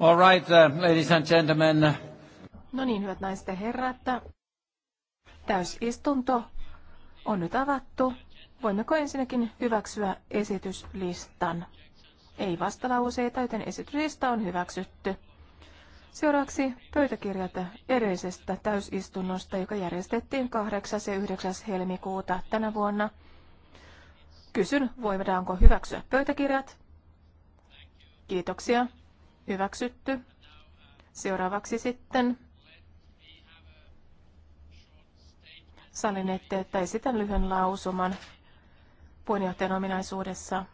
All right, uh, ladies and gentlemen. No niin, hyvät naiset ja herrat. Täysistunto on nyt avattu. Voimmeko ensinnäkin hyväksyä esityslistan? Ei vastalauseita, joten esityslista on hyväksytty. Seuraavaksi pöytäkirjat edellisestä täysistunnosta, joka järjestettiin 8. ja 9. helmikuuta tänä vuonna. Kysyn, voidaanko hyväksyä pöytäkirjat? Kiitoksia. Hyväksytty. Seuraavaksi sitten sallin, että, että esitän lyhyen lausuman puheenjohtajan ominaisuudessa.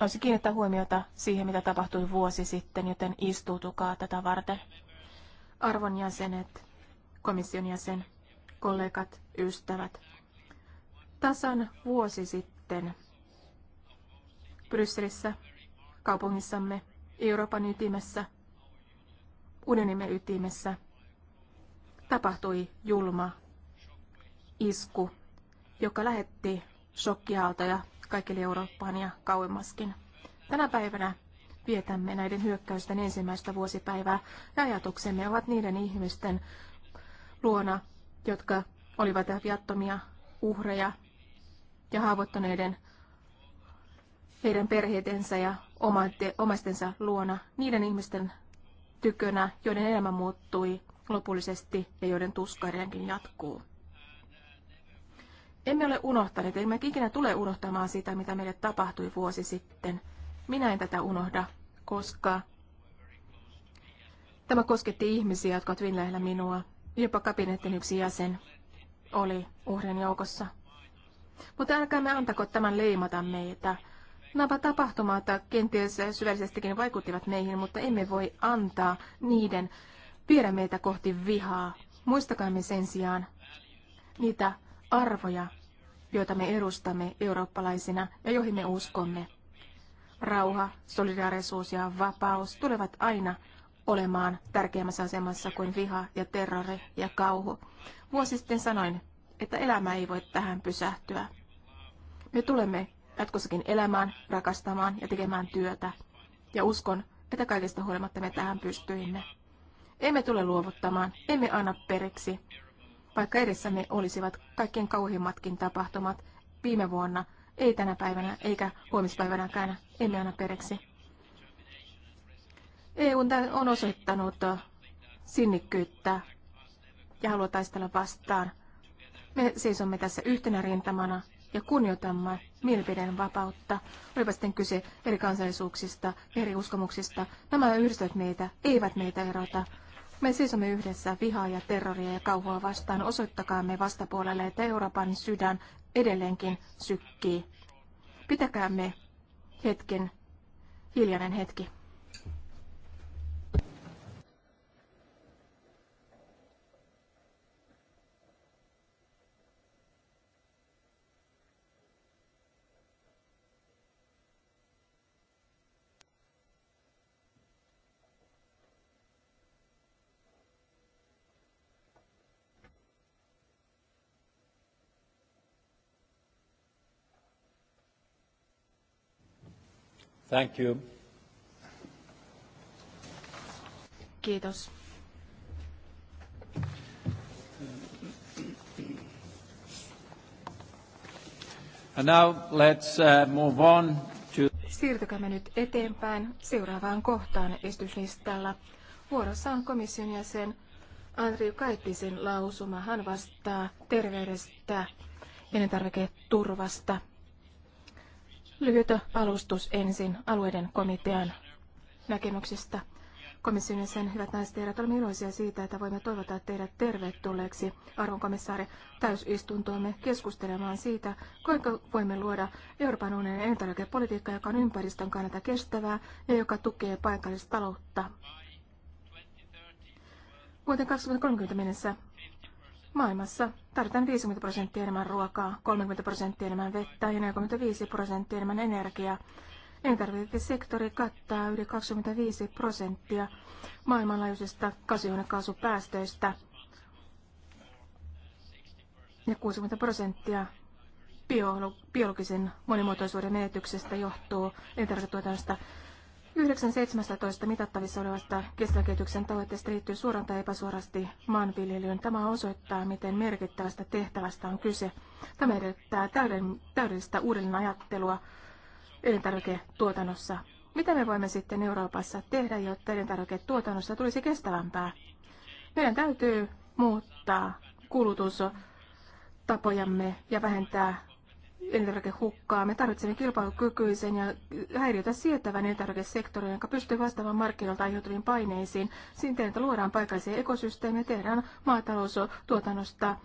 Olisi kiinnittää huomiota siihen, mitä tapahtui vuosi sitten, joten istuutukaa tätä varten. Arvon jäsenet, komission jäsen, kollegat, ystävät. Tasan vuosi sitten Brysselissä, kaupungissamme, Euroopan ytimessä, unionimme ytimessä, tapahtui julma isku, joka lähetti shokkiaaltoja kaikille Eurooppaan ja kauemmaskin. Tänä päivänä vietämme näiden hyökkäysten ensimmäistä vuosipäivää ja ajatuksemme ovat niiden ihmisten luona, jotka olivat viattomia uhreja ja haavoittuneiden heidän perheetensä ja omaistensa luona, niiden ihmisten tykönä, joiden elämä muuttui lopullisesti ja joiden tuska edelleenkin jatkuu. Emme ole unohtaneet, emme ikinä tule unohtamaan sitä, mitä meille tapahtui vuosi sitten. Minä en tätä unohda, koska tämä kosketti ihmisiä, jotka ovat lähellä minua. Jopa kabinettin yksi jäsen oli uhrien joukossa. Mutta älkäämme antako tämän leimata meitä. Nämä tapahtumat kenties syvällisestikin vaikuttivat meihin, mutta emme voi antaa niiden viedä meitä kohti vihaa. Muistakaamme sen sijaan niitä arvoja, joita me edustamme eurooppalaisina ja joihin me uskomme. Rauha, solidaarisuus ja vapaus tulevat aina olemaan tärkeämmässä asemassa kuin viha ja terrori ja kauhu. Vuosi sitten sanoin, että elämä ei voi tähän pysähtyä. Me tulemme jatkossakin elämään, rakastamaan ja tekemään työtä. Ja uskon, että kaikesta huolimatta me tähän pystyimme. Emme tule luovuttamaan, emme anna periksi, vaikka edessämme olisivat kaikkien kauhimmatkin tapahtumat viime vuonna, ei tänä päivänä eikä huomispäivänäkään, emme anna periksi. EU on osoittanut sinnikkyyttä ja haluaa taistella vastaan. Me seisomme tässä yhtenä rintamana ja kunnioitamme mielipideen vapautta, olipa sitten kyse eri kansallisuuksista, eri uskomuksista. Nämä yhdistävät meitä, eivät meitä erota. Me seisomme yhdessä vihaa ja terroria ja kauhua vastaan. Osoittakaamme vastapuolelle, että Euroopan sydän edelleenkin sykkii. Pitäkäämme hetken, hiljainen hetki. Thank you. Kiitos. And now let's uh, move on to... Siirtykäämme nyt eteenpäin seuraavaan kohtaan esityslistalla. Vuorossa on komission jäsen Andriy Kaittisen lausuma. Hän vastaa terveydestä, elintarviketurvasta Lyhyt alustus ensin alueiden komitean näkemyksistä. Komission sen hyvät naiset ja olemme iloisia siitä, että voimme toivottaa teidät tervetulleeksi, komissaari täysistuntoomme keskustelemaan siitä, kuinka voimme luoda Euroopan unionin elintarvikepolitiikkaa, joka on ympäristön kannalta kestävää ja joka tukee paikallista taloutta. Vuoteen 2030 mennessä Maailmassa tarvitaan 50 prosenttia enemmän ruokaa, 30 prosenttia enemmän vettä ja 45 prosenttia enemmän energiaa. Elintarvikesektori kattaa yli 25 prosenttia maailmanlaajuisista kasvihuonekaasupäästöistä ja 60 prosenttia biologisen monimuotoisuuden menetyksestä johtuu elintarviketuotannosta. 9.17. mitattavissa olevasta kestäkehityksen tavoitteesta liittyy suoraan tai epäsuorasti maanviljelyyn. Tämä osoittaa, miten merkittävästä tehtävästä on kyse. Tämä edellyttää täydellistä täydellistä ajattelua elintarviketuotannossa. Mitä me voimme sitten Euroopassa tehdä, jotta elintarviketuotannossa tulisi kestävämpää? Meidän täytyy muuttaa kulutustapojamme ja vähentää elintarvikehukkaa. Me tarvitsemme kilpailukykyisen ja häiriötä sietävän elintarvikesektorin, joka pystyy vastaamaan markkinoilta aiheutuviin paineisiin siten, että luodaan paikallisia ekosysteemejä, tehdään maataloustuotannosta,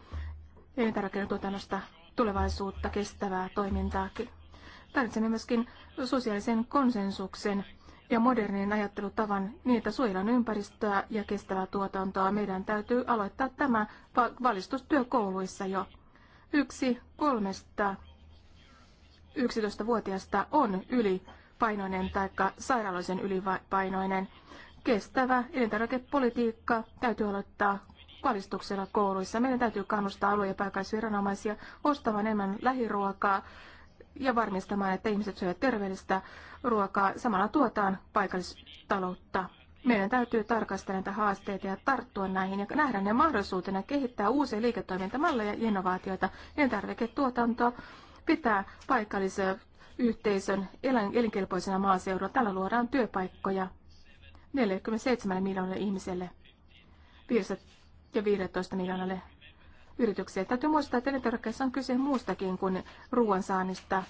elintarvikeiden tuotannosta tulevaisuutta, kestävää toimintaa. Tarvitsemme myöskin sosiaalisen konsensuksen ja modernin ajattelutavan niin, että suojellaan ympäristöä ja kestävää tuotantoa. Meidän täytyy aloittaa tämä valistustyö kouluissa jo. Yksi kolmesta 11-vuotiaasta on ylipainoinen tai sairaaloisen ylipainoinen. Kestävä elintarvikepolitiikka täytyy aloittaa valistuksella kouluissa. Meidän täytyy kannustaa alue- ja paikallisviranomaisia ostamaan enemmän lähiruokaa ja varmistamaan, että ihmiset syövät terveellistä ruokaa. Samalla tuotaan paikallistaloutta. Meidän täytyy tarkastella näitä haasteita ja tarttua näihin ja nähdä ne mahdollisuutena kehittää uusia liiketoimintamalleja ja innovaatioita, elintarviketuotantoa, pitää paikallisen yhteisön elinkelpoisena maaseudulla. Tällä luodaan työpaikkoja 47 miljoonalle ihmiselle ja 15 miljoonalle yritykselle. Täytyy muistaa, että elintarvikkeissa on kyse muustakin kuin ruoansaannista.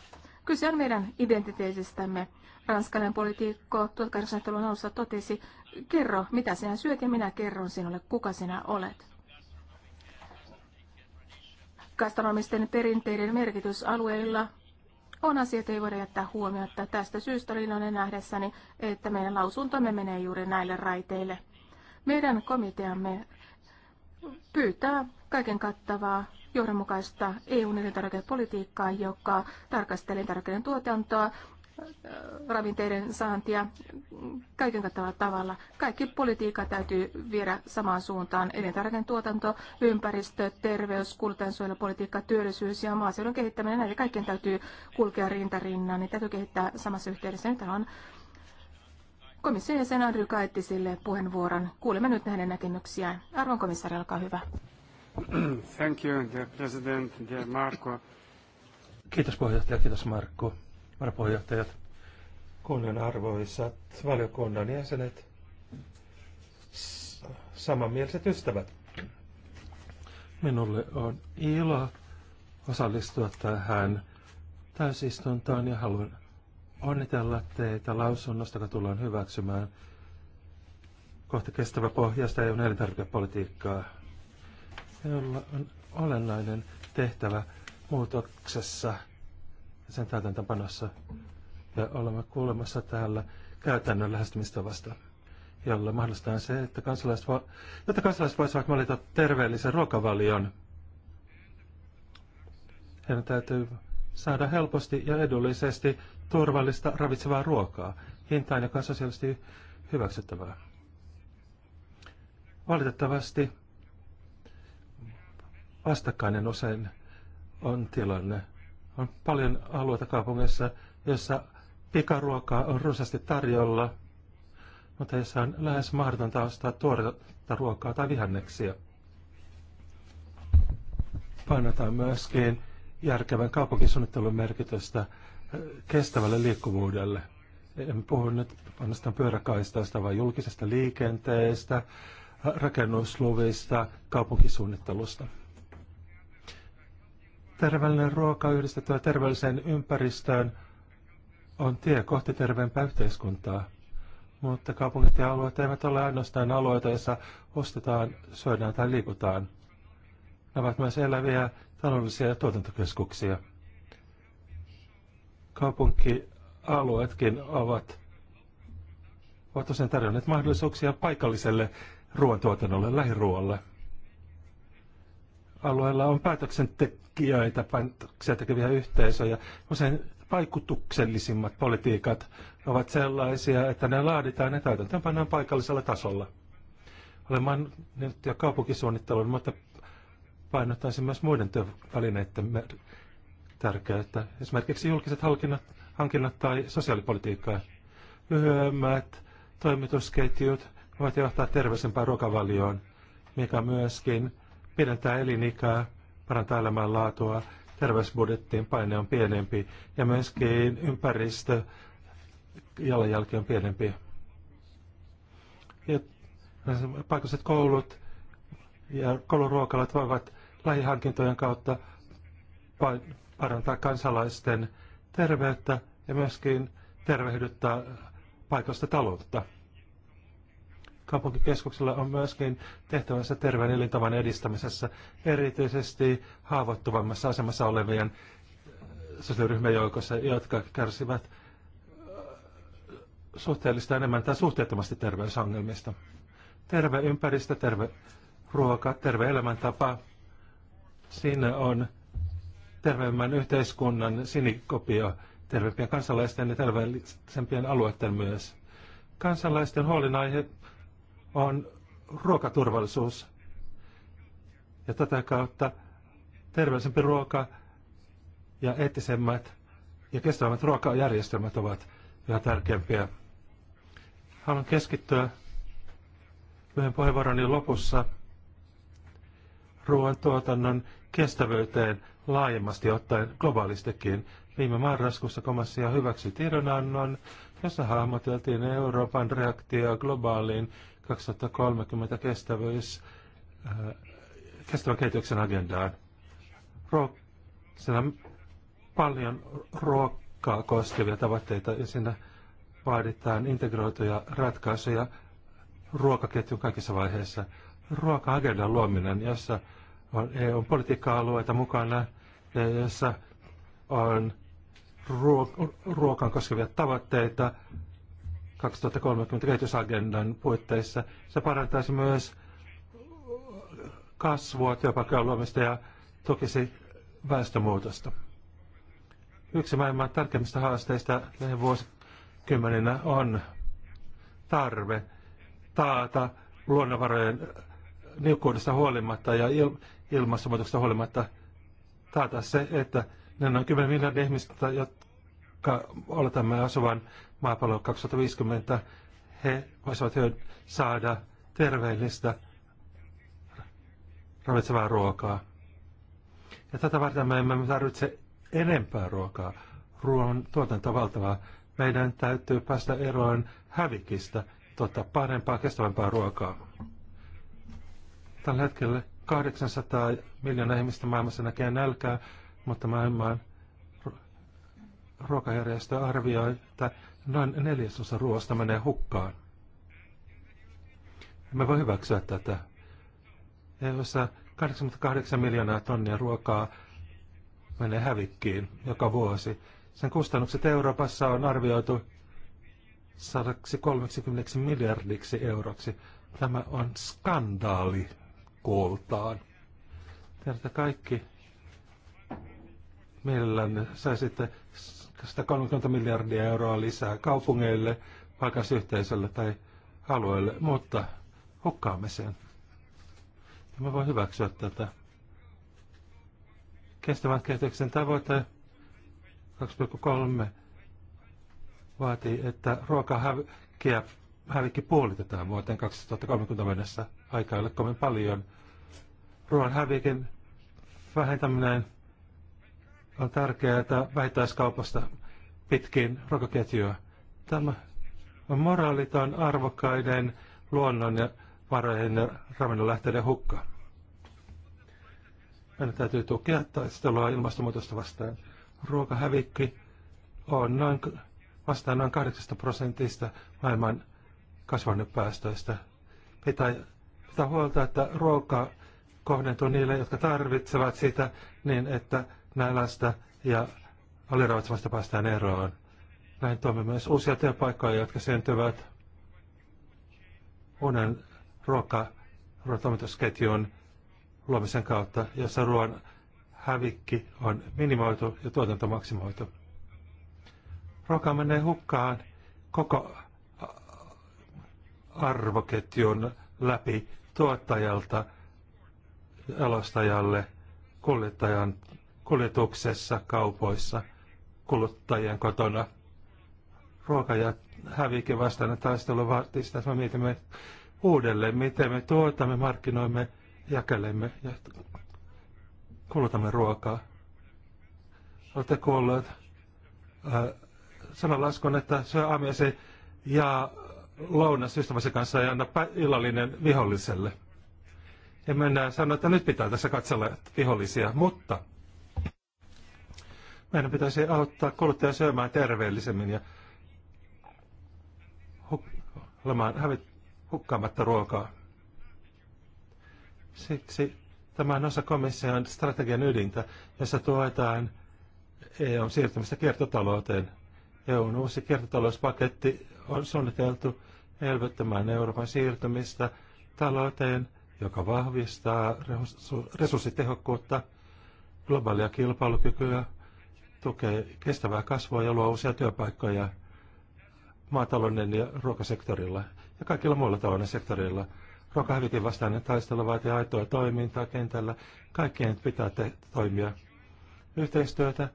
Kyse on meidän identiteetistämme. Ranskalainen politiikko 1800-luvun alussa totesi, kerro mitä sinä syöt ja minä kerron sinulle, kuka sinä olet gastronomisten perinteiden merkitys alueilla on asia, ei voida jättää huomiota. Tästä syystä olin onnen nähdessäni, että meidän lausuntomme menee juuri näille raiteille. Meidän komiteamme pyytää kaiken kattavaa johdonmukaista EUn elintarvikepolitiikkaa, joka tarkastelee elintarvikkeiden tuotantoa, ravinteiden saantia kaiken kattavalla tavalla. Kaikki politiikka täytyy viedä samaan suuntaan. Elintarviken tuotanto, ympäristö, terveys, kuluttajansuojelupolitiikka, työllisyys ja maaseudun kehittäminen, näiden kaikkien täytyy kulkea rinnan, niin täytyy kehittää samassa yhteydessä. Nyt on komission jäsen Andrew Kaittisille puheenvuoron. Kuulemme nyt hänen näkemyksiään. Arvon komissaari, olkaa hyvä. Thank you, dear President, dear Marco. Kiitos puheenjohtaja, kiitos Marko varapuheenjohtajat, kunnianarvoisat valiokunnan jäsenet, samanmieliset ystävät. Minulle on ilo osallistua tähän täysistuntoon ja haluan onnitella teitä lausunnosta, joka tullaan hyväksymään kohta kestävä pohjasta EUn elintarvikepolitiikkaa, jolla on olennainen tehtävä muutoksessa – sen täytäntöpanossa. Ja olemme kuulemassa täällä käytännön lähestymistavasta, jolla mahdollistetaan se, että kansalaiset, vo- jotta kansalaiset voisivat valita terveellisen ruokavalion. Heidän täytyy saada helposti ja edullisesti turvallista ravitsevaa ruokaa hintaan, joka on sosiaalisesti hyväksyttävää. Valitettavasti vastakkainen usein on tilanne. On paljon alueita kaupungeissa, joissa pikaruokaa on runsaasti tarjolla, mutta jossa on lähes mahdotonta ostaa tuoretta ruokaa tai vihanneksia. Painotaan myöskin järkevän kaupunkisuunnittelun merkitystä eh, kestävälle liikkuvuudelle. En puhu nyt ainoastaan pyöräkaistaista, vaan julkisesta liikenteestä, rakennusluvista, kaupunkisuunnittelusta. Terveellinen ruoka yhdistettyä terveelliseen ympäristöön on tie kohti terveempää yhteiskuntaa. Mutta kaupungit ja alueet eivät ole ainoastaan alueita, joissa ostetaan, syödään tai liikutaan. Ne ovat myös eläviä taloudellisia tuotantokeskuksia. Kaupunkialueetkin ovat, ovat usein tarjonneet mahdollisuuksia paikalliselle ruoantuotannolle, lähiruoalle – alueella on päätöksentekijöitä, päätöksiä tekeviä yhteisöjä. Usein vaikutuksellisimmat politiikat ovat sellaisia, että ne laaditaan ja täytäntöönpannaan paikallisella tasolla. Olemme nyt jo kaupunkisuunnittelun, mutta painottaisin myös muiden työvälineiden tärkeyttä. Esimerkiksi julkiset hankinnat, hankinnat tai sosiaalipolitiikkaa. Lyhyemmät toimitusketjut voivat johtaa terveisempään ruokavalioon, mikä myöskin pidentää elinikää, parantaa elämänlaatua, terveysbudjettiin paine on pienempi ja myöskin ympäristö jalanjälki on pienempi. Ja paikalliset koulut ja kouluruokalat voivat lähihankintojen kautta parantaa kansalaisten terveyttä ja myöskin tervehdyttää paikallista taloutta. Kaupunkikeskuksella on myöskin tehtävänsä terveen elintavan edistämisessä, erityisesti haavoittuvammassa asemassa olevien sosiaaliryhmien joukossa, jotka kärsivät äh, suhteellista enemmän tai suhteettomasti terveysongelmista. Terve ympäristö, terve ruoka, terve elämäntapa, siinä on terveemmän yhteiskunnan sinikopio terveempien kansalaisten ja terveellisempien alueiden myös. Kansalaisten huolenaihe on ruokaturvallisuus. Ja tätä kautta terveellisempi ruoka ja eettisemmät ja kestävämmät ruokajärjestelmät ovat yhä tärkeämpiä. Haluan keskittyä yhden puheenvuoroni lopussa ruoantuotannon kestävyyteen laajemmasti ottaen globaalistikin. Viime marraskuussa komissio hyväksyi tiedonannon, jossa hahmoteltiin Euroopan reaktio globaaliin 2030 kestävyys, äh, kestävän kehityksen agendaan. Ruok- siinä on paljon ruokkaa koskevia tavoitteita ja siinä vaaditaan integroituja ratkaisuja ruokaketjun kaikissa vaiheissa. Ruoka-agendan luominen, jossa on EU-politiikka-alueita mukana ja jossa on ruokan koskevia tavoitteita, 2030 kehitysagendan puitteissa. Se parantaisi myös kasvua, työpaikkojen luomista ja tukisi väestömuutosta. Yksi maailman tärkeimmistä haasteista vuosikymmeninä on tarve taata luonnonvarojen niukkuudesta huolimatta ja il- ilmastonmuutoksesta huolimatta taata se, että ne noin 10 miljardia ihmistä, oletamme asuvan maapallolla 2050, he voisivat saada terveellistä ravitsevaa ruokaa. Ja tätä varten me emme tarvitse enempää ruokaa. Ruoan tuotanto on valtavaa. Meidän täytyy päästä eroon hävikistä, tuottaa parempaa, kestävämpää ruokaa. Tällä hetkellä 800 miljoonaa ihmistä maailmassa näkee nälkää, mutta maailman ruokajärjestö arvioi, että noin neljäsosa ruoasta menee hukkaan. Emme voi hyväksyä tätä. EUssa 88 miljoonaa tonnia ruokaa menee hävikkiin joka vuosi. Sen kustannukset Euroopassa on arvioitu 130 miljardiksi euroksi. Tämä on skandaali kultaan. Tiedätte kaikki, millä saisitte 130 miljardia euroa lisää kaupungeille, paikallisyhteisölle tai alueelle, mutta hukkaamme sen. Me voi hyväksyä tätä. Kestävän kehityksen tavoite 2,3 vaatii, että ruokahävikkiä hävikki puolitetaan vuoteen 2030 mennessä. Aika ei ole kovin paljon. Ruoan hävikin vähentäminen on tärkeää, että vähittäiskaupasta pitkin ruokaketjua. Tämä on moraaliton arvokkaiden luonnon ja varojen ja ravinnonlähteiden hukka. Meidän täytyy tukea taistelua ilmastonmuutosta vastaan. Ruokahävikki on noin, vastaan noin 8 prosentista maailman kasvannepäästöistä. Pitää, pitää huolta, että ruoka kohdentuu niille, jotka tarvitsevat sitä, niin että nälästä ja aliravitsemasta päästään eroon. Näin toimii myös uusia työpaikkoja, jotka syntyvät uuden ruoka- ruoantoimitusketjun luomisen kautta, jossa ruoan hävikki on minimoitu ja tuotanto maksimoitu. Ruoka menee hukkaan koko arvoketjun läpi tuottajalta, elostajalle, kuljettajan kuljetuksessa, kaupoissa, kuluttajien kotona. Ruoka ja hävikin vastainen taistelu vaatii sitä, me mietimme uudelleen, miten me tuotamme, markkinoimme, jakelemme ja kulutamme ruokaa. Olette kuulleet äh, sananlaskun, että syö aamiaisen ja lounas ystävänsä kanssa ja anna illallinen viholliselle. Ja mennään sanoa, että nyt pitää tässä katsella vihollisia, mutta meidän pitäisi auttaa kuluttaja syömään terveellisemmin ja huk- olemaan hävit- hukkaamatta ruokaa. Siksi tämä on osa komission strategian ydintä, jossa tuetaan EUn siirtymistä kiertotalouteen. EUn uusi kiertotalouspaketti on suunniteltu elvyttämään Euroopan siirtymistä talouteen, joka vahvistaa resurssitehokkuutta, globaalia kilpailukykyä tukee kestävää kasvua ja luo uusia työpaikkoja maatalouden ja ruokasektorilla ja kaikilla muilla talouden sektorilla. Ruokahävikin vastainen taistelu vaatii aitoa toimintaa kentällä. Kaikkien pitää te- toimia yhteistyötä.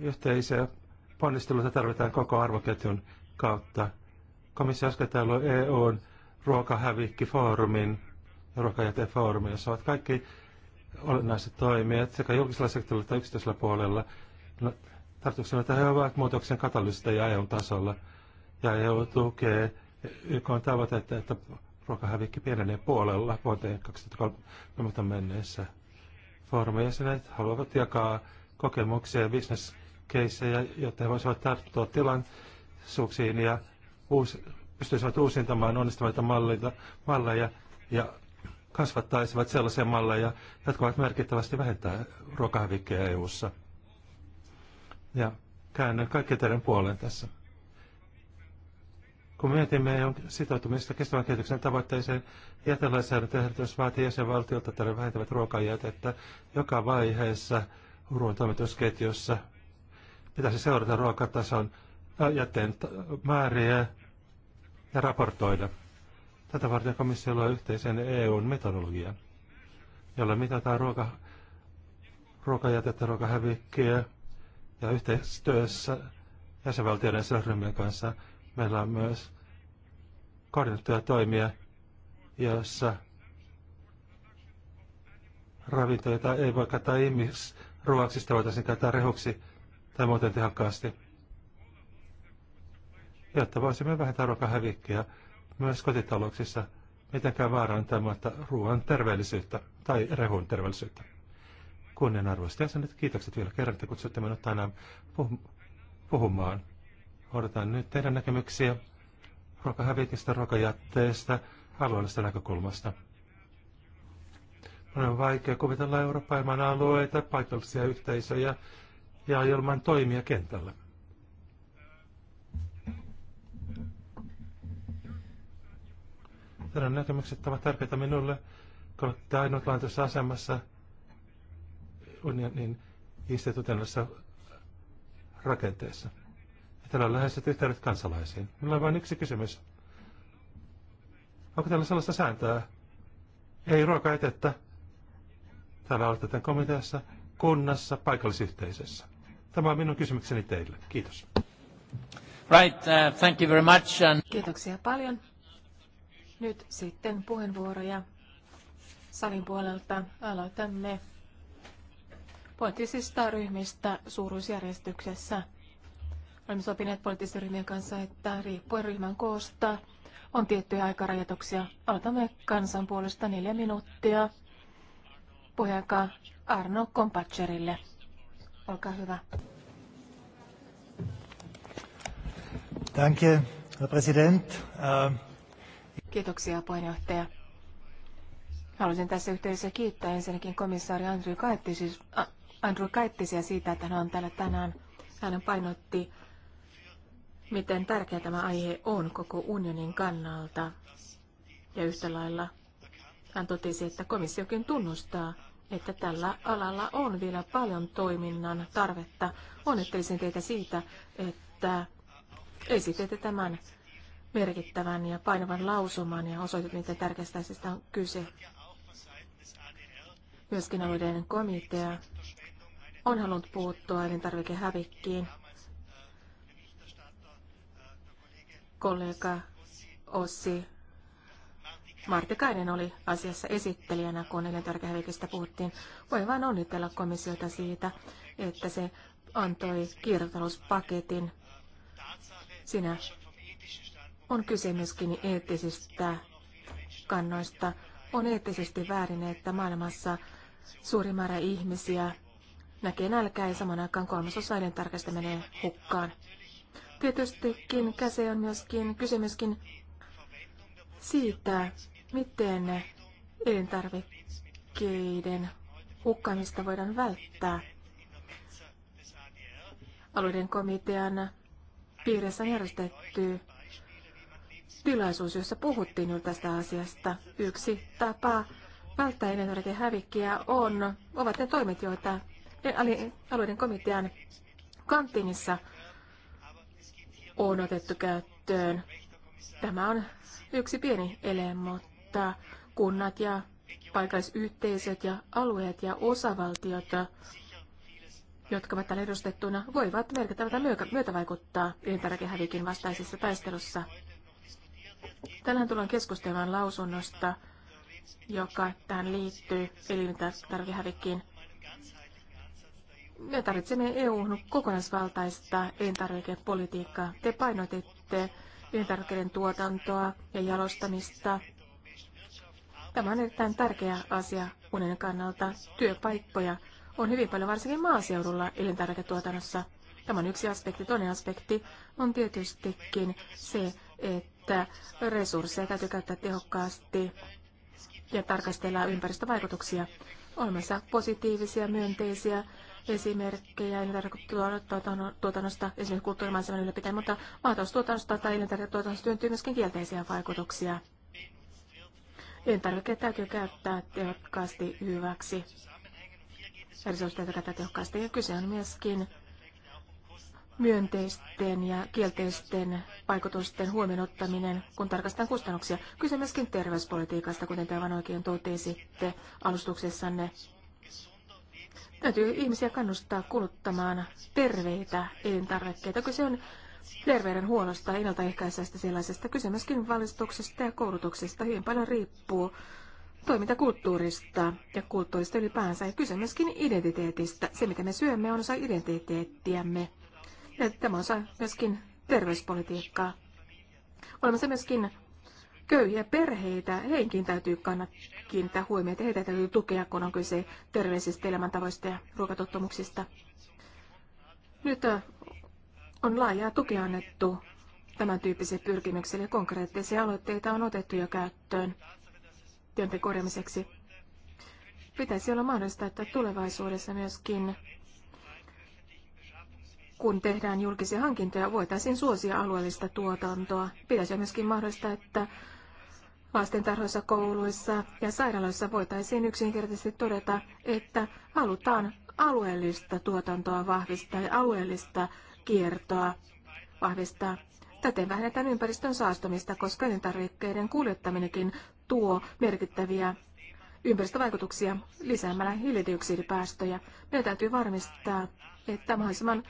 Yhteisiä ponnisteluita tarvitaan koko arvoketjun kautta. Komissio äsken on EUn ruokahävikkifoorumin, ruokajätefoorumin, jossa ovat kaikki olennaiset toimijat sekä julkisella sektorilla että yksityisellä puolella. No, tarkoituksena, että he ovat muutoksen ja EU-tasolla ja EU tukee YK on tavoite, että ruokahävikki pienenee puolella vuoteen 2030 mennessä. Foorumin jäsenet haluavat jakaa kokemuksia ja bisneskeissejä, jotta he voisivat tarttua tilaisuuksiin ja uusi, pystyisivät uusintamaan onnistuneita malleja ja kasvattaisivat sellaisia malleja, jotka ovat merkittävästi vähentää ruokahävikkiä EU-ssa. Ja käännän kaikki teidän puoleen tässä. Kun mietimme on sitoutumista kestävän kehityksen tavoitteeseen, jätelainsäädäntöehdotus vaatii jäsenvaltiolta tälle vähentävät ruokajätettä joka vaiheessa ruoan toimitusketjussa. Pitäisi seurata ruokatason jätteen määriä ja raportoida. Tätä varten komissio luo yhteisen EUn metodologian, jolla mitataan ruoka, ruokajätettä, ruokahävikkiä ja yhteistyössä jäsenvaltioiden sidosryhmien kanssa meillä on myös koordinoituja toimia, joissa ravinto, ei voi käyttää ihmisruoaksi, sitä voitaisiin käyttää rehuksi tai muuten tehokkaasti, jotta voisimme vähentää ruokahävikkiä myös kotitalouksissa mitenkään vaarantamatta ruoan terveellisyyttä tai rehun terveellisyyttä. Kunnianarvoiset jäsenet, kiitokset vielä kerran, että kutsutte minut tänään puhumaan. Odotan nyt teidän näkemyksiä ruokahävikistä, ruokajätteestä, alueellisesta näkökulmasta. On vaikea kuvitella Euroopan alueita, paikallisia yhteisöjä ja ilman toimia kentällä. Teidän näkemykset ovat tärkeitä minulle, kun olette ainutlaatuisessa asemassa unionin instituutioissa rakenteessa. Ja teillä on läheiset yhteydet kansalaisiin. Minulla on vain yksi kysymys. Onko täällä sellaista sääntöä? Ei etettä. Täällä olette tämän komiteassa, kunnassa, paikallisyhteisössä. Tämä on minun kysymykseni teille. Kiitos. Right, uh, thank you very much. And... Kiitoksia paljon. Nyt sitten puheenvuoroja salin puolelta. Aloitamme poliittisista ryhmistä suuruusjärjestyksessä. Olemme sopineet poliittisten ryhmien kanssa, että riippuen ryhmän koosta on tiettyjä aikarajoituksia. Aloitamme kansan puolesta neljä minuuttia. Puheenjohtaja Arno Kompatscherille. Olkaa hyvä. Danke, Herr Präsident. Uh... Kiitoksia puheenjohtaja. Haluaisin tässä yhteydessä kiittää ensinnäkin komissaari Andrew Kaittis, Andrew Kaittisia siitä, että hän on täällä tänään. Hän painotti, miten tärkeä tämä aihe on koko unionin kannalta. Ja yhtä lailla hän totesi, että komissiokin tunnustaa, että tällä alalla on vielä paljon toiminnan tarvetta. Onnittelisin teitä siitä, että esitette tämän merkittävän ja painavan lausuman ja osoitut miten tärkeästä asiasta on kyse. Myöskin alueiden komitea on halunnut puuttua elintarvikehävikkiin. Kollega Ossi Martikainen oli asiassa esittelijänä, kun elintarvikehävikistä puhuttiin. Voi vain onnitella komissiota siitä, että se antoi kiertotalouspaketin. Sinä on kyse myöskin eettisistä kannoista. On eettisesti väärin, että maailmassa suuri määrä ihmisiä näkee nälkää ja saman aikaan kolmasosa tarkasta menee hukkaan. Tietystikin käse on myöskin, kyse myöskin siitä, miten elintarvikkeiden hukkaamista voidaan välttää. Alueiden komitean piirissä on järjestetty tilaisuus, jossa puhuttiin jo tästä asiasta. Yksi tapa välttää elintarvike hävikkiä on, ovat ne toimet, joita alueiden komitean kantinissa on otettu käyttöön. Tämä on yksi pieni ele, mutta kunnat ja paikallisyhteisöt ja alueet ja osavaltiot, jotka ovat täällä edustettuna, voivat merkittävältä myötävaikuttaa elintarvikehävikin vastaisessa taistelussa. Tänään tullaan keskustelemaan lausunnosta, joka tähän liittyy elintarvikehävikkiin. Me tarvitsemme EUn kokonaisvaltaista elintarvikepolitiikkaa. Te painotitte elintarvikkeiden tuotantoa ja jalostamista. Tämä on erittäin tärkeä asia unen kannalta. Työpaikkoja on hyvin paljon, varsinkin maaseudulla elintarviketuotannossa. Tämä on yksi aspekti. Toinen aspekti on tietystikin se, että että resursseja täytyy käyttää tehokkaasti ja tarkastella ympäristövaikutuksia. Olemassa positiivisia, myönteisiä esimerkkejä elintarviketuotannosta, esimerkiksi kulttuurimaisemman ylläpitäen, mutta maataloustuotannosta tai elintarviketuotannosta työntyy myöskin kielteisiä vaikutuksia. Elintarvikkeet täytyy käyttää tehokkaasti hyväksi. Resursseja täytyy käyttää tehokkaasti. Ja kyse on myöskin myönteisten ja kielteisten vaikutusten huomioon ottaminen, kun tarkastetaan kustannuksia. Kyse myöskin terveyspolitiikasta, kuten te aivan oikein totesitte alustuksessanne. Täytyy ihmisiä kannustaa kuluttamaan terveitä elintarvikkeita. Kyse on terveydenhuollosta, ennaltaehkäisestä sellaisesta. Kyse myöskin valistuksesta ja koulutuksesta. Hyvin paljon riippuu toimintakulttuurista ja kulttuurista ylipäänsä. Ja kyse myöskin identiteetistä. Se, mitä me syömme, on osa identiteettiämme. Ja tämä on myöskin terveyspolitiikkaa. Olemassa myöskin köyhiä perheitä, heinkin täytyy kannattaa kiinnittää huomiota. Heitä täytyy tukea, kun on kyse terveellisistä elämäntavoista ja ruokatottumuksista. Nyt on laajaa tukea annettu tämän tyyppisille pyrkimyksille. Konkreettisia aloitteita on otettu jo käyttöön työntekorjaamiseksi. Pitäisi olla mahdollista, että tulevaisuudessa myöskin kun tehdään julkisia hankintoja, voitaisiin suosia alueellista tuotantoa. Pitäisi myöskin mahdollista, että lastentarhoissa, kouluissa ja sairaaloissa voitaisiin yksinkertaisesti todeta, että halutaan alueellista tuotantoa vahvistaa ja alueellista kiertoa vahvistaa. Täten vähennetään ympäristön saastumista, koska elintarvikkeiden kuljettaminenkin tuo merkittäviä ympäristövaikutuksia lisäämällä hiilidioksidipäästöjä. Meidän täytyy varmistaa, että mahdollisimman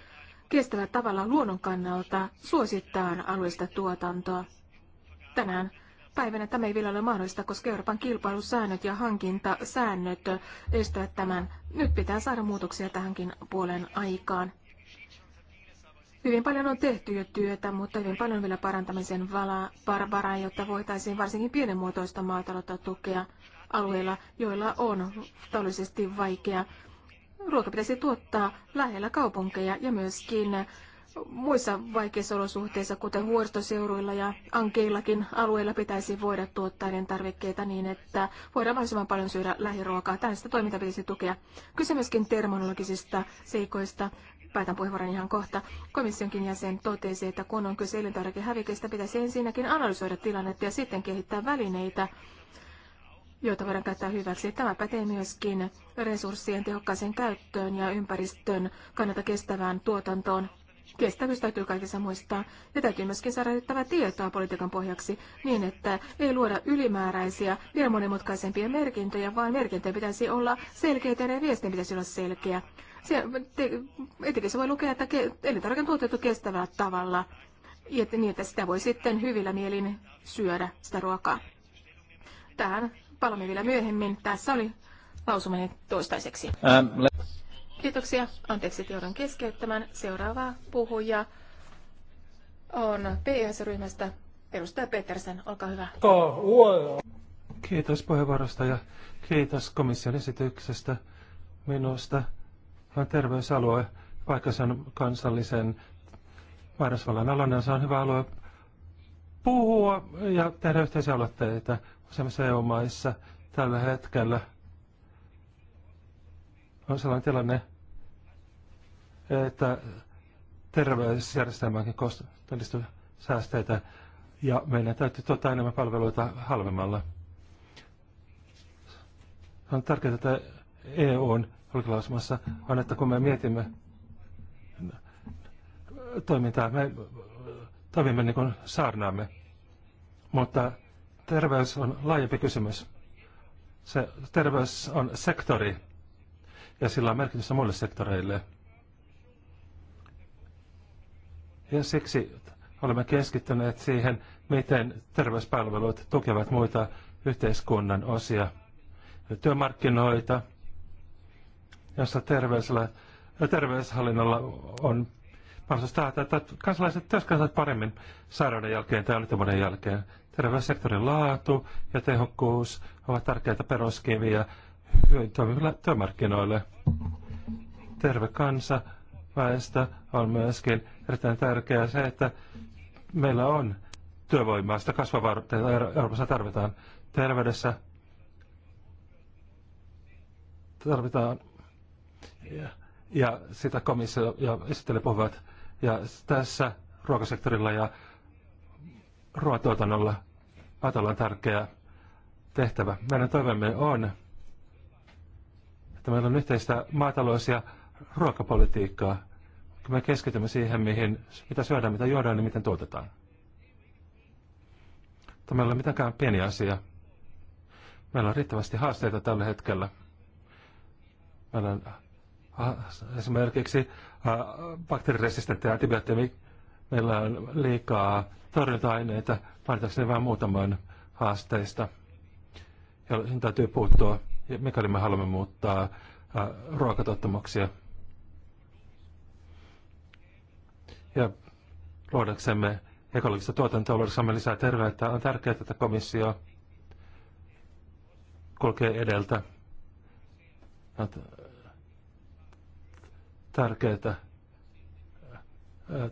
kestävällä tavalla luonnon kannalta suosittaan alueista tuotantoa. Tänään päivänä tämä ei vielä ole mahdollista, koska Euroopan kilpailusäännöt ja hankintasäännöt estävät tämän. Nyt pitää saada muutoksia tähänkin puolen aikaan. Hyvin paljon on tehty jo työtä, mutta hyvin paljon vielä parantamisen varaa, varaa jotta voitaisiin varsinkin pienenmuotoista maataloutta tukea alueilla, joilla on taloudellisesti vaikea ruoka pitäisi tuottaa lähellä kaupunkeja ja myöskin muissa vaikeissa olosuhteissa, kuten huoristoseuruilla ja ankeillakin alueilla pitäisi voida tuottaa tarvikkeita niin, että voidaan mahdollisimman paljon syödä lähiruokaa. Tällaista toimintaa pitäisi tukea. Kyse myöskin termonologisista seikoista. Päätän puheenvuoron ihan kohta. Komissionkin jäsen totesi, että kun on kyse elintarvikehävikistä, pitäisi ensinnäkin analysoida tilannetta ja sitten kehittää välineitä, joita voidaan käyttää hyväksi. Tämä pätee myöskin resurssien tehokkaaseen käyttöön ja ympäristön kannalta kestävään tuotantoon. Kestävyys täytyy kaikessa muistaa ja täytyy myöskin saada riittävää tietoa politiikan pohjaksi niin, että ei luoda ylimääräisiä vielä monimutkaisempia merkintöjä, vaan merkintöjä pitäisi olla selkeitä ja viestin pitäisi olla selkeä. se voi lukea, että elintarvike on tuotettu kestävällä tavalla ja niin, että sitä voi sitten hyvillä mielin syödä sitä ruokaa. Tähän palaamme vielä myöhemmin. Tässä oli lausuminen toistaiseksi. Ähm, Kiitoksia. Anteeksi, että joudun keskeyttämään. Seuraava puhuja on PS-ryhmästä edustaja Petersen. Olkaa hyvä. Kiitos puheenvuorosta ja kiitos komission esityksestä. Minusta on terveysalue, vaikka se on kansallisen määräysvallan alainen, niin se on hyvä alue puhua ja tehdä yhteisiä aloitteita. Useimmissa EU-maissa tällä hetkellä on sellainen tilanne, että terveysjärjestelmäänkin kohdistuu säästeitä ja meidän täytyy tuottaa enemmän palveluita halvemmalla. on tärkeää, että e on julkilausumassa on, että kun me mietimme toimintaa, me toimimme niin kuin saarnaamme, mutta terveys on laajempi kysymys. Se terveys on sektori ja sillä on merkitystä muille sektoreille. Ja siksi olemme keskittyneet siihen, miten terveyspalvelut tukevat muita yhteiskunnan osia, työmarkkinoita, jossa terveyshallinnolla on mahdollisuus taata, että kansalaiset työskentelevät paremmin sairauden jälkeen tai onnettomuuden jälkeen sektorin laatu ja tehokkuus ovat tärkeitä peruskiviä toimiville työmarkkinoille. Terve kansa väestö on myöskin erittäin tärkeää se, että meillä on työvoimaa, sitä kasvavaa Euroopassa tarvitaan terveydessä, tarvitaan ja, ja sitä komissio ja esittely puhuvat ja tässä ruokasektorilla ja ruoantuotannolla maatalouden tärkeä tehtävä. Meidän toivemme on, että meillä on yhteistä maatalous- ja ruokapolitiikkaa, kun me keskitymme siihen, mihin, mitä syödään, mitä juodaan ja niin miten tuotetaan. Tämä ei ole mitenkään pieni asia. Meillä on riittävästi haasteita tällä hetkellä. Meillä on ah, esimerkiksi ah, bakteeriresistenttejä antibiootteja, Meillä on liikaa torjunta-aineita, mainitakseni vain muutaman haasteista, joihin täytyy puuttua, mikäli me haluamme muuttaa äh, ruokatottumuksia. Ja luodaksemme ekologista tuotantoa, luodaksemme lisää terveyttä, on tärkeää, että komissio kulkee edeltä. Tärkeää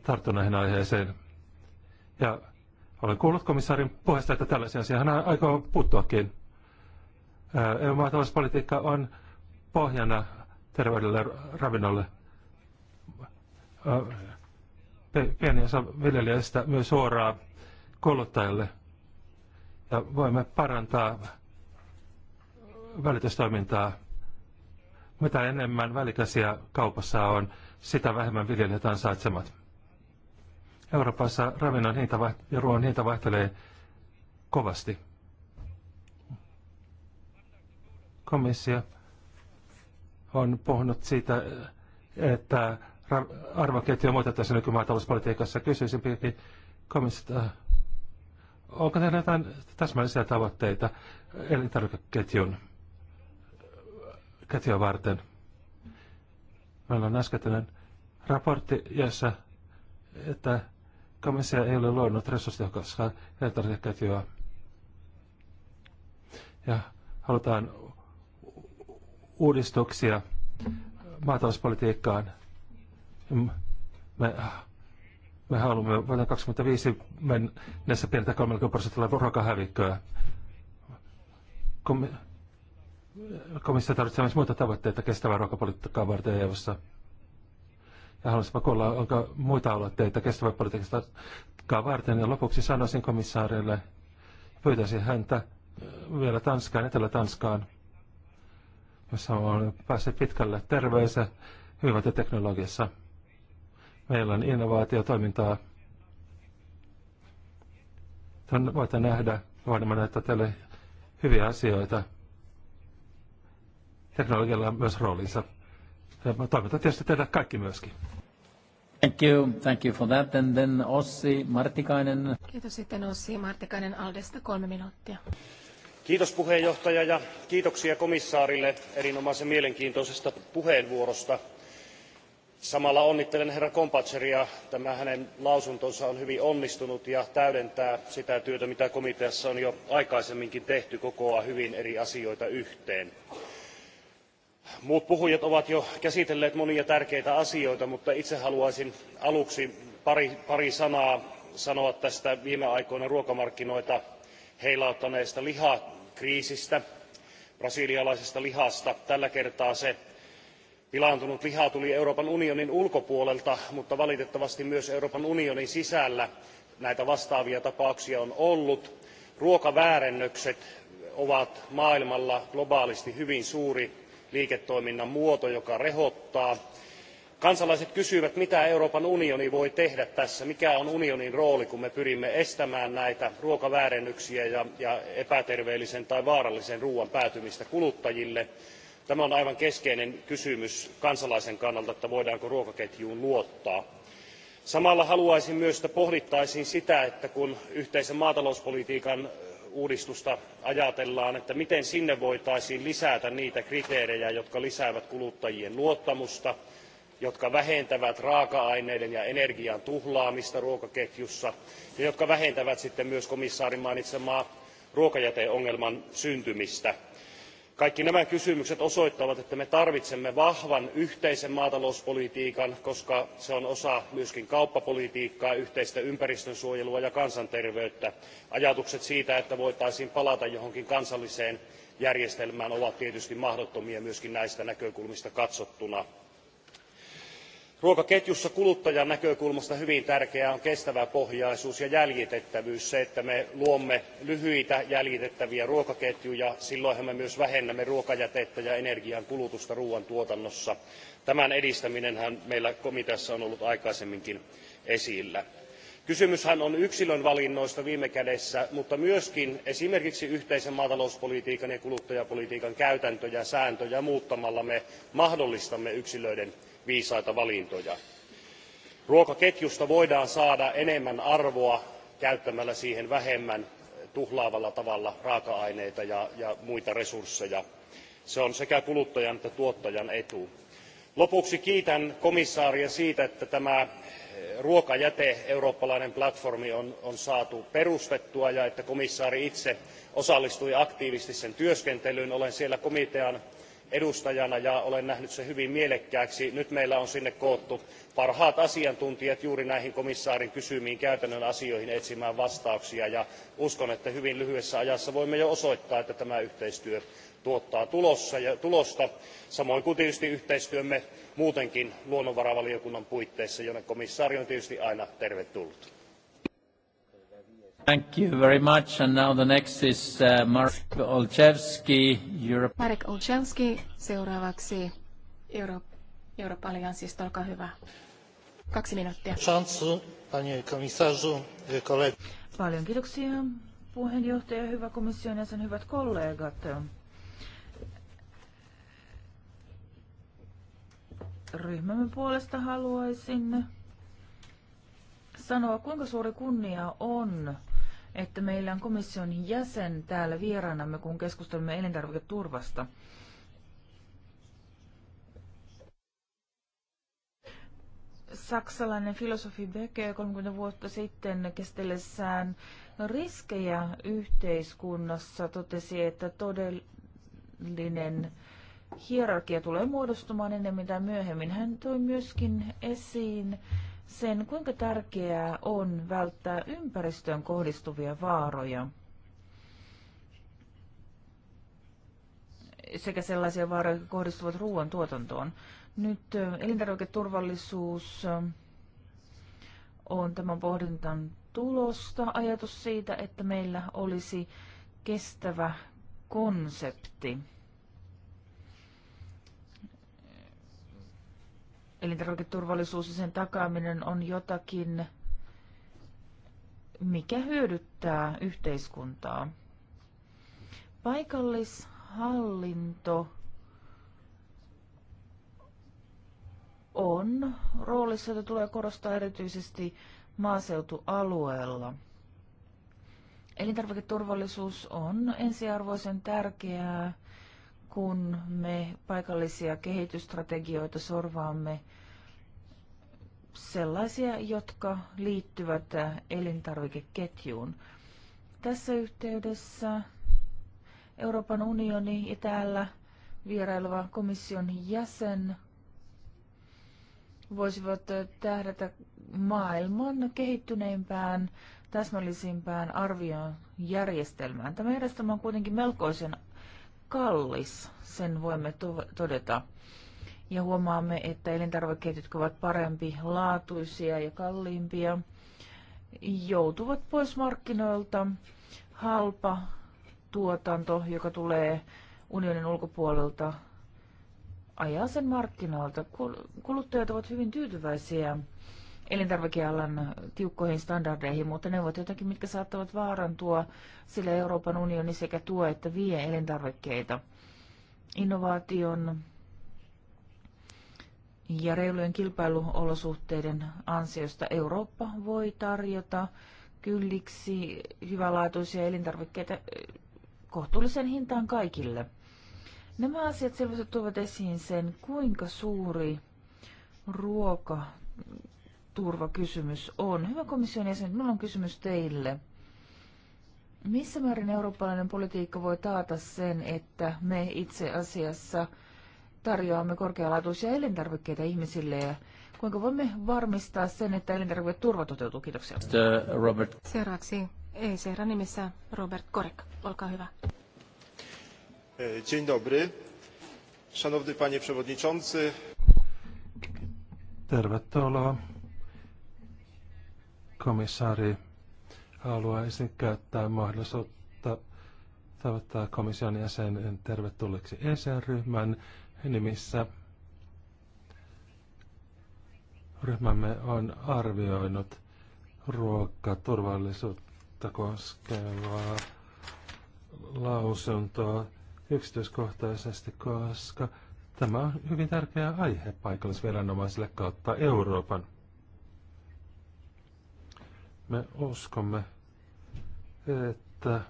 tartun näihin aiheeseen. Ja olen kuullut komissaarin puheesta, että tällaisia asioita hän aikoo puuttuakin. EU-maatalouspolitiikka on pohjana terveydelle ravinnolle. Pieni osa viljelijöistä myös suoraan kuluttajalle. Ja voimme parantaa välitystoimintaa. Mitä enemmän välikäsiä kaupassa on, sitä vähemmän viljelijät ansaitsevat. Euroopassa ravinnon hinta ja ruoan hinta vaihtelee kovasti. Komissio on puhunut siitä, että arvoketju tässä nykymaatalouspolitiikassa. Kysyisin piti komissiota, onko teillä jotain täsmällisiä tavoitteita elintarvikeketjun ketjua varten? Meillä on äskettäinen raportti, jossa että komissio ei ole luonut resurssitehokaskaan elintarvikeketjua. Ja halutaan uudistuksia maatalouspolitiikkaan. Me, me haluamme vuoteen 2025 mennessä pienentää 30 prosentilla ruokahävikköä. Komissio tarvitsee myös muita tavoitteita kestävää ruokapolitiikkaa varten EU-ssa. Ja haluaisinpa kuulla, onko muita aloitteita kestävä politiikasta varten. Ja lopuksi sanoisin komissaarille, pyytäisin häntä vielä Tanskaan, Etelä-Tanskaan, jossa on päässyt pitkälle terveensä hyvinvointiteknologiassa. Meillä on innovaatiotoimintaa. Tämän voitte nähdä, voimme näyttää teille hyviä asioita. Teknologialla on myös roolinsa. Toivotan tietysti teitä kaikki myöskin. Thank you, thank you for that. And then Ossi Martikainen. Kiitos sitten Ossi Martikainen Aldesta kolme minuuttia. Kiitos puheenjohtaja ja kiitoksia komissaarille erinomaisen mielenkiintoisesta puheenvuorosta. Samalla onnittelen herra Kompatseria. Tämä hänen lausuntonsa on hyvin onnistunut ja täydentää sitä työtä, mitä komiteassa on jo aikaisemminkin tehty, kokoaa hyvin eri asioita yhteen muut puhujat ovat jo käsitelleet monia tärkeitä asioita mutta itse haluaisin aluksi pari, sanaa sanoa tästä viime aikoina ruokamarkkinoita heilauttaneesta lihakriisistä brasilialaisesta lihasta. tällä kertaa se pilaantunut liha tuli euroopan unionin ulkopuolelta mutta valitettavasti myös euroopan unionin sisällä näitä vastaavia tapauksia on ollut. ruokaväärennökset ovat maailmalla globaalisti hyvin suuri liiketoiminnan muoto joka rehottaa. kansalaiset kysyvät mitä euroopan unioni voi tehdä tässä mikä on unionin rooli kun me pyrimme estämään näitä ruokaväärennöksiä ja, ja epäterveellisen tai vaarallisen ruoan päätymistä kuluttajille. tämä on aivan keskeinen kysymys kansalaisen kannalta että voidaanko ruokaketjuun luottaa. samalla haluaisin myös että pohdittaisiin sitä että kun yhteisen maatalouspolitiikan uudistusta ajatellaan että miten sinne voitaisiin lisätä niitä kriteerejä jotka lisäävät kuluttajien luottamusta jotka vähentävät raaka aineiden ja energian tuhlaamista ruokaketjussa ja jotka vähentävät sitten myös komissaarin mainitseman ruokajäteongelman syntymistä kaikki nämä kysymykset osoittavat että me tarvitsemme vahvan yhteisen maatalouspolitiikan koska se on osa myös kauppapolitiikkaa yhteistä ympäristönsuojelua ja kansanterveyttä. ajatukset siitä että voitaisiin palata johonkin kansalliseen järjestelmään ovat tietysti mahdottomia myös näistä näkökulmista katsottuna ruokaketjussa kuluttajan näkökulmasta hyvin tärkeää on kestäväpohjaisuus ja jäljitettävyys se että me luomme lyhyitä jäljitettäviä ruokaketjuja silloinhan me myös vähennämme ruokajätettä ja energiankulutusta tuotannossa. tämän edistäminenhän meillä komiteassa on ollut aikaisemminkin esillä. kysymyshän on yksilön valinnoista viime kädessä mutta myös esimerkiksi yhteisen maatalouspolitiikan ja kuluttajapolitiikan käytäntöjä ja sääntöjä muuttamalla me mahdollistamme yksilöiden viisaita valintoja. ruokaketjusta voidaan saada enemmän arvoa käyttämällä siihen vähemmän tuhlaavalla tavalla raaka aineita ja, muita resursseja. se on sekä kuluttajan että tuottajan etu. lopuksi kiitän komissaaria siitä että tämä eh, ruokajäte eurooppalainen platformi on, on saatu perustettua ja että komissaari itse osallistui aktiivisesti sen työskentelyyn. olen siellä komitean edustajana ja olen nähnyt sen hyvin mielekkääksi. nyt meillä on sinne koottu parhaat asiantuntijat juuri näihin komissaarin kysymiin käytännön asioihin etsimään vastauksia ja uskon että hyvin lyhyessä ajassa voimme jo osoittaa että tämä yhteistyö tuottaa tulosta samoin kuin tietysti yhteistyömme muutenkin luonnonvaravaliokunnan puitteissa jonne komissaari on tietysti aina tervetullut. Thank you very much. And now the next is uh, Marek Olczewski, Europe. Marek Olczewski, seuraavaksi Euroopan allianssista, olkaa hyvä. Kaksi minuuttia. Paljon kiitoksia puheenjohtaja, hyvä komission jäsen, hyvät kollegat. Ryhmämme puolesta haluaisin sanoa, kuinka suuri kunnia on että meillä on komission jäsen täällä vieraanamme, kun keskustelemme elintarviketurvasta. Saksalainen filosofi Beke 30 vuotta sitten kestellessään riskejä yhteiskunnassa totesi, että todellinen hierarkia tulee muodostumaan enemmän tai myöhemmin. Hän toi myöskin esiin sen, kuinka tärkeää on välttää ympäristöön kohdistuvia vaaroja. sekä sellaisia vaaroja, jotka kohdistuvat ruoan tuotantoon. Nyt elintarviketurvallisuus on tämän pohdintan tulosta. Ajatus siitä, että meillä olisi kestävä konsepti. elintarviketurvallisuus ja sen takaaminen on jotakin, mikä hyödyttää yhteiskuntaa. Paikallishallinto on roolissa, jota tulee korostaa erityisesti maaseutualueella. Elintarviketurvallisuus on ensiarvoisen tärkeää kun me paikallisia kehitysstrategioita sorvaamme sellaisia, jotka liittyvät elintarvikeketjuun. Tässä yhteydessä Euroopan unioni ja täällä vieraileva komission jäsen voisivat tähdätä maailman kehittyneimpään, täsmällisimpään arvion järjestelmään. Tämä järjestelmä on kuitenkin melkoisen kallis, sen voimme todeta. Ja huomaamme, että elintarvikkeet, jotka ovat parempi laatuisia ja kalliimpia, joutuvat pois markkinoilta. Halpa tuotanto, joka tulee unionin ulkopuolelta, ajaa sen markkinoilta. Kuluttajat ovat hyvin tyytyväisiä elintarvikealan tiukkoihin standardeihin, mutta ne ovat jotakin, mitkä saattavat vaarantua, sillä Euroopan unioni sekä tuo että vie elintarvikkeita. Innovaation ja reilujen kilpailuolosuhteiden ansiosta Eurooppa voi tarjota kylliksi hyvälaatuisia elintarvikkeita eh, kohtuullisen hintaan kaikille. Nämä asiat selvästi tuovat esiin sen, kuinka suuri ruoka turvakysymys on. Hyvä komission jäsen, minulla on kysymys teille. Missä määrin eurooppalainen politiikka voi taata sen, että me itse asiassa tarjoamme korkealaatuisia elintarvikkeita ihmisille ja kuinka voimme varmistaa sen, että elintarvikkeet turva toteutuu? Kiitoksia. Robert. Seuraavaksi ECR nimissä Robert Korek. Olkaa hyvä. E, dzień dobry. Szanowny panie przewodniczący. Tervetuloa komissaari, haluaisin käyttää mahdollisuutta tavoittaa komission jäsenen tervetulleeksi ESR-ryhmän nimissä. Ryhmämme on arvioinut ruokaturvallisuutta koskevaa lausuntoa yksityiskohtaisesti, koska tämä on hyvin tärkeä aihe paikallisviranomaisille kautta Euroopan. Me uskomme, että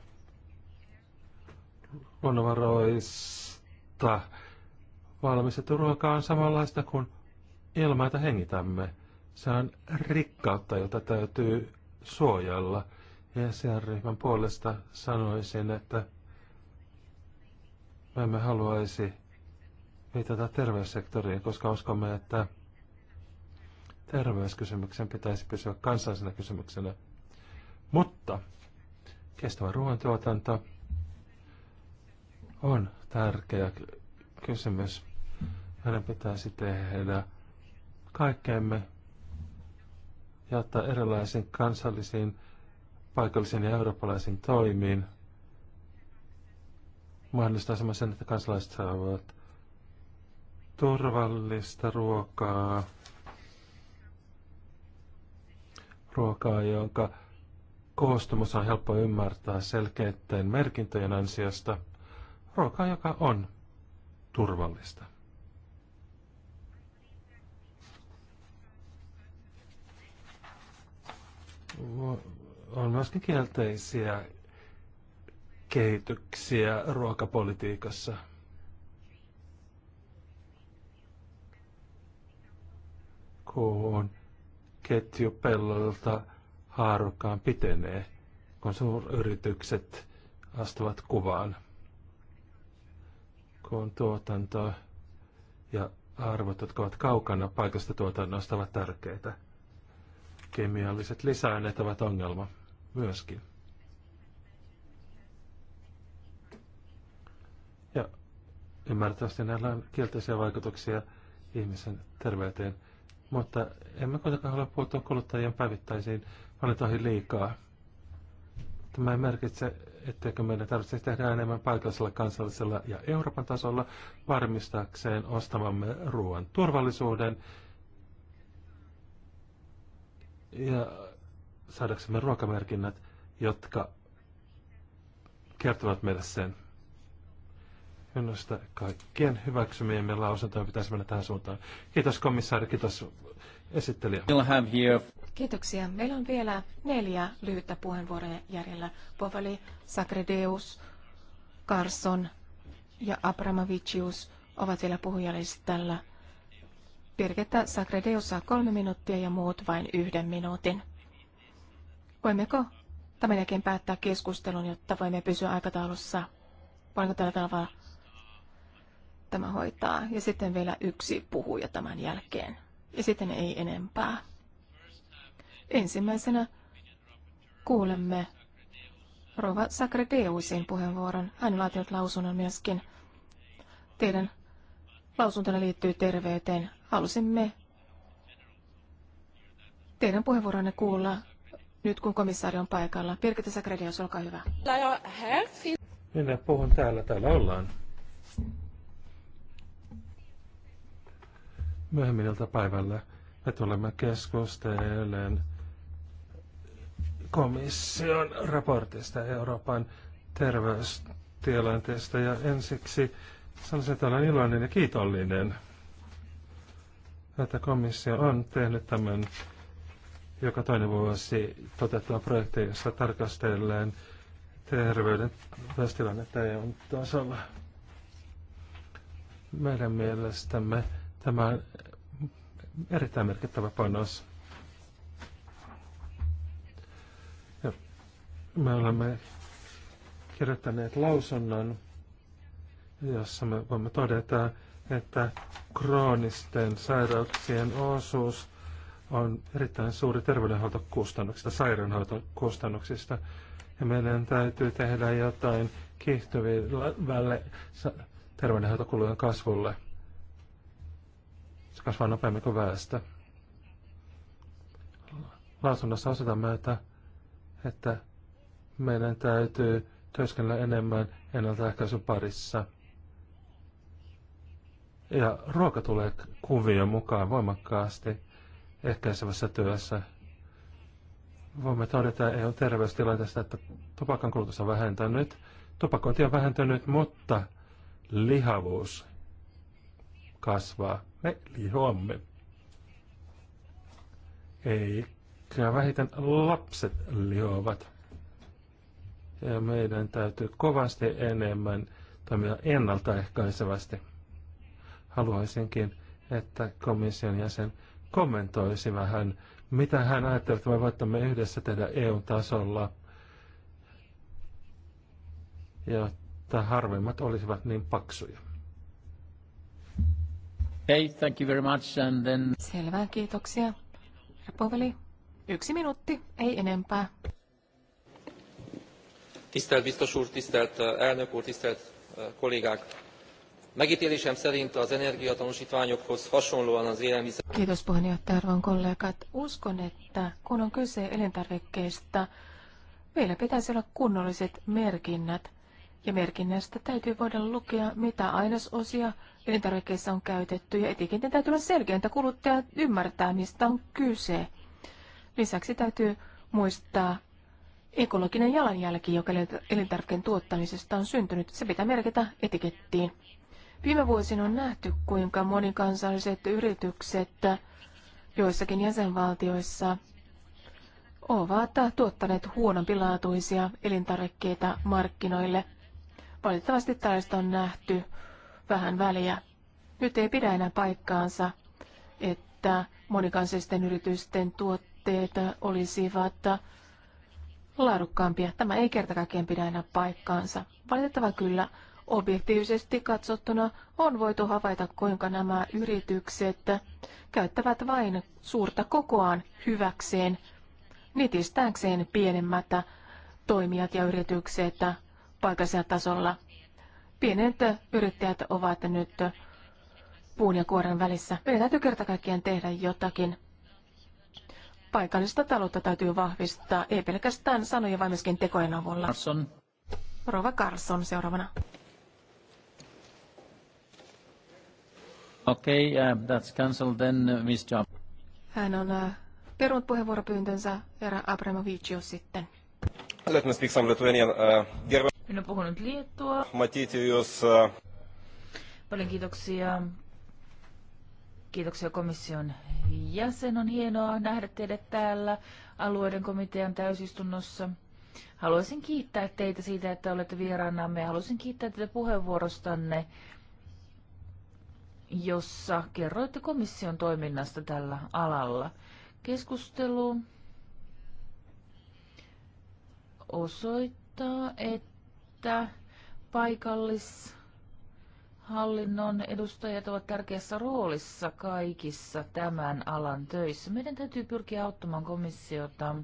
luonnonvaroista valmistettu ruoka on samanlaista kuin ilmaita jota hengitämme. Se on rikkautta, jota täytyy suojella. Ja sen ryhmän puolesta sanoisin, että me emme haluaisi viitata terveyssektoriin, koska uskomme, että terveyskysymyksen pitäisi pysyä kansallisena kysymyksenä. Mutta kestävä ruoantuotanto on tärkeä kysymys. Meidän pitäisi tehdä kaikkemme, jotta erilaisiin kansallisiin, paikallisiin ja eurooppalaisiin toimiin mahdollistaa sen, että kansalaiset saavat turvallista ruokaa, ruokaa, jonka koostumus on helppo ymmärtää selkeitten merkintöjen ansiosta. Ruokaa, joka on turvallista. On myöskin kielteisiä kehityksiä ruokapolitiikassa. Kun ketju pellolta haarukkaan pitenee, kun suuryritykset astuvat kuvaan. Kun tuotanto ja arvot, jotka ovat kaukana paikasta tuotannosta, ovat tärkeitä. Kemialliset lisäaineet ovat ongelma myöskin. Ja ymmärtävästi näillä on kielteisiä vaikutuksia ihmisen terveyteen – mutta emme kuitenkaan halua puuttua kuluttajien päivittäisiin valintoihin liikaa. Tämä ei merkitse, etteikö meidän tarvitsisi tehdä enemmän paikallisella, kansallisella ja Euroopan tasolla varmistaakseen ostamamme ruoan turvallisuuden ja saadaksemme ruokamerkinnät, jotka kertovat meille sen. Minusta kaikkien hyväksymiemme lausuntojen pitäisi mennä tähän suuntaan. Kiitos komissaari, kiitos esittelijä. Kiitoksia. Meillä on vielä neljä lyhyttä puheenvuoroja jäljellä. Povali, Sakredeus, Carson ja Abramovicius ovat vielä tällä. Birgitta Sakredeus saa kolme minuuttia ja muut vain yhden minuutin. Voimmeko tämän jälkeen päättää keskustelun, jotta voimme pysyä aikataulussa? Voinko tällä tavalla tämä hoitaa. Ja sitten vielä yksi puhuja tämän jälkeen. Ja sitten ei enempää. Ensimmäisenä kuulemme Rova Sakredeusin puheenvuoron. Hän on laatinut lausunnon myöskin. Teidän lausuntona liittyy terveyteen. Halusimme teidän puheenvuoronne kuulla nyt, kun komissaari on paikalla. Birgitta sakredeus olkaa hyvä. Minä puhun täällä. Täällä ollaan. myöhemmin iltapäivällä me tulemme keskustelemaan komission raportista Euroopan terveystilanteesta. Ja ensiksi sanoisin, että olen iloinen ja kiitollinen, että komissio on tehnyt tämän joka toinen vuosi toteuttava projekti, jossa tarkastellaan terveyden tilannetta EUn tasolla. Meidän mielestämme Tämä erittäin merkittävä panos. Ja me olemme kirjoittaneet lausunnon, jossa me voimme todeta, että kroonisten sairauksien osuus on erittäin suuri terveydenhoitokustannuksista, sairaanhoitokustannuksista. Ja meidän täytyy tehdä jotain kiihtyvälle terveydenhoitokulujen kasvulle kasvaa nopeammin kuin väestö. Lausunnossa osoitamme, että, että meidän täytyy työskennellä enemmän ennaltaehkäisyn parissa. Ja ruoka tulee kuvio mukaan voimakkaasti ehkäisevässä työssä. Voimme todeta EU-terveystilanteesta, että tupakan kulutus on vähentänyt. Tupakointi on vähentynyt, mutta lihavuus kasvaa me lihoamme. kyllä vähiten lapset lihoavat. Ja meidän täytyy kovasti enemmän toimia ennaltaehkäisevästi. Haluaisinkin, että komission jäsen kommentoisi vähän, mitä hän ajattelee, että me voimme yhdessä tehdä EU-tasolla, jotta harvemmat olisivat niin paksuja thank you very much. And then... Selvä, kiitoksia. Repoveli, yksi minuutti, ei enempää. Tisztelt biztos úr, tisztelt elnök úr, tisztelt kollégák! Megítélésem szerint az energiatanúsítványokhoz hasonlóan az élelmiszer... Kiitos puheenjohtaja arvon kollegat. Uskon, että kun on kyse elintarvikkeista, meillä pitäisi olla kunnolliset merkinnät. Ja merkinnästä täytyy voida lukea, mitä ainesosia elintarvikkeissa on käytetty ja etiketin täytyy olla selkeä, että kuluttaja ymmärtää, mistä on kyse. Lisäksi täytyy muistaa ekologinen jalanjälki, joka elintarvikkeen tuottamisesta on syntynyt. Se pitää merkitä etikettiin. Viime vuosina on nähty, kuinka monikansalliset yritykset joissakin jäsenvaltioissa ovat tuottaneet huonompilaatuisia elintarvikkeita markkinoille. Valitettavasti tällaista on nähty vähän väliä. Nyt ei pidä enää paikkaansa, että monikansallisten yritysten tuotteet olisivat laadukkaampia. Tämä ei kertakaikkiaan pidä enää paikkaansa. Valitettava kyllä, objektiivisesti katsottuna on voitu havaita, kuinka nämä yritykset käyttävät vain suurta kokoaan hyväkseen, nitistäänkseen pienemmät toimijat ja yritykset paikallisella tasolla – Pienet yrittäjät ovat nyt puun ja kuoren välissä. Meidän täytyy kerta kaikkiaan tehdä jotakin. Paikallista taloutta täytyy vahvistaa, ei pelkästään sanoja, vaan myöskin tekojen avulla. Carson. Rova Carson seuraavana. Okei, okay, uh, that's cancelled then, uh, Miss Job. Hän on uh, perunut puheenvuoropyyntönsä, herra Abramovic, sitten. Let me speak some Lithuanian. Uh, minä olen puhunut liettua. Matiti, jos... Äh, Paljon kiitoksia. Kiitoksia komission jäsen. On hienoa nähdä teidät täällä alueiden komitean täysistunnossa. Haluaisin kiittää teitä siitä, että olette vieraanamme haluaisin kiittää teitä puheenvuorostanne, jossa kerroitte komission toiminnasta tällä alalla. Keskustelu osoittaa, että että paikallishallinnon edustajat ovat tärkeässä roolissa kaikissa tämän alan töissä. Meidän täytyy pyrkiä auttamaan komissiota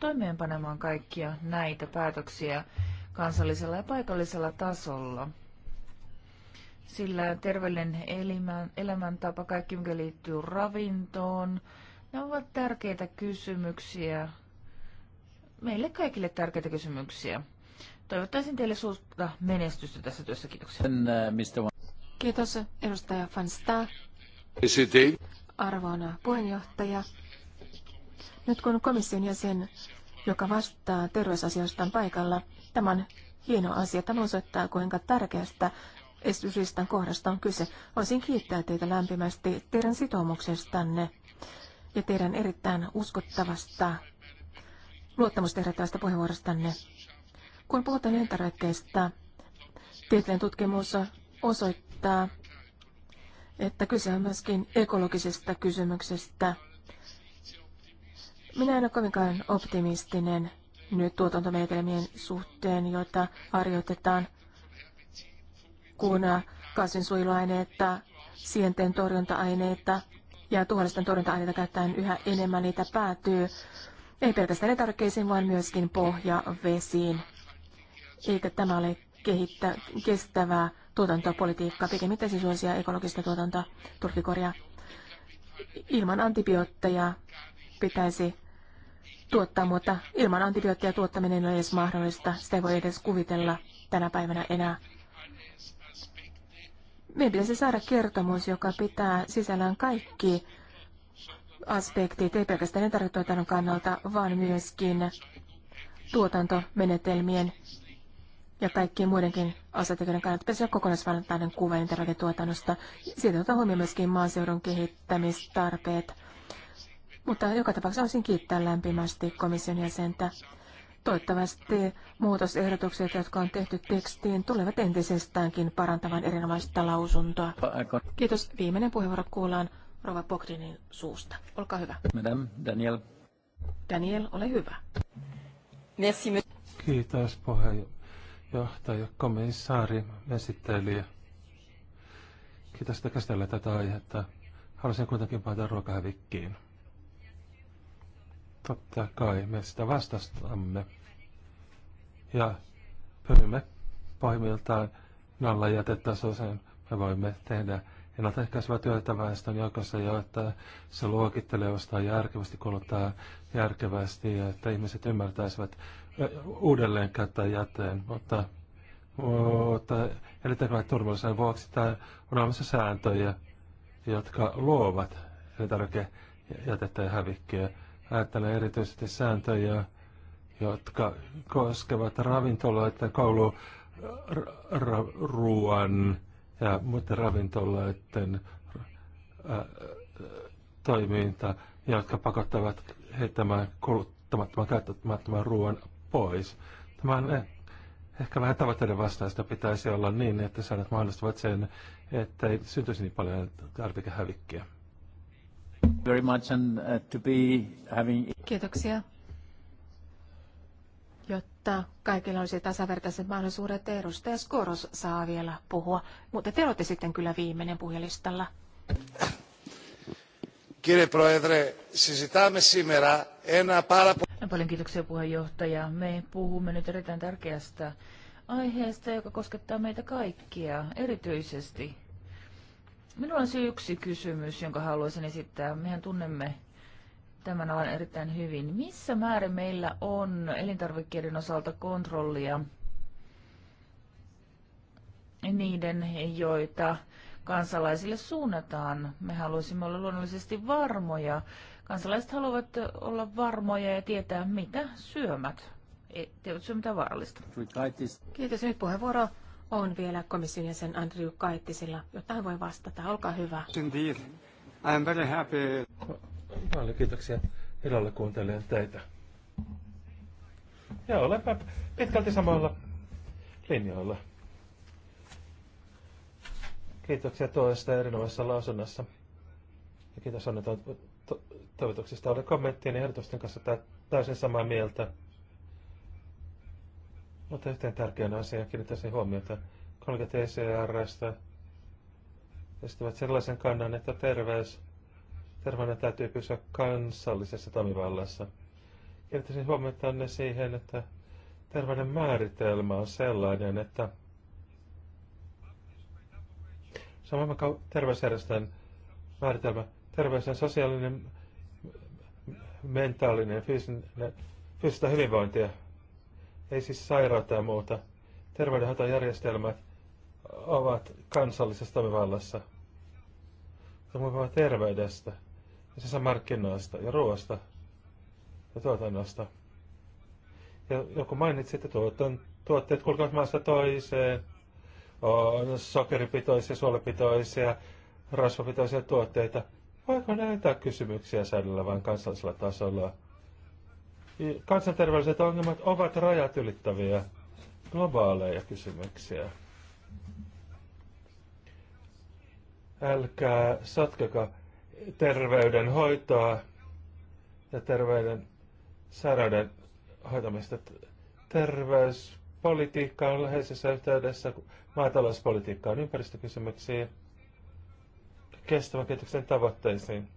toimeenpanemaan kaikkia näitä päätöksiä kansallisella ja paikallisella tasolla. Sillä terveellinen elämän, elämäntapa, kaikki mikä liittyy ravintoon, ne ovat tärkeitä kysymyksiä meille kaikille tärkeitä kysymyksiä. Toivottaisin teille suurta menestystä tässä työssä. Kiitoksia. Uh, Kiitos edustaja Fansta. Arvona puheenjohtaja. Nyt kun komission jäsen, joka vastaa terveysasioista on paikalla, tämä on hieno asia. Tämä osoittaa, kuinka tärkeästä esityslistan kohdasta on kyse. Voisin kiittää teitä lämpimästi teidän sitoumuksestanne ja teidän erittäin uskottavasta Luottamus herättävästä puheenvuorostanne. Kun puhutaan elintarvikkeista, tieteen tutkimus osoittaa, että kyse on myöskin ekologisesta kysymyksestä. Minä en ole kovinkaan optimistinen nyt tuotantomenetelmien suhteen, joita harjoitetaan, kun kasvinsuojeluaineita, sienten torjunta-aineita ja tuhallisten torjunta-aineita käytetään yhä enemmän. Niitä päätyy ei pelkästään elintarvikkeisiin, vaan myöskin pohjavesiin. Eikä tämä ole kehittä, kestävää tuotantopolitiikkaa, pikemminkin siis suosia ekologista tuotantoa turkikoria. Ilman antibiootteja pitäisi tuottaa, mutta ilman antibiootteja tuottaminen ei ole edes mahdollista. Sitä ei voi edes kuvitella tänä päivänä enää. Meidän pitäisi saada kertomus, joka pitää sisällään kaikki aspektit, ei pelkästään elintarvituotannon kannalta, vaan myöskin tuotantomenetelmien ja kaikkien muidenkin asiantuntijoiden kannalta pitäisi olla kokonaisvaltainen kuva elintarviketuotannosta. Siitä otetaan huomioon myöskin maaseudun kehittämistarpeet. Mutta joka tapauksessa haluaisin kiittää lämpimästi komission jäsentä. Toivottavasti muutosehdotukset, jotka on tehty tekstiin, tulevat entisestäänkin parantavan erinomaista lausuntoa. Kiitos. Viimeinen puheenvuoro kuullaan Rova Bogdanin suusta. Olkaa hyvä. Madame Daniel. Daniel, ole hyvä. Merci. Kiitos puheenjohtaja, komissaari, esittelijä. Kiitos, että käsitellä tätä aihetta. Haluaisin kuitenkin paita ruokahävikkiin. Totta kai me sitä vastastamme ja pyrimme pohjimmiltaan nolla jätetasoisen. Me voimme tehdä ennaltaehkäisevää että väestön joukossa ja että se luokittelee, ostaa järkevästi, kuluttaa järkevästi ja että ihmiset ymmärtäisivät uudelleen käyttää jäteen, mutta, mutta turvallisuuden vuoksi tämä on olemassa sääntöjä, jotka luovat elintarvikejätettä ja hävikkiä. Ajattelen erityisesti sääntöjä, jotka koskevat ravintoloiden kouluruuan, ja muiden ravintoloiden toiminta, jotka pakottavat heittämään kuluttamattoman käyttämättömän ruoan pois. Tämä on eh, ehkä vähän tavoitteiden vastaista pitäisi olla niin, että säännöt mahdollistavat sen, että ei syntyisi niin paljon tarvikehävikkiä. Very much and uh, to be having... Kiitoksia. Mutta kaikilla olisi tasavertaiset mahdollisuudet. Edustaja Skoros saa vielä puhua, mutta te olette sitten kyllä viimeinen puhelistalla. Κύριε Πρόεδρε, συζητάμε σήμερα ένα πάρα Paljon kiitoksia puheenjohtaja. Me puhumme nyt erittäin tärkeästä aiheesta, joka koskettaa meitä kaikkia, erityisesti. Minulla on se yksi kysymys, jonka haluaisin esittää. Mehän tunnemme tämän alan erittäin hyvin. Missä määrin meillä on elintarvikkeiden osalta kontrollia niiden, joita kansalaisille suunnataan? Me haluaisimme olla luonnollisesti varmoja. Kansalaiset haluavat olla varmoja ja tietää, mitä syömät. Eivät syö mitään vaarallista. Kiitos. Nyt puheenvuoro on vielä komission jäsen Andrew Kaittisilla, jotta hän voi vastata. Olkaa hyvä. Indeed. I am very happy. Paljon kiitoksia. Ilolla kuuntelemaan teitä. Ja olenpä pitkälti samalla linjoilla. Kiitoksia toista erinomaisessa lausunnassa. Ja kiitos Anne toivotuksista. Olen kommenttien ja ehdotusten kanssa täysin samaa mieltä. Mutta yhteen tärkeän asian kiinnittäisin huomiota. Kolmikat ECRstä esittävät sellaisen kannan, että terveys terveenä täytyy pysyä kansallisessa toimivallassa. Kiinnittäisin huomioon siihen, että terveyden määritelmä on sellainen, että se on terveysjärjestön määritelmä. Terveys on sosiaalinen, mentaalinen, fyysinen, fyysistä hyvinvointia. Ei siis sairautta ja muuta. Terveydenhoitojärjestelmät ovat kansallisessa toimivallassa. Se on terveydestä sisämarkkinoista ja ruoasta ja tuotannosta. Ja joku mainitsi, että tuotan, tuotteet kulkevat maasta toiseen, on sokeripitoisia, suolapitoisia, rasvapitoisia tuotteita. Voiko näitä kysymyksiä säädellä vain kansallisella tasolla? Kansanterveelliset ongelmat ovat rajat ylittäviä globaaleja kysymyksiä. Älkää sotkekaa terveydenhoitoa ja terveyden sairauden hoitamista. Terveyspolitiikka on läheisessä yhteydessä maatalouspolitiikkaan, ympäristökysymyksiin, kestävän kehityksen tavoitteisiin.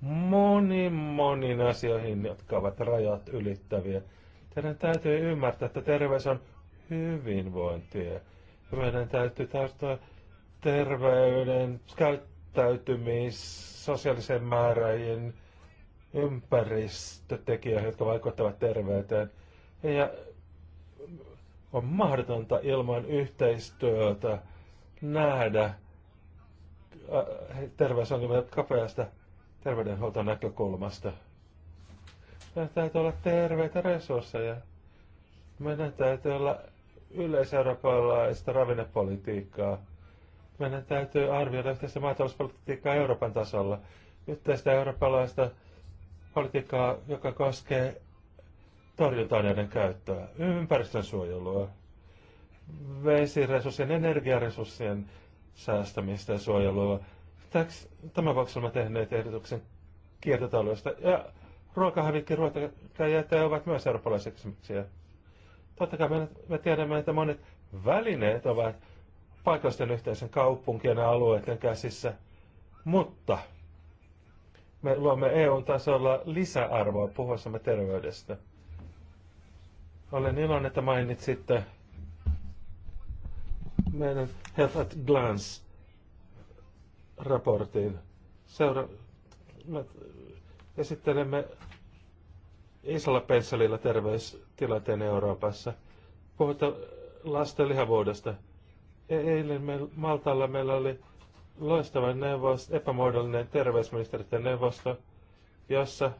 Moniin, moniin asioihin, jotka ovat rajat ylittäviä. Teidän täytyy ymmärtää, että terveys on hyvinvointia. Meidän täytyy tarttua terveyden käyttöön käyttäytymis, sosiaalisen määräjien ympäristötekijöihin, jotka vaikuttavat terveyteen. Ja on mahdotonta ilman yhteistyötä nähdä äh, terveysongelmia kapeasta terveydenhuolton näkökulmasta. Meidän täytyy olla terveitä resursseja. Meidän täytyy olla yleiseurooppalaista ravinnepolitiikkaa meidän täytyy arvioida yhteistä maatalouspolitiikkaa Euroopan tasolla. Yhteistä eurooppalaista politiikkaa, joka koskee torjunta-aineiden käyttöä, ympäristönsuojelua, vesiresurssien, energiaresurssien säästämistä ja suojelua. Tämän vuoksi olemme tehneet ehdotuksen kiertotaloista. Ja ruokahävikki, ruokajäte ovat myös eurooppalaisia kysymyksiä. Totta kai me, me tiedämme, että monet välineet ovat paikallisten yhteisön kaupunkien ja alueiden käsissä, mutta me luomme EU-tasolla lisäarvoa puhuessamme terveydestä. Olen iloinen, että mainitsitte meidän Health at Glance raportin. Seura- me esittelemme isolla pensselillä terveystilanteen Euroopassa. Puhutaan lasten lihavuudesta – E, eilen me, Maltalla meillä oli loistava neuvos, epämuodollinen terveysministeriön neuvosto, jossa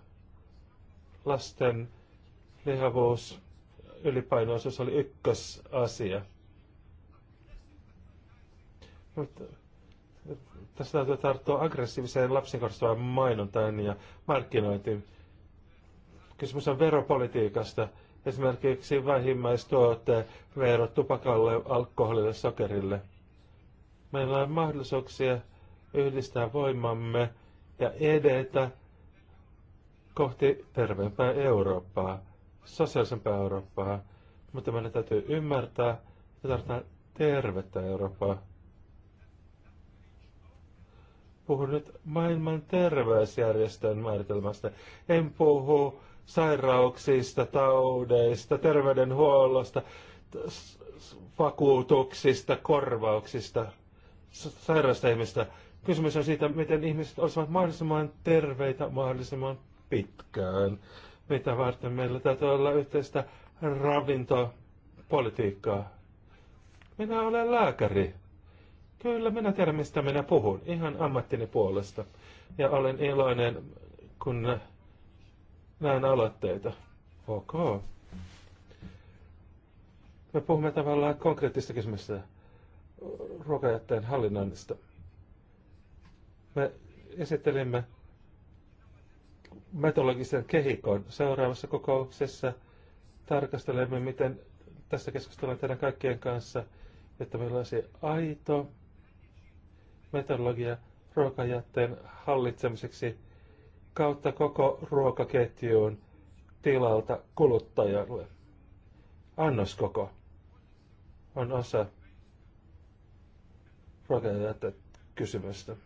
lasten lihavuus, ylipainoisuus oli ykkösasia. Mutta tässä täytyy tarttua aggressiiviseen lapsiin mainontaan ja markkinointiin. Kysymys on veropolitiikasta Esimerkiksi vähimmäistuote vero tupakalle, alkoholille, sokerille. Meillä on mahdollisuuksia yhdistää voimamme ja edetä kohti terveempää Eurooppaa, sosiaalisempaa Eurooppaa. Mutta meidän täytyy ymmärtää, että tarvitaan tervettä Eurooppaa. Puhun nyt maailman terveysjärjestön määritelmästä. En puhu sairauksista, taudeista, terveydenhuollosta, vakuutuksista, korvauksista, sairaista ihmistä. Kysymys on siitä, miten ihmiset olisivat mahdollisimman terveitä mahdollisimman pitkään. Mitä varten meillä täytyy olla yhteistä ravintopolitiikkaa. Minä olen lääkäri. Kyllä, minä tiedän mistä minä puhun, ihan ammattini puolesta. Ja olen iloinen, kun näin aloitteita. Ok. Me puhumme tavallaan konkreettista kysymystä ruokajätteen hallinnoinnista. Me esittelimme metodologisen kehikon seuraavassa kokouksessa. Tarkastelemme, miten tästä keskustellaan teidän kaikkien kanssa, että meillä olisi aito metodologia ruokajätteen hallitsemiseksi – kautta koko ruokaketjuun tilalta kuluttajalle. Annoskoko on osa ruokajätä kysymystä.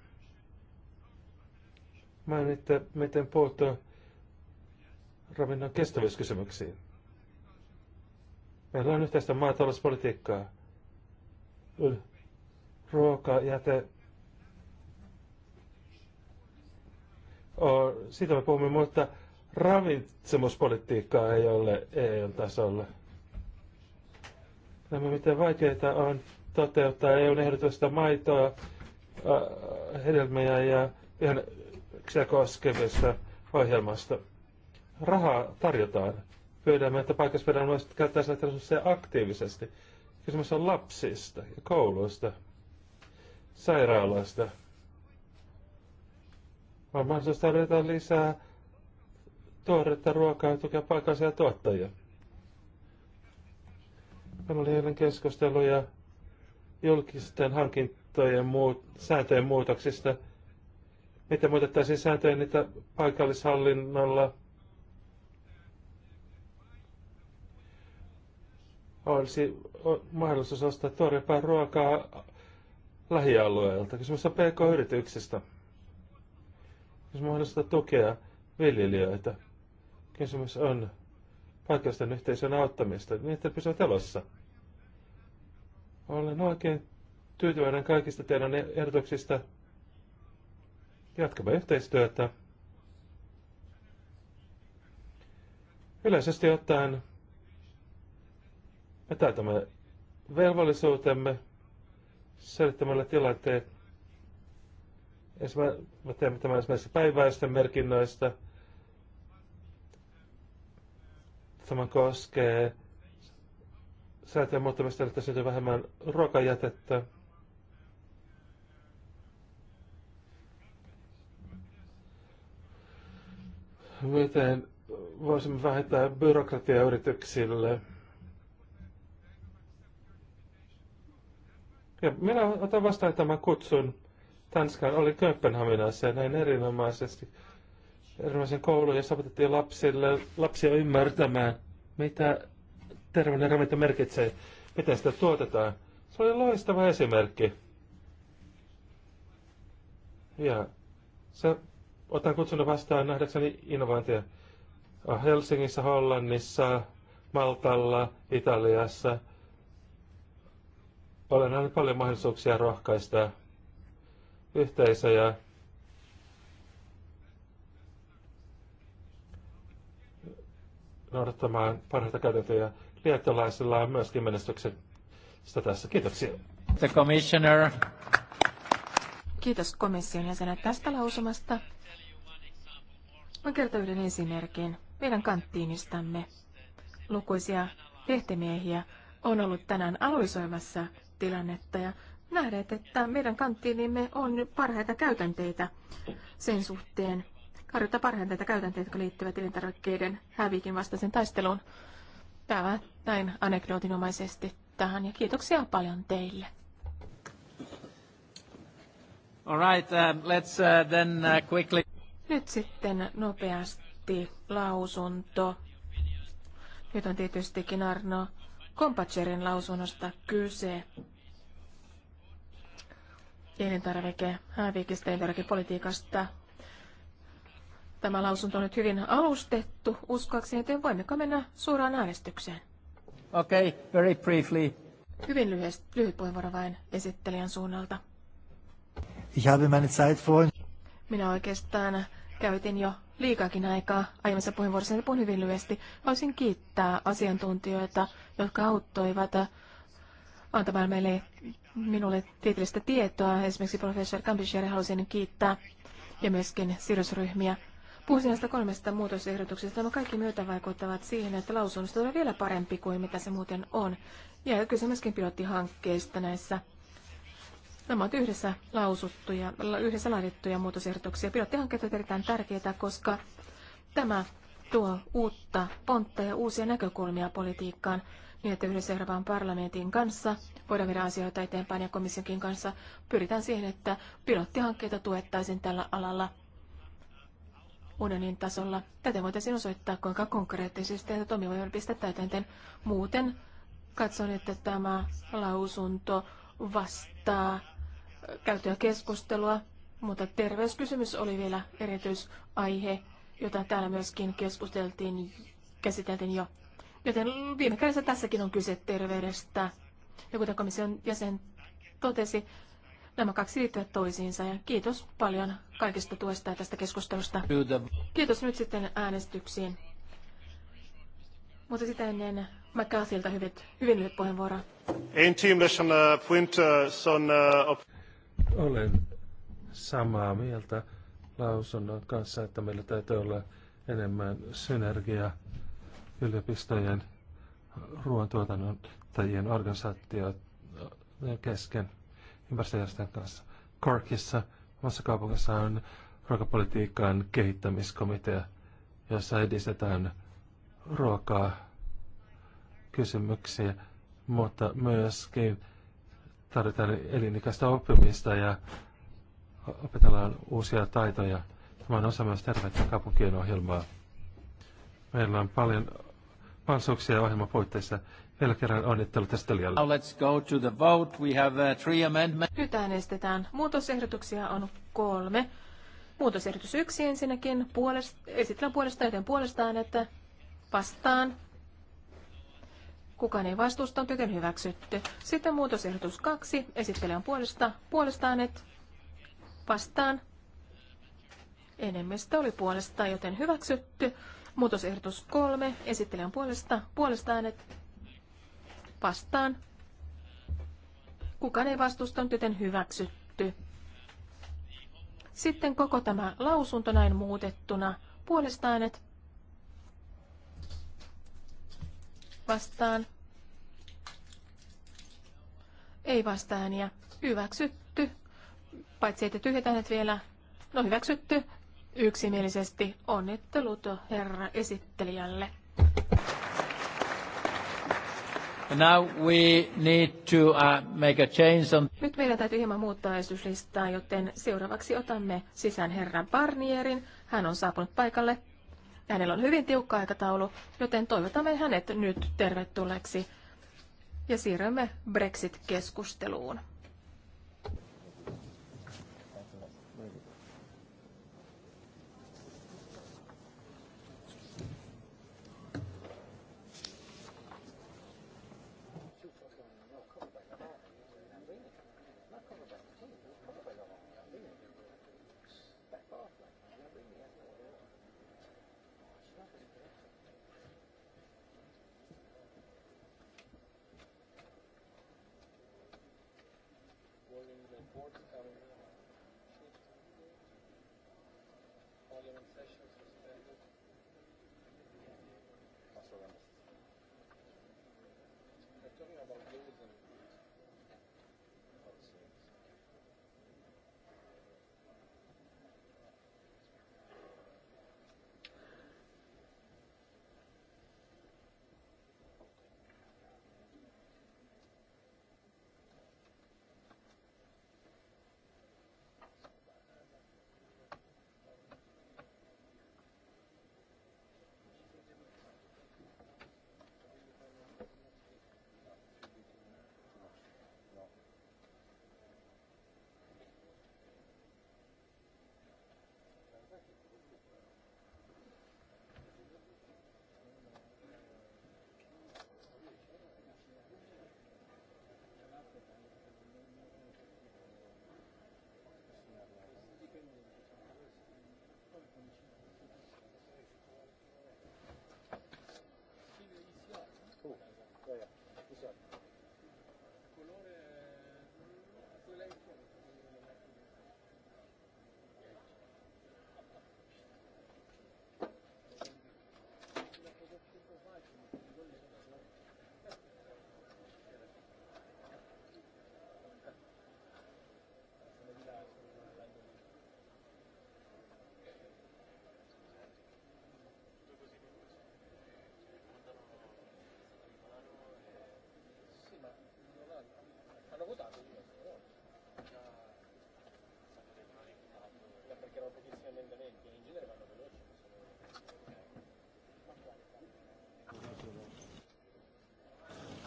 Mainitte, miten puuttua ravinnon kestävyyskysymyksiin. Meillä on yhteistä maatalouspolitiikkaa. Ruokajäte on, siitä me puhumme, mutta ravitsemuspolitiikkaa ei ole EU-tasolla. Nämä miten vaikeita on toteuttaa EUn ehdotusta maitoa, hedelmiä ja ihan koskevista ohjelmasta. Rahaa tarjotaan. Pyydämme, että paikallisviranomaiset käyttäisivät resursseja aktiivisesti. Kysymys on lapsista ja kouluista, sairaaloista – vaan mahdollista tarjota lisää tuoretta ruokaa ja tukea paikallisia tuottajia. Meillä oli eilen keskusteluja julkisten hankintojen muut, sääntöjen muutoksista. Miten muutettaisiin sääntöjä niitä paikallishallinnolla? Olisi mahdollisuus ostaa tuorempaa ruokaa lähialueelta. Kysymys on pk-yrityksistä jos mahdollista tukea viljelijöitä. Kysymys on paikallisten yhteisön auttamista, niin että pysyvät elossa. Olen oikein tyytyväinen kaikista teidän ehdotuksista. Jatkamme yhteistyötä. Yleisesti ottaen me täytämme velvollisuutemme selittämällä tilanteet jos mä, mä teemme tämän esimerkiksi päiväisten merkinnöistä. Tämä koskee säätöjen muuttamista, että syntyy vähemmän ruokajätettä. Miten voisimme vähentää byrokratiaa yrityksille? Ja minä otan vastaan tämän kutsun. Tanskan oli Kööpenhaminassa ja näin erinomaisesti erinomaisen koulun, jossa opetettiin lapsille, lapsia ymmärtämään, mitä terveellinen ravinto merkitsee, miten sitä tuotetaan. Se oli loistava esimerkki. Ja se, otan kutsunut vastaan nähdäkseni innovaatio ah, Helsingissä, Hollannissa, Maltalla, Italiassa. Olen nähnyt paljon mahdollisuuksia rohkaista yhteisöjä. noudattamaan parhaita käytäntöjä. Liettolaisilla on myöskin menestyksestä tässä. Kiitoksia. The commissioner. Kiitos komission jäsenet tästä lausumasta. Mä kertoin yhden esimerkin meidän kanttiinistamme. Lukuisia lehtimiehiä on ollut tänään analysoimassa tilannetta ja nähneet, että meidän kanttiinimme on parhaita käytänteitä sen suhteen. Harjoittaa parhaita käytänteitä, jotka liittyvät elintarvikkeiden hävikin vastaisen taisteluun. Tämä näin anekdootinomaisesti tähän ja kiitoksia paljon teille. All right, uh, let's uh, then uh, quickly... Nyt sitten nopeasti lausunto. Nyt on tietystikin Arno Kompacherin lausunnosta kyse elintarvike, hävikistä äh, elintarvikepolitiikasta. Tämä lausunto on nyt hyvin alustettu, uskoakseni, joten voimmeko mennä suoraan äänestykseen? Okay, very briefly. Hyvin lyhyesti, lyhyt puheenvuoro vain esittelijän suunnalta. Ich habe meine Zeit vor... Minä oikeastaan käytin jo liikaakin aikaa aiemmassa puheenvuorossa, puhun hyvin lyhyesti. Haluaisin kiittää asiantuntijoita, jotka auttoivat antamaan meille, minulle tieteellistä tietoa. Esimerkiksi professori Kampisjärin halusin kiittää ja myöskin sidosryhmiä. Puhuisin näistä kolmesta muutosehdotuksesta. Nämä kaikki myötä vaikuttavat siihen, että lausunnosta tulee vielä parempi kuin mitä se muuten on. Ja kyse myöskin pilottihankkeista näissä. Nämä ovat yhdessä lausuttuja, yhdessä laadittuja muutosehdotuksia. Pilottihankkeet ovat erittäin tärkeitä, koska tämä tuo uutta pontta ja uusia näkökulmia politiikkaan niin että yhdessä Euroopan parlamentin kanssa voidaan viedä asioita eteenpäin ja komissionkin kanssa pyritään siihen, että pilottihankkeita tuettaisiin tällä alalla unionin tasolla. Tätä voitaisiin osoittaa, kuinka konkreettisesti tätä toimia pistää täytäntöön. Muuten katson, että tämä lausunto vastaa käytyä keskustelua, mutta terveyskysymys oli vielä erityisaihe, jota täällä myöskin keskusteltiin, käsiteltiin jo. Joten viime kädessä tässäkin on kyse terveydestä. Ja kuten komission jäsen totesi, nämä kaksi liittyvät toisiinsa ja kiitos paljon kaikesta tuesta ja tästä keskustelusta. Kiitos nyt sitten äänestyksiin. Mutta sitä ennen McCarthyltä hyvät, hyvin lyhyt puheenvuoro. Äh, Olen samaa mieltä lausunnon kanssa, että meillä täytyy olla enemmän synergiaa yliopistojen ruoantuotannon tajien organisaatioiden kesken ympäristöjärjestöjen kanssa. Corkissa, omassa kaupungissa on ruokapolitiikan kehittämiskomitea, jossa edistetään ruokaa, kysymyksiä, mutta myöskin tarvitaan elinikäistä oppimista ja opetellaan uusia taitoja. Tämä on osa myös terveyttä kaupunkien ohjelmaa. Meillä on paljon mahdollisuuksia ohjelman puitteissa. Vielä kerran onnittelu tästä liian. Now let's go to the vote. We have uh, three amendments. Nyt äänestetään. Muutosehdotuksia on kolme. Muutosehdotus yksi ensinnäkin. Puolest, esitellään puolestaan, joten puolestaan, että vastaan. Kukaan ei on joten hyväksytty. Sitten muutosehdotus kaksi. Esitellään puolesta, puolestaan, että vastaan. Enemmistö oli puolesta, joten hyväksytty. Muutosehdotus kolme. Esittelen puolesta. Puolesta äänet vastaan. Kukaan ei vastustanut, joten hyväksytty. Sitten koko tämä lausunto näin muutettuna. Puolesta äänet vastaan. Ei vastaan ja hyväksytty. Paitsi että tyhjät äänet vielä. No hyväksytty yksimielisesti. Onnittelut herra esittelijälle. Now we need to, uh, make a change on... Nyt meidän täytyy hieman muuttaa esityslistaa, joten seuraavaksi otamme sisään herran Barnierin. Hän on saapunut paikalle. Hänellä on hyvin tiukka aikataulu, joten toivotamme hänet nyt tervetulleeksi ja siirrymme Brexit-keskusteluun. report. Uh,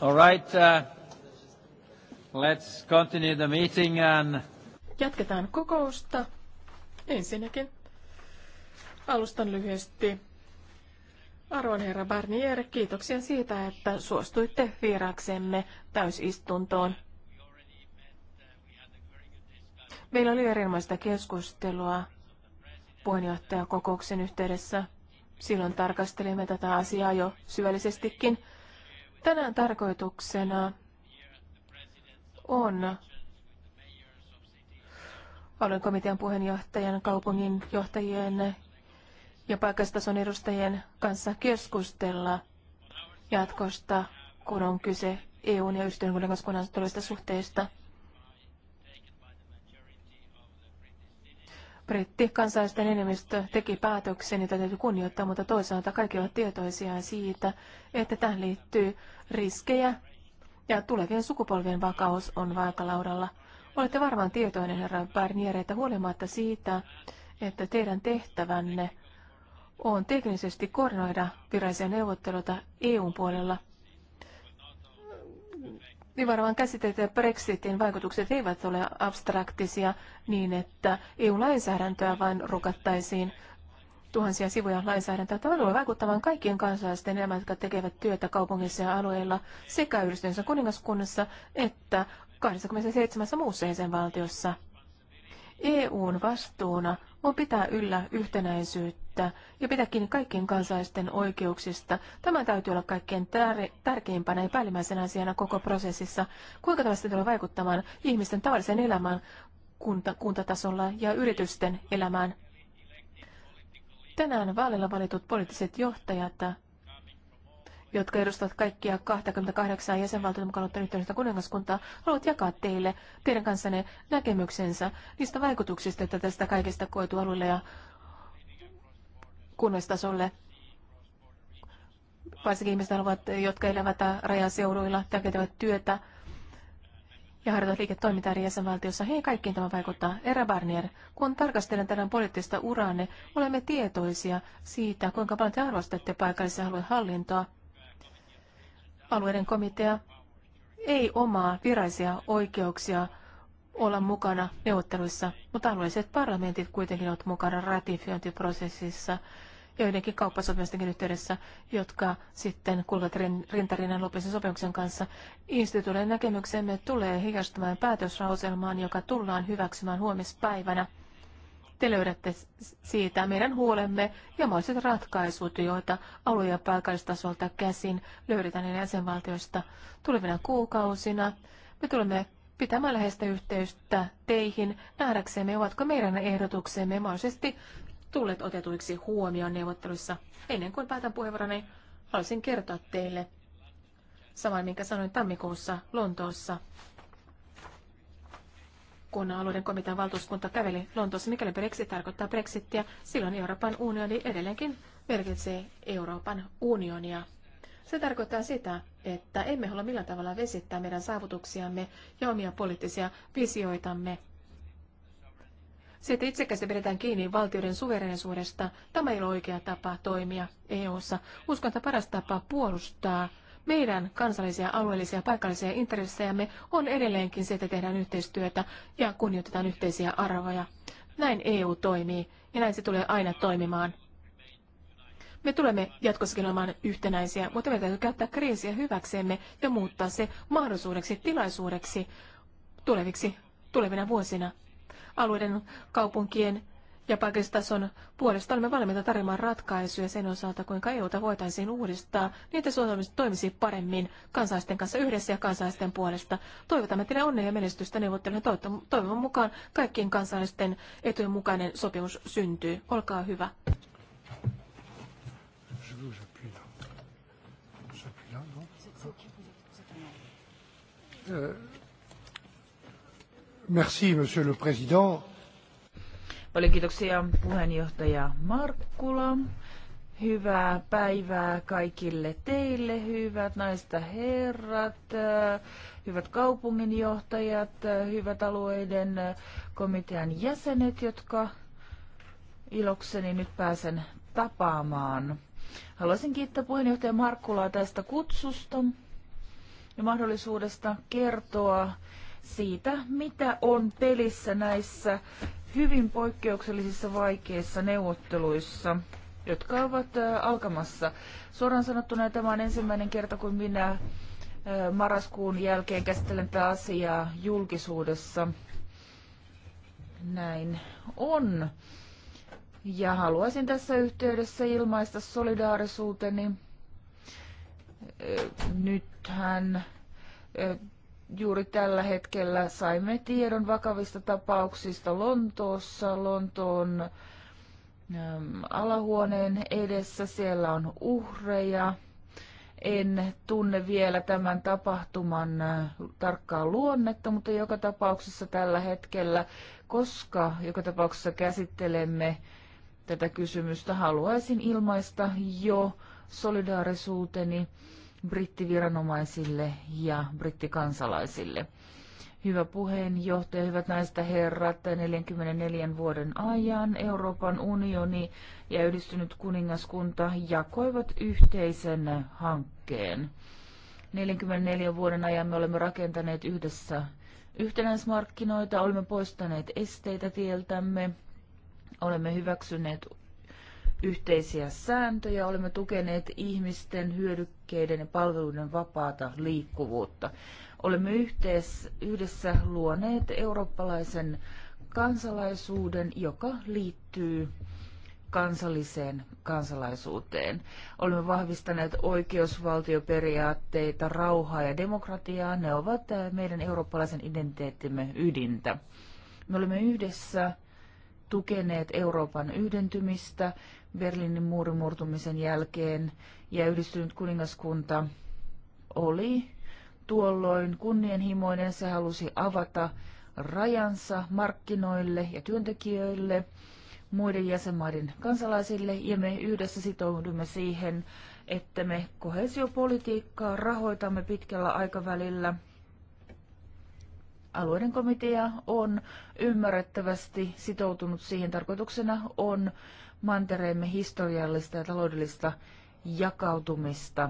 Uh, Jatketaan kokousta. Ensinnäkin alustan lyhyesti. Arvon herra Barnier, kiitoksia siitä, että suostuitte vieraksemme täysistuntoon. Meillä oli erilaista keskustelua puheenjohtajakokouksen yhteydessä. Silloin tarkastelimme tätä asiaa jo syvällisestikin. Tänään tarkoituksena on alueen komitean puheenjohtajan, kaupungin johtajien ja paikastason edustajien kanssa keskustella jatkosta, kun on kyse EUn ja yhdistyneen kuningaskunnan suhteista. Britti kansalaisten enemmistö teki päätöksen, jota täytyy kunnioittaa, mutta toisaalta kaikki ovat tietoisia siitä, että tähän liittyy riskejä ja tulevien sukupolvien vakaus on vaakalaudalla. Olette varmaan tietoinen, herra Barnier, että huolimatta siitä, että teidän tehtävänne on teknisesti koordinoida virallisia neuvotteluita EUn puolella – niin varmaan käsitteet ja Brexitin vaikutukset eivät ole abstraktisia niin, että EU-lainsäädäntöä vain rukattaisiin tuhansia sivuja lainsäädäntöä. Tämä tulee vaikuttamaan kaikkien kansalaisten elämään, jotka tekevät työtä kaupungissa ja alueilla sekä yhdistyneessä kuningaskunnassa että 27 muussa jäsenvaltiossa. EUn vastuuna on pitää yllä yhtenäisyyttä käyttää ja pitää kiinni kaikkien kansalaisten oikeuksista. Tämä täytyy olla kaikkein tär- tärkeimpänä ja päällimmäisenä asiana koko prosessissa. Kuinka tällaista tulee vaikuttamaan ihmisten tavalliseen elämään kunta- kuntatasolla ja yritysten elämään? Tänään vaaleilla valitut poliittiset johtajat jotka edustavat kaikkia 28 jäsenvaltion mukaan ottanutta kuningaskuntaa, haluavat jakaa teille, teidän kanssanne näkemyksensä niistä vaikutuksista, että tästä kaikesta koetu alueelle ja kunnostasolle. Varsinkin ihmiset haluavat, jotka elävät rajaseuduilla tekevät työtä ja harjoittavat liiketoimintaa eri jäsenvaltiossa. Hei, kaikkiin tämä vaikuttaa. Era Barnier, kun tarkastelen teidän poliittista uraanne, olemme tietoisia siitä, kuinka paljon te arvostatte paikallisen alueen hallintoa. Alueiden komitea ei omaa virallisia oikeuksia olla mukana neuvotteluissa, mutta alueelliset parlamentit kuitenkin ovat mukana ratifiointiprosessissa joidenkin kauppasopimustenkin yhteydessä, jotka sitten kuuluvat rintarinnan lopullisen sopimuksen kanssa. Instituutin näkemyksemme tulee heijastumaan päätöslauselmaan, joka tullaan hyväksymään huomispäivänä. Te löydätte siitä meidän huolemme ja mahdolliset ratkaisut, joita alue- ja paikallistasolta käsin löydetään jäsenvaltioista tulevina kuukausina. Me tulemme pitämään läheistä yhteystä teihin nähdäksemme, ovatko meidän ehdotuksemme mahdollisesti tulleet otetuiksi huomioon neuvotteluissa. Ennen kuin päätän puheenvuoroni, haluaisin kertoa teille saman, minkä sanoin tammikuussa Lontoossa, kun alueiden komitean valtuuskunta käveli Lontoossa. Mikäli Brexit tarkoittaa Brexittiä, silloin Euroopan unioni edelleenkin merkitsee Euroopan unionia. Se tarkoittaa sitä, että emme halua millään tavalla vesittää meidän saavutuksiamme ja omia poliittisia visioitamme. Se, että itsekästä pidetään kiinni valtioiden suverenisuudesta, tämä ei ole oikea tapa toimia EU-ssa. Uskon, että paras tapa puolustaa meidän kansallisia, alueellisia ja paikallisia intressejämme on edelleenkin se, että tehdään yhteistyötä ja kunnioitetaan yhteisiä arvoja. Näin EU toimii ja näin se tulee aina toimimaan. Me tulemme jatkossakin olemaan yhtenäisiä, mutta me täytyy käyttää kriisiä hyväksemme ja muuttaa se mahdollisuudeksi, tilaisuudeksi tuleviksi, tulevina vuosina. Alueiden, kaupunkien ja paikallistason puolesta olemme valmiita tarjoamaan ratkaisuja sen osalta, kuinka EUta voitaisiin uudistaa, niitä Suomi toimisi paremmin kansalaisten kanssa yhdessä ja kansalaisten puolesta. Toivotamme teille onnea ja menestystä neuvottelujen toivon mukaan kaikkien kansalaisten etujen mukainen sopimus syntyy. Olkaa hyvä. Euh, Monsieur le Président. Paljon kiitoksia puheenjohtaja Markkula. Hyvää päivää kaikille teille, hyvät naiset ja herrat, äh, hyvät kaupunginjohtajat, äh, hyvät alueiden äh, komitean jäsenet, jotka ilokseni nyt pääsen tapaamaan. Haluaisin kiittää puheenjohtaja Markkulaa tästä kutsusta ja mahdollisuudesta kertoa siitä, mitä on pelissä näissä hyvin poikkeuksellisissa vaikeissa neuvotteluissa, jotka ovat alkamassa. Suoraan sanottuna tämä on ensimmäinen kerta, kun minä marraskuun jälkeen käsittelen tätä asiaa julkisuudessa. Näin on. Ja haluaisin tässä yhteydessä ilmaista solidaarisuuteni nythän juuri tällä hetkellä saimme tiedon vakavista tapauksista Lontoossa, Lontoon alahuoneen edessä. Siellä on uhreja. En tunne vielä tämän tapahtuman tarkkaa luonnetta, mutta joka tapauksessa tällä hetkellä, koska joka tapauksessa käsittelemme tätä kysymystä, haluaisin ilmaista jo solidaarisuuteni brittiviranomaisille ja brittikansalaisille. Hyvä puheenjohtaja, hyvät naiset ja herrat, 44 vuoden ajan Euroopan unioni ja yhdistynyt kuningaskunta jakoivat yhteisen hankkeen. 44 vuoden ajan me olemme rakentaneet yhdessä yhtenäismarkkinoita, olemme poistaneet esteitä tieltämme, olemme hyväksyneet yhteisiä sääntöjä, olemme tukeneet ihmisten, hyödykkeiden ja palveluiden vapaata liikkuvuutta. Olemme yhdessä luoneet eurooppalaisen kansalaisuuden, joka liittyy kansalliseen kansalaisuuteen. Olemme vahvistaneet oikeusvaltioperiaatteita, rauhaa ja demokratiaa. Ne ovat meidän eurooppalaisen identiteettimme ydintä. Me olemme yhdessä tukeneet Euroopan yhdentymistä Berliinin muurin murtumisen jälkeen ja yhdistynyt kuningaskunta oli tuolloin kunnianhimoinen. Se halusi avata rajansa markkinoille ja työntekijöille, muiden jäsenmaiden kansalaisille ja me yhdessä sitoudumme siihen, että me kohesiopolitiikkaa rahoitamme pitkällä aikavälillä – alueiden komitea on ymmärrettävästi sitoutunut siihen. Tarkoituksena on mantereemme historiallista ja taloudellista jakautumista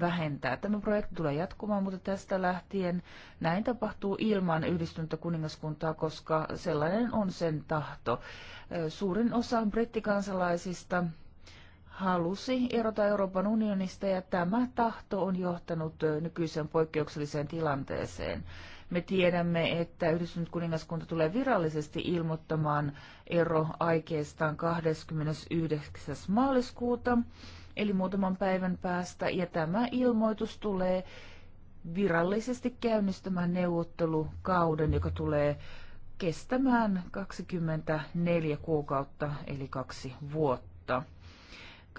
vähentää. Tämä projekti tulee jatkumaan, mutta tästä lähtien näin tapahtuu ilman yhdistynyttä kuningaskuntaa, koska sellainen on sen tahto. Suurin osa brittikansalaisista halusi erota Euroopan unionista ja tämä tahto on johtanut nykyiseen poikkeukselliseen tilanteeseen. Me tiedämme, että yhdistynyt kuningaskunta tulee virallisesti ilmoittamaan ero aikeestaan 29. maaliskuuta, eli muutaman päivän päästä, ja tämä ilmoitus tulee virallisesti käynnistämään neuvottelukauden, joka tulee kestämään 24 kuukautta, eli kaksi vuotta.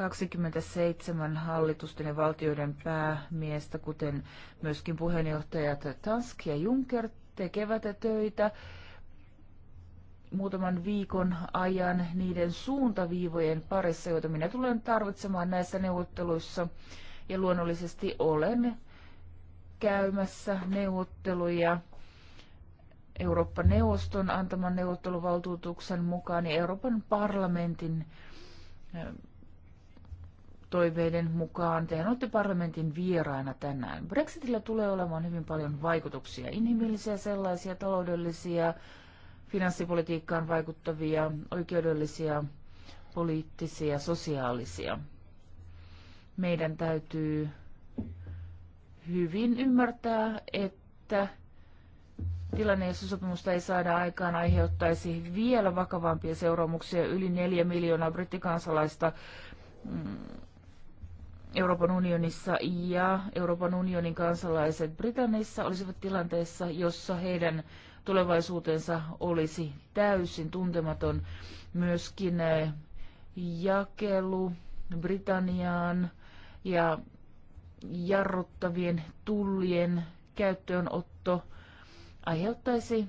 27 hallitusten ja valtioiden päämiestä, kuten myöskin puheenjohtajat Tansk ja Juncker tekevät töitä muutaman viikon ajan niiden suuntaviivojen parissa, joita minä tulen tarvitsemaan näissä neuvotteluissa. Ja luonnollisesti olen käymässä neuvotteluja Eurooppa-neuvoston antaman neuvotteluvaltuutuksen mukaan ja Euroopan parlamentin toiveiden mukaan. Tehän olette parlamentin vieraina tänään. Brexitillä tulee olemaan hyvin paljon vaikutuksia, inhimillisiä sellaisia, taloudellisia, finanssipolitiikkaan vaikuttavia, oikeudellisia, poliittisia, sosiaalisia. Meidän täytyy hyvin ymmärtää, että tilanne, jossa sopimusta ei saada aikaan, aiheuttaisi vielä vakavampia seuraamuksia yli neljä miljoonaa brittikansalaista mm, Euroopan unionissa ja Euroopan unionin kansalaiset Britannissa olisivat tilanteessa, jossa heidän tulevaisuutensa olisi täysin tuntematon myöskin eh, jakelu Britanniaan ja jarruttavien tullien käyttöönotto aiheuttaisi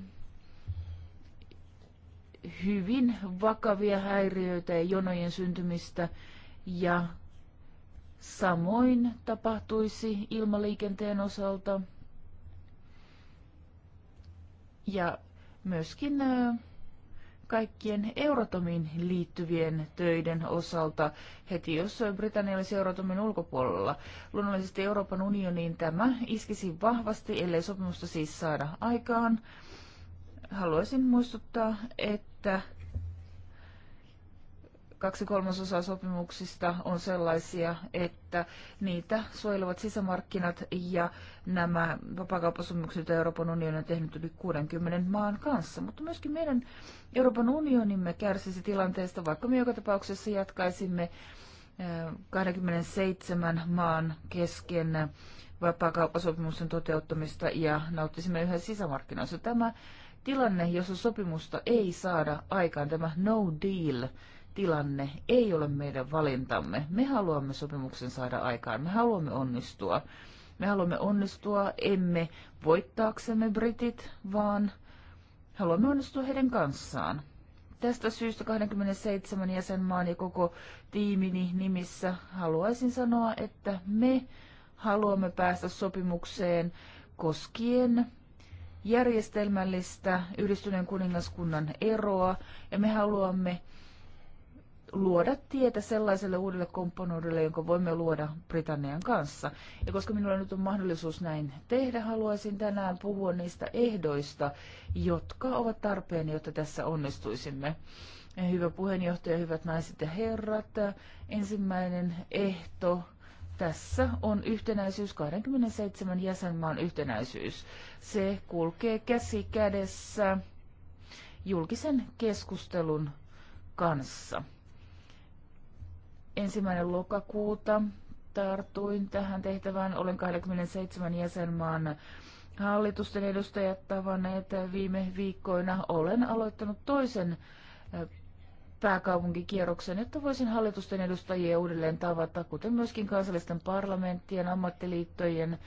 hyvin vakavia häiriöitä ja jonojen syntymistä ja Samoin tapahtuisi ilmaliikenteen osalta ja myöskin kaikkien Eurotomin liittyvien töiden osalta heti, jos Britannia olisi Euratomin ulkopuolella. Luonnollisesti Euroopan unioniin tämä iskisi vahvasti, ellei sopimusta siis saada aikaan. Haluaisin muistuttaa, että Kaksi kolmasosaa sopimuksista on sellaisia, että niitä suojelevat sisämarkkinat ja nämä vapaakauppasopimukset, joita Euroopan unioni on tehnyt yli 60 maan kanssa. Mutta myöskin meidän Euroopan unionimme kärsisi tilanteesta, vaikka me joka tapauksessa jatkaisimme 27 eh, maan kesken vapaakauppasopimusten toteuttamista ja nauttisimme yhä sisämarkkinoissa. Tämä tilanne, jossa sopimusta ei saada aikaan, tämä no deal tilanne ei ole meidän valintamme. Me haluamme sopimuksen saada aikaan, me haluamme onnistua. Me haluamme onnistua emme voittaaksemme britit, vaan haluamme onnistua heidän kanssaan. Tästä syystä 27 jäsenmaan ja koko tiimini nimissä haluaisin sanoa, että me haluamme päästä sopimukseen koskien järjestelmällistä yhdistyneen kuningaskunnan eroa ja me haluamme luoda tietä sellaiselle uudelle komponoidulle, jonka voimme luoda Britannian kanssa. Ja koska minulla nyt on mahdollisuus näin tehdä, haluaisin tänään puhua niistä ehdoista, jotka ovat tarpeen, jotta tässä onnistuisimme. Hyvä puheenjohtaja, hyvät naiset ja herrat, ensimmäinen ehto tässä on yhtenäisyys, 27 jäsenmaan yhtenäisyys. Se kulkee käsi kädessä julkisen keskustelun kanssa ensimmäinen lokakuuta tartuin tähän tehtävään. Olen 27 jäsenmaan hallitusten edustajat tavanneet viime viikkoina. Olen aloittanut toisen eh, pääkaupunkikierroksen, että voisin hallitusten edustajia uudelleen tavata, kuten myöskin kansallisten parlamenttien, ammattiliittojen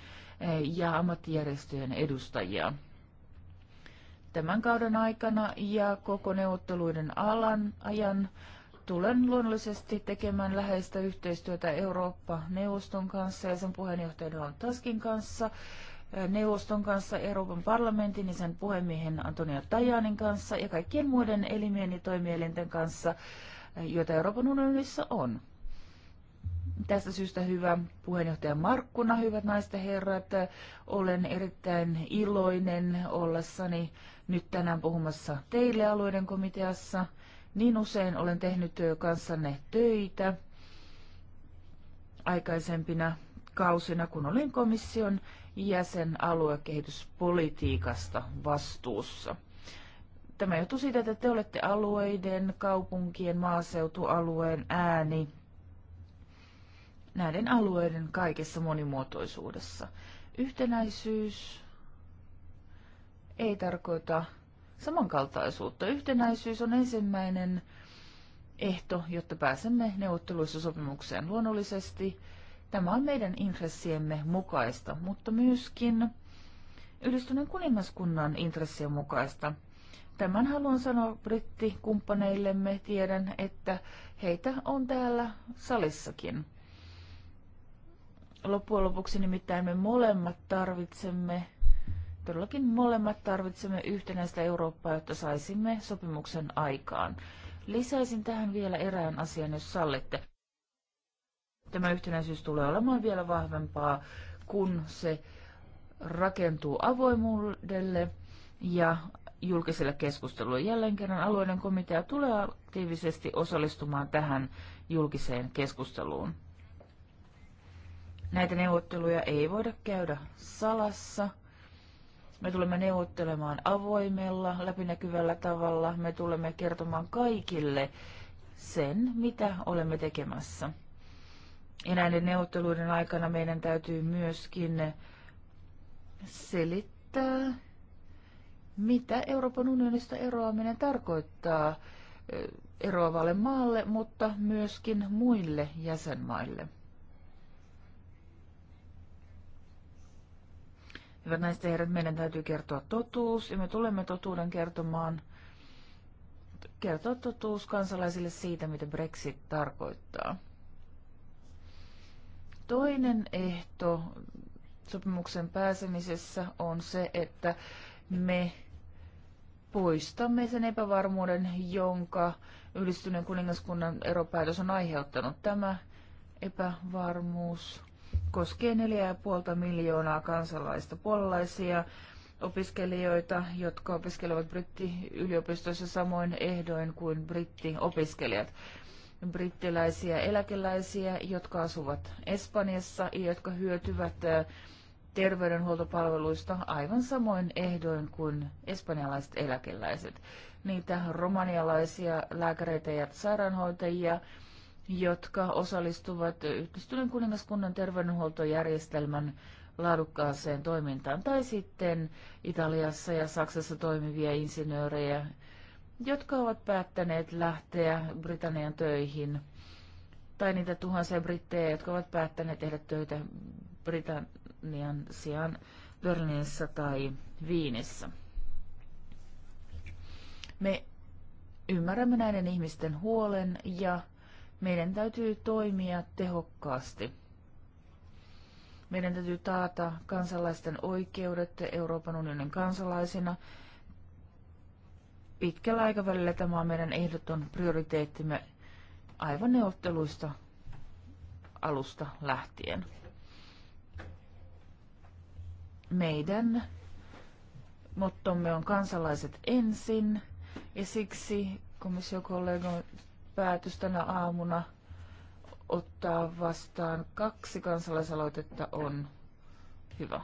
eh, ja ammattijärjestöjen edustajia. Tämän kauden aikana ja koko neuvotteluiden alan ajan Tulen luonnollisesti tekemään läheistä yhteistyötä Eurooppa-neuvoston kanssa ja sen puheenjohtajan Donald Tuskin kanssa, eh, neuvoston kanssa, Euroopan parlamentin ja sen puhemiehen Antonio Tajanin kanssa ja kaikkien muiden elimien ja toimielinten kanssa, eh, joita Euroopan unionissa on. Tästä syystä hyvä puheenjohtaja Markkuna, hyvät naisten herrat, eh, olen erittäin iloinen ollessani nyt tänään puhumassa teille alueiden komiteassa – niin usein olen tehnyt kanssanne töitä aikaisempina kausina, kun olin komission jäsen aluekehityspolitiikasta vastuussa. Tämä johtuu siitä, että te olette alueiden, kaupunkien, maaseutualueen ääni näiden alueiden kaikessa monimuotoisuudessa. Yhtenäisyys ei tarkoita samankaltaisuutta. Yhtenäisyys on ensimmäinen ehto, jotta pääsemme neuvotteluissa sopimukseen luonnollisesti. Tämä on meidän intressiemme mukaista, mutta myöskin yhdistyneen kuningaskunnan intressien mukaista. Tämän haluan sanoa brittikumppaneillemme. Tiedän, että heitä on täällä salissakin. Loppujen lopuksi nimittäin me molemmat tarvitsemme Todellakin molemmat tarvitsemme yhtenäistä Eurooppaa, jotta saisimme sopimuksen aikaan. Lisäisin tähän vielä erään asian, jos sallitte. Tämä yhtenäisyys tulee olemaan vielä vahvempaa, kun se rakentuu avoimuudelle ja julkiselle keskustelulle. Jälleen kerran alueiden komitea tulee aktiivisesti osallistumaan tähän julkiseen keskusteluun. Näitä neuvotteluja ei voida käydä salassa – me tulemme neuvottelemaan avoimella, läpinäkyvällä tavalla. Me tulemme kertomaan kaikille sen, mitä olemme tekemässä. Ja näiden neuvotteluiden aikana meidän täytyy myöskin selittää, mitä Euroopan unionista eroaminen tarkoittaa eh, eroavalle maalle, mutta myöskin muille jäsenmaille. Hyvät naiset ja herrat, meidän täytyy kertoa totuus ja me tulemme totuuden kertomaan, kertoa totuus kansalaisille siitä, mitä Brexit tarkoittaa. Toinen ehto sopimuksen pääsemisessä on se, että me poistamme sen epävarmuuden, jonka yhdistyneen kuningaskunnan eropäätös on aiheuttanut. Tämä epävarmuus koskee 4,5 miljoonaa kansalaista puolalaisia opiskelijoita, jotka opiskelevat brittiyliopistoissa samoin ehdoin kuin brittiopiskelijat. Brittiläisiä eläkeläisiä, jotka asuvat Espanjassa ja jotka hyötyvät terveydenhuoltopalveluista aivan samoin ehdoin kuin espanjalaiset eläkeläiset. Niitä romanialaisia lääkäreitä ja sairaanhoitajia, jotka osallistuvat yhdistyneen kuningaskunnan terveydenhuoltojärjestelmän laadukkaaseen toimintaan, tai sitten Italiassa ja Saksassa toimivia insinöörejä, jotka ovat päättäneet lähteä Britannian töihin, tai niitä tuhansia brittejä, jotka ovat päättäneet tehdä töitä Britannian sijaan Berliinissä tai Viinissä. Me ymmärrämme näiden ihmisten huolen ja meidän täytyy toimia tehokkaasti. Meidän täytyy taata kansalaisten oikeudet Euroopan unionin kansalaisina. Pitkällä aikavälillä tämä on meidän ehdoton prioriteettimme aivan neuvotteluista alusta lähtien. Meidän mottomme on kansalaiset ensin ja siksi komissiokollegoiden päätös tänä aamuna ottaa vastaan kaksi kansalaisaloitetta on hyvä.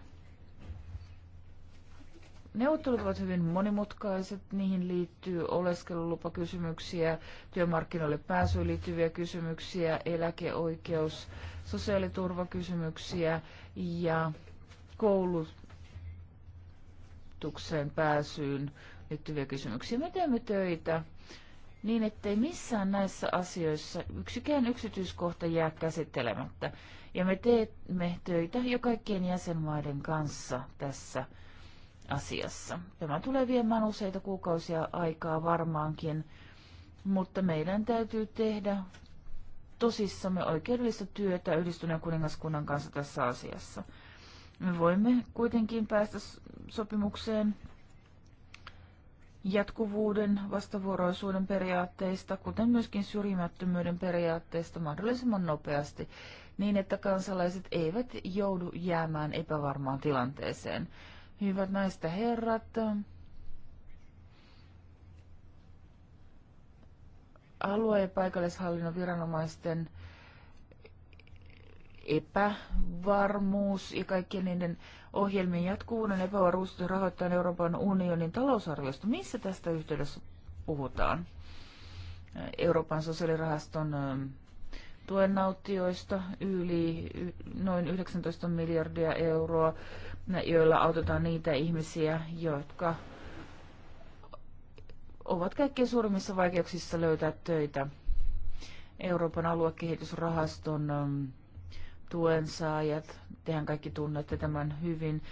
Neuvottelut ovat hyvin monimutkaiset. Niihin liittyy oleskelulupakysymyksiä, työmarkkinoille pääsyyn liittyviä kysymyksiä, eläkeoikeus, sosiaaliturvakysymyksiä ja koulutukseen pääsyyn liittyviä kysymyksiä. Me teemme töitä niin ettei missään näissä asioissa yksikään yksityiskohta jää käsittelemättä. Ja me teemme töitä jo kaikkien jäsenmaiden kanssa tässä asiassa. Tämä tulee viemään useita kuukausia aikaa varmaankin, mutta meidän täytyy tehdä tosissamme oikeudellista työtä yhdistyneen kuningaskunnan kanssa tässä asiassa. Me voimme kuitenkin päästä sopimukseen jatkuvuuden vastavuoroisuuden periaatteista, kuten myöskin syrjimättömyyden periaatteista mahdollisimman nopeasti, niin että kansalaiset eivät joudu jäämään epävarmaan tilanteeseen. Hyvät naista herrat, alue- ja paikallishallinnon viranomaisten epävarmuus ja kaikkien niiden ohjelmien jatkuvuuden epävarmuus rahoittaa Euroopan unionin talousarviosta. Missä tästä yhteydessä puhutaan? Euroopan sosiaalirahaston ähm, tuen nauttijoista yli noin 19 miljardia euroa, joilla autetaan niitä ihmisiä, jotka ovat kaikkein suurimmissa vaikeuksissa löytää töitä. Euroopan aluekehitysrahaston ähm, tuen saajat, tehän kaikki tunnette tämän hyvin,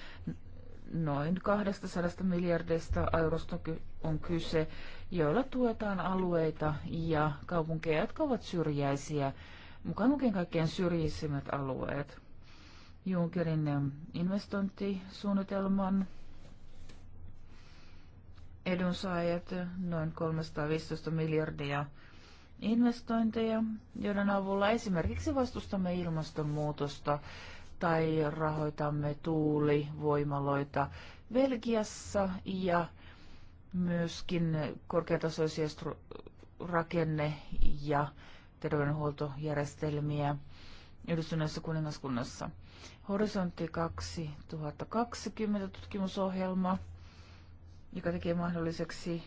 noin 200 miljardista eurosta on kyse, joilla tuetaan alueita ja kaupunkeja, jotka ovat syrjäisiä, mukaan lukien kaikkein syrjisimmät alueet. Junckerin investointisuunnitelman edunsaajat noin 315 miljardia investointeja, joiden avulla esimerkiksi vastustamme ilmastonmuutosta tai rahoitamme tuulivoimaloita Belgiassa ja myöskin korkeatasoisia rakenne- ja terveydenhuoltojärjestelmiä Yhdistyneessä kuningaskunnassa. Horisontti 2020 tutkimusohjelma, joka tekee mahdolliseksi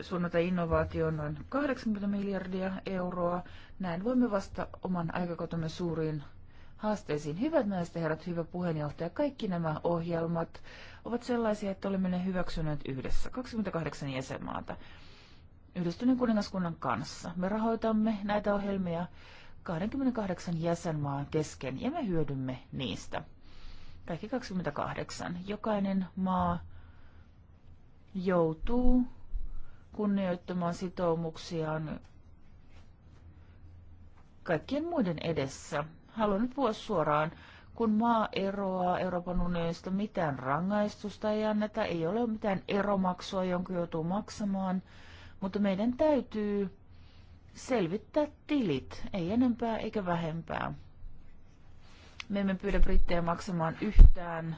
suunnata innovaatioon noin 80 miljardia euroa. Näin voimme vasta oman aikakautemme suuriin haasteisiin. Hyvät naiset ja herrat, hyvä puheenjohtaja, kaikki nämä ohjelmat ovat sellaisia, että olemme ne hyväksyneet yhdessä, 28 jäsenmaata, yhdistyneen kuningaskunnan kanssa. Me rahoitamme näitä ohjelmia 28 jäsenmaan kesken ja me hyödymme niistä. Kaikki 28. Jokainen maa joutuu kunnioittamaan sitoumuksiaan kaikkien muiden edessä. Haluan nyt puhua suoraan, kun maa eroaa Euroopan unionista, mitään rangaistusta ei anneta, ei ole mitään eromaksua, jonka joutuu maksamaan, mutta meidän täytyy selvittää tilit, ei enempää eikä vähempää. Me emme pyydä brittejä maksamaan yhtään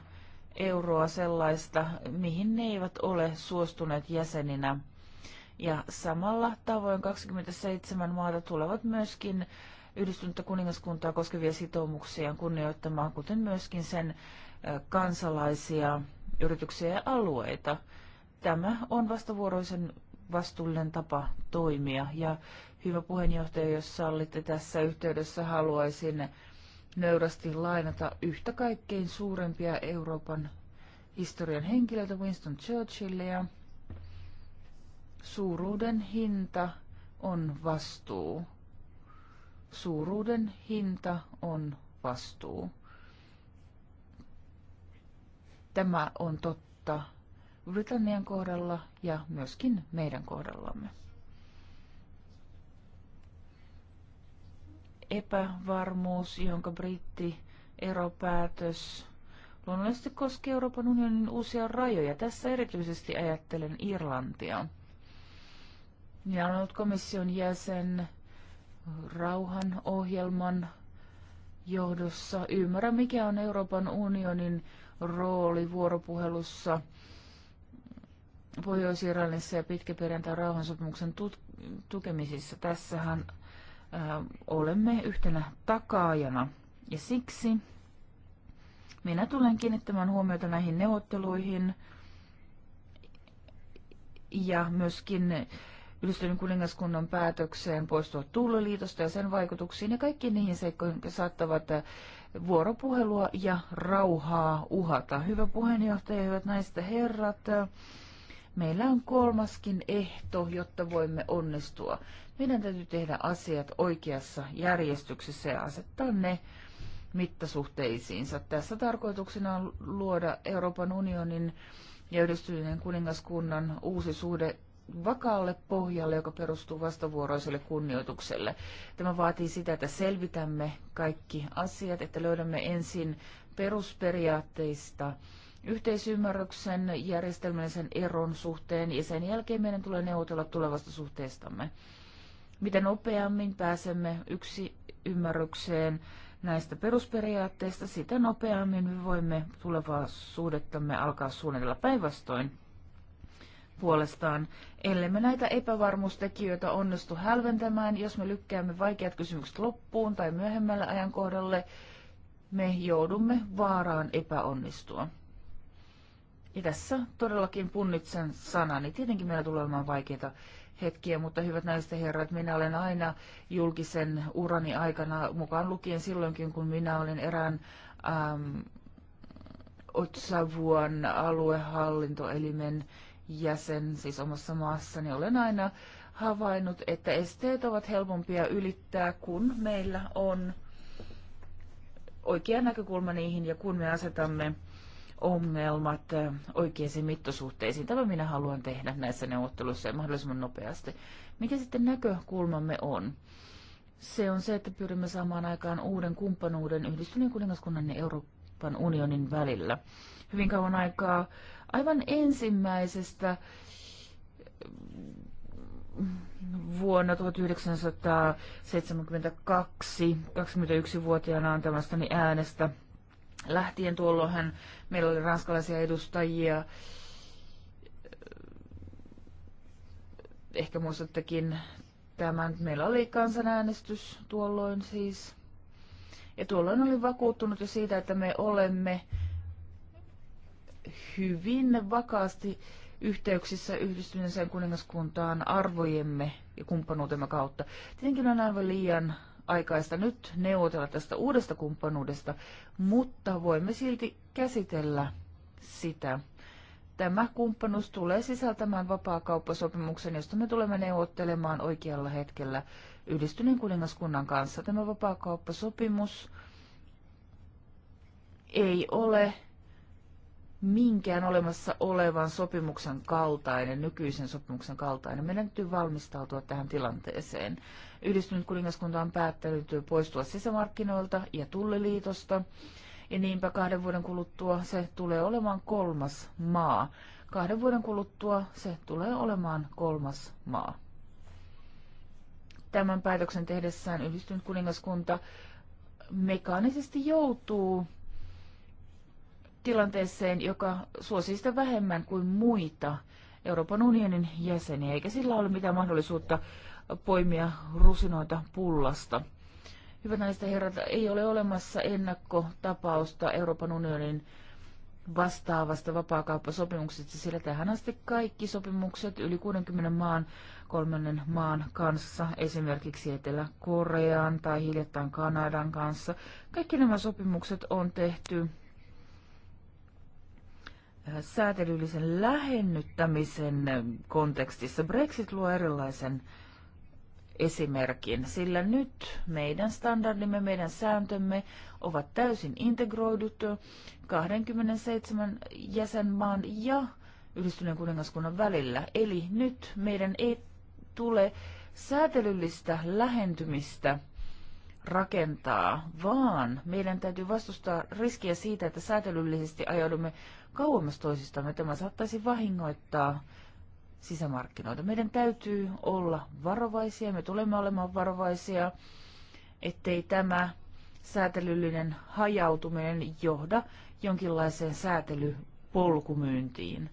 euroa sellaista, mihin ne eivät ole suostuneet jäseninä. Ja samalla tavoin 27 maata tulevat myöskin yhdistynyttä kuningaskuntaa koskevia sitoumuksia kunnioittamaan, kuten myöskin sen kansalaisia, yrityksiä ja alueita. Tämä on vastavuoroisen vastuullinen tapa toimia. Ja hyvä puheenjohtaja, jos sallitte tässä yhteydessä, haluaisin nöyrästi lainata yhtä kaikkein suurempia Euroopan historian henkilöitä Winston Churchillia – Suuruuden hinta on vastuu. Suuruuden hinta on vastuu. Tämä on totta Britannian kohdalla ja myöskin meidän kohdallamme. Epävarmuus, jonka britti eropäätös luonnollisesti koskee Euroopan unionin uusia rajoja. Tässä erityisesti ajattelen Irlantia. Minä olen ollut komission jäsen rauhan ohjelman johdossa. Ymmärrän, mikä on Euroopan unionin rooli vuoropuhelussa Pohjois-Irlannissa ja pitkäperjantai rauhansopimuksen tut- tukemisissa. Tässähän ö, äh, olemme yhtenä takaajana ja siksi minä tulen kiinnittämään huomiota näihin neuvotteluihin ja myöskin Yhdistyneen kuningaskunnan päätökseen poistua tulliliitosta ja sen vaikutuksiin ja kaikkiin niihin seikkoihin, jotka saattavat äh, vuoropuhelua ja rauhaa uhata. Hyvä puheenjohtaja, hyvät naiset ja herrat, äh, meillä on kolmaskin ehto, jotta voimme onnistua. Meidän täytyy tehdä asiat oikeassa järjestyksessä ja asettaa ne mittasuhteisiinsa. Tässä tarkoituksena on luoda Euroopan unionin ja yhdistyneen kuningaskunnan uusi suhde vakaalle pohjalle, joka perustuu vastavuoroiselle kunnioitukselle. Tämä vaatii sitä, että selvitämme kaikki asiat, että löydämme ensin perusperiaatteista yhteisymmärryksen järjestelmällisen eron suhteen ja sen jälkeen meidän tulee neuvotella tulevasta suhteestamme. Mitä nopeammin pääsemme yksi ymmärrykseen näistä perusperiaatteista, sitä nopeammin me voimme tulevaa suhdettamme alkaa suunnitella päinvastoin puolestaan. Ellemme näitä epävarmuustekijöitä onnistu hälventämään, jos me lykkäämme vaikeat kysymykset loppuun tai myöhemmälle ajankohdalle, me joudumme vaaraan epäonnistua. Ja tässä todellakin punnitsen sanani. Tietenkin meillä tulee olemaan vaikeita hetkiä, mutta hyvät naiset ja herrat, minä olen aina julkisen urani aikana, mukaan lukien silloinkin, kun minä olin erään ähm, Otsavuan aluehallintoelimen jäsen, siis omassa maassani, olen aina havainnut, että esteet ovat helpompia ylittää, kun meillä on oikea näkökulma niihin ja kun me asetamme ongelmat oikeisiin mittosuhteisiin. Tämä minä haluan tehdä näissä neuvotteluissa ja mahdollisimman nopeasti. Mikä sitten näkökulmamme on? Se on se, että pyrimme saamaan aikaan uuden kumppanuuden yhdistyneen kuningaskunnan ja Euroopan unionin välillä. Hyvin kauan aikaa Aivan ensimmäisestä vuonna 1972 21-vuotiaana antamastani äänestä lähtien tuolloinhan meillä oli ranskalaisia edustajia. Ehkä muistattekin tämän. Meillä oli kansanäänestys tuolloin siis. Ja tuolloin olin vakuuttunut jo siitä, että me olemme hyvin vakaasti yhteyksissä yhdistyneeseen kuningaskuntaan arvojemme ja kumppanuutemme kautta. Tietenkin on aivan liian aikaista nyt neuvotella tästä uudesta kumppanuudesta, mutta voimme silti käsitellä sitä. Tämä kumppanuus tulee sisältämään vapaa-kauppasopimuksen, josta me tulemme neuvottelemaan oikealla hetkellä yhdistyneen kuningaskunnan kanssa. Tämä vapaa kauppasopimus ei ole minkään olemassa olevan sopimuksen kaltainen, nykyisen sopimuksen kaltainen. Meidän täytyy valmistautua tähän tilanteeseen. Yhdistynyt kuningaskunta on päättänyt poistua sisämarkkinoilta ja tulliliitosta, ja niinpä kahden vuoden kuluttua se tulee olemaan kolmas maa. Kahden vuoden kuluttua se tulee olemaan kolmas maa. Tämän päätöksen tehdessään yhdistynyt kuningaskunta mekaanisesti joutuu tilanteeseen, joka suosii sitä vähemmän kuin muita Euroopan unionin jäseniä, eikä sillä ole mitään mahdollisuutta poimia rusinoita pullasta. Hyvät näistä herrat, ei ole olemassa ennakkotapausta Euroopan unionin vastaavasta vapaakauppasopimuksesta, sillä tähän asti kaikki sopimukset yli 60 maan kolmannen maan kanssa, esimerkiksi Etelä-Korean tai hiljattain Kanadan kanssa, kaikki nämä sopimukset on tehty säätelyllisen lähennyttämisen kontekstissa Brexit luo erilaisen esimerkin, sillä nyt meidän standardimme, meidän sääntömme ovat täysin integroidut 27 jäsenmaan ja yhdistyneen kuningaskunnan välillä. Eli nyt meidän ei tule säätelyllistä lähentymistä rakentaa, vaan meidän täytyy vastustaa riskiä siitä, että säätelyllisesti ajaudumme kauemmas toisistamme. Tämä saattaisi vahingoittaa sisämarkkinoita. Meidän täytyy olla varovaisia, me tulemme olemaan varovaisia, ettei tämä säätelyllinen hajautuminen johda jonkinlaiseen säätelypolkumyyntiin.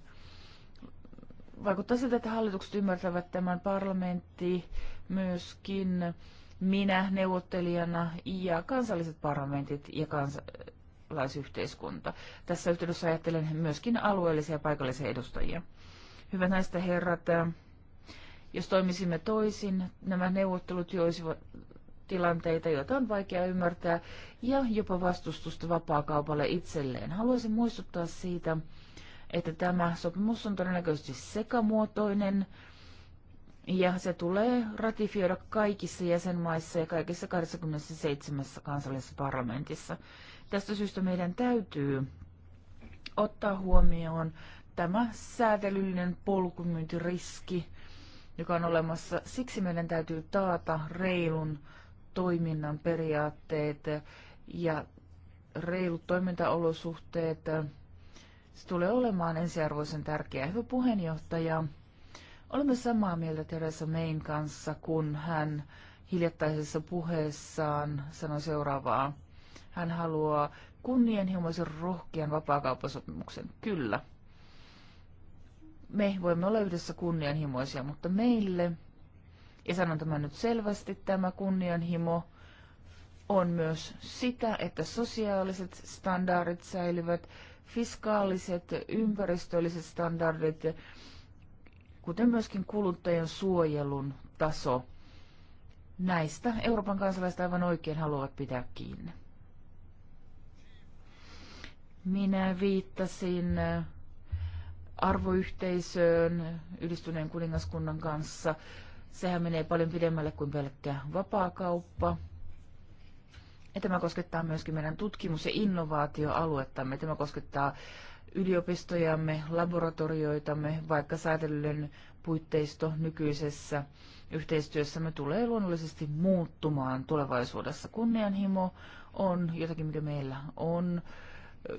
Vaikuttaa siltä, että hallitukset ymmärtävät tämän parlamentti myöskin minä neuvottelijana ja kansalliset parlamentit ja kans- kansalaisyhteiskunta. Tässä yhteydessä ajattelen myöskin alueellisia ja paikallisia edustajia. Hyvä näistä herrat, äh, jos toimisimme toisin, nämä neuvottelut joisivat tilanteita, joita on vaikea ymmärtää, ja jopa vastustusta vapaakaupalle itselleen. Haluaisin muistuttaa siitä, että tämä sopimus on todennäköisesti sekamuotoinen, ja se tulee ratifioida kaikissa jäsenmaissa ja kaikissa 27 kansallisessa parlamentissa. Tästä syystä meidän täytyy ottaa huomioon tämä säätelyllinen polkumyyntiriski, joka on olemassa. Siksi meidän täytyy taata reilun toiminnan periaatteet ja reilut toimintaolosuhteet. Se tulee olemaan ensiarvoisen tärkeä. Hyvä puheenjohtaja, olemme samaa mieltä Teresa Mayn kanssa, kun hän hiljattaisessa puheessaan sanoi seuraavaa. Hän haluaa kunnianhimoisen rohkean vapaakauppasopimuksen. Kyllä. Me voimme olla yhdessä kunnianhimoisia, mutta meille, ja sanon tämän nyt selvästi, tämä kunnianhimo on myös sitä, että sosiaaliset standardit säilyvät, fiskaaliset, ympäristölliset standardit, kuten myöskin kuluttajien suojelun taso. Näistä Euroopan kansalaiset aivan oikein haluavat pitää kiinni. Minä viittasin äh, arvoyhteisöön ylistyneen kuningaskunnan kanssa. Sehän menee paljon pidemmälle kuin pelkkä vapaakauppa. Ja tämä koskettaa myöskin meidän tutkimus- ja innovaatioaluettamme. Tämä koskettaa yliopistojamme, laboratorioitamme, vaikka säätelyllinen puitteisto nykyisessä yhteistyössämme tulee luonnollisesti muuttumaan tulevaisuudessa. Kunnianhimo on jotakin, mikä meillä on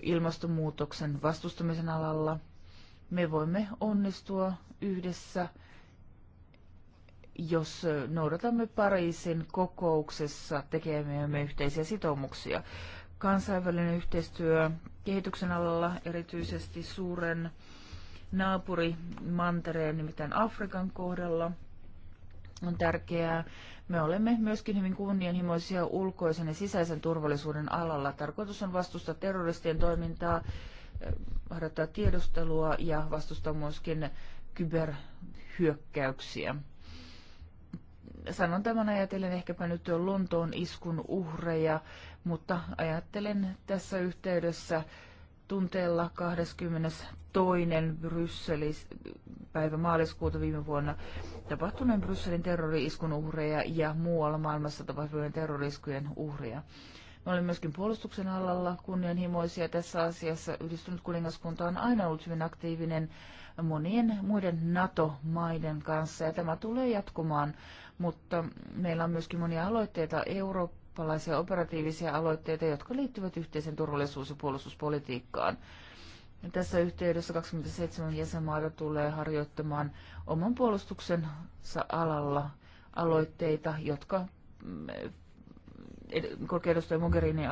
ilmastonmuutoksen vastustamisen alalla. Me voimme onnistua yhdessä, jos noudatamme Pariisin kokouksessa tekemiämme yhteisiä sitoumuksia. Kansainvälinen yhteistyö kehityksen alalla, erityisesti suuren naapurimantereen, nimittäin Afrikan kohdalla – on tärkeää. Me olemme myöskin hyvin kunnianhimoisia ulkoisen ja sisäisen turvallisuuden alalla. Tarkoitus on vastustaa terroristien toimintaa, eh, harjoittaa tiedustelua ja vastustaa myöskin kyberhyökkäyksiä. Sanon tämän ajatellen ehkäpä nyt jo Lontoon iskun uhreja, mutta ajattelen tässä yhteydessä tunteella 20 toinen Brysselis päivä maaliskuuta viime vuonna tapahtuneen Brysselin terrori-iskun uhreja ja muualla maailmassa tapahtuneen terroriskujen uhreja. Me olemme myöskin puolustuksen alalla kunnianhimoisia tässä asiassa. Yhdistynyt kuningaskunta on aina ollut hyvin aktiivinen monien muiden NATO-maiden kanssa ja tämä tulee jatkumaan, mutta meillä on myöskin monia aloitteita eurooppalaisia operatiivisia aloitteita, jotka liittyvät yhteisen turvallisuus- ja puolustuspolitiikkaan. Tässä yhteydessä 27 jäsenmaata tulee harjoittamaan oman puolustuksensa alalla aloitteita, jotka mm, korkeudustaja Mogherini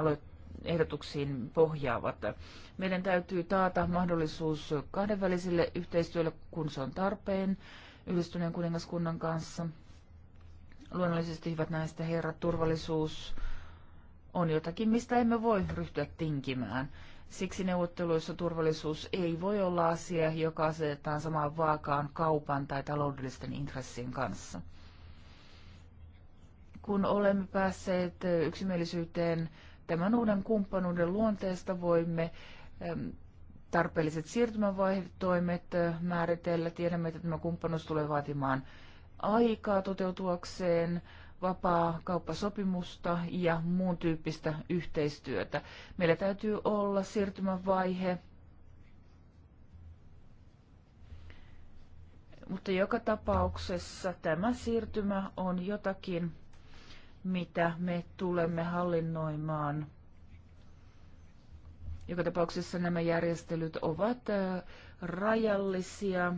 ehdotuksiin pohjaavat. Meidän täytyy taata mahdollisuus kahdenväliselle yhteistyölle, kun se on tarpeen, yhdistyneen kuningaskunnan kanssa. Luonnollisesti, hyvät näistä herrat, turvallisuus on jotakin, mistä emme voi ryhtyä tinkimään. Siksi neuvotteluissa turvallisuus ei voi olla asia, joka asetetaan samaan vaakaan kaupan tai taloudellisten intressien kanssa. Kun olemme päässeet yksimielisyyteen tämän uuden kumppanuuden luonteesta, voimme tarpeelliset siirtymävaihtoimet määritellä. Tiedämme, että tämä kumppanuus tulee vaatimaan aikaa toteutuakseen vapaa kauppasopimusta ja muun tyyppistä yhteistyötä. Meillä täytyy olla siirtymävaihe, mutta joka tapauksessa tämä siirtymä on jotakin, mitä me tulemme hallinnoimaan. Joka tapauksessa nämä järjestelyt ovat rajallisia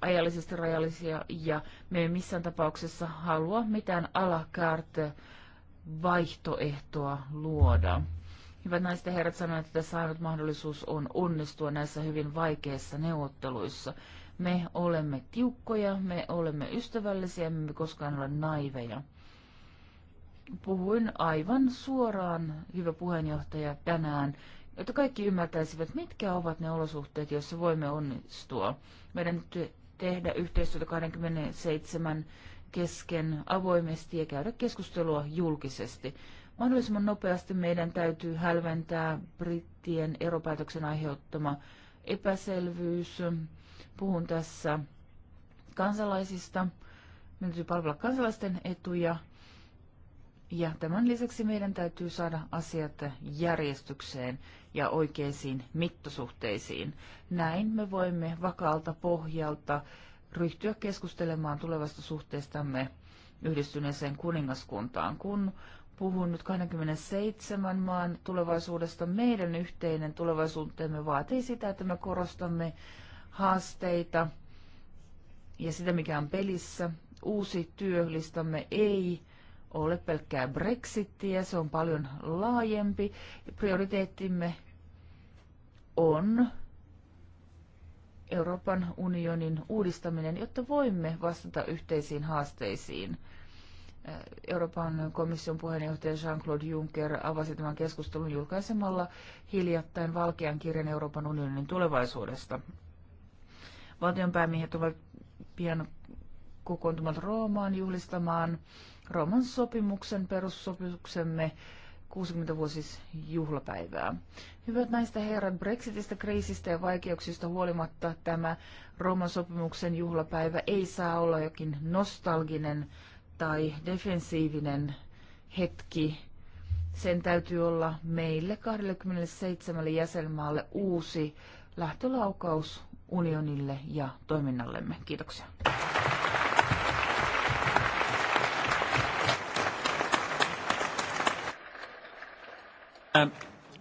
ajallisesti rajallisia ja me ei missään tapauksessa halua mitään a vaihtoehtoa luoda. Hyvät naiset ja herrat sanoivat, että tässä ainut mahdollisuus on onnistua näissä hyvin vaikeissa neuvotteluissa. Me olemme tiukkoja, me olemme ystävällisiä, me emme koskaan ole naiveja. Puhuin aivan suoraan, hyvä puheenjohtaja, tänään, että kaikki ymmärtäisivät, mitkä ovat ne olosuhteet, joissa voimme onnistua. Meidän tehdä yhteistyötä 27 kesken avoimesti ja käydä keskustelua julkisesti. Mahdollisimman nopeasti meidän täytyy hälventää brittien eropäätöksen aiheuttama epäselvyys. Puhun tässä kansalaisista. Meidän täytyy palvella kansalaisten etuja. Ja tämän lisäksi meidän täytyy saada asiat järjestykseen ja oikeisiin mittosuhteisiin. Näin me voimme vakaalta pohjalta ryhtyä keskustelemaan tulevasta suhteestamme yhdistyneeseen kuningaskuntaan, kun puhun nyt 27 maan tulevaisuudesta. Meidän yhteinen tulevaisuutemme vaatii sitä, että me korostamme haasteita ja sitä, mikä on pelissä. Uusi työlistamme ei ole pelkkää Brexittiä, se on paljon laajempi. Prioriteettimme on Euroopan unionin uudistaminen, jotta voimme vastata yhteisiin haasteisiin. Euroopan komission puheenjohtaja Jean-Claude Juncker avasi tämän keskustelun julkaisemalla hiljattain valkean kirjan Euroopan unionin tulevaisuudesta. Valtionpäämiehet ovat pian kokoontumat Roomaan juhlistamaan Rooman sopimuksen perussopimuksemme 60-vuotisjuhlapäivää. Hyvät näistä herrat, Brexitistä, kriisistä ja vaikeuksista huolimatta tämä Rooman sopimuksen juhlapäivä ei saa olla jokin nostalginen tai defensiivinen hetki. Sen täytyy olla meille 27 jäsenmaalle uusi lähtölaukaus unionille ja toiminnallemme. Kiitoksia. Um,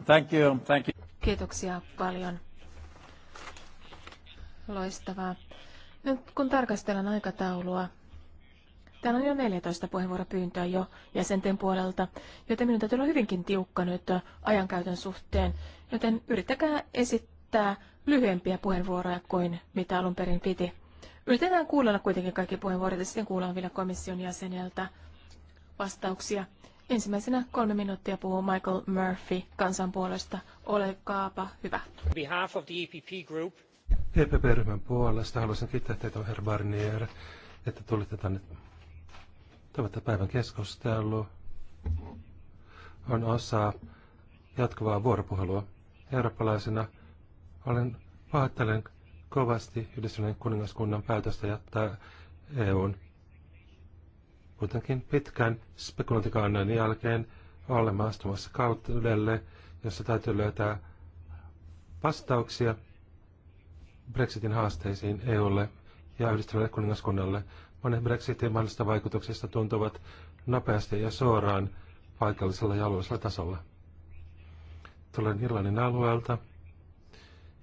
thank you, thank you. Kiitoksia paljon. Loistavaa. Nyt kun tarkastellaan aikataulua, täällä on jo 14 puheenvuoropyyntöä jo jäsenten puolelta, joten minun täytyy olla hyvinkin tiukka nyt ajankäytön suhteen, joten yrittäkää esittää lyhyempiä puheenvuoroja kuin mitä alun perin piti. Yritetään kuunnella kuitenkin kaikki puheenvuorot ja sitten kuullaan vielä komission jäseneltä vastauksia. Ensimmäisenä kolme minuuttia puhuu Michael Murphy kansan puolesta. kaapa hyvä. Behalf of the EPP Group. EPP-ryhmän puolesta haluaisin kiittää teitä, herra Barnier, että tulitte tänne. Toivottavasti päivän keskustelu on osa jatkuvaa vuoropuhelua. Eurooppalaisena olen pahoittelen kovasti yhdistyneen kuningaskunnan päätöstä jättää EUn Kuitenkin pitkän spekulointikannan jälkeen olemme astumassa kaudelle, jossa täytyy löytää vastauksia Brexitin haasteisiin EUlle ja yhdistyneelle kuningaskunnalle. Monet Brexitin mahdollisista vaikutuksista tuntuvat nopeasti ja suoraan paikallisella ja alueellisella tasolla. Tulen Irlannin alueelta,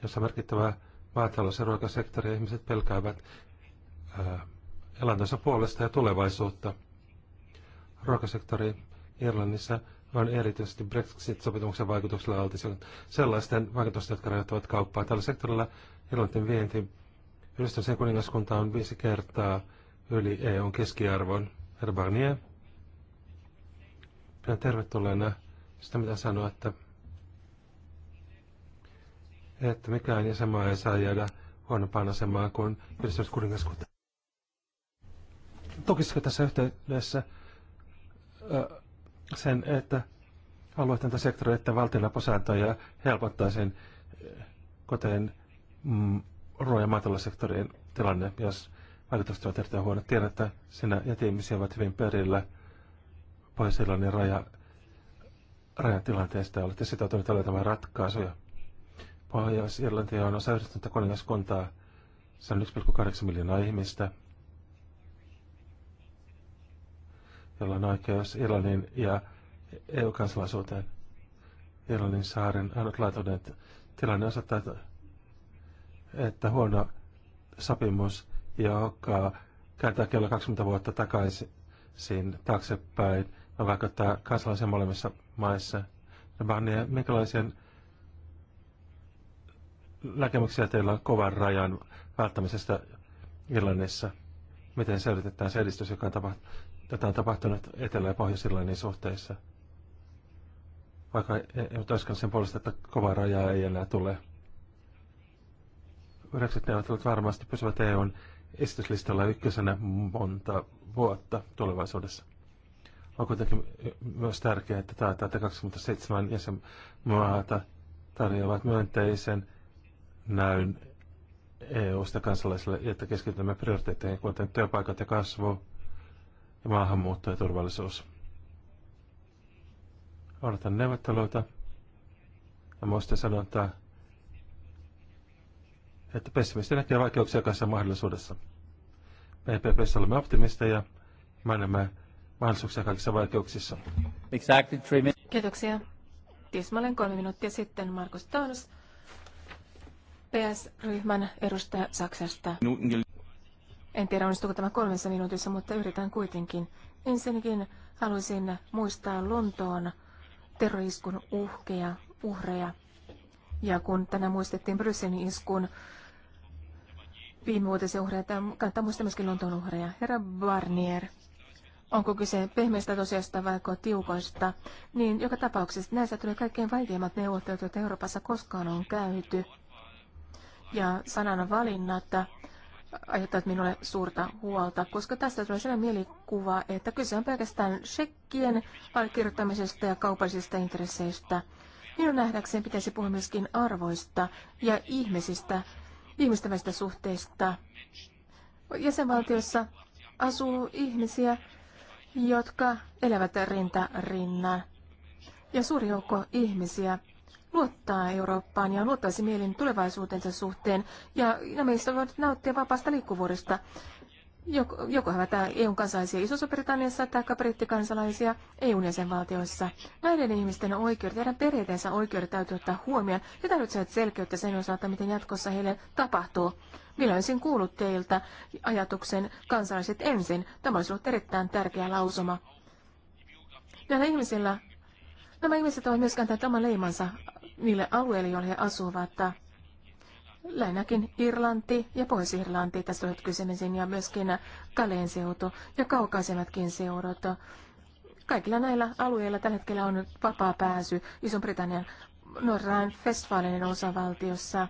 jossa merkittävä maatalous- ja ruokasektori ihmiset pelkäävät ää, elantonsa puolesta ja tulevaisuutta ruokasektori Irlannissa on erityisesti Brexit-sopimuksen vaikutuksella altis sellaisten vaikutusten, jotka rajoittavat kauppaa. Tällä sektorilla Irlantin vienti yhdistyseen kuningaskunta on viisi kertaa yli EUn keskiarvon. Herra Barnier, pidän tervetulleena sitä, mitä sanoa, että, että mikään jäsenmaa ei saa jäädä huonompaan asemaan kuin yhdistyskuningaskunta. Toki tässä yhteydessä sen, että alueiden tai sektoreiden valtionapusääntöjä sen, kuten mm, ruoan- ja maatalousektorin tilanne, jos vaikutukset on erittäin huono. Tiedän, että sinä ja tiimisi ovat hyvin perillä pois raja raja, rajatilanteesta ja olette sitoutuneet löytämään ratkaisuja. Pohjois-Irlanti on osa yhdistynyttä kuningaskuntaa. Se on 1,8 miljoonaa ihmistä. jolla on oikeus Irlannin ja EU-kansalaisuuteen. Irlannin saaren ainutlaatuinen tilanne osoittaa, että, että huono sopimus, joka kääntää kello 20 vuotta takaisin taaksepäin, ja vaikuttaa kansalaisia molemmissa maissa. Nämä on minkälaisia näkemyksiä teillä on kovan rajan välttämisestä Irlannissa? Miten selvitetään se edistys, joka on tätä on tapahtunut Etelä- ja pohjois suhteissa. Vaikka e- nyt sen puolesta, että kovaa rajaa ei enää tule. Yhdeksät neuvottelut varmasti pysyvät EUn esityslistalla ykkösenä monta vuotta tulevaisuudessa. On kuitenkin myös tärkeää, että taataan, että 27 jäsenmaata tarjoavat myönteisen näyn EU-sta kansalaisille, että keskitymme prioriteetteihin, kuten työpaikat ja kasvu, ja maahanmuutto ja turvallisuus. Odotan neuvotteluita ja muista sanontaa, että pessimisti näkee vaikeuksia kanssa mahdollisuudessa. Me EPPssä olemme optimisteja, me annamme mahdollisuuksia kaikissa vaikeuksissa. Exactly three minutes. Kiitoksia. Tismalleen kolme minuuttia sitten Markus Taunus, PS-ryhmän edustaja Saksasta. En tiedä, onnistuuko tämä kolmessa minuutissa, mutta yritän kuitenkin. Ensinnäkin haluaisin muistaa Lontoon terroriskun uhkeja, uhreja. Ja kun tänään muistettiin Brysselin iskun viimevuotisen uhreja, tämä kannattaa muistaa myöskin Lontoon uhreja. Herra Barnier, onko kyse pehmeistä tosiasta vai tiukoista, niin joka tapauksessa näistä tulee kaikkein vaikeimmat neuvottelut, joita Euroopassa koskaan on käyty. Ja sanan valinnat aiheuttavat minulle suurta huolta, koska tästä tulee sellainen mielikuva, että kyse on pelkästään shekkien allekirjoittamisesta ja kaupallisista intresseistä. Minun nähdäkseen pitäisi puhua myöskin arvoista ja ihmisistä, ihmisten välistä suhteista. Jäsenvaltiossa asuu ihmisiä, jotka elävät rinta rinnan. Ja suuri joukko ihmisiä luottaa Eurooppaan ja luottaisi mielin tulevaisuutensa suhteen. Ja nämä voivat nauttia vapaasta liikkuvuudesta. Joko, joko he ovat EUn kansalaisia iso britanniassa tai brittikansalaisia EUn jäsenvaltioissa. Näiden ihmisten oikeudet, heidän perheidensä oikeudet täytyy ottaa huomioon ja tarvitsevat selkeyttä sen osalta, miten jatkossa heille tapahtuu. Minä olisin kuullut teiltä ajatuksen kansalaiset ensin. Tämä olisi ollut erittäin tärkeä lausuma. Näillä ihmisillä Nämä ihmiset ovat myös kantaneet oman leimansa niille alueille, joille he asuvat. lainakin Irlanti ja Pohjois-Irlanti tästä ovat kysymisen ja myöskin Kaleen seutu ja kaukaisemmatkin seudut. Kaikilla näillä alueilla tällä hetkellä on vapaa pääsy iso britannian Norrain Festivalin osavaltiossa.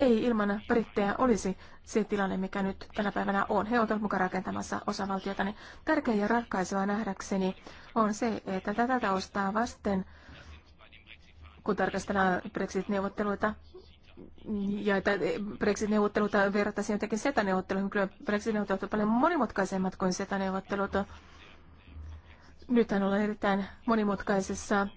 Ei ilman brittejä olisi se tilanne, mikä nyt tänä päivänä on. He ovat mukaan rakentamassa osavaltiota. Niin tärkeä ja ratkaiseva nähdäkseni on se, että tätä taustaa vasten – kun tarkastellaan Brexit-neuvotteluita ja että Brexit-neuvotteluita verrattaisiin jotenkin SETA-neuvotteluihin. Kyllä Brexit-neuvottelut ovat paljon monimutkaisemmat kuin SETA-neuvottelut. Nythän ollaan erittäin monimutkaisessa,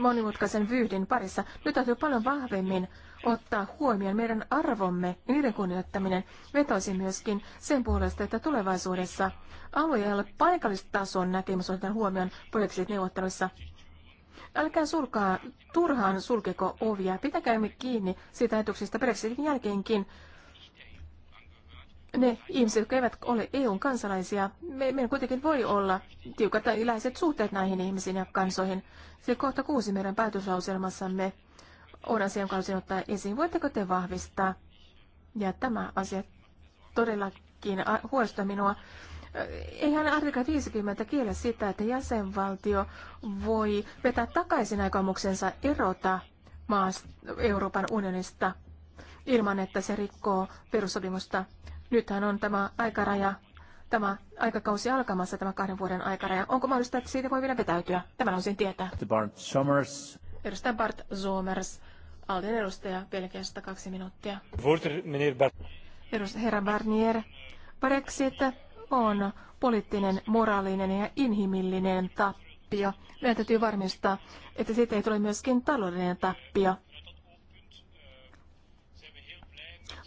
monimutkaisen vyhdin parissa. Nyt täytyy paljon vahvemmin ottaa huomioon meidän arvomme ja niiden kunnioittaminen. Vetosi myöskin sen puolesta, että tulevaisuudessa alueella paikallistason näkemys otetaan huomioon Brexit-neuvotteluissa. Älkää sulkaa, turhaan sulkeko ovia. Pitäkäämme kiinni siitä ajatuksesta Brexitin jälkeenkin. Ne ihmiset, jotka eivät ole EUn kansalaisia, me, meidän kuitenkin voi olla tiukat tai suhteet näihin ihmisiin ja kansoihin. Se kohta kuusi meidän päätöslauselmassamme on asia, jonka haluaisin ottaa esiin. Voitteko te vahvistaa? Ja tämä asia todellakin huolestuttaa minua. Eihän artikla 50 kiellä sitä, että jäsenvaltio voi vetää takaisin aikomuksensa erota maasta, Euroopan unionista ilman, että se rikkoo perussopimusta. Nythän on tämä aikaraja, tämä aikakausi alkamassa, tämä kahden vuoden aikaraja. Onko mahdollista, että siitä voi vielä vetäytyä? Tämän osin tietää. Bart Somers. Edustaja Bart Somers, Alden edustaja, Belgiasta kaksi minuuttia. Herra Barnier, Brexit on poliittinen, moraalinen ja inhimillinen tappio. Meidän täytyy varmistaa, että siitä ei tule myöskin taloudellinen tappio.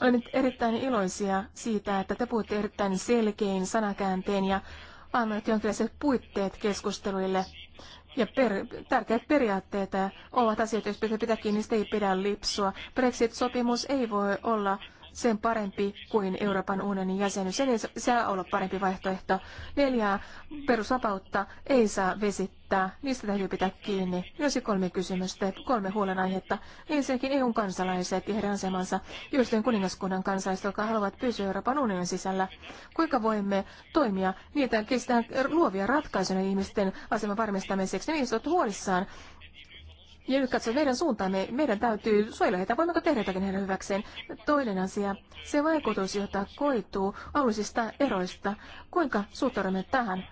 Olen erittäin iloisia siitä, että te puhutte erittäin selkein sanakääntein ja annat jonkinlaiset puitteet keskusteluille. Ja per, tärkeät periaatteet äh, ovat asioita, joista pitää kiinni, niistä ei pidä lipsua. Brexit-sopimus ei voi olla sen parempi kuin Euroopan unionin jäsenyys. Se ei saa olla parempi vaihtoehto. Neljää perusvapautta ei saa vesittää. Niistä täytyy pitää kiinni. Myös kolme kysymystä, kolme huolenaihetta. Ensinnäkin EUn kansalaiset ja heidän asemansa, juuri kuningaskunnan kansalaiset, jotka haluavat pysyä Euroopan unionin sisällä. Kuinka voimme toimia niitä kestään luovia ratkaisuja ihmisten aseman varmistamiseksi? ovat huolissaan ja nyt katsotaan meidän suuntaamme. Niin meidän täytyy suojella heitä. Voimmeko tehdä jotakin heidän hyväkseen? Toinen asia, se vaikutus, jota koituu alueellisista eroista. Kuinka suhtaudumme tähän?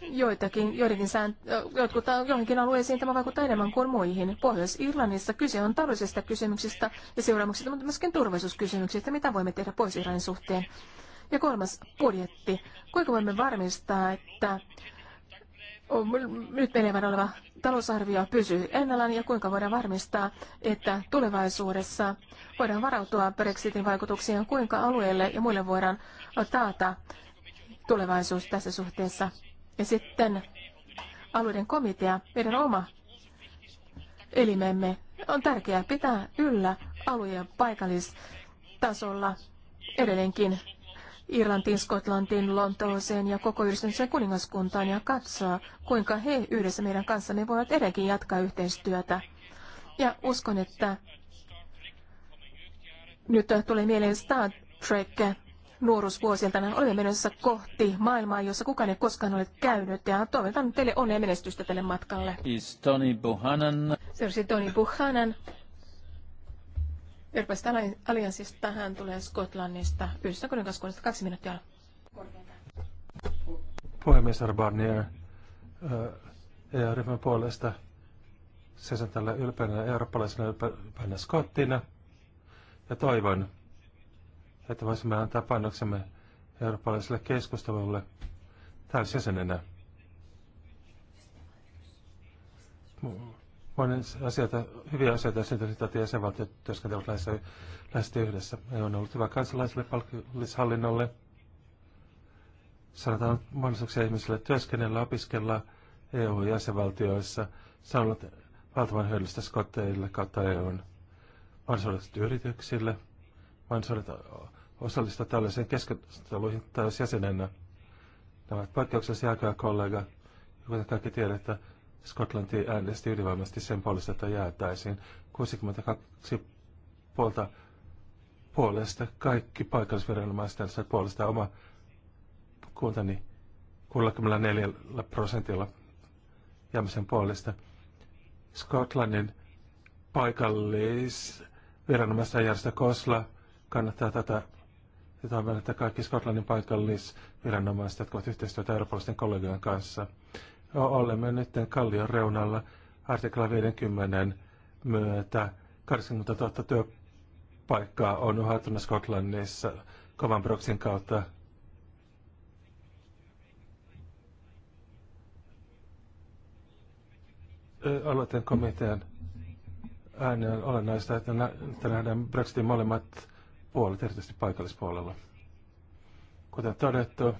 Joitakin, joidenkin sään, jotkut, johonkin alueisiin tämä vaikuttaa enemmän kuin muihin. Pohjois-Irlannissa kyse on taloudellisista kysymyksistä ja seuraamuksista, mutta myöskin turvallisuuskysymyksistä, mitä voimme tehdä pois irlannin suhteen. Ja kolmas budjetti. Kuinka voimme varmistaa, että Oh, nyt menevän oleva talousarvio pysyy ennallaan ja kuinka voidaan varmistaa, että tulevaisuudessa voidaan varautua Brexitin vaikutuksiin, kuinka alueelle ja muille voidaan taata tulevaisuus tässä suhteessa. Ja sitten alueiden komitea, meidän oma elimemme, on tärkeää pitää yllä alueen paikallistasolla edelleenkin Irlantiin, Skotlantiin, Lontooseen ja koko yhdistyneeseen kuningaskuntaan ja katsoa, kuinka he yhdessä meidän kanssamme voivat edelleenkin jatkaa yhteistyötä. Ja uskon, että nyt tulee mieleen Star Trek nuoruusvuosilta. Olemme menossa kohti maailmaa, jossa kukaan ei koskaan ole käynyt. Ja toivotan teille onnea menestystä tälle matkalle. Is Tony Buchanan. Se olisi siis Tony Buchanan. Euroopan allianssista tähän tulee Skotlannista Yhdysvaltain kansakunnasta kaksi minuuttia. Puhemies Arbarnier, EU-ryhmän puolesta seison tällä ylpeänä eurooppalaisena ylpeänä skottina ja toivon, että voisimme antaa painoksemme eurooppalaiselle keskustelulle täysjäsenenä monen asioita, hyviä asioita siitä, että jäsenvaltiot työskentelevät lähes, lähes yhdessä. Ei on ollut hyvä kansalaisille palkallishallinnolle. Sanotaan mahdollisuuksia ihmisille työskennellä, opiskella EU-jäsenvaltioissa. Se on ollut valtavan hyödyllistä skotteille kautta EUn mahdollisuudet yrityksille, mahdollisuudet osallistua tällaisiin keskusteluihin jäsenenä. Nämä ovat poikkeuksellisia aikoja kollega, kuten kaikki tiedetään. Skotlanti äänesti ylivoimaisesti sen puolesta, että jäätäisiin 62 puolta puolesta, kaikki paikallisviranomaisten puolesta oma kuntani 64 prosentilla jäämisen puolesta. Skotlannin paikallisviranomaisten järjestö Kosla kannattaa tätä ja toivon, että kaikki Skotlannin paikallisviranomaiset jatkavat yhteistyötä eurooppalaisten kollegojen kanssa – No, olemme nyt kallion reunalla artikla 50 myötä 80 000 työpaikkaa on uhattuna Skotlannissa kovan proksin kautta. Aloitan komitean ääni on olennaista, että, nä- että nähdään Brexitin molemmat puolet, erityisesti paikallispuolella. Kuten todettu,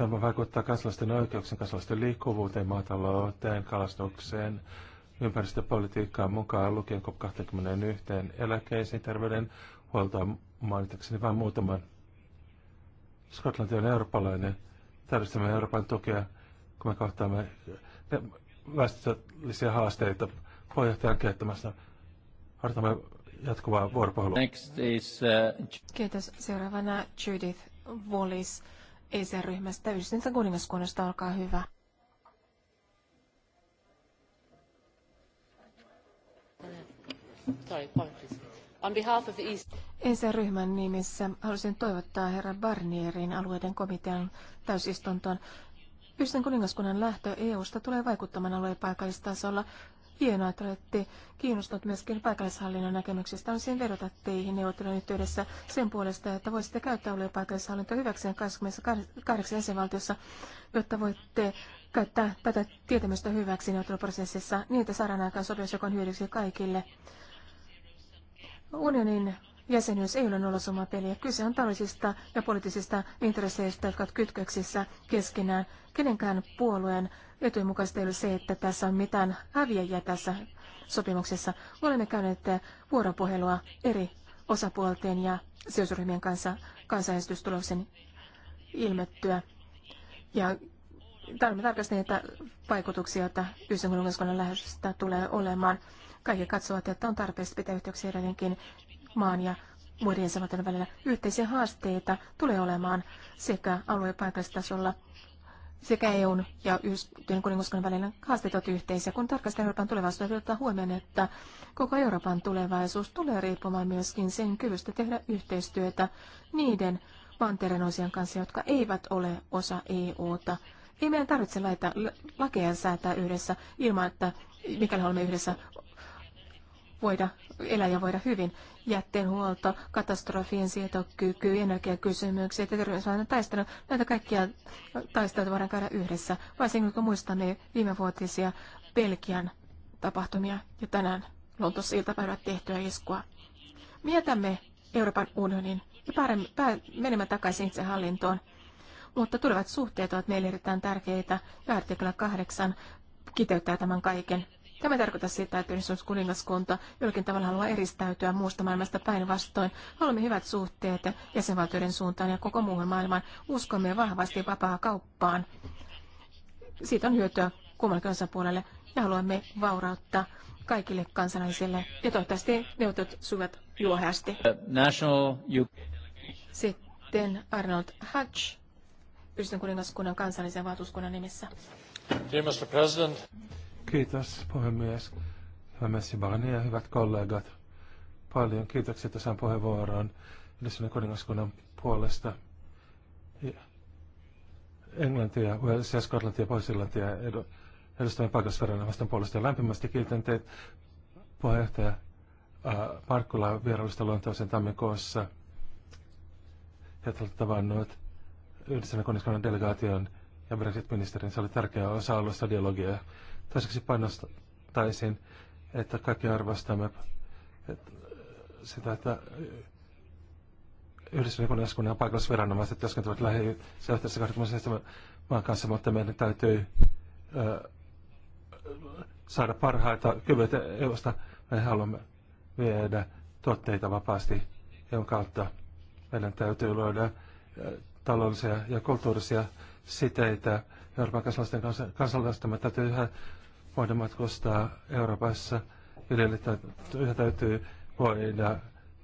Tämä vaikuttaa kansalaisten oikeuksien, kansalaisten liikkuvuuteen, maatalouteen, kalastukseen, ympäristöpolitiikkaan mukaan lukien COP21 eläkeisiin, terveydenhuoltoon mainitakseni vain muutaman. Skotlanti on eurooppalainen, tarvitsemme Euroopan tukea, kun me kohtaamme väestöllisiä haasteita puheenjohtajan kehittämässä. Harjoitamme jatkuvaa vuoropuhelua. Next is, uh... Kiitos. Seuraavana Judith Wallis. ECR-ryhmästä yhdistyntä kuningaskunnasta, olkaa hyvä. ECR-ryhmän e nimissä haluaisin toivottaa herra Barnierin alueiden komitean täysistuntoon. Yhdistön kuningaskunnan lähtö EU-sta tulee vaikuttamaan alueen paikallistasolla Hienoa, että olette kiinnostuneet myöskin paikallishallinnon näkemyksistä. Olisin vedota teihin neuvottelun yhteydessä sen puolesta, että voisitte käyttää alueen paikallishallintoa hyväkseen 28 jäsenvaltiossa, jotta voitte käyttää tätä tietämystä hyväksi neuvotteluprosessissa niin, että saadaan aikaan sopimus, joka on hyödyksi kaikille. Unionin jäsenyys ei ole peliä Kyse on taloudellisista ja poliittisista intresseistä, jotka ovat kytköksissä keskenään. Kenenkään puolueen etujen mukaista ei ole se, että tässä on mitään häviäjiä tässä sopimuksessa. Olemme käyneet vuoropuhelua eri osapuolten ja seosryhmien kanssa kansanäänestystuloksen ilmettyä. Ja tarvitsemme tarkasti niitä vaikutuksia, joita Yhdysvallan lähestystä tulee olemaan. Kaikki katsovat, että on tarpeesta pitää yhteyksiä edelleenkin maan ja muiden jäsenvaltioiden välillä. Yhteisiä haasteita tulee olemaan sekä alue- paikallistasolla sekä EUn ja Yhdistyneen kuningaskunnan välillä haasteet ovat yhteisiä. Kun tarkastellaan Euroopan tulevaisuutta, ottaa huomioon, että koko Euroopan tulevaisuus tulee riippumaan myöskin sen kyvystä tehdä yhteistyötä niiden mantereen osien kanssa, jotka eivät ole osa EUta. Ei meidän tarvitse laita lakeja säätää yhdessä ilman, että mikäli olemme yhdessä voida elää ja voida hyvin. Jätteenhuolto, katastrofien sietokyky, energiakysymykset ja terveysalainen taistelu, näitä kaikkia taisteluita voidaan käydä yhdessä, varsinkin kun muistamme viimevuotisia Belgian tapahtumia ja tänään Lontossa iltapäivällä tehtyä iskua. Mietämme Euroopan unionin ja paremmin, menemään takaisin itse hallintoon. Mutta tulevat suhteet ovat meille erittäin tärkeitä ja artikla 8 kiteyttää tämän kaiken. Tämä tarkoittaa sitä, että kuningaskunta jollakin tavalla haluaa eristäytyä muusta maailmasta päinvastoin. Haluamme hyvät suhteet jäsenvaltioiden suuntaan ja koko muuhun maailmaan. Uskomme vahvasti vapaa kauppaan. Siitä on hyötyä kummallakin osapuolelle ja haluamme vaurautta kaikille kansalaisille. Ja toivottavasti neuvottelut suvat juohästi. Sitten Arnold Hutch, Yhdistön kuningaskunnan kansallisen valtuuskunnan nimissä. Dear Mr. President. Kiitos puhemies, hyvä Messi Barnier ja hyvät kollegat. Paljon kiitoksia, että saan puheenvuoron Yhdistyneen kuningaskunnan puolesta. Englantia, ja Skotlantia ja Pohjois-Irlantia paikallisverojen vastaan puolesta ja lämpimästi kiitän teitä puheenjohtaja äh, Markkula vierailusta Lontooseen tammikuussa. Ja tavannut Yhdessä kuningaskunnan delegaation ja Brexit-ministerin. Se oli tärkeä osa alusta dialogia Toiseksi panostaisin, että kaikki arvostamme että sitä, että yhdistyneen kuningaskunnan paikallisviranomaiset työskentelevät lähiseutteessa 27 maan kanssa, mutta meidän täytyy ö, saada parhaita kyvyitä EUsta. Me haluamme viedä tuotteita vapaasti jonka kautta. Meidän täytyy luoda taloudellisia ja kulttuurisia siteitä Euroopan kansalaisten kanssa. Kansalaisten me täytyy yhä voida matkustaa Euroopassa. Yleensä täytyy voida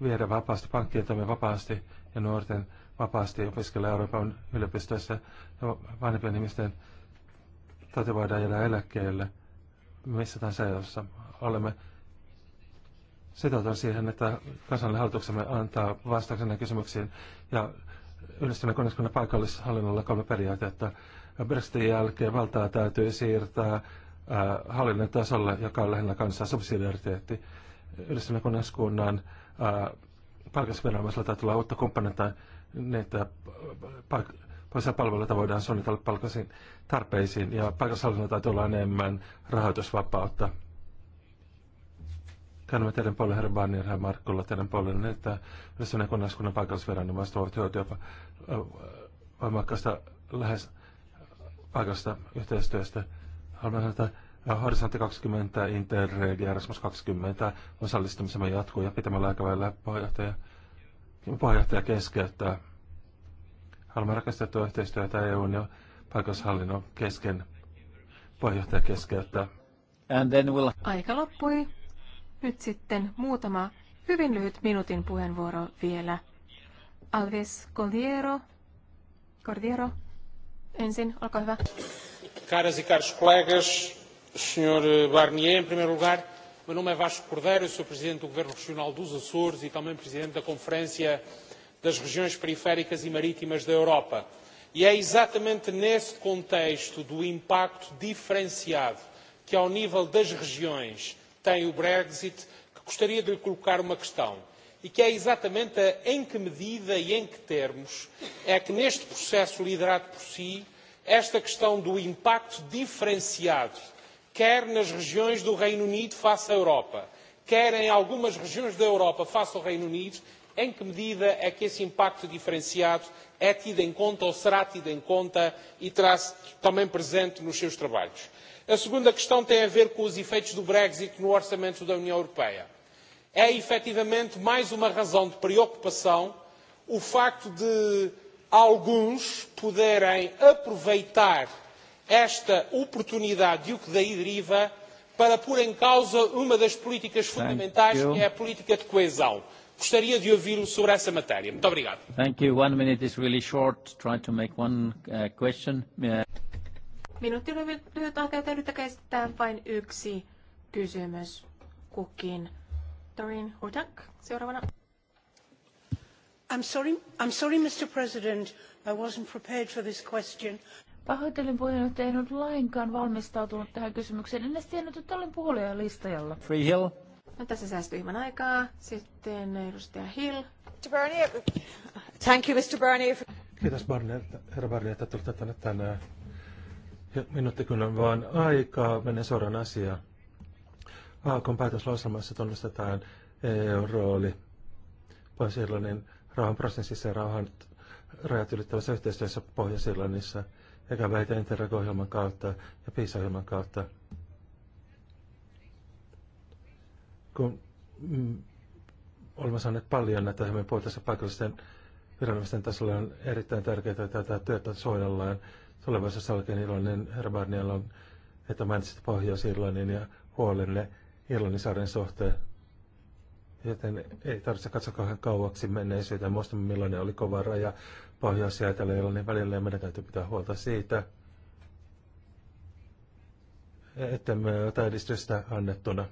viedä vapaasti, pankkien toimia vapaasti ja nuorten vapaasti opiskella Euroopan yliopistoissa ja no, vanhempien ihmisten täytyy voida jäädä eläkkeelle missä tahansa jossa olemme sitoutuneet siihen, että kansallinen hallituksemme antaa vastauksen näihin kysymyksiin ja yhdistämme konekunnan paikallishallinnolla kolme periaatetta. Brexitin jälkeen valtaa täytyy siirtää Äh, hallinnon tasolla, joka on lähinnä kansaa subsidiariteetti. yhdessä kuningaskunnan äh, palkasviranomaisella tai tulla uutta kumppaneita, niin että äh, paikallisia palveluita voidaan suunnitella palkasin tarpeisiin ja paikallishallinnolla täytyy olla enemmän rahoitusvapautta. Käännämme teidän puolelle, herra Barnier, herra Markkulla, teidän puolelle, niin että yhdistyneen kuningaskunnan paikallisviranomaiset voivat hyötyä voimakkaasta lähes paikasta yhteistyöstä Haluan sanoa, että Horisontti 20, Interreg ja Erasmus 20 osallistumisemme jatkuu ja pitämällä aikavälillä puheenjohtaja, puheenjohtaja keskeyttää. Haluamme rakastettua yhteistyötä EUn ja paikallishallinnon kesken. Puheenjohtaja keskeyttää. And then we'll... Aika loppui. Nyt sitten muutama hyvin lyhyt minuutin puheenvuoro vielä. Alves Cordiero, Cordiero ensin, olkaa hyvä. Caras e caros colegas, Sr. Barnier, em primeiro lugar, o meu nome é Vasco Cordeiro, sou Presidente do Governo Regional dos Açores e também Presidente da Conferência das Regiões Periféricas e Marítimas da Europa. E é exatamente nesse contexto do impacto diferenciado que, ao nível das regiões, tem o Brexit, que gostaria de lhe colocar uma questão. E que é exatamente em que medida e em que termos é que, neste processo liderado por si, esta questão do impacto diferenciado quer nas regiões do reino unido face à europa quer em algumas regiões da europa face ao reino unido em que medida é que esse impacto diferenciado é tido em conta ou será tido em conta e terá se também presente nos seus trabalhos? a segunda questão tem a ver com os efeitos do brexit no orçamento da união europeia. é efetivamente mais uma razão de preocupação o facto de alguns poderem aproveitar esta oportunidade e o que daí deriva para pôr em causa uma das políticas fundamentais, que é a política de coesão. Gostaria de ouvir-o sobre essa matéria. Muito obrigado. Thank you. One minute is really short. Try to make one uh, question. Uh, Minuutti on lyhyt aikaa, joten nyt käsitetään vain yksi kysymys kukin. Dorin Hurtak, seuraavana. I'm sorry, I'm sorry, Mr. President. I wasn't prepared for this question. Pahoittelen puheenjohtaja, en ollut lainkaan valmistautunut tähän kysymykseen. En edes tiennyt, että olen puhulia listajalla. Free Hill. No, tässä säästyy hieman aikaa. Sitten edustaja Hill. Mr. Bernier. Thank you, Mr. Bernier. Kiitos, Barnier, herra Barnier, että tulitte tänne tänään. Ja minuutti kyllä vaan aikaa. Menen suoraan asiaan. Aakon päätöslauselmassa tunnustetaan EU-rooli. Pohjois-Irlannin rauhanprosessissa ja rauhan rajat ylittävässä yhteistyössä Pohjois-Irlannissa eikä väitä Interreg-ohjelman kautta ja PISA-ohjelman kautta. Kun mm, olemme saaneet paljon näitä ohjelmia puolta paikallisten viranomaisten tasolla on erittäin tärkeää, että tätä työtä suojellaan. Tulevaisuudessa olikin iloinen Herbarnialla on, että mainitsit Pohjois-Irlannin ja huolenne Irlannin saaren suhteen joten ei tarvitse katsoa kauaksi menneisyyteen. Muistamme, millainen oli kova raja pohjois- ja etelä välillä, ja meidän täytyy pitää huolta siitä, että me jotain edistystä annettuna.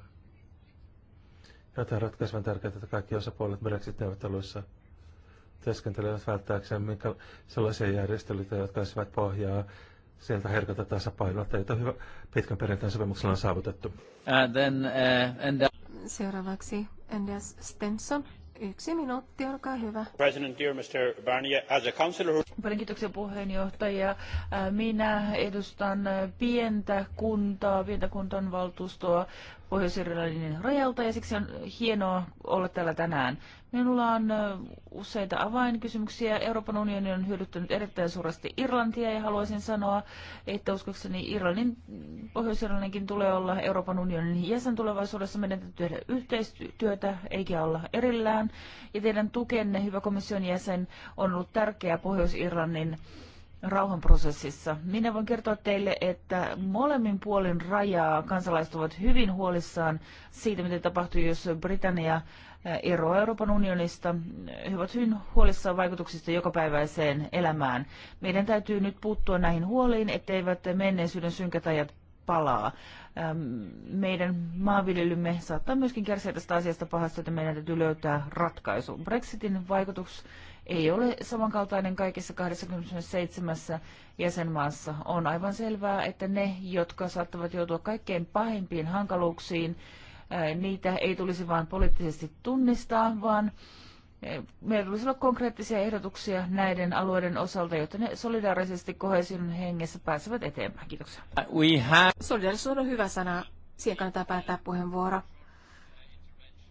Jotain ratkaisevan tärkeää, että kaikki osapuolet Brexit-neuvotteluissa työskentelevät välttääkseen minkä sellaisia järjestelyitä, jotka olisivat pohjaa sieltä herkältä tasapainoa jota hyvä pitkän perinteen sopimuksella on saavutettu. Uh, then, uh, and, uh... Seuraavaksi Andreas Stenson. Yksi minuutti, olkaa hyvä. President, dear Mr. Barnier, as a councillor... Paljon kiitoksia puheenjohtaja. Minä edustan pientä kuntaa, pientä kuntan valtuustoa pohjois rajalta ja siksi on hienoa olla täällä tänään. Minulla on useita avainkysymyksiä. Euroopan unioni on hyödyttänyt erittäin suuresti Irlantia ja haluaisin sanoa, että uskokseni Irlannin, Pohjois-Irlanninkin tulee olla Euroopan unionin jäsen tulevaisuudessa. Meidän täytyy tehdä yhteistyötä eikä olla erillään. Ja teidän tukenne, hyvä komission jäsen, on ollut tärkeä Pohjois-Irlannin rauhanprosessissa. Minä voin kertoa teille, että molemmin puolin rajaa kansalaiset ovat hyvin huolissaan siitä, mitä tapahtuu, jos Britannia eroa Euroopan unionista, he ovat hyvin huolissaan vaikutuksista jokapäiväiseen elämään. Meidän täytyy nyt puuttua näihin huoliin, etteivät menneisyyden synkät ajat palaa. Meidän maanviljelymme saattaa myöskin kärsiä tästä asiasta pahasti, että meidän täytyy löytää ratkaisu. Brexitin vaikutus ei ole samankaltainen kaikissa 27 jäsenmaassa. On aivan selvää, että ne, jotka saattavat joutua kaikkein pahimpiin hankaluuksiin, niitä ei tulisi vain poliittisesti tunnistaa, vaan meillä tulisi olla konkreettisia ehdotuksia näiden alueiden osalta, jotta ne solidaarisesti kohesion hengessä pääsevät eteenpäin. Kiitoksia. We have... Solidaarisuus on hyvä sana. Siihen kannattaa päättää puheenvuoro.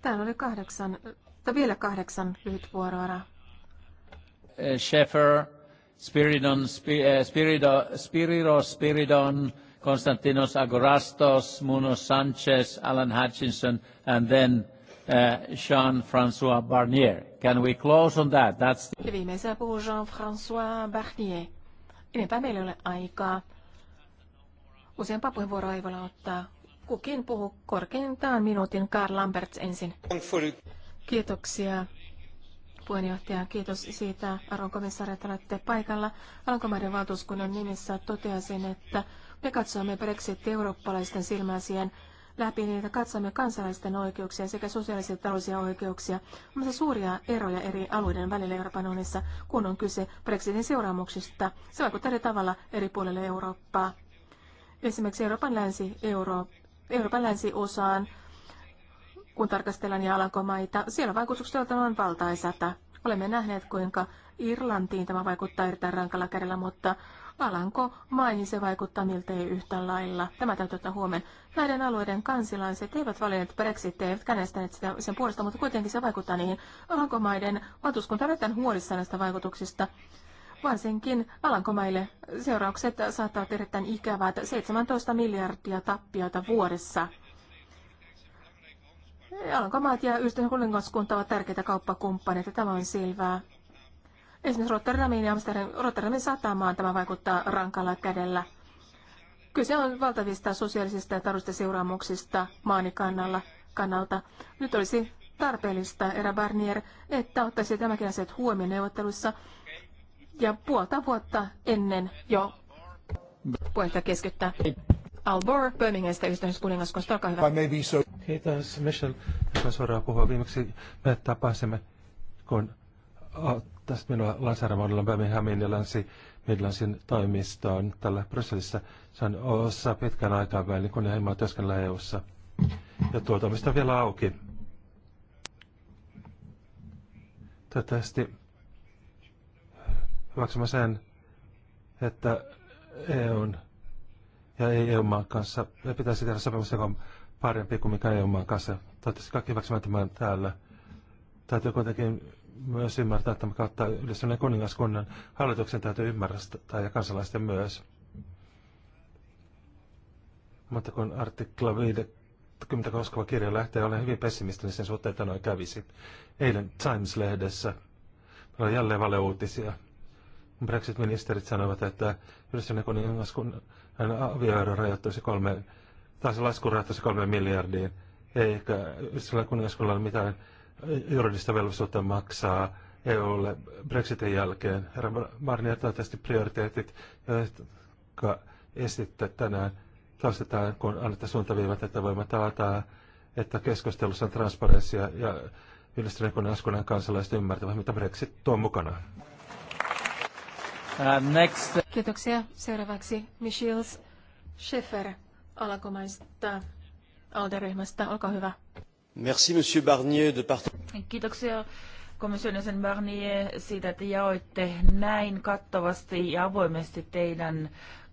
Täällä oli kahdeksan, tai vielä kahdeksan lyhyt vuoroa. Äh, Schäfer, Spiridon, äh, Spiridon, Spiridon, Spiridon, Konstantinos Agorastos, Muno Sanchez, Alan Hutchinson, and then uh, Jean-François Barnier. Can we close on that? That's the... Viimeisenä puhuu Jean-François Barnier. Enempää meillä ei ole aikaa. Useampaa puheenvuoroa ei voi ottaa. Kukin puhuu korkeintaan minuutin. Karl Lamberts ensin. Kiitoksia puheenjohtaja. Kiitos siitä, arvon komissaari, että olette paikalla. Alankomaiden valtuuskunnan nimissä toteaisin, että me katsomme Brexit eurooppalaisten silmäsien läpi niitä katsomme kansalaisten oikeuksia sekä sosiaalisia ja taloudellisia oikeuksia. On suuria eroja eri alueiden välillä Euroopan unionissa, kun on kyse Brexitin seuraamuksista. Se vaikuttaa eri tavalla eri puolille Eurooppaa. Esimerkiksi Euroopan, länsi, Euro, Euroopan länsiosaan, kun tarkastellaan ja alankomaita, siellä vaikutukset ovat valtaisata. Olemme nähneet, kuinka Irlantiin tämä vaikuttaa erittäin rankalla kädellä, mutta Alanko maihin vaikuttaa miltei yhtä lailla. Tämä täytyy ottaa huomioon. Näiden alueiden kansalaiset eivät valinneet Brexitia, eivät käännestäneet sitä sen puolesta, mutta kuitenkin se vaikuttaa niihin. Alankomaiden valtuuskunta on huolissaan näistä vaikutuksista. Varsinkin Alankomaille seuraukset saattavat erittäin ikävät 17 miljardia tappioita vuodessa. Alankomaat ja yhdistyneen kuningaskunta ovat tärkeitä kauppakumppaneita, tämä on selvää. Esimerkiksi Rotterdamin ja Amsterdamin Rotterdamin satamaan tämä vaikuttaa rankalla kädellä. Kyse on valtavista sosiaalisista ja taloudellisista seuraamuksista maanikannalla kannalta. Nyt olisi tarpeellista, erä Barnier, että ottaisi tämäkin asiat huomioon neuvotteluissa ja puolta vuotta ennen jo puhetta keskittää. Al Gore, Birminghamista yhdistyneessä kuningaskunnasta, olkaa hyvä. So. Kiitos, Michelle, joka suoraan puhua. Viimeksi me tapasimme, kun Tästä minua lainsäädäntömuodolla Birminghamin ja länsi Midlandsin toimistoon tällä Brysselissä. Se on osa pitkän aikaa kun aikavälin kunnianhimoa työskennellä EU-ssa. Ja tuo toimisto on vielä auki. Toivottavasti hyväksymä sen, että EUn ja ei EU-maan kanssa ja pitäisi tehdä sopimus, joka on parempi kuin mikä EU-maan kanssa. Toivottavasti kaikki hyväksymään tämän täällä. Täytyy kuitenkin myös ymmärtää tämän kautta yhdistyneen kuningaskunnan hallituksen täytyy ymmärtää ja kansalaisten myös. Mutta kun artikla 50 koskeva kirja lähtee, olen hyvin pessimistinen sen suhteen, että noin kävisi. Eilen Times-lehdessä oli jälleen valeuutisia. Brexit-ministerit sanovat, että yhdistyneen kuningaskunnan avioero rajoittuisi kolme, tai se lasku rajoittuisi kolme miljardiin. Eikä yhdistyneen kuningaskunnalla mitään juridista velvollisuutta maksaa EUlle Brexitin jälkeen. Herra Barnier, toivottavasti prioriteetit, jotka esitte tänään, toistetaan, kun annatte suuntaviivat, että voimme taata, että keskustelussa on transparenssia ja ministeri kun askunnan kansalaiset ymmärtävät, mitä Brexit tuo mukana. Uh, next. Kiitoksia. Seuraavaksi Michels Schäfer Alankomaista Alderyhmästä. Olkaa hyvä. Merci, Monsieur Barnier, de Kiitoksia komission jäsen Barnier siitä, että jaoitte näin kattavasti ja avoimesti teidän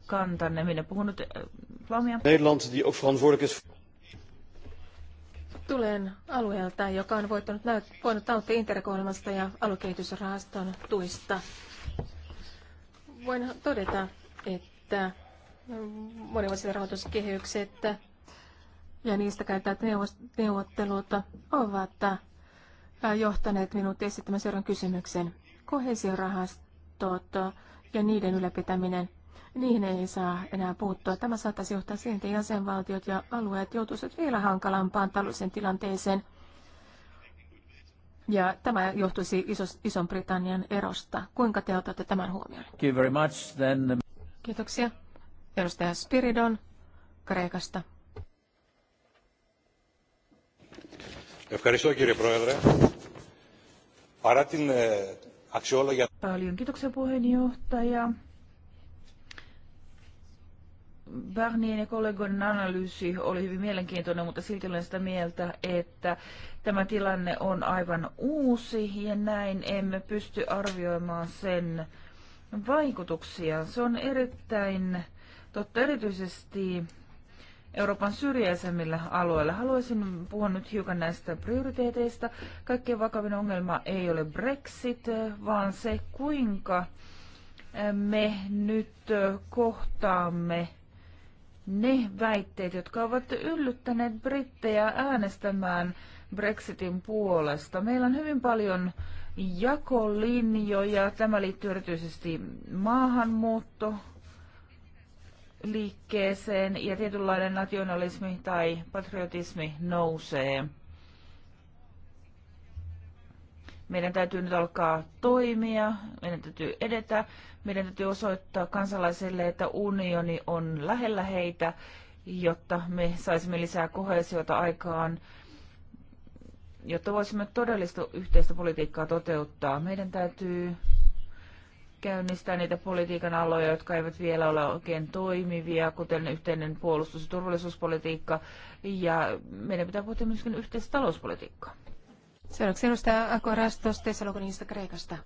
kantanne. Minä puhun nyt äh, Flamia. Nederland, die ook verantwoordelijk is... Tulen alueelta, joka on voittanut, voinut nauttia interkohjelmasta ja aluekehitysrahaston tuista. Voin todeta, että monivuotiset rahoituskehykset ja niistä käytetään neuvottelut ovat äh, johtaneet minut esittämään seuraavan kysymyksen. Kohesiorahastot ja niiden ylläpitäminen, niihin ei saa enää puuttua. Tämä saattaisi johtaa siihen, että jäsenvaltiot ja alueet joutuisivat vielä hankalampaan taloudelliseen tilanteeseen. Ja tämä johtuisi Isos, Ison-Britannian erosta. Kuinka te otatte tämän huomioon? Thank you very much, then... Kiitoksia. Edustaja Spiridon Kreikasta. Paljon kiitoksia puheenjohtaja. Barnien ja kollegoiden analyysi oli hyvin mielenkiintoinen, mutta silti olen sitä mieltä, että tämä tilanne on aivan uusi ja näin emme pysty arvioimaan sen vaikutuksia. Se on erittäin totta erityisesti Euroopan syrjäisemmillä alueilla. Haluaisin puhua nyt hiukan näistä prioriteeteista. Kaikkein vakavin ongelma ei ole Brexit, vaan se, kuinka me nyt kohtaamme ne väitteet, jotka ovat yllyttäneet brittejä äänestämään Brexitin puolesta. Meillä on hyvin paljon jakolinjoja. Tämä liittyy erityisesti maahanmuutto liikkeeseen ja tietynlainen nationalismi tai patriotismi nousee. Meidän täytyy nyt alkaa toimia, meidän täytyy edetä, meidän täytyy osoittaa kansalaisille, että unioni on lähellä heitä, jotta me saisimme lisää kohesiota aikaan, jotta voisimme todellista yhteistä politiikkaa toteuttaa. Meidän täytyy käynnistää niitä politiikan aloja, jotka eivät vielä ole oikein toimivia, kuten yhteinen puolustus- ja turvallisuuspolitiikka, ja meidän pitää puhua myöskin yhteistä talouspolitiikkaa. Seuraavaksi edustaja Ako Rastos, Tessalokonista Kreikasta.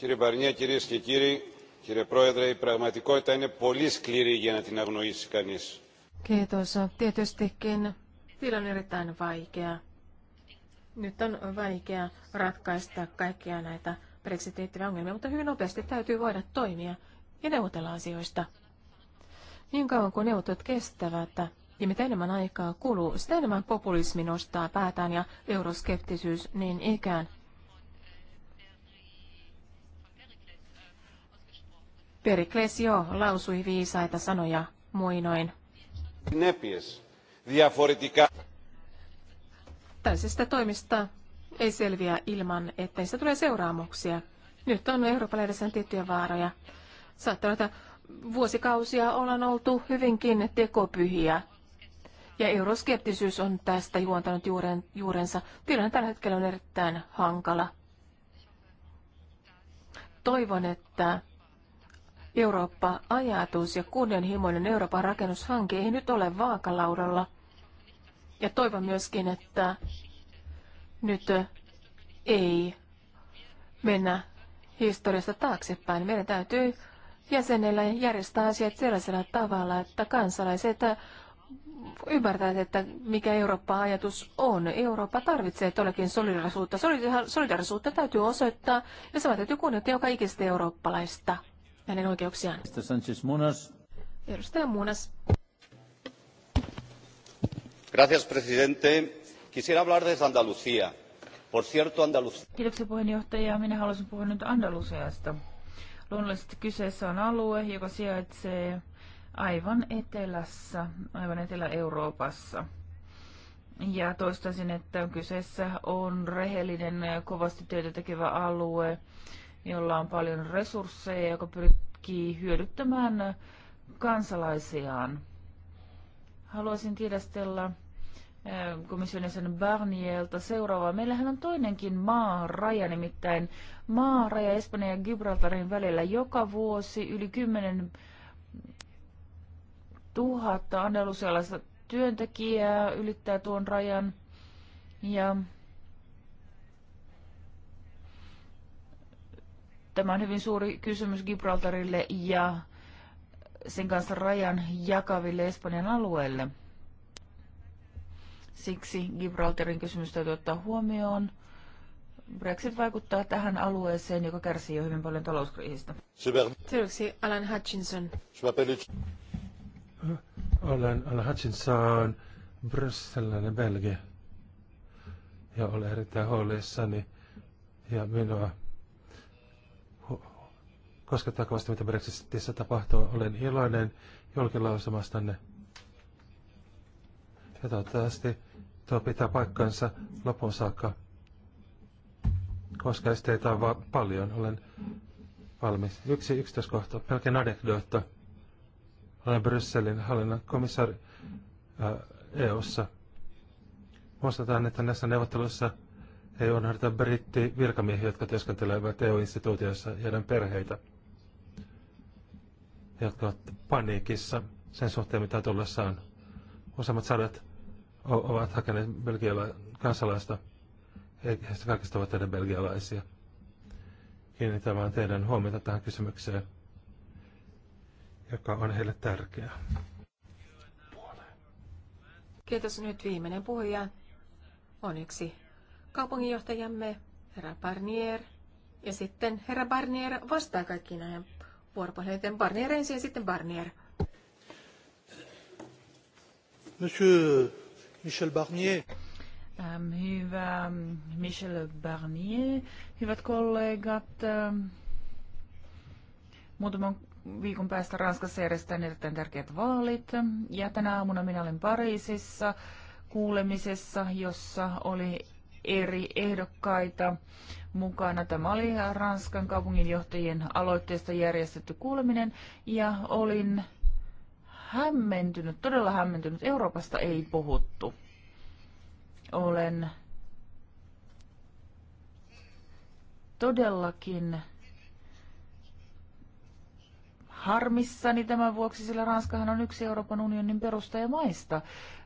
Κύριε Μπαρνιέ, kiri, και κύριοι, κύριε Πρόεδρε, η πραγματικότητα είναι πολύ σκληρή για να την αγνοήσει Kiitos. Tietystikin tilanne on erittäin vaikea. Nyt on vaikea ratkaista kaikkia näitä Brexit liittyviä ongelmia, mutta hyvin nopeasti täytyy voida toimia ja neuvotella asioista. Niin kauan kuin neuvottelut kestävät ja mitä enemmän aikaa kuluu, sitä enemmän populismi nostaa päätään ja euroskeptisyys niin ikään. Perikles jo lausui viisaita sanoja muinoin. Nepies, Tällaisista toimista ei selviä ilman, että niistä tulee seuraamuksia. Nyt on Euroopan lehdessä tiettyjä vaaroja. Saattaa olla, että vuosikausia ollaan oltu hyvinkin tekopyhiä. Ja euroskeptisyys on tästä juontanut juuren, juurensa. Tilanne tällä hetkellä on erittäin hankala. Toivon, että Eurooppa-ajatus ja kunnianhimoinen Euroopan rakennushanke ei nyt ole vaakalaudalla. Ja toivon myöskin, että nyt ei mennä historiasta taaksepäin. Meidän täytyy jäsenellä järjestää asiat sellaisella tavalla, että kansalaiset ymmärtävät, että mikä Eurooppa-ajatus on. Eurooppa tarvitsee todellakin solidarisuutta. Solidarisuutta täytyy osoittaa ja sama täytyy kunnioittaa joka ikistä eurooppalaista hänen oikeuksiaan. Sanchez Munas. Edustaja Munas. Gracias, presidente. Quisiera hablar desde Andalucía. Por cierto, Andalucía. Kiitoksia puheenjohtaja. Minä haluaisin puhua nyt Andalusiasta. Luonnollisesti kyseessä on alue, joka sijaitsee aivan etelässä, aivan Etelä-Euroopassa. Ja toistaisin, että kyseessä on rehellinen, kovasti työtä tekevä alue, jolla on paljon resursseja, joka pyrkii hyödyttämään kansalaisiaan. Haluaisin tiedostella Äh, komission jäsen Barnielta seuraavaa. Meillähän on toinenkin maaraja, nimittäin maaraja Espanjan ja Gibraltarin välillä joka vuosi yli 10 000 andalusialaista työntekijää ylittää tuon rajan. Ja tämä on hyvin suuri kysymys Gibraltarille ja sen kanssa rajan jakaville Espanjan alueelle. Siksi Gibraltarin kysymys täytyy ottaa huomioon. Brexit vaikuttaa tähän alueeseen, joka kärsii jo hyvin paljon talouskriisistä. Tervetuloa Alan Hutchinson. Olen Alan Hutchinson, brysseläinen Belgia. Ja olen erittäin huolissani ja minua koskettaa kovasti, mitä Brexitissä tapahtuu. Olen iloinen julkilausumastanne. Ja toivottavasti Tuo pitää paikkansa lopun saakka, koska esteitä on paljon. Olen valmis. Yksi yksityiskohta, pelkän anekdootto. Olen Brysselin hallinnan komissaari äh, EU-ssa. Muistetaan, että näissä neuvotteluissa ei unohdeta britti virkamiehiä, jotka työskentelevät EU-instituutioissa ja heidän perheitä, jotka ovat paniikissa sen suhteen, mitä tullessaan. Useimmat sadat ovat hakeneet belgiala- kansalaista, heistä kaikista ovat teidän belgialaisia. Kiinnitän vaan teidän huomiota tähän kysymykseen, joka on heille tärkeä. Kiitos nyt viimeinen puhuja. on yksi kaupunginjohtajamme, herra Barnier. Ja sitten herra Barnier vastaa kaikkiin näihin vuoropuheluihin. Barnier ensin ja sitten Barnier. Monsieur Michel Barnier. Ähm, hyvä ähm, Michel Barnier, hyvät kollegat. Ähm, muutaman viikon päästä Ranskassa järjestetään erittäin tärkeät vaalit. Ja tänä aamuna minä olin Pariisissa kuulemisessa, jossa oli eri ehdokkaita mukana. Tämä oli Ranskan kaupunginjohtajien aloitteesta järjestetty kuuleminen ja olin hämmentynyt, todella hämmentynyt. Euroopasta ei puhuttu. Olen todellakin harmissani tämän vuoksi, sillä Ranskahan on yksi Euroopan unionin perustajamaista.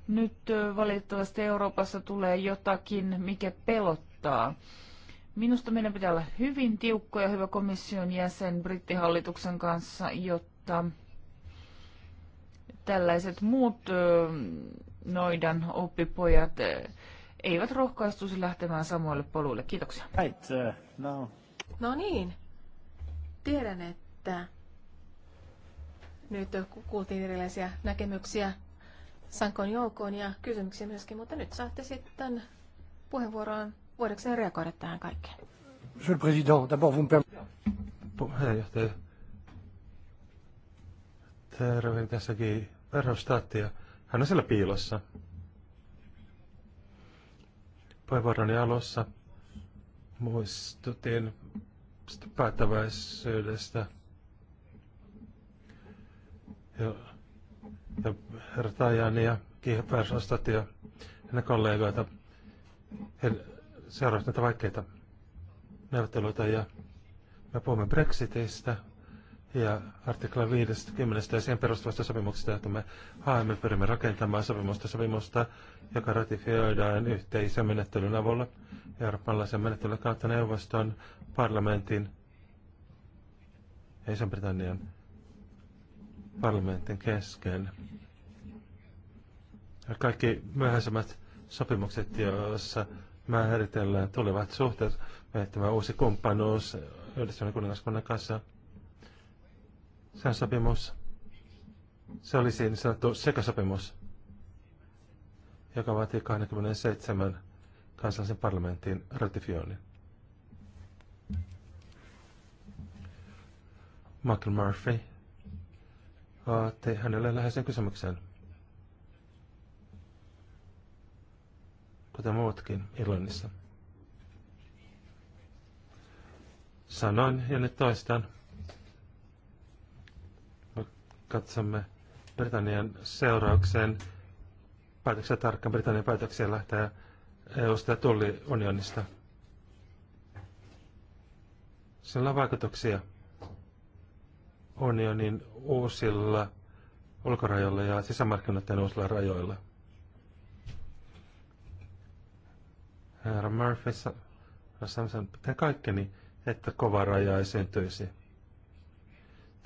Nyt valitettavasti Euroopassa tulee jotakin, mikä pelottaa. Minusta meidän pitää olla hyvin tiukkoja, hyvä komission jäsen brittihallituksen kanssa, jotta tällaiset muut noidan oppipojat eivät rohkaistuisi lähtemään samoille poluille. Kiitoksia. Right, uh, no. no niin. Tiedän, että nyt kuultiin erilaisia näkemyksiä Sankon joukoon ja kysymyksiä myöskin, mutta nyt saatte sitten puheenvuoroon. Voidaanko reagoida tähän kaikkeen? Monsieur le Président, d'abord vous me permettez... Puheenjohtaja, Tervin tässäkin ja Hän on siellä piilossa. Puheenvuoroni alussa muistutin päättäväisyydestä. Ja, ja herra Tajani ja Verhofstadt ja hänen kollegoita. He seurasivat näitä vaikeita neuvotteluita ja me puhumme Brexitistä – ja artikla 50 ja sen perustuvasta sopimuksesta, että me haemme pyrimme rakentamaan sopimusta sopimusta, joka ratifioidaan yhteisen menettelyn avulla eurooppalaisen menettelyn kautta neuvoston, parlamentin ja Iso-Britannian parlamentin kesken. Ja kaikki myöhäisemmät sopimukset, joissa määritellään tulevat suhteet, tämä uusi kumppanuus yhdistyneen kuningaskunnan kanssa – se on sopimus. Se oli siinä sanottu sekasopimus, joka vaatii 27 kansallisen parlamentin ratifioinnin. Michael Murphy vaatii hänelle läheisen kysymyksen. Kuten muutkin Irlannissa. Sanoin ja nyt toistan katsomme Britannian seurauksen päätöksiä tarkkaan Britannian päätöksiä lähtee EU-sta ja tulliunionista. Sillä on vaikutuksia unionin uusilla ulkorajoilla ja sisämarkkinoiden uusilla rajoilla. Herra Murphy Samson pitää kaikkeni, että kova raja ei syntyisi.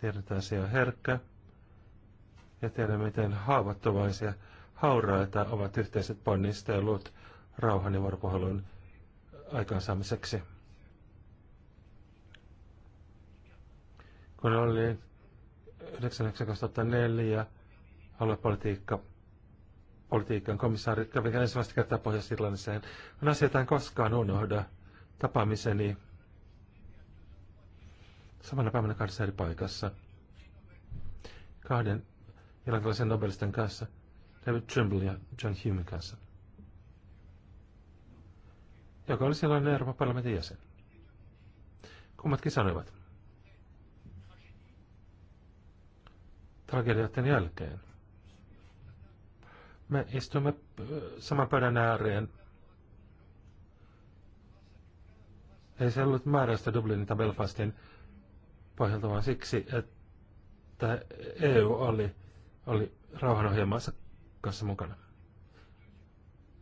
Tiedetään, se on herkkä ja tiedä, miten haavoittuvaisia hauraita ovat yhteiset ponnistelut rauhan ja vuoropuhelun aikaansaamiseksi. Kun oli 1994 aluepolitiikka politiikan komissaari kävi ensimmäistä kertaa Pohjois-Irlannissa. En niin asioita en koskaan unohda tapaamiseni samana päivänä kahdessa eri paikassa. Kahden Jalkalaisen nobelisten kanssa, David Trimble ja John Hume kanssa, joka oli silloin Euroopan parlamentin jäsen. Kummatkin sanoivat, tragedioiden jälkeen. Me istumme äh, saman pöydän ääreen. Ei se ollut määräistä Dublinin tai Belfastin pohjalta, vaan siksi, että EU oli oli rauhanohjelmansa kanssa mukana.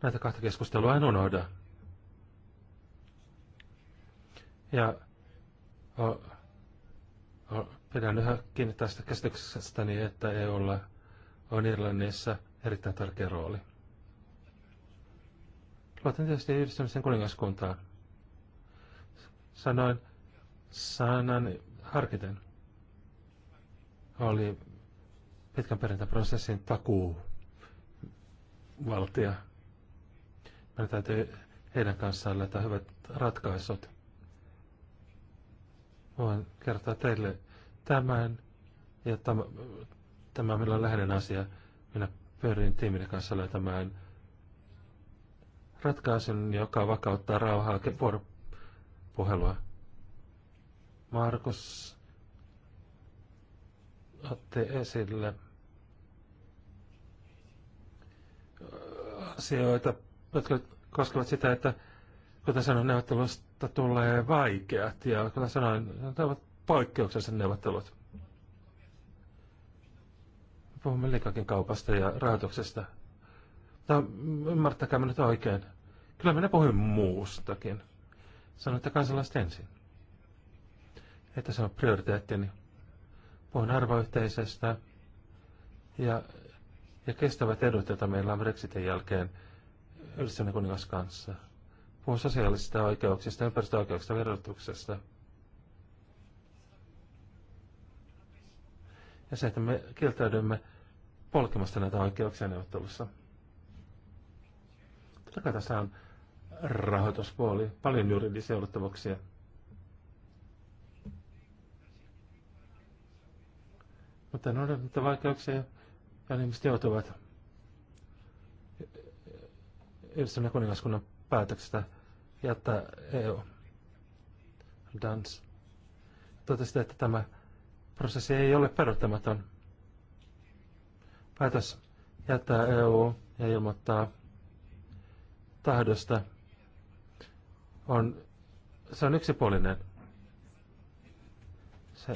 Näitä kahta keskustelua en unohda. Ja o, o, pidän yhä kiinni tästä käsityksestäni, niin, että EUlla on Irlannissa erittäin tärkeä rooli. Luotan tietysti yhdistymisen kuningaskuntaan. Sanoin sanan harkiten. Oli pitkän perintäprosessin takuu valtia. Meidän täytyy heidän kanssaan löytää hyvät ratkaisut. Voin kertoa teille tämän ja tämä, tämä meillä on läheinen asia. Minä pyrin tiimin kanssa löytämään ratkaisun, joka vakauttaa rauhaa puhelua. Markus otti esille asioita, jotka koskevat sitä, että kuten sanoin, neuvottelusta tulee vaikeat ja kuten sanoin, ne ovat poikkeukselliset neuvottelut. Puhumme liikakin kaupasta ja rahoituksesta. Mutta no, ymmärtäkää nyt oikein. Kyllä minä puhuin muustakin. Sanoin, että kansalaiset ensin. Että se on prioriteettini. Puhun arvoyhteisestä ja ja kestävät edut, joita meillä on Brexitin jälkeen Yhdistyneen kuningas kanssa. Puhun sosiaalisista oikeuksista, ympäristöoikeuksista, verotuksesta. Ja se, että me kieltäydymme polkemasta näitä oikeuksia neuvottelussa. Totta kai tässä on rahoituspuoli, paljon juridisia odottavuuksia. Mutta ne on vaikeuksia ja ihmiset joutuvat Yhdistyneen kuningaskunnan päätöksestä jättää EU. Dans totesi, että tämä prosessi ei ole peruuttamaton. Päätös jättää EU ja ilmoittaa tahdosta on, se on yksipuolinen. Se,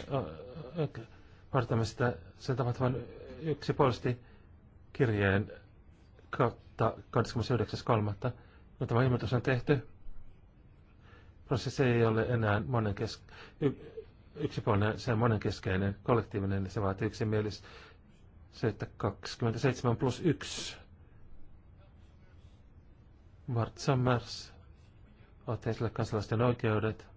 vartamme sitä, sen tapahtuvan posti kirjeen kautta 29.3. No, tämä ilmoitus on tehty. Prosessi ei ole enää monenkesk... y- yksipuolinen, se on monenkeskeinen, kollektiivinen, niin se vaatii yksimielis se, että 27 plus 1. Bart Summers otti kansalaisten oikeudet.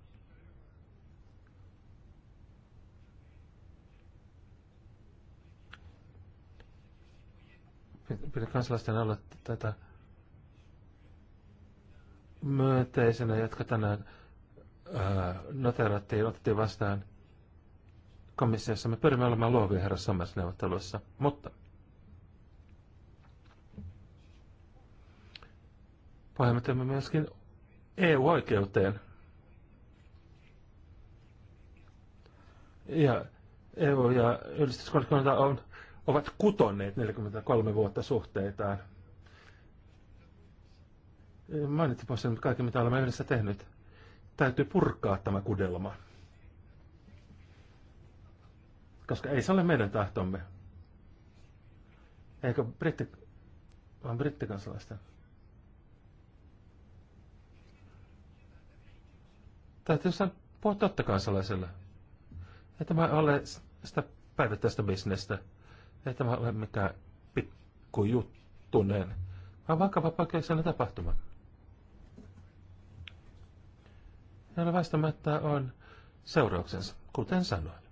pidän kansalaisten tätä myönteisenä, jotka tänään noterattiin, otettiin vastaan komissiossa. Me pyrimme olemaan luovia herra Sommers-neuvotteluissa, mutta pohjaamme myöskin EU-oikeuteen. Ja EU ja yhdistyskunnat on ovat kutonneet 43 vuotta suhteitaan. Mainitsipa sen kaiken, mitä olemme yhdessä tehnyt. Täytyy purkaa tämä kudelma. Koska ei se ole meidän tahtomme. Eikö britti, vaan brittikansalaisten. Täytyy jossain puhua totta kansalaiselle. Että mä ole sitä päivittäistä bisnestä. Ei tämä ole mikään pikkujuttunen, vaan vakava poikkeuksellinen tapahtuma. Näillä väistämättä on seurauksensa, kuten sanoin.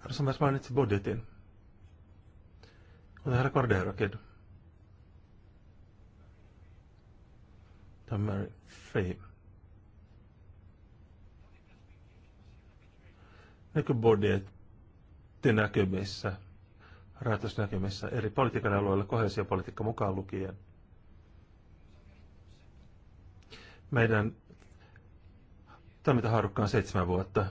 Arsa myös mainitsi budjetin. Kuten herra Corderokin. Tämä Mary Fee. Nykybudjetti budjettinäkymissä, rahoitusnäkymissä eri politiikan alueilla, kohesiopolitiikka mukaan lukien. Meidän toimintahaarukka on seitsemän vuotta.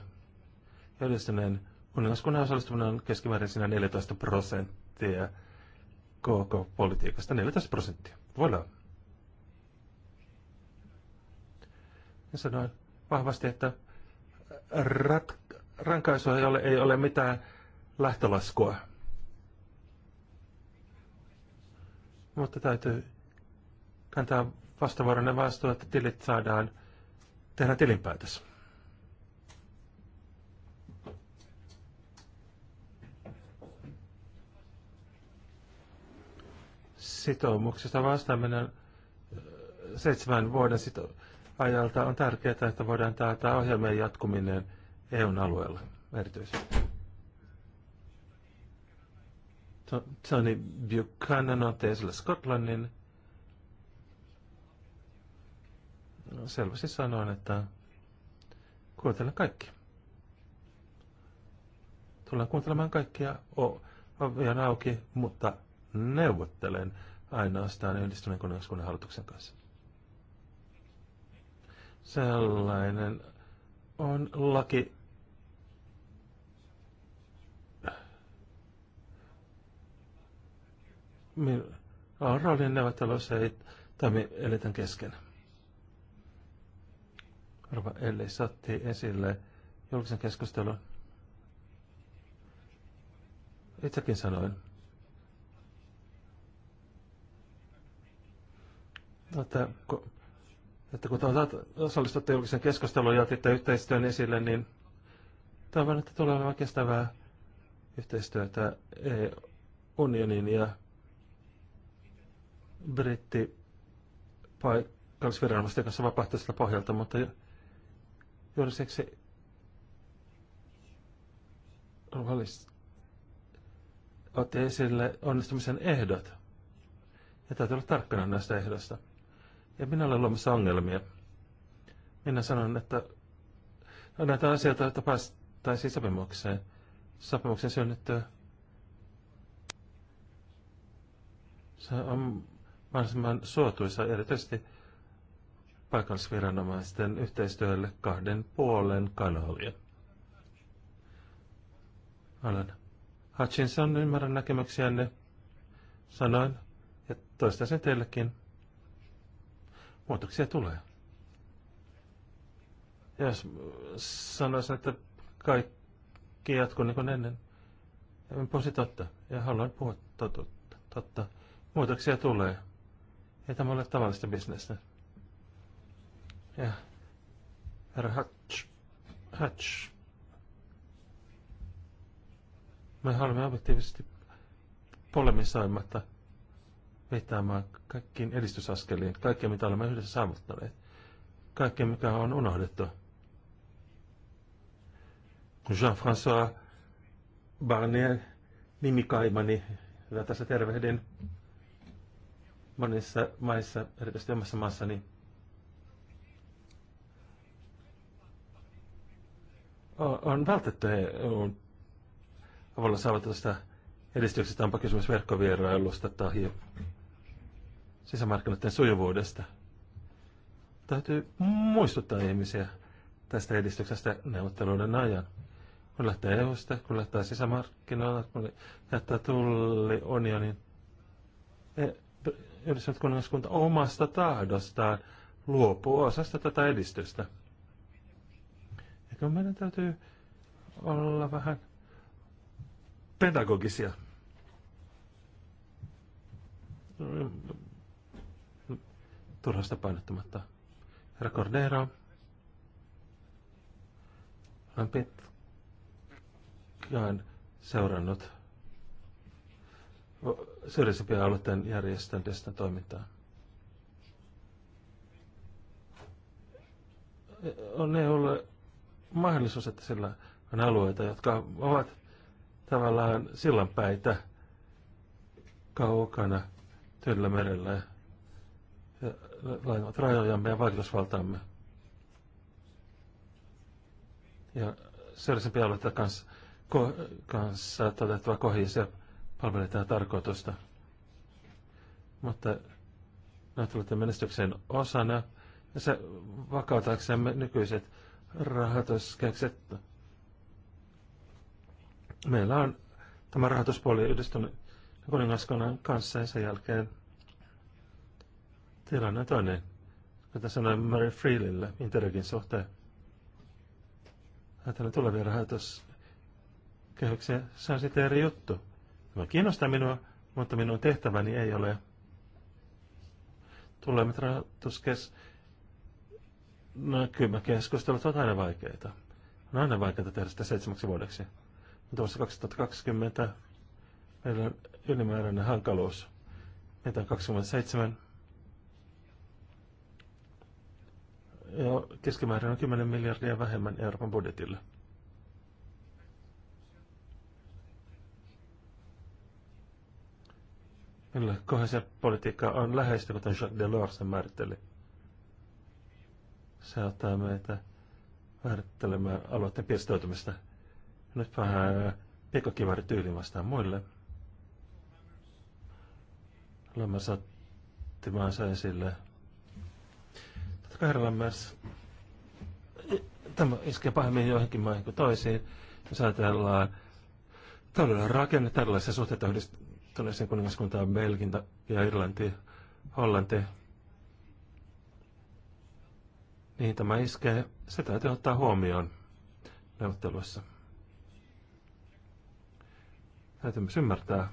Ja yhdistyneen kuningaskunnan osallistuminen on keskimäärin siinä 14 prosenttia koko politiikasta. 14 prosenttia. Voilà. Ja sanoin vahvasti, että rat- rankaisua ei ole, ei ole mitään lähtölaskua. Mutta täytyy kantaa vastavuoroinen vastuu, että tilit saadaan, tehdä tilinpäätös. Sitoumuksista vastaaminen äh, seitsemän vuoden sito- ajalta on tärkeää, että voidaan taata ohjelmien jatkuminen EUn alueella erityisesti. Tony Buchanan on Tesla Scotlandin. No, selvästi sanoin, että kuuntelen kaikki. Tullaan kuuntelemaan kaikkia ovian auki, mutta neuvottelen ainoastaan yhdistyneen kuningaskunnan hallituksen kanssa. Sellainen on laki on ah, roolin neuvottelussa, että me eletään kesken. Rova Elli satti esille julkisen keskustelun. Itsekin sanoin. No, että, että kun osallistutte julkisen keskustelun ja otitte yhteistyön esille, niin toivon, että tulee olemaan kestävää yhteistyötä unionin ja britti paikallisviranomaisten kanssa vapaaehtoisella pohjalta, mutta juuri siksi valis, otti esille onnistumisen ehdot. Ja täytyy olla tarkkana näistä ehdoista. Ja minä olen luomassa ongelmia. Minä sanon, että on näitä asioita, joita päästäisiin sopimukseen. Sopimuksen synnyttyä. Se on mahdollisimman suotuisa erityisesti paikallisviranomaisten yhteistyölle kahden puolen kanavia. Olen Hutchinson, ymmärrän näkemyksiänne. Sanoin, ja toistaisin teillekin. Muutoksia tulee. jos sanoisin, että kaikki jatkuu niin kuin ennen, en puhuisi totta. Ja haluan puhua totta. totta. Muutoksia tulee. Ei tämä ole tavallista bisnestä. Ja herra Hatch, Hatch. Me haluamme objektiivisesti polemisoimatta vetämään kaikkiin edistysaskeliin, kaikkea mitä olemme yhdessä saavuttaneet, kaikkea mikä on unohdettu. Kun Jean-François Barnier nimikaimani, jota tässä tervehdin, monissa maissa, erityisesti omassa niin on vältetty EUn avulla saavutusta edistyksestä, onpa kysymys verkkovierailusta tai sisämarkkinoiden sujuvuudesta. Täytyy muistuttaa ihmisiä tästä edistyksestä neuvotteluiden ajan. Kun lähtee EUsta, kun lähtee sisämarkkinoilla, kun jättää tulli unionin, yhdistynyt omasta tahdostaan luopuu osasta tätä edistystä. Eikö meidän täytyy olla vähän pedagogisia? Turhasta painottamatta. Herra Cordero. Olen pitkään seurannut syrjäisempien alueiden järjestön destan toimintaa. On ne ollut mahdollisuus, että sillä on alueita, jotka ovat tavallaan sillanpäitä kaukana tyynellä merellä ja lainavat rajojamme ja vaikutusvaltaamme. Ja syrjäisempiä alueita kanssa, ko, kanssa todettava kohdisia palvelee tätä tarkoitusta. Mutta näyttelyiden menestyksen osana ja se vakautaaksemme nykyiset rahoituskekset. Meillä on tämä rahoituspuoli yhdistynyt kuningaskunnan kanssa ja sen jälkeen tilanne toinen, kuten sanoin Mary Freelille Interregin suhteen. Ajattelen tulevia rahoituskehyksiä, se on sitten eri juttu. Tämä kiinnostaa minua, mutta minun tehtäväni ei ole Tulemme rahoituskes... No, kyllä keskustelut ovat aina vaikeita. On aina vaikeita tehdä sitä seitsemäksi vuodeksi. Mutta vuosi 2020 meillä on ylimääräinen hankaluus. Meitä on 27. Ja keskimäärin on 10 miljardia vähemmän Euroopan budjetille. Kyllä, politiikka on läheistä, kuten Jacques Delors sen määritteli. Se auttaa meitä määrittelemään alueiden pirstoutumista. Nyt vähän pikokivääri tyyli vastaan muille. Lammas satti maansa esille. Totta kai lämmäs. tämä iskee pahemmin joihinkin maihin kuin toisiin. Jos ajatellaan todella rakenne tällaisia suhteita Tuollaisen kuningaskunta on Belginta ja Irlanti, Hollanti. Niin tämä iskee. Se täytyy ottaa huomioon neuvotteluissa. Täytyy myös ymmärtää.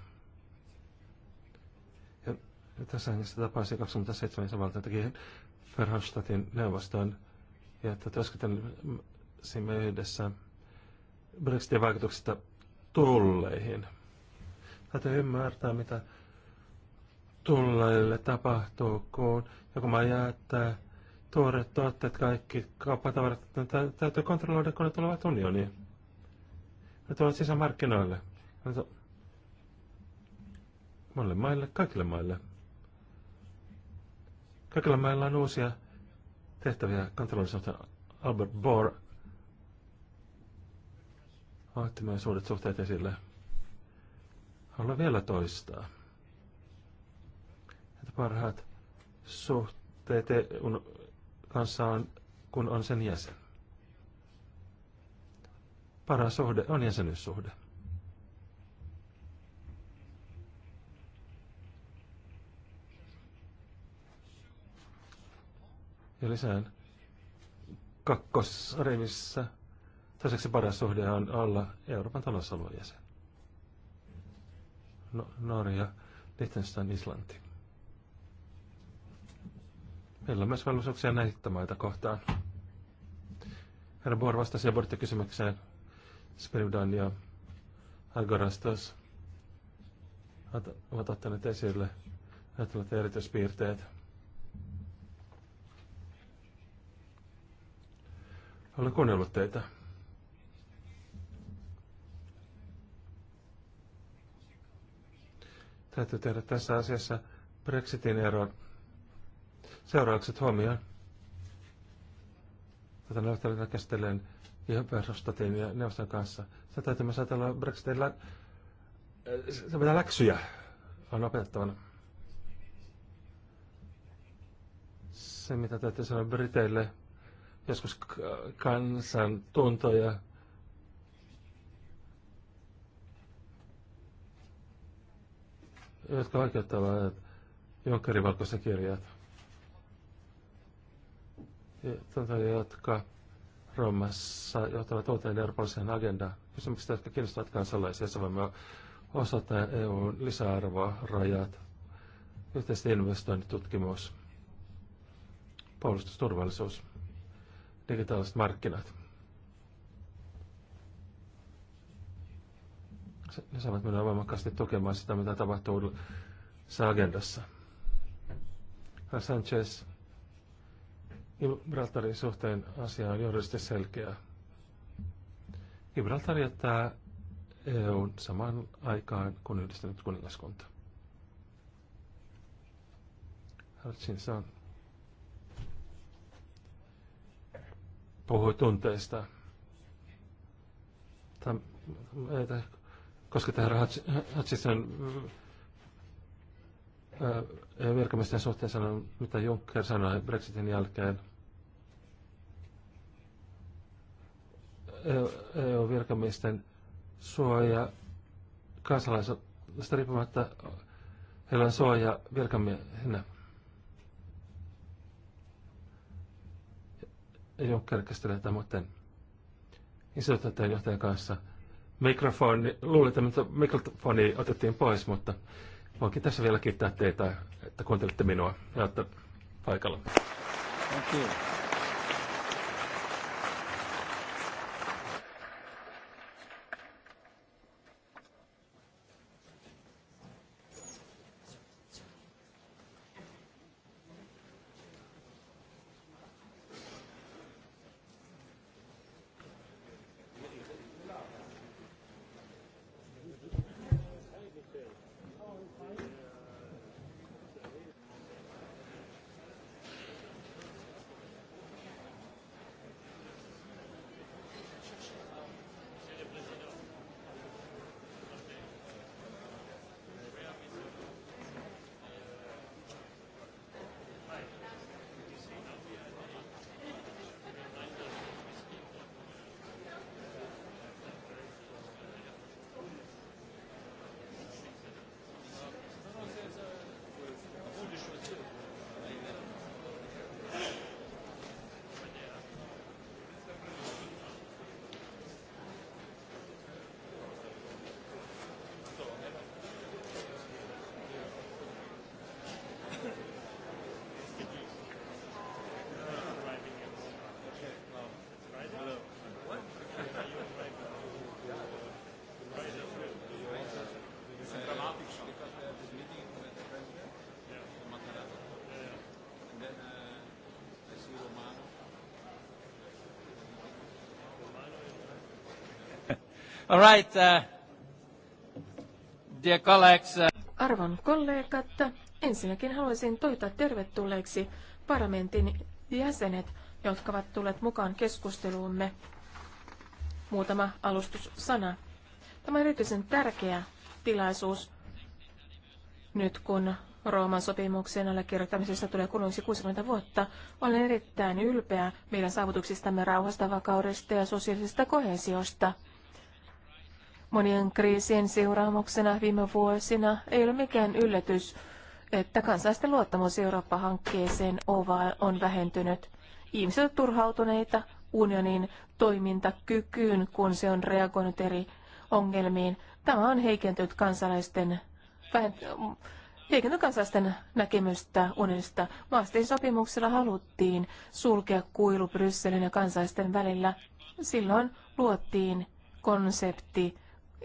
Ja, ja tässä hengessä tapasi 27 valtaan teki Verhofstadtin neuvostoon. ja että työskentelisimme yhdessä Brexitin vaikutuksista tulleihin. Täytyy ymmärtää, mitä tulleille tapahtuu, kun joku mä jättää tuoreet tuotteet, kaikki kauppatavarat, täytyy kontrolloida, kun ne tulevat unioniin. Ne tulevat sisämarkkinoille. Ne Monille maille, kaikille maille. Kaikilla mailla on uusia tehtäviä kontrolloissa. Albert Bohr otti myös uudet suhteet esille. Haluan vielä toistaa, että parhaat suhteet e kanssa on, kun on sen jäsen. Paras suhde on jäsenyyssuhde. ja lisään kakkosrimissä. Toiseksi paras suhde on olla Euroopan talousalueen jäsen. No, Norja, Liechtenstein, Islanti. Meillä on myös velvollisuuksia näitä maita kohtaan. Herra Bohr vastasi aborttikysymykseen. Spiridan ja Algorastos ovat ottaneet esille ajattelut erityispiirteet. Olen kuunnellut teitä. Täytyy tehdä tässä asiassa Brexitin eron seuraukset huomioon. Tätä neuvottelua käsitellen ihan ja neuvoston kanssa. Sitä täytyy myös ajatella Brexitin lä- äh, se mitä läksyjä on opetettavana. Se, mitä täytyy sanoa Briteille, joskus kansan tuntoja jotka vaikeuttavat Junckerin valkoista kirjat. jotka Roomassa johtavat uuteen eurooppalaisen agenda Kysymykset, jotka kiinnostavat kansalaisia, se voimme osoittaa EUn lisäarvoa, rajat, yhteiset investoinnit, tutkimus, puolustusturvallisuus, digitaaliset markkinat. ne saavat mennä voimakkaasti tukemaan sitä, mitä tapahtuu agendassa. Herra Sanchez, Gibraltarin suhteen asia on johdollisesti selkeä. Gibraltar jättää EUn samaan aikaan kuin yhdistynyt kuningaskunta. Hutchinson puhui tunteista. Tämä koska tämä Hutchison virkamiesten suhteen sanon, mitä Juncker sanoi Brexitin jälkeen. EU-virkamiesten suoja kansalaisesta riippumatta heillä on suoja virkamiehenä. Juncker käsittelee tämän muiden instituutioiden johtajan kanssa – mikrofoni, luulin, että mikrofoni otettiin pois, mutta voinkin tässä vielä kiittää teitä, että kuuntelitte minua ja olette paikalla. Thank you. All right, uh, dear colleagues. Uh... Arvon kollegat, ensinnäkin haluaisin toivottaa tervetulleeksi parlamentin jäsenet, jotka ovat tulleet mukaan keskusteluumme. Muutama alustussana. Tämä on erityisen tärkeä tilaisuus nyt, kun Rooman sopimuksen allekirjoittamisesta tulee kuluneeksi 60 vuotta, olen erittäin ylpeä meidän saavutuksistamme rauhasta, vakaudesta ja sosiaalisesta kohesiosta. Monien kriisien seuraamuksena viime vuosina ei ole mikään yllätys, että kansalaisten luottamus Eurooppa-hankkeeseen on vähentynyt. Ihmiset ovat turhautuneita unionin toimintakykyyn, kun se on reagoinut eri ongelmiin. Tämä on heikentynyt kansalaisten, heikentynyt kansalaisten näkemystä unionista. Maastin sopimuksella haluttiin sulkea kuilu Brysselin ja kansalaisten välillä. Silloin luotiin konsepti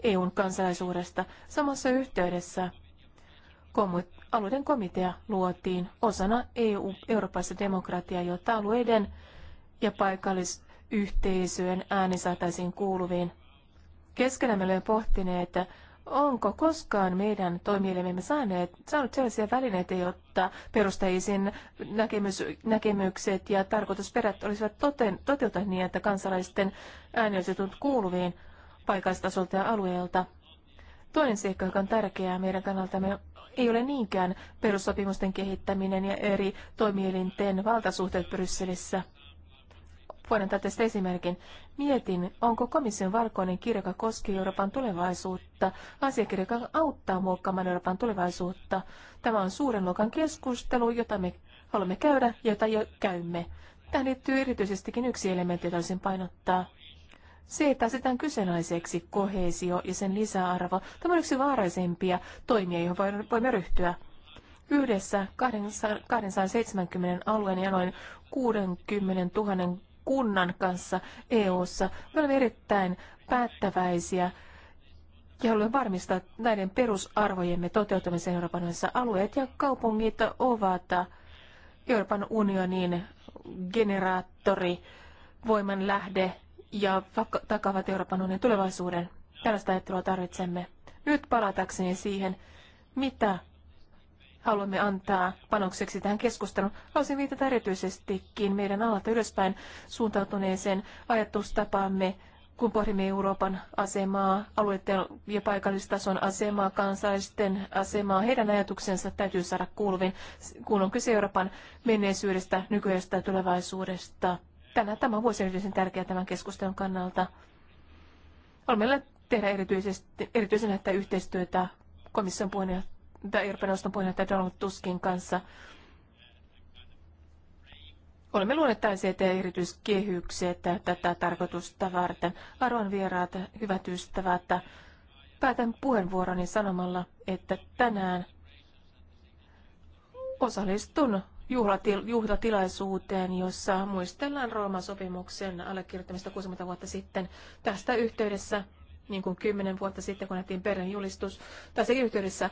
EUn kansalaisuudesta. Samassa yhteydessä alueiden komitea luotiin osana EU, eurooppalaista demokratiaa, jotta alueiden ja paikallisyhteisöjen ääni saataisiin kuuluviin. Keskenämme olemme pohtineet, että onko koskaan meidän toimielimemme saaneet, saanut sellaisia välineitä, jotta perustajisin näkemys, näkemykset ja tarkoitusperät olisivat toten, toteutuneet niin, että kansalaisten ääni olisi tullut kuuluviin – paikallistasolta ja alueelta. Toinen seikka, joka on tärkeää meidän kannaltamme, ei ole niinkään perussopimusten kehittäminen ja eri toimielinten valtasuhteet Brysselissä. Voin tätä tästä esimerkin. Mietin, onko komission valkoinen kirja, joka koskee Euroopan tulevaisuutta, asiakirja, joka auttaa muokkaamaan Euroopan tulevaisuutta. Tämä on suuren luokan keskustelu, jota me haluamme käydä ja jota jo käymme. Tähän liittyy erityisestikin yksi elementti, jota olisin painottaa. Se, että asetetaan kyseenalaiseksi kohesio ja sen lisäarvo, tämä on yksi vaaraisempia toimia, johon voimme ryhtyä. Yhdessä 270 alueen ja noin 60 000 kunnan kanssa EU-ssa me olemme erittäin päättäväisiä ja haluamme varmistaa näiden perusarvojemme toteutumisen Euroopan unionissa. Alueet ja kaupungit ovat Euroopan unionin generaattori, voiman lähde ja takavat Euroopan unionin tulevaisuuden. Tällaista ajattelua tarvitsemme. Nyt palatakseni siihen, mitä haluamme antaa panokseksi tähän keskusteluun. Haluaisin viitata erityisestikin meidän alalta ylöspäin suuntautuneeseen ajatustapaamme, kun pohdimme Euroopan asemaa, alueiden ja paikallistason asemaa, kansalaisten asemaa. Heidän ajatuksensa täytyy saada kuuluviin, kun on kyse Euroopan menneisyydestä, nykyisestä tulevaisuudesta. Tänä tämä vuosi on erityisen tärkeä tämän keskustelun kannalta. Olemme tehdä erityisesti, erityisen että yhteistyötä komission puheenjohtaja, Euroopan neuvoston puheenjohtaja Donald Tuskin kanssa. Olemme luoneet tällaiset erityiskehykset tätä tarkoitusta varten. Arvon vieraat, hyvät ystävät, päätän puheenvuoroni sanomalla, että tänään osallistun juhlatilaisuuteen, jossa muistellaan Rooman sopimuksen allekirjoittamista 60 vuotta sitten. Tästä yhteydessä, niin kuin 10 vuotta sitten, kun nähtiin perheen julistus, Tässä yhteydessä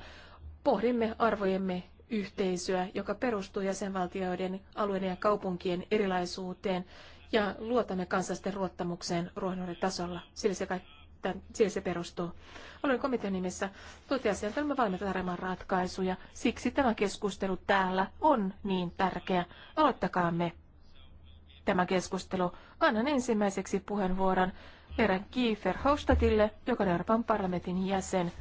pohdimme arvojemme yhteisöä, joka perustuu jäsenvaltioiden, alueiden ja kaupunkien erilaisuuteen ja luotamme kansallisten ruottamukseen ruohonjuuritasolla. Sillä se kaikki tämän, siihen se perustuu. Olen komitean nimessä toteasin, että olemme valmiita tarjoamaan ratkaisuja. Siksi tämä keskustelu täällä on niin tärkeä. Aloittakaamme tämä keskustelu. Annan ensimmäiseksi puheenvuoron erään Kiefer Hostatille, joka on Euroopan parlamentin jäsen.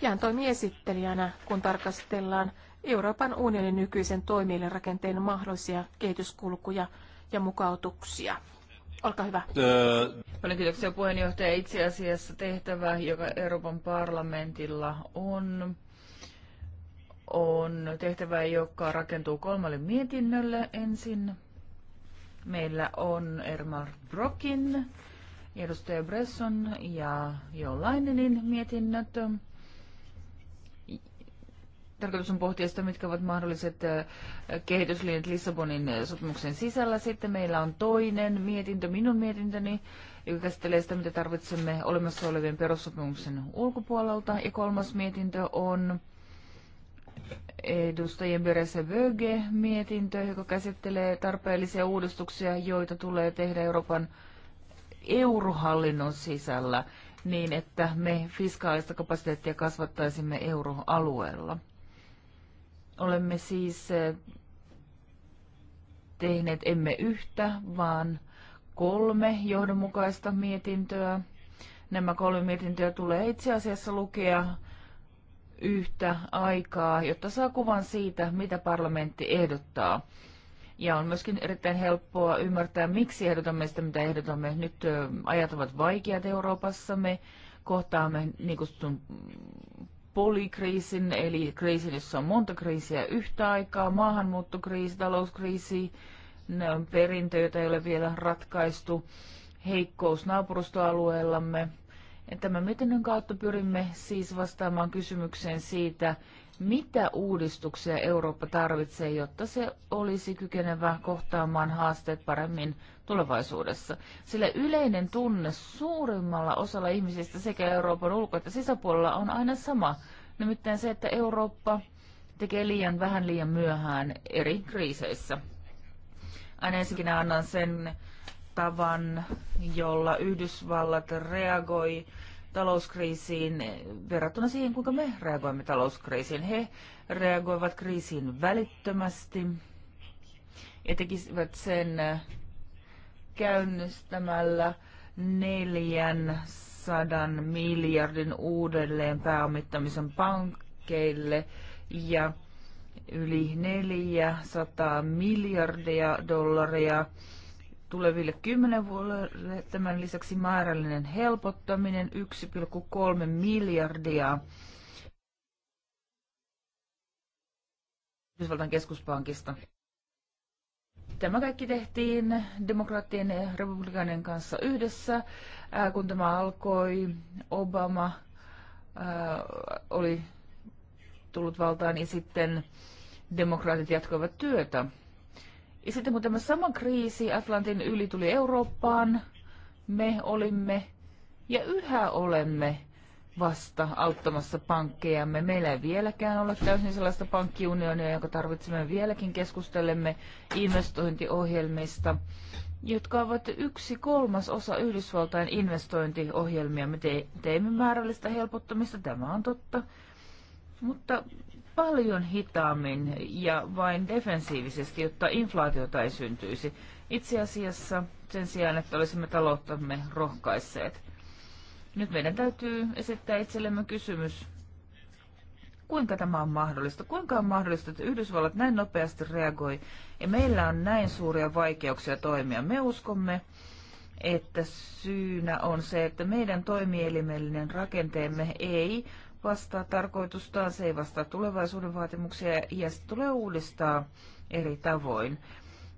Ja hän toimii esittelijänä, kun tarkastellaan Euroopan unionin nykyisen toimielin rakenteen mahdollisia kehityskulkuja ja mukautuksia. Olkaa hyvä. Paljon kiitoksia puheenjohtaja. Itse asiassa tehtävä, joka Euroopan parlamentilla on, on tehtävä, joka rakentuu kolmalle mietinnölle ensin. Meillä on Ermar Brokin, edustaja Bresson ja Jo Lainenin mietinnöt tarkoitus on pohtia sitä, mitkä ovat mahdolliset äh, kehityslinjat Lissabonin äh, sopimuksen sisällä. Sitten meillä on toinen mietintö, minun mietintöni, joka käsittelee sitä, mitä tarvitsemme olemassa olevien perussopimuksen ulkopuolelta. Ja kolmas mietintö on edustajien Berese vöge mietintö, joka käsittelee tarpeellisia uudistuksia, joita tulee tehdä Euroopan eurohallinnon sisällä niin, että me fiskaalista kapasiteettia kasvattaisimme euroalueella. Olemme siis eh, tehneet emme yhtä, vaan kolme johdonmukaista mietintöä. Nämä kolme mietintöä tulee itse asiassa lukea yhtä aikaa, jotta saa kuvan siitä, mitä parlamentti ehdottaa. Ja on myöskin erittäin helppoa ymmärtää, miksi ehdotamme sitä, mitä ehdotamme. Nyt eh, ajat ovat vaikeat Euroopassa. Me kohtaamme niin kutsutun polikriisin, eli kriisin, jossa on monta kriisiä yhtä aikaa, maahanmuuttokriisi, talouskriisi, ne on perintö, jota ei ole vielä ratkaistu, heikkous naapurustoalueellamme. Ja tämän mietinnön kautta pyrimme siis vastaamaan kysymykseen siitä, mitä uudistuksia Eurooppa tarvitsee, jotta se olisi kykenevä kohtaamaan haasteet paremmin tulevaisuudessa. Sillä yleinen tunne suurimmalla osalla ihmisistä sekä Euroopan ulko- että sisäpuolella on aina sama, nimittäin se, että Eurooppa tekee liian vähän liian myöhään eri kriiseissä. Aina ensinnäkin annan sen tavan, jolla Yhdysvallat reagoi talouskriisiin verrattuna siihen, kuinka me reagoimme talouskriisiin. He reagoivat kriisiin välittömästi ja tekisivät sen käynnistämällä 400 miljardin uudelleen pääomittamisen pankkeille ja yli 400 miljardia dollaria tuleville kymmenen vuodelle. Tämän lisäksi määrällinen helpottaminen 1,3 miljardia. Yhdysvaltain keskuspankista. Tämä kaikki tehtiin demokraattien ja republikaanien kanssa yhdessä. Ää, kun tämä alkoi, Obama ää, oli tullut valtaan ja sitten demokraatit jatkoivat työtä. Ja sitten kun tämä sama kriisi Atlantin yli tuli Eurooppaan, me olimme ja yhä olemme vasta auttamassa pankkejamme. Meillä ei vieläkään ole täysin sellaista pankkiunionia, jonka tarvitsemme vieläkin keskustelemme investointiohjelmista, jotka ovat yksi kolmas osa Yhdysvaltain investointiohjelmia. Me te- teimme määrällistä helpottamista, tämä on totta. Mutta paljon hitaammin ja vain defensiivisesti, jotta inflaatiota ei syntyisi. Itse asiassa sen sijaan, että olisimme talouttamme rohkaisseet. Nyt meidän täytyy esittää itsellemme kysymys, kuinka tämä on mahdollista? Kuinka on mahdollista, että Yhdysvallat näin nopeasti reagoi ja meillä on näin suuria vaikeuksia toimia? Me uskomme, että syynä on se, että meidän toimielimellinen rakenteemme ei vastaa tarkoitustaan, se ei vastaa tulevaisuuden vaatimuksia ja se tulee uudistaa eri tavoin.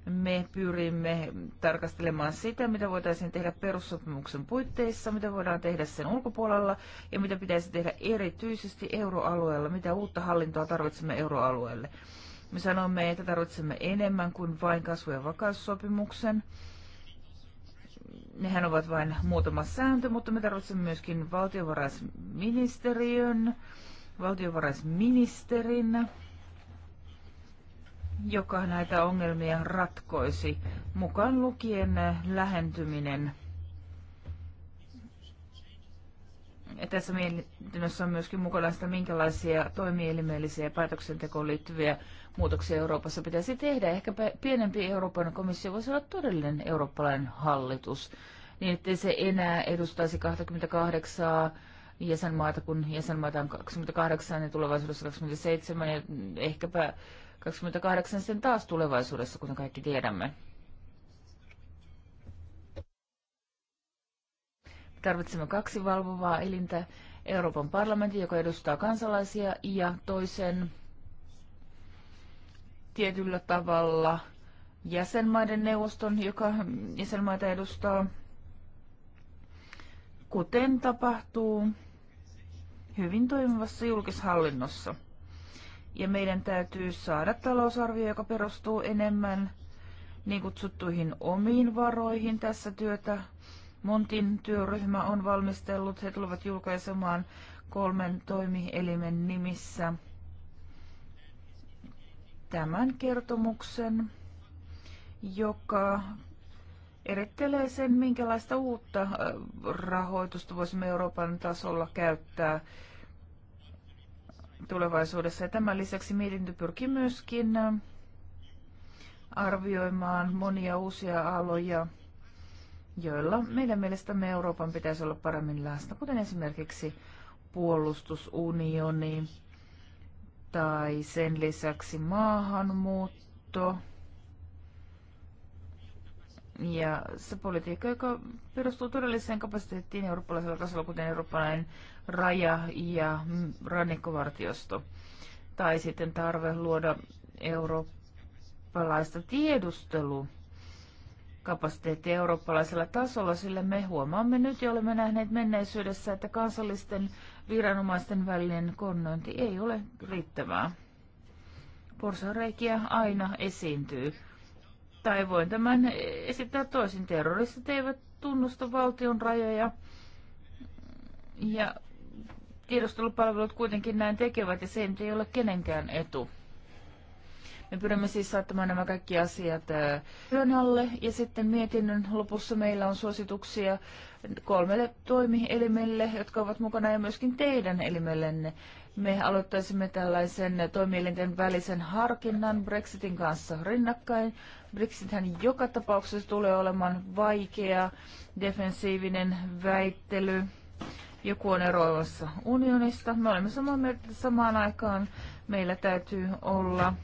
Me pyrimme tarkastelemaan sitä, mitä voitaisiin tehdä perussopimuksen puitteissa, mitä voidaan tehdä sen ulkopuolella ja mitä pitäisi tehdä erityisesti euroalueella, mitä uutta hallintoa tarvitsemme euroalueelle. Me sanomme, että tarvitsemme enemmän kuin vain kasvu- ja vakaussopimuksen nehän ovat vain muutama sääntö, mutta me tarvitsemme myöskin valtiovarainministeriön, valtiovarainministerin, joka näitä ongelmia ratkoisi, mukaan lukien lähentyminen – tässä mietinnössä on myöskin mukana sitä, minkälaisia toimielimellisiä päätöksentekoon liittyviä muutoksia Euroopassa pitäisi tehdä. Ehkä pienempi Euroopan komissio voisi olla todellinen eurooppalainen hallitus, niin ettei se enää edustaisi 28 jäsenmaata, kun jäsenmaita on 28 ja tulevaisuudessa 27 ja ehkäpä 28 sen taas tulevaisuudessa, kuten kaikki tiedämme. Tarvitsemme kaksi valvovaa elintä, Euroopan parlamentin, joka edustaa kansalaisia, ja toisen tietyllä tavalla jäsenmaiden neuvoston, joka jäsenmaita edustaa, kuten tapahtuu hyvin toimivassa julkishallinnossa. Ja meidän täytyy saada talousarvio, joka perustuu enemmän niin kutsuttuihin omiin varoihin tässä työtä Montin työryhmä on valmistellut. He tulevat julkaisemaan kolmen toimielimen nimissä tämän kertomuksen, joka erittelee sen, minkälaista uutta rahoitusta voisimme Euroopan tasolla käyttää tulevaisuudessa. Ja tämän lisäksi mietintö pyrkii myöskin arvioimaan monia uusia aloja, joilla meidän mielestämme Euroopan pitäisi olla paremmin läsnä, kuten esimerkiksi puolustusunioni tai sen lisäksi maahanmuutto ja se politiikka, joka perustuu todelliseen kapasiteettiin eurooppalaisella tasolla, kuten eurooppalainen raja ja rannikkovartiosto, tai sitten tarve luoda eurooppalaista tiedustelua kapasiteetti eurooppalaisella tasolla, sillä me huomaamme nyt ja olemme nähneet menneisyydessä, että kansallisten viranomaisten välinen konnointi ei ole riittävää. Porsareikiä aina esiintyy. Tai voin tämän esittää toisin. Terroristit eivät tunnusta valtion rajoja ja tiedustelupalvelut kuitenkin näin tekevät ja se ei ole kenenkään etu. Me pyrimme siis saattamaan nämä kaikki asiat työn alle ja sitten mietinnön lopussa meillä on suosituksia kolmelle toimielimelle, jotka ovat mukana ja myöskin teidän elimellenne. Me aloittaisimme tällaisen toimielinten välisen harkinnan Brexitin kanssa rinnakkain. Brexithän joka tapauksessa tulee olemaan vaikea, defensiivinen väittely. Joku on eroavassa unionista. Me olemme samaa mieltä samaan aikaan. Meillä täytyy olla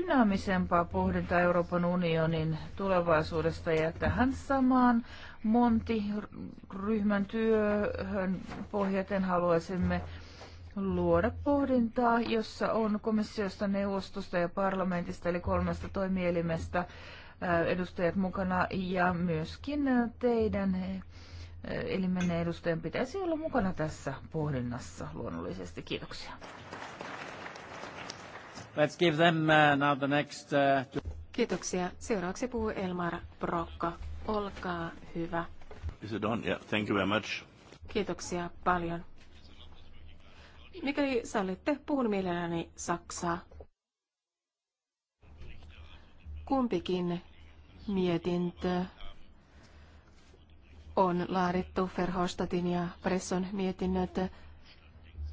dynaamisempaa pohdintaa Euroopan unionin tulevaisuudesta ja tähän samaan Monti-ryhmän työhön pohjaten haluaisimme luoda pohdintaa, jossa on komissiosta, neuvostosta ja parlamentista, eli kolmesta toimielimestä äh, edustajat mukana ja myöskin äh, teidän äh, elimenne edustajan pitäisi olla mukana tässä pohdinnassa luonnollisesti. Kiitoksia. Let's give them uh, now the next... Uh, Kiitoksia. Seuraavaksi puhuu Elmar Brokka. Olkaa hyvä. Is it on? Yeah, thank you very much. Kiitoksia paljon. Mikäli sallitte, puhun mielelläni Saksaa. Kumpikin mietintö on laadittu Verhostatin ja Presson mietinnöt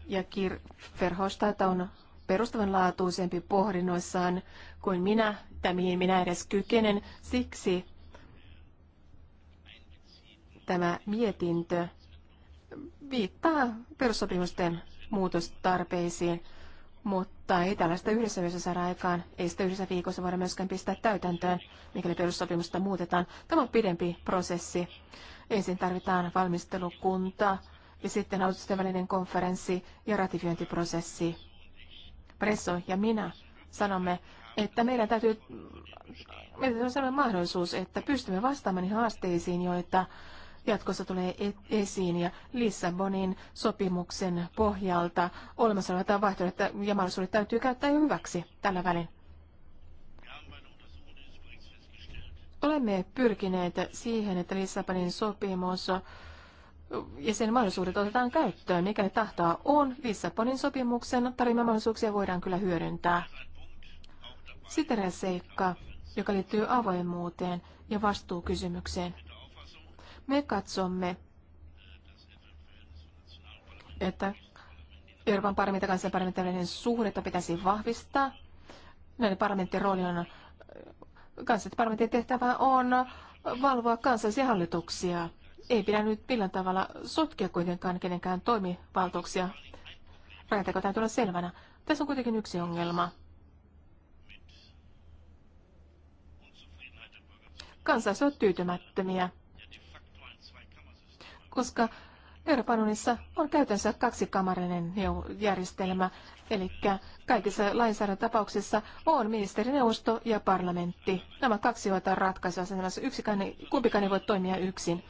ja Kir Verhostat on perustavanlaatuisempi pohdinnoissaan kuin minä, tai mihin minä edes kykenen. Siksi tämä mietintö viittaa perussopimusten muutostarpeisiin, mutta ei tällaista yhdessä yössä saada aikaan. Ei sitä yhdessä viikossa voida myöskään pistää täytäntöön, mikäli perussopimusta muutetaan. Tämä on pidempi prosessi. Ensin tarvitaan valmistelukunta ja sitten hallitusten välinen konferenssi ja ratifiointiprosessi. Presso ja minä sanomme, että meidän täytyy, meidän täytyy sellainen mahdollisuus, että pystymme vastaamaan niihin haasteisiin, joita jatkossa tulee e-, esiin ja Lissabonin sopimuksen pohjalta olemassa olevat vaihtoehdot ja mahdollisuudet täytyy käyttää hyväksi tällä välin. Olemme pyrkineet siihen, että Lissabonin sopimus ja sen mahdollisuudet otetaan käyttöön, mikäli tahtoa on. Lissabonin sopimuksen tarjoamia mahdollisuuksia voidaan kyllä hyödyntää. Sitten eräs seikka, joka liittyy avoimuuteen ja vastuukysymykseen. Me katsomme, että Euroopan parlamentin ja kansallisen parlamentin suhdetta pitäisi vahvistaa. Näiden parlamentin rooli on, kansan parlamentin tehtävä on valvoa kansallisia hallituksia ei pidä nyt millään tavalla sotkea kuitenkaan kenenkään toimivaltuuksia. Rajateko täytyy olla selvänä. Tässä on kuitenkin yksi ongelma. Kansalaiset ovat tyytymättömiä, koska Euroopan unissa on käytännössä kaksikamarinen järjestelmä, eli kaikissa lainsäädäntötapauksissa on ministerineuvosto ja parlamentti. Nämä kaksi ovat ratkaisua, yksikään, kumpikaan ei voi toimia yksin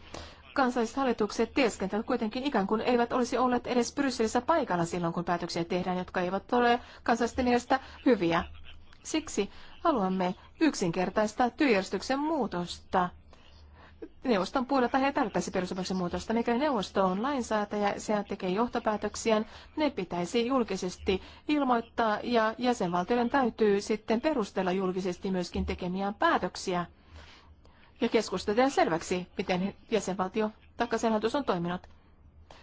kansalliset hallitukset teeskentävät kuitenkin ikään kuin eivät olisi olleet edes Brysselissä paikalla silloin, kun päätöksiä tehdään, jotka eivät ole kansallisten mielestä hyviä. Siksi haluamme yksinkertaistaa työjärjestyksen muutosta. Neuvoston puolelta he tarvittaisi perusopimuksen muutosta. Mikäli neuvosto on lainsäätäjä, se tekee johtopäätöksiä, ne pitäisi julkisesti ilmoittaa ja jäsenvaltioiden täytyy sitten perustella julkisesti myöskin tekemiään päätöksiä ja keskustetaan selväksi, miten jäsenvaltio tai sen hallitus on toiminut.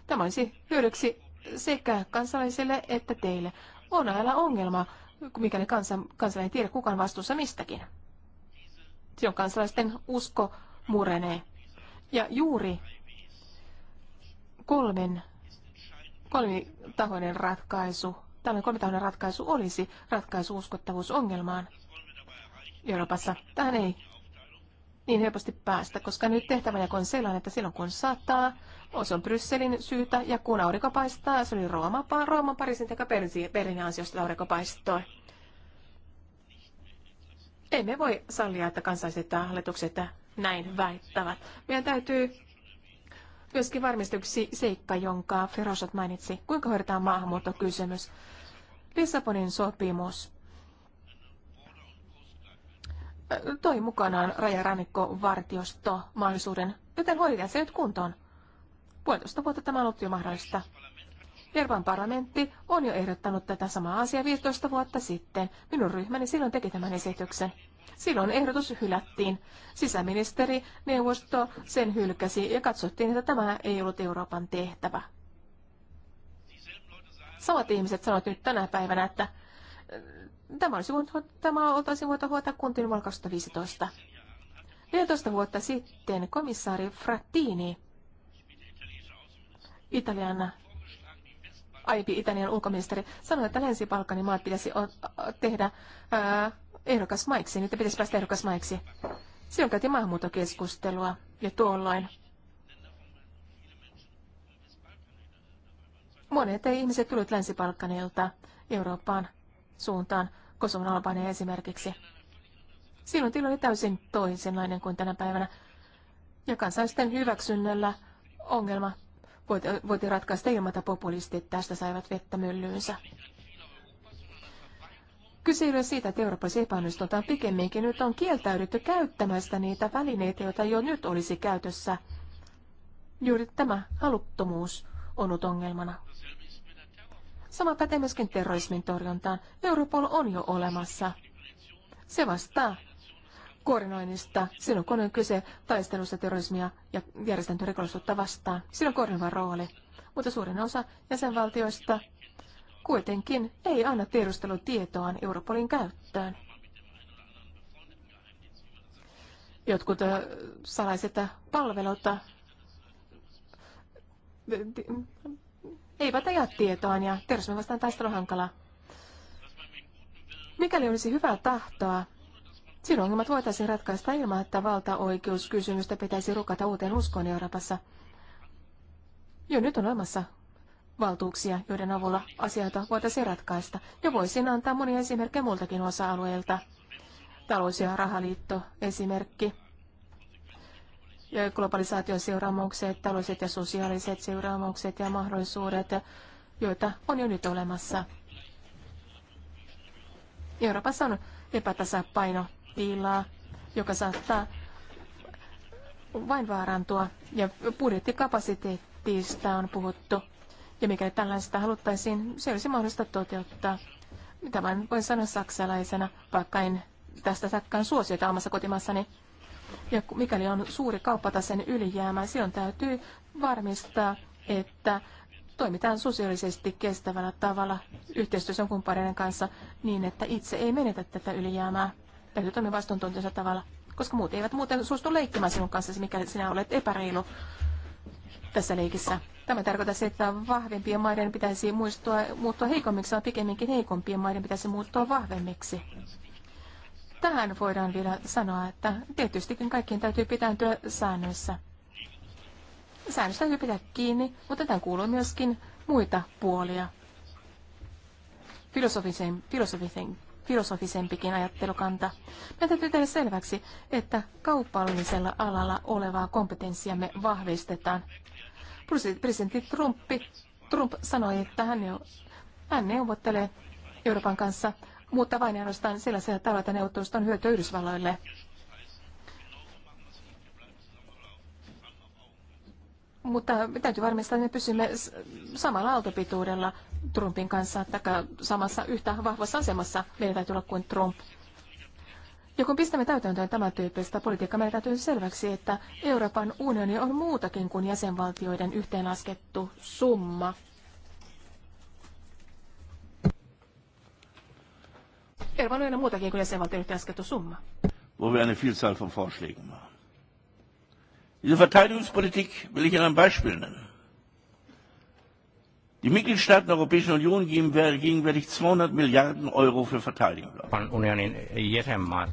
Tämä olisi hyödyksi sekä kansalaisille että teille. On aina ongelma, mikäli kansan, kansalainen ei tiedä, kukaan vastuussa mistäkin. on kansalaisten usko murenee. Ja juuri kolmen, kolmitahoinen ratkaisu, tällainen kolmitahoinen ratkaisu olisi ratkaisu uskottavuusongelmaan Euroopassa. Tähän ei niin helposti päästä, koska nyt tehtävänä on sellainen, että silloin kun sataa, se on Brysselin syytä, ja kun aurinko paistaa, se oli Rooma, Rooman Pariisin tai Berliinin ansiosta aurinko paistoi. Emme voi sallia, että kansalliset hallitukset näin väittävät. Meidän täytyy myöskin varmistuksi seikka, jonka Ferosat mainitsi, kuinka hoidetaan maahanmuuttokysymys. Lissabonin sopimus toi mukanaan vartiosto mahdollisuuden, joten hoidetaan se nyt kuntoon. Puolitoista vuotta tämä on ollut jo mahdollista. Jervan parlamentti on jo ehdottanut tätä samaa asiaa 15 vuotta sitten. Minun ryhmäni silloin teki tämän esityksen. Silloin ehdotus hylättiin. Sisäministeri, neuvosto sen hylkäsi ja katsottiin, että tämä ei ollut Euroopan tehtävä. Samat ihmiset sanoivat nyt tänä päivänä, että Tämä, olisi voinut, tämä oltaisiin voitu huolta kuntiin vuonna 2015. 14 vuotta sitten komissaari Frattini, Italian aiempi Italian ulkoministeri, sanoi, että Länsi-Balkanin maat pitäisi tehdä ehdokas maiksi, niitä pitäisi päästä maiksi. Silloin käytiin maahanmuuttokeskustelua ja tuolloin monet ihmiset tulivat Länsi-Balkanilta Eurooppaan suuntaan. Kosovon Albania esimerkiksi. Silloin tilanne oli täysin toisenlainen kuin tänä päivänä. Ja kansalaisten hyväksynnällä ongelma voitiin ratkaista ilman, että populistit tästä saivat vettä myllyynsä. Kyse ei ole siitä, että Euroopassa epäonnistutaan. Pikemminkin nyt on kieltäydytty käyttämästä niitä välineitä, joita jo nyt olisi käytössä. Juuri tämä haluttomuus on ollut ongelmana. Sama pätee myöskin terrorismin torjuntaan. Europol on jo olemassa. Se vastaa koordinoinnista silloin, kun on kyse taistelusta terrorismia ja järjestäytyä rikollisuutta vastaan. Sillä koordinoiva rooli. Mutta suurin osa jäsenvaltioista kuitenkin ei anna tiedustelutietoaan Europolin käyttöön. Jotkut salaiset palvelut eivät aja tietoaan ja terrorismi vastaan taistelu on hankala. Mikäli olisi hyvää tahtoa, silloin ongelmat voitaisiin ratkaista ilman, että valtaoikeuskysymystä pitäisi rukata uuteen uskoon Euroopassa. Jo nyt on olemassa valtuuksia, joiden avulla asioita voitaisiin ratkaista. Ja voisin antaa monia esimerkkejä muiltakin osa-alueilta. Talous- ja rahaliitto esimerkki globalisaation seuraamukset, taloudelliset ja sosiaaliset seuraamukset ja mahdollisuudet, joita on jo nyt olemassa. Euroopassa on tilaa, joka saattaa vain vaarantua. Ja budjettikapasiteettista on puhuttu. Ja mikäli tällaista haluttaisiin, se olisi mahdollista toteuttaa. Tämän voin sanoa saksalaisena, vaikka en tästä saakkaan suosiota omassa kotimassani. Ja mikäli on suuri kauppatasen ylijäämä, silloin täytyy varmistaa, että toimitaan sosiaalisesti kestävällä tavalla yhteistyössä kumppaneiden kanssa niin, että itse ei menetä tätä ylijäämää. Täytyy toimia vastuuntuntoisella tavalla, koska muut eivät muuten suostu leikkimään sinun kanssasi, mikäli sinä olet epäreilu tässä leikissä. Tämä tarkoittaa sitä, että vahvempien maiden pitäisi muistua, muuttua heikommiksi, vaan pikemminkin heikompien maiden pitäisi muuttua vahvemmiksi. Tähän voidaan vielä sanoa, että tietystikin kaikkien täytyy pitäytyä säännöissä. Säännöstä täytyy pitää kiinni, mutta tämä kuuluu myöskin muita puolia. Filosofisen, filosofisen, filosofisempikin ajattelukanta. Meidän täytyy tehdä selväksi, että kaupallisella alalla olevaa kompetenssiamme vahvistetaan. Presidentti Trump, Trump sanoi, että hän, hän neuvottelee Euroopan kanssa mutta vain ainoastaan sellaisella tavalla, että neuvottelusta on hyötyä Yhdysvalloille. Mutta täytyy varmistaa, että me pysymme samalla aaltopituudella Trumpin kanssa, tai samassa yhtä vahvassa asemassa meidän täytyy olla kuin Trump. Ja kun pistämme täytäntöön tämän tyyppistä politiikkaa, meidän täytyy selväksi, että Euroopan unioni on muutakin kuin jäsenvaltioiden yhteenlaskettu summa. Euroopan unionilla on muutakin kuin jäsenvaltion yhteenlaskettu summa. Wo wir eine Vielzahl von Vorschlägen machen. Diese Verteidigungspolitik will ich Ihnen ein Beispiel nennen. Die Mitgliedstaaten der Europäischen Union geben gegenwärtig 200 Milliarden Euro für Verteidigung. Unionin jäsenmaat.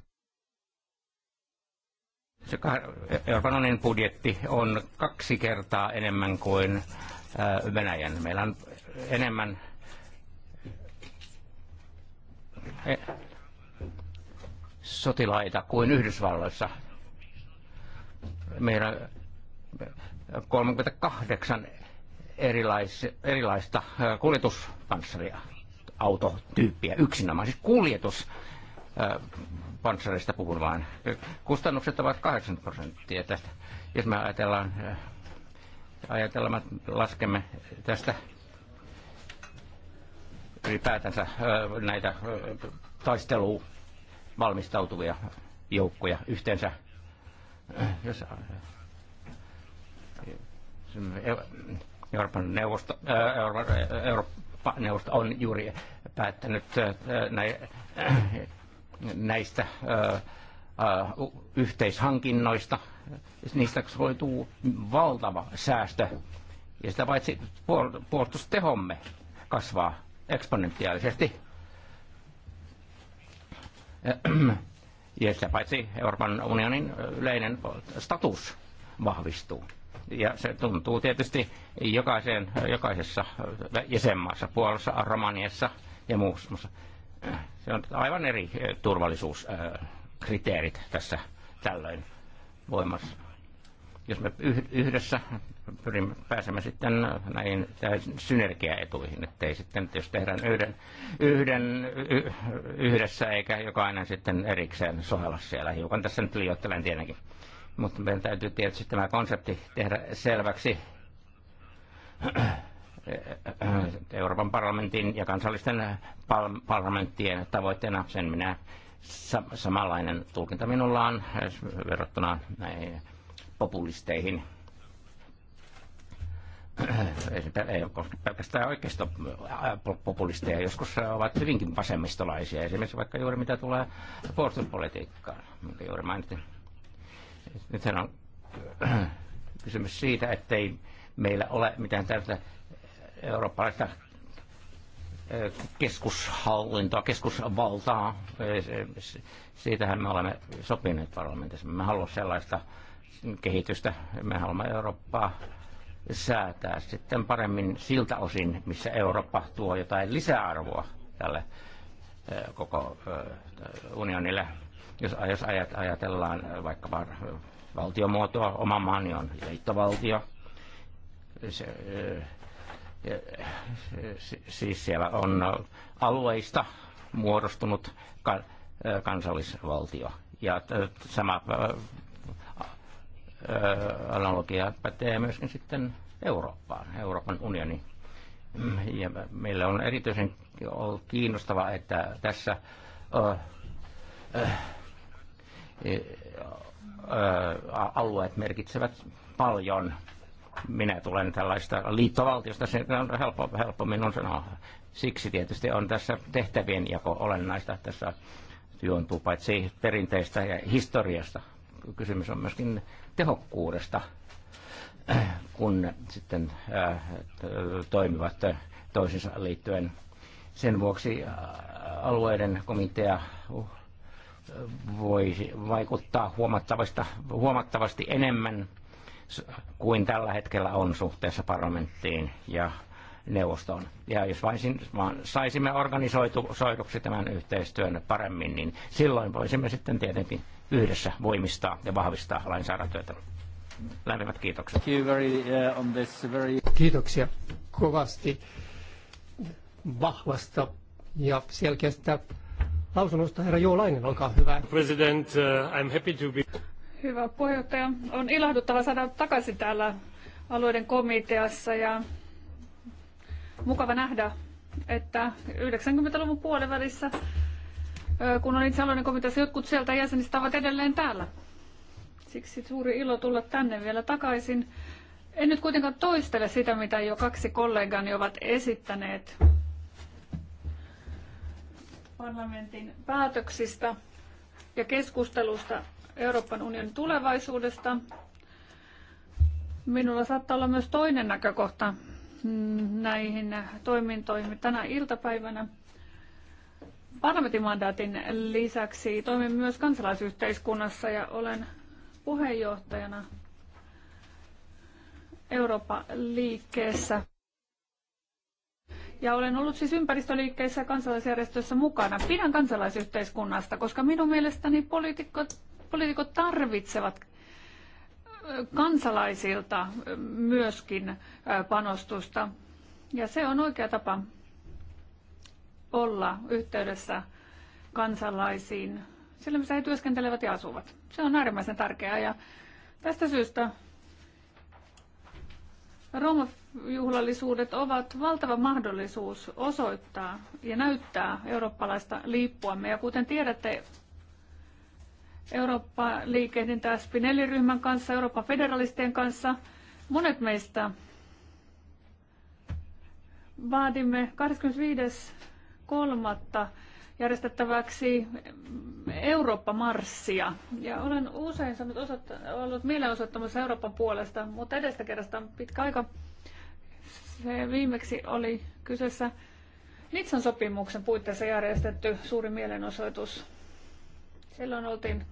Euroopan unionin budjetti on kaksi kertaa enemmän kuin äh, Venäjän. Meillä on enemmän E, sotilaita kuin Yhdysvalloissa. Meillä 38 erilais, erilaista e, kuljetuspanssaria autotyyppiä yksinomaan, siis kuljetus e, panssarista puhun vaan. Kustannukset ovat 80 prosenttia tästä. Jos me ajatellaan, ajatellaan, että laskemme tästä ylipäätänsä näitä taisteluun valmistautuvia joukkoja yhteensä. Jos Euroopan neuvosto, Eurooppa neuvosto on juuri päättänyt näistä yhteishankinnoista. Niistä koituu valtava säästö. Ja sitä paitsi puolustustehomme kasvaa eksponentiaalisesti. Ja sitä paitsi Euroopan unionin yleinen status vahvistuu. Ja se tuntuu tietysti jokaisen, jokaisessa jäsenmaassa, Puolassa, Romaniassa ja muussa. Se on aivan eri turvallisuuskriteerit tässä tällöin voimassa jos me yhdessä pyrimme pääsemme sitten näihin synergiaetuihin, ei sitten, että jos tehdään yhden, yhden y, yhdessä eikä jokainen sitten erikseen sohella siellä. Hiukan tässä nyt liioittelen tietenkin. Mutta meidän täytyy tietysti tämä konsepti tehdä selväksi Euroopan parlamentin ja kansallisten parlamenttien tavoitteena. Sen minä samanlainen tulkinta minulla on verrattuna näihin populisteihin. Ei ole pelkästään oikeisto populisteja, joskus ovat hyvinkin vasemmistolaisia, esimerkiksi vaikka juuri mitä tulee puolustuspolitiikkaan, mitä juuri mainitsin. Nyt on kysymys siitä, ettei meillä ole mitään tältä eurooppalaista keskushallintoa, keskusvaltaa. Siitähän me olemme sopineet parlamentissa. Me haluamme sellaista kehitystä. Me haluamme Eurooppaa säätää sitten paremmin siltä osin, missä Eurooppa tuo jotain lisäarvoa tälle koko unionille. Jos, ajatellaan vaikkapa valtiomuotoa, oma maani on liittovaltio. Se, siis siellä on alueista muodostunut kansallisvaltio. Ja sama analogia pätee myöskin sitten Eurooppaan, Euroopan unioni. Ja meillä on erityisen kiinnostava, että tässä e, alueet merkitsevät paljon. Minä tulen tällaista liittovaltiosta, se on helppo, helpommin minun sanoa. Siksi tietysti on tässä tehtävien jako olennaista. Tässä työntuu paitsi perinteistä ja historiasta. Kysymys on myöskin tehokkuudesta, kun sitten äh, toimivat toisinsa liittyen. Sen vuoksi äh, alueiden komitea uh, voisi vaikuttaa huomattavasti, huomattavasti enemmän kuin tällä hetkellä on suhteessa parlamenttiin ja neuvostoon. Ja jos vain, vaan saisimme organisoiduksi tämän yhteistyön paremmin, niin silloin voisimme sitten tietenkin yhdessä voimistaa ja vahvistaa lainsäädäntöä. Lämpimät kiitokset. Uh, Kiitoksia kovasti vahvasta ja selkeästä lausunnosta. Herra Joolainen, olkaa hyvä. President, uh, I'm happy to be... Hyvä puheenjohtaja. On ilahduttava saada takaisin täällä alueiden komiteassa ja mukava nähdä, että 90-luvun puolivälissä kun olin sellainen komiteassa, jotkut sieltä jäsenistä ovat edelleen täällä. Siksi suuri ilo tulla tänne vielä takaisin. En nyt kuitenkaan toistele sitä, mitä jo kaksi kollegani ovat esittäneet parlamentin päätöksistä ja keskustelusta Euroopan unionin tulevaisuudesta. Minulla saattaa olla myös toinen näkökohta mm, näihin toimintoihin tänä iltapäivänä. Parlamentin lisäksi toimin myös kansalaisyhteiskunnassa ja olen puheenjohtajana Euroopan liikkeessä. Ja olen ollut siis ympäristöliikkeissä ja kansalaisjärjestöissä mukana. Pidän kansalaisyhteiskunnasta, koska minun mielestäni poliitikot, poliitikot tarvitsevat kansalaisilta myöskin panostusta. Ja se on oikea tapa olla yhteydessä kansalaisiin sillä, missä he työskentelevät ja asuvat. Se on äärimmäisen tärkeää ja tästä syystä Rooma-juhlallisuudet ovat valtava mahdollisuus osoittaa ja näyttää eurooppalaista liippuamme. Ja kuten tiedätte, eurooppa liikehdintä Spinelli-ryhmän kanssa, Euroopan federalistien kanssa, monet meistä vaadimme 25 kolmatta järjestettäväksi Eurooppa-marssia. Ja olen usein saanut osoitt- ollut mielenosoittamassa Euroopan puolesta, mutta edestä kerrasta on pitkä aika. Se viimeksi oli kyseessä Nitsan sopimuksen puitteissa järjestetty suuri mielenosoitus. Silloin oltiin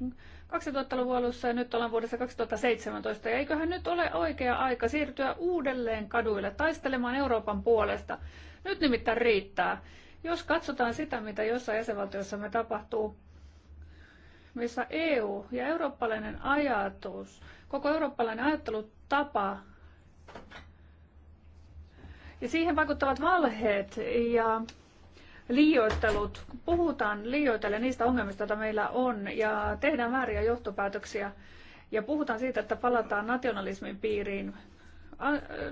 2000-luvun alussa ja nyt ollaan vuodessa 2017. Ja eiköhän nyt ole oikea aika siirtyä uudelleen kaduille taistelemaan Euroopan puolesta. Nyt nimittäin riittää. Jos katsotaan sitä, mitä jossain jäsenvaltiossa me tapahtuu, missä EU ja eurooppalainen ajatus, koko eurooppalainen ajattelutapa ja siihen vaikuttavat valheet ja liioittelut. Puhutaan liioitelle niistä ongelmista, joita meillä on ja tehdään vääriä johtopäätöksiä ja puhutaan siitä, että palataan nationalismin piiriin.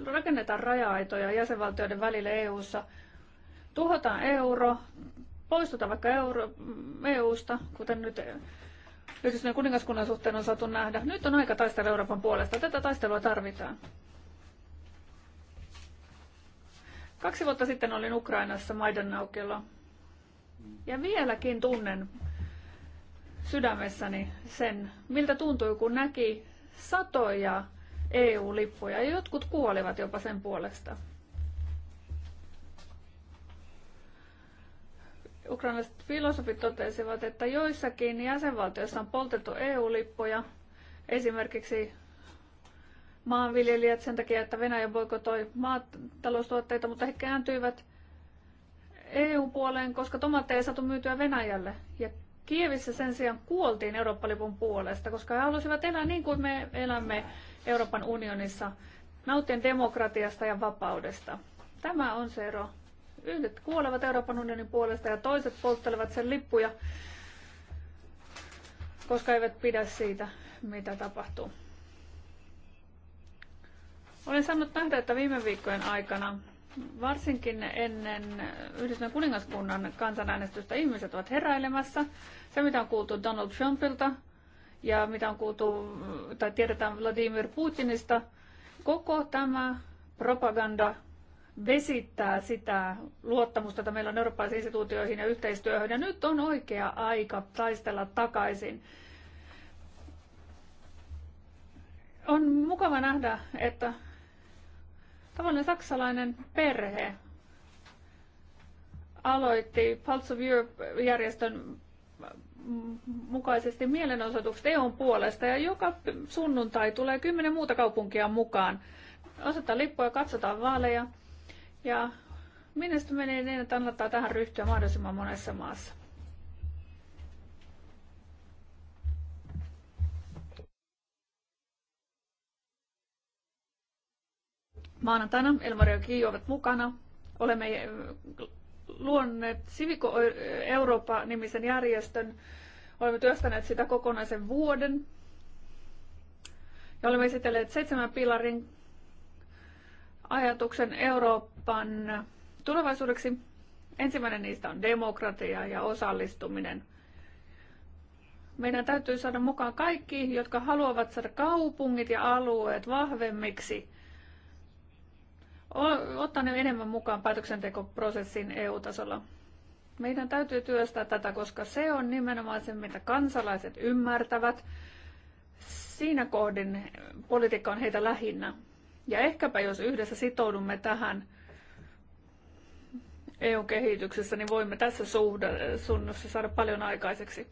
Rakennetaan raja-aitoja jäsenvaltioiden välille EU:ssa ssa Tuhotaan euro, poistutaan vaikka euro, EUsta, kuten nyt eh, Yhdistyneen kuningaskunnan suhteen on saatu nähdä. Nyt on aika taistella Euroopan puolesta. Tätä taistelua tarvitaan. Kaksi vuotta sitten olin Ukrainassa Maidan aukiolla. Ja vieläkin tunnen sydämessäni sen, miltä tuntui, kun näki satoja EU-lippuja. jotkut kuolivat jopa sen puolesta. Ukrainalaiset filosofit totesivat, että joissakin jäsenvaltioissa on poltettu EU-lippuja, esimerkiksi maanviljelijät sen takia, että Venäjä boikotoi maataloustuotteita, mutta he kääntyivät EU-puoleen, koska tomaatteja ei saatu myytyä Venäjälle. Ja Kievissä sen sijaan kuoltiin Eurooppa-lipun puolesta, koska he halusivat elää niin kuin me elämme Euroopan unionissa, nauttien demokratiasta ja vapaudesta. Tämä on se ero Yhdet kuolevat Euroopan unionin puolesta ja toiset polttelevat sen lippuja, koska eivät pidä siitä, mitä tapahtuu. Olen saanut nähdä, että viime viikkojen aikana, varsinkin ennen Yhdistyneen kuningaskunnan kansanäänestystä, ihmiset ovat heräilemässä. Se, mitä on kuultu Donald Trumpilta ja mitä on kuultu tai tiedetään Vladimir Putinista, koko tämä propaganda vesittää sitä luottamusta, että meillä on eurooppalaisiin instituutioihin ja yhteistyöhön. Ja nyt on oikea aika taistella takaisin. On mukava nähdä, että tavallinen saksalainen perhe aloitti Pulse of Europe-järjestön mukaisesti mielenosoitukset EUn puolesta ja joka sunnuntai tulee kymmenen muuta kaupunkia mukaan. Osoittaa lippuja, katsotaan vaaleja ja minusta menee niin, että kannattaa tähän ryhtyä mahdollisimman monessa maassa. Maanantaina Elmari ja Ki ovat mukana. Olemme eh, luonneet siviko eh, Eurooppa-nimisen järjestön. Olemme työstäneet sitä kokonaisen vuoden. Ja olemme esitelleet seitsemän pilarin ajatuksen Eurooppa panna tulevaisuudeksi. Ensimmäinen niistä on demokratia ja osallistuminen. Meidän täytyy saada mukaan kaikki, jotka haluavat saada kaupungit ja alueet vahvemmiksi, ottaa ne enemmän mukaan päätöksentekoprosessin EU-tasolla. Meidän täytyy työstää tätä, koska se on nimenomaan se, mitä kansalaiset ymmärtävät. Siinä kohdin politiikka on heitä lähinnä. Ja ehkäpä jos yhdessä sitoudumme tähän, EU-kehityksessä, niin voimme tässä suunnassa saada paljon aikaiseksi.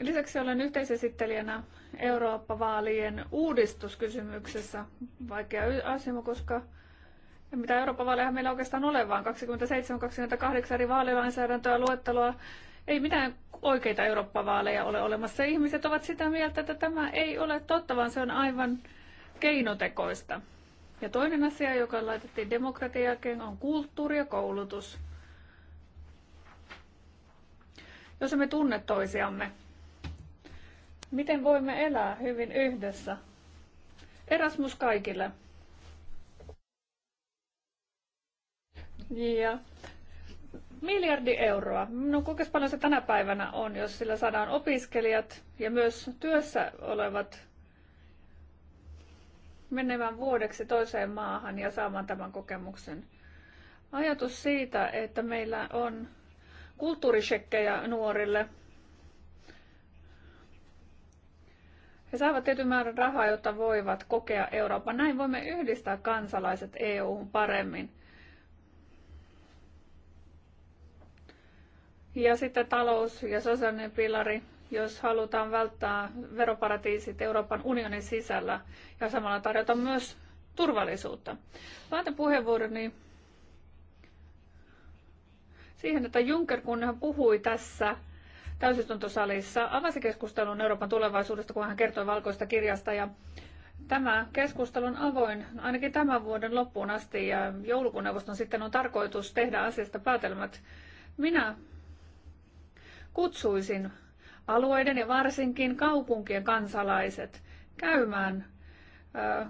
Lisäksi olen yhteisesittelijänä Eurooppa-vaalien uudistuskysymyksessä. Vaikea asema, koska mitä Eurooppa-vaaleja meillä oikeastaan ole, vaan 27-28 eri vaalilainsäädäntöä luetteloa. Ei mitään oikeita Eurooppa-vaaleja ole olemassa. Ihmiset ovat sitä mieltä, että tämä ei ole totta, vaan se on aivan keinotekoista. Ja toinen asia, joka laitettiin demokratian jälkeen, on kulttuuri ja koulutus. Jos emme tunne toisiamme, miten voimme elää hyvin yhdessä? Erasmus kaikille. Ja miljardi euroa. No kuinka paljon se tänä päivänä on, jos sillä saadaan opiskelijat ja myös työssä olevat menevän vuodeksi toiseen maahan ja saamaan tämän kokemuksen. Ajatus siitä, että meillä on kulttuurishekkejä nuorille. He saavat tietyn määrän rahaa, jotta voivat kokea Eurooppa. Näin voimme yhdistää kansalaiset EU-hun paremmin. Ja sitten talous ja sosiaalinen pilari jos halutaan välttää veroparatiisit Euroopan unionin sisällä ja samalla tarjota myös turvallisuutta. Päätän puheenvuoroni siihen, että Juncker, kun hän puhui tässä täysistuntosalissa, avasi keskustelun Euroopan tulevaisuudesta, kun hän kertoi valkoista kirjasta. Ja tämä keskustelu on avoin ainakin tämän vuoden loppuun asti ja joulukuun neuvoston sitten on tarkoitus tehdä asiasta päätelmät. Minä kutsuisin alueiden ja varsinkin kaupunkien kansalaiset käymään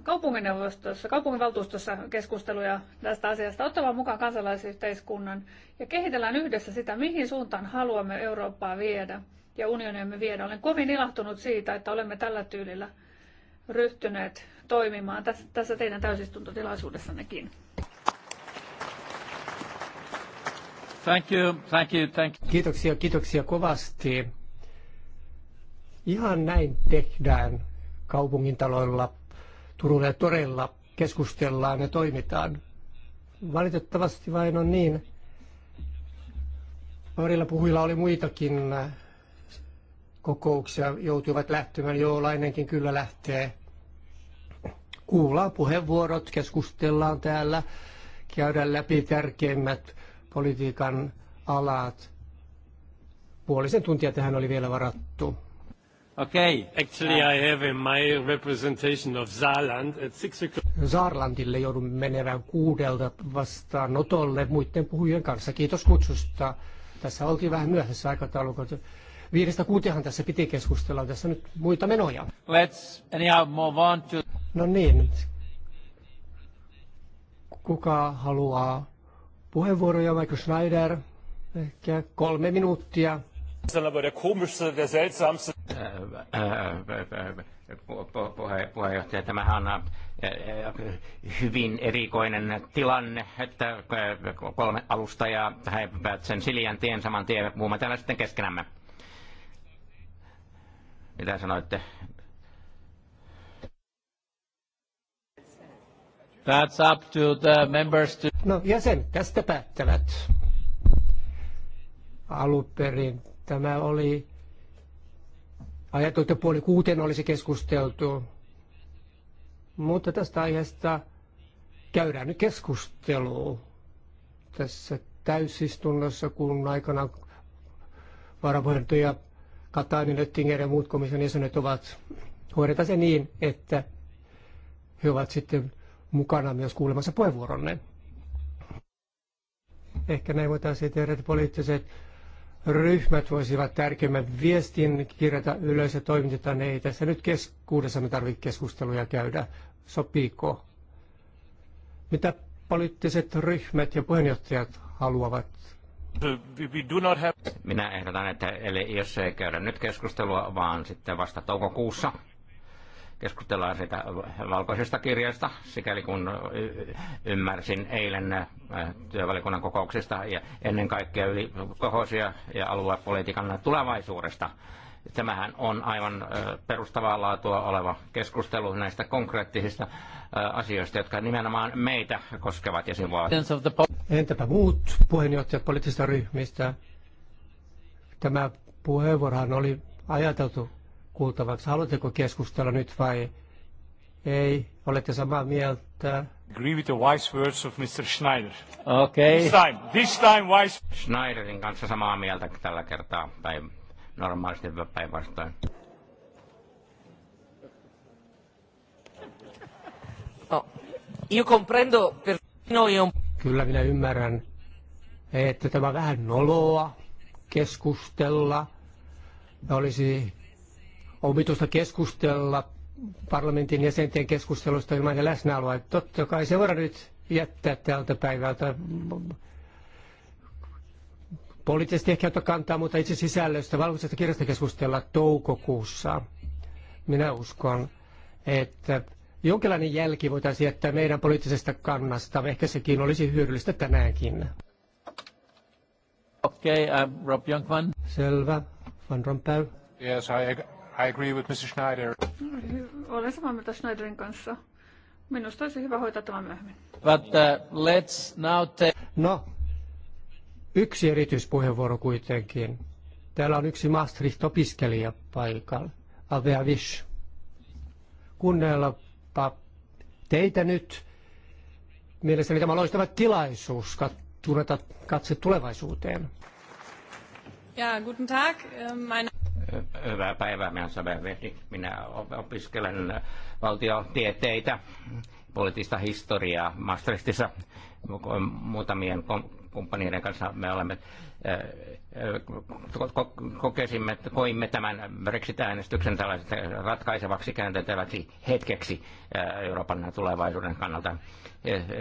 kaupunginneuvostossa, kaupunginvaltuustossa keskusteluja tästä asiasta, ottamaan mukaan kansalaisyhteiskunnan ja kehitellään yhdessä sitä, mihin suuntaan haluamme Eurooppaa viedä ja unioniamme viedä. Olen kovin ilahtunut siitä, että olemme tällä tyylillä ryhtyneet toimimaan tässä, tässä teidän täysistuntotilaisuudessannekin. Thank you, thank you, thank you. Kiitoksia, kiitoksia kovasti Ihan näin tehdään kaupungintaloilla, Turun ja Torella keskustellaan ja toimitaan. Valitettavasti vain on niin. Parilla puhuilla oli muitakin kokouksia, joutuivat lähtemään, joolainenkin kyllä lähtee. Kuullaan puheenvuorot, keskustellaan täällä, käydään läpi tärkeimmät politiikan alat. Puolisen tuntia tähän oli vielä varattu. Okay. Actually, I have in my representation of Saarland at six o'clock. Saarlandille joudun menevän kuudelta vastaanotolle muiden puhujien kanssa. Kiitos kutsusta. Tässä oltiin vähän myöhässä aikataulukot. Viidestä kuutiahan tässä piti keskustella. Tässä nyt muita menoja. Let's anyhow move on to... No niin. Kuka haluaa puheenvuoroja? Michael Schneider. Ehkä kolme minuuttia sondern aber der komischste, der seltsamste. Puheenjohtaja, tämähän on äh, äh, hyvin erikoinen tilanne, että äh, kolme alustajaa häipyvät sen Siljan tien saman tien, puhumme täällä sitten keskenämme. Mitä sanoitte? That's up to the members to... No jäsen tästä päättävät. Alun perin Tämä oli ajateltu, että puoli kuuteen olisi keskusteltu. Mutta tästä aiheesta käydään nyt keskustelua tässä täysistunnossa, kun aikana varapuheenjohtaja Katainen, Löttinger ja muut komission jäsenet ovat, hoidetaan se niin, että he ovat sitten mukana myös kuulemassa puheenvuoronne. Ehkä näin voitaisiin tehdä, että poliittiset ryhmät voisivat tärkeimmät viestin kirjata ylös ja toimitetaan ne. Ei tässä nyt me tarvitse keskusteluja käydä. Sopiiko? Mitä poliittiset ryhmät ja puheenjohtajat haluavat? Minä ehdotan, että eli jos ei käydä nyt keskustelua, vaan sitten vasta toukokuussa, keskustellaan sitä valkoisesta kirjasta, sikäli kun ymmärsin eilen äh, työvalikunnan kokouksesta ja ennen kaikkea yli kohoisia ja aluepolitiikan tulevaisuudesta. Tämähän on aivan äh, perustavaa laatua oleva keskustelu näistä konkreettisista äh, asioista, jotka nimenomaan meitä koskevat ja sivuavat. Entäpä muut puheenjohtajat poliittisista ryhmistä? Tämä puheenvuorohan oli ajateltu kuultavaksi. Haluatteko keskustella nyt vai ei? Olette samaa mieltä? Agree with the wise words of Mr. Schneider. Okay. This time, this time wise... Schneiderin kanssa samaa mieltä tällä kertaa, tai normaalisti päinvastoin. No, io comprendo per Kyllä minä ymmärrän, että tämä on vähän noloa keskustella. Olisi omitusta keskustella parlamentin jäsenten keskustelusta ilman läsnäoloa. Totta kai se voidaan nyt jättää tältä päivältä poliittisesti ehkä ottaa kantaa, mutta itse sisällöstä valkoisesta kirjasta keskustella toukokuussa. Minä uskon, että jonkinlainen jälki voitaisiin jättää meidän poliittisesta kannasta. Ehkä sekin olisi hyödyllistä tänäänkin. Okei, okay, äh, I'm Rob Young Selvä. Van Rompuy. Yes, I I agree with Mr. Schneider. Olen samaa mieltä Schneiderin kanssa. Minusta olisi hyvä hoitaa tämä myöhemmin. But, uh, let's now take... No, yksi erityispuheenvuoro kuitenkin. Täällä on yksi Maastricht-opiskelija paikalla, Avea Vish. Kuunnellapa teitä nyt. Mielestäni tämä on loistava tilaisuus katsoa katse tulevaisuuteen. Ja, guten Tag. Äh, mein... Hyvää päivää, minä olen Minä opiskelen valtiotieteitä, poliittista historiaa Maastrichtissa muutamien kumppaneiden kanssa me olemme äh, äh, kokesimme, koimme tämän Brexit-äänestyksen tällaiset ratkaisevaksi käänteetäväksi hetkeksi äh, Euroopan tulevaisuuden kannalta.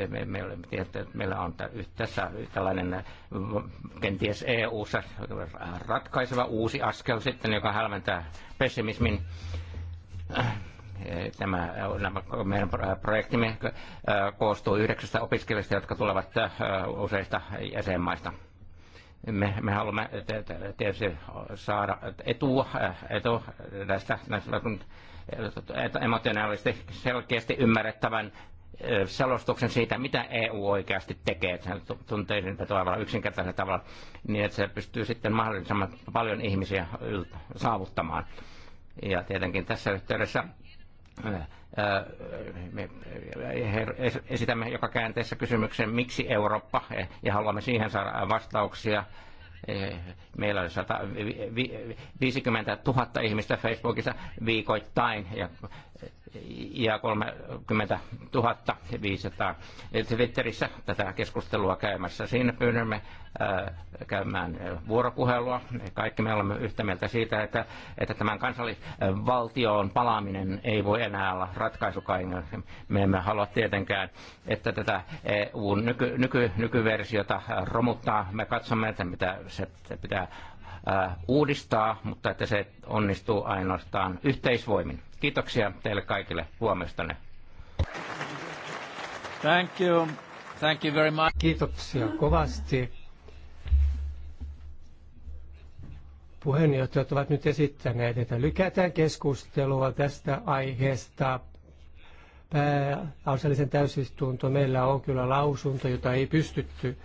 Me, me olemme tietää, että meillä on tässä tällainen äh, kenties eu ratkaiseva uusi askel sitten, joka hälventää pessimismin äh, tämä, nämä meidän äh, projektimme koostuu yhdeksästä opiskelijasta, jotka tulevat useista jäsenmaista. Me, me haluamme tietysti saada etua, etua tästä näistä emotionaalisesti selkeästi ymmärrettävän selostuksen siitä, mitä EU oikeasti tekee. Hän tuntee sen tavalla yksinkertaisella tavalla niin, että se pystyy sitten mahdollisimman paljon ihmisiä saavuttamaan. Ja tietenkin tässä yhteydessä me esitämme joka käänteessä kysymyksen, miksi Eurooppa, e, ja haluamme siihen saada vastauksia. E, meillä on 50 000 ihmistä Facebookissa viikoittain, ja ja 30 500 Twitterissä tätä keskustelua käymässä. Siinä pyydämme äh, käymään äh, vuoropuhelua. Kaikki me olemme yhtä mieltä siitä, että, että tämän kansallisvaltioon palaaminen ei voi enää olla ratkaisukain. Me emme halua tietenkään, että tätä EUn nyky, nyky, nykyversiota romuttaa. Me katsomme, että mitä se pitää äh, uudistaa, mutta että se onnistuu ainoastaan yhteisvoimin. Kiitoksia teille kaikille huomestanne. Thank you. Thank you very much. Kiitoksia kovasti. Puheenjohtajat ovat nyt esittäneet, että lykätään keskustelua tästä aiheesta pääasiallisen täysistunto. Meillä on kyllä lausunto, jota ei pystytty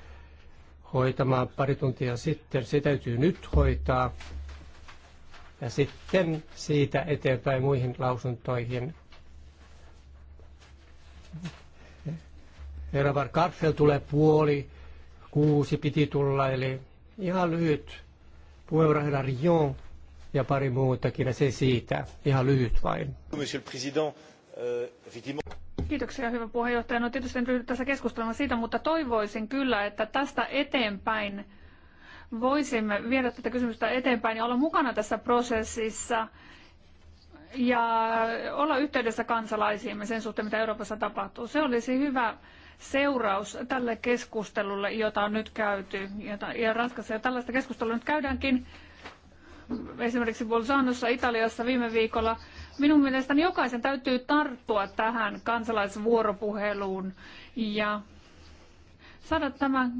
hoitamaan pari tuntia sitten. Se täytyy nyt hoitaa ja sitten siitä eteenpäin muihin lausuntoihin. Eravar Karfel tulee puoli, kuusi piti tulla, eli ihan lyhyt puheenvuoro herra Rion ja pari muutakin, ja se siitä, ihan lyhyt vain. Monsieur le Président, euh, Kiitoksia, hyvä puheenjohtaja. No tietysti en tässä keskustelemaan siitä, mutta toivoisin kyllä, että tästä eteenpäin voisimme viedä tätä kysymystä eteenpäin ja olla mukana tässä prosessissa ja olla yhteydessä kansalaisiimme sen suhteen, mitä Euroopassa tapahtuu. Se olisi hyvä seuraus tälle keskustelulle, jota on nyt käyty jota, ja Ranskassa. Ja tällaista keskustelua nyt käydäänkin esimerkiksi Bolzanossa Italiassa viime viikolla. Minun mielestäni jokaisen täytyy tarttua tähän kansalaisvuoropuheluun ja saada tämä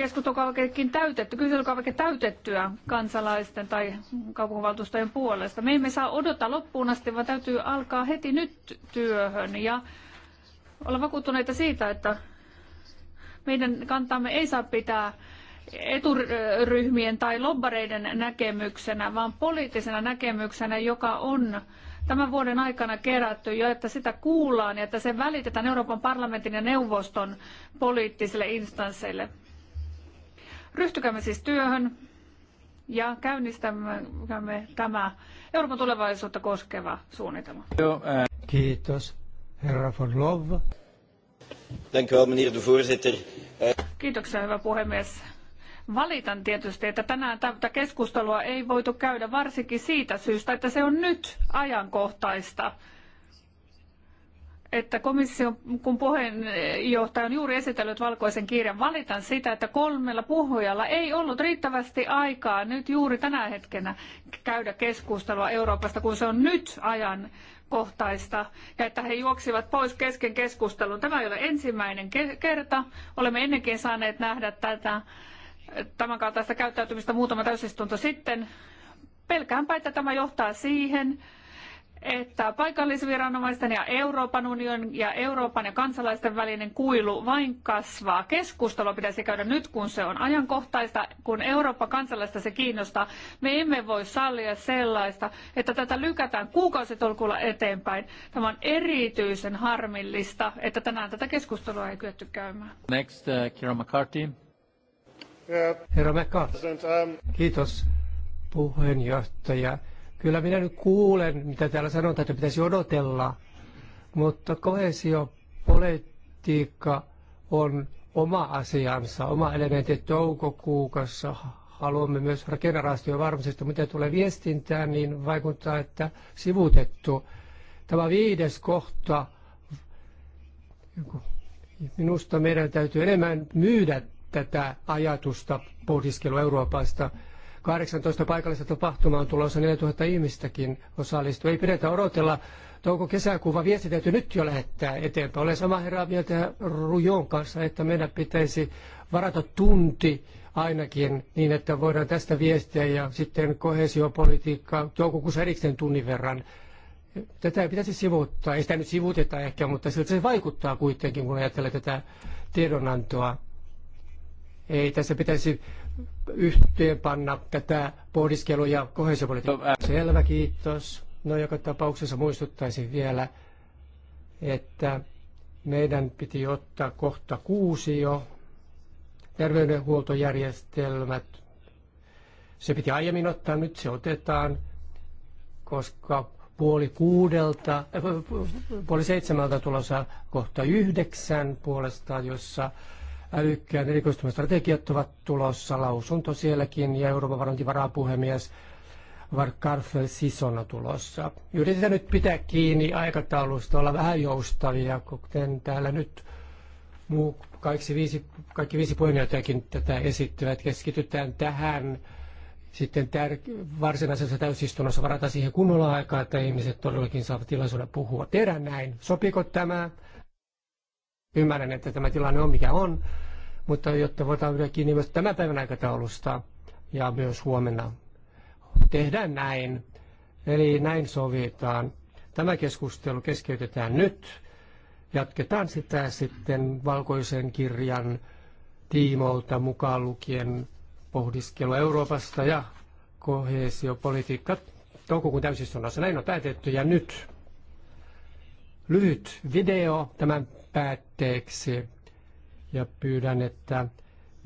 keskustelukaupunkikin täytetty, kyselykaavake täytettyä kansalaisten tai kaupunginvaltuustojen puolesta. Me emme saa odottaa loppuun asti, vaan täytyy alkaa heti nyt työhön ja olla vakuuttuneita siitä, että meidän kantamme ei saa pitää eturyhmien tai lobbareiden näkemyksenä, vaan poliittisena näkemyksenä, joka on tämän vuoden aikana kerätty jo, että sitä kuullaan ja että se välitetään Euroopan parlamentin ja neuvoston poliittisille instansseille. Ryhtykäämme siis työhön ja käynnistämme tämä Euroopan tulevaisuutta koskeva suunnitelma. Kiitos, herra von eh, Kiitoksia, hyvä puhemies. Valitan tietysti, että tänään tätä keskustelua ei voitu käydä varsinkin siitä syystä, että se on nyt ajankohtaista että komission, kun puheenjohtaja on juuri esitellyt valkoisen kirjan, valitan sitä, että kolmella puhujalla ei ollut riittävästi aikaa nyt juuri tänä hetkenä käydä keskustelua Euroopasta, kun se on nyt ajan kohtaista ja että he juoksivat pois kesken keskustelun. Tämä ei ole ensimmäinen kerta. Olemme ennenkin saaneet nähdä tätä tämän kaltaista käyttäytymistä muutama täysistunto sitten. Pelkäänpä, että tämä johtaa siihen, että paikallisviranomaisten ja Euroopan unionin ja Euroopan ja kansalaisten välinen kuilu vain kasvaa. Keskustelua pitäisi käydä nyt, kun se on ajankohtaista, kun Eurooppa kansalaista se kiinnostaa. Me emme voi sallia sellaista, että tätä lykätään kuukausitolkulla eteenpäin. Tämä on erityisen harmillista, että tänään tätä keskustelua ei kyetty käymään. Next, uh, Kira McCarthy. Yeah. Herra McCarthy. Um, Kiitos puheenjohtaja Kyllä minä nyt kuulen, mitä täällä sanotaan, että pitäisi odotella, mutta kohesiopolitiikka on oma asiansa, oma elementti toukokuukassa. Haluamme myös rakennerahastojen että mitä tulee viestintään, niin vaikuttaa, että sivutettu. Tämä viides kohta, minusta meidän täytyy enemmän myydä tätä ajatusta pohdiskelua Euroopasta – 18 paikallista tapahtumaa on tulossa 4000 ihmistäkin osallistuu. Ei pidetä odotella touko-kesäkuun, vaan viesti täytyy nyt jo lähettää eteenpäin. Olen sama herää mieltä Rujon kanssa, että meidän pitäisi varata tunti ainakin niin, että voidaan tästä viestiä ja sitten kohesiopolitiikka toukokuussa erikseen tunnin verran. Tätä ei pitäisi sivuuttaa, ei sitä nyt sivuuteta ehkä, mutta siltä se vaikuttaa kuitenkin, kun ajattelee tätä tiedonantoa. Ei tässä pitäisi yhteenpanna tätä ja kohesiopolitiikkaa. Selvä, kiitos. No joka tapauksessa muistuttaisin vielä, että meidän piti ottaa kohta kuusi jo terveydenhuoltojärjestelmät. Se piti aiemmin ottaa, nyt se otetaan, koska puoli kuudelta, äh, puoli seitsemältä tulossa kohta yhdeksän puolestaan, jossa älykkään erikoistumisen strategiat ovat tulossa, lausunto sielläkin ja Euroopan Karfel Sison on tulossa. Yritetään nyt pitää kiinni aikataulusta, olla vähän joustavia, kuten täällä nyt muu, kaikki viisi, kaikki viisi puheenjohtajakin tätä esittävät. Keskitytään tähän sitten tär- varsinaisessa täysistunnossa varata siihen kunnolla aikaa, että ihmiset todellakin saavat tilaisuuden puhua. Tehdään näin. Sopiko tämä? Ymmärrän, että tämä tilanne on mikä on, mutta jotta voidaan yhä kiinni myös tämän päivän aikataulusta ja myös huomenna tehdään näin. Eli näin sovitaan. Tämä keskustelu keskeytetään nyt. Jatketaan sitä sitten valkoisen kirjan tiimolta mukaan lukien pohdiskelu Euroopasta ja kohesiopolitiikka toukokuun täysistunnossa. Näin on päätetty ja nyt lyhyt video tämän päätteeksi ja pyydän, että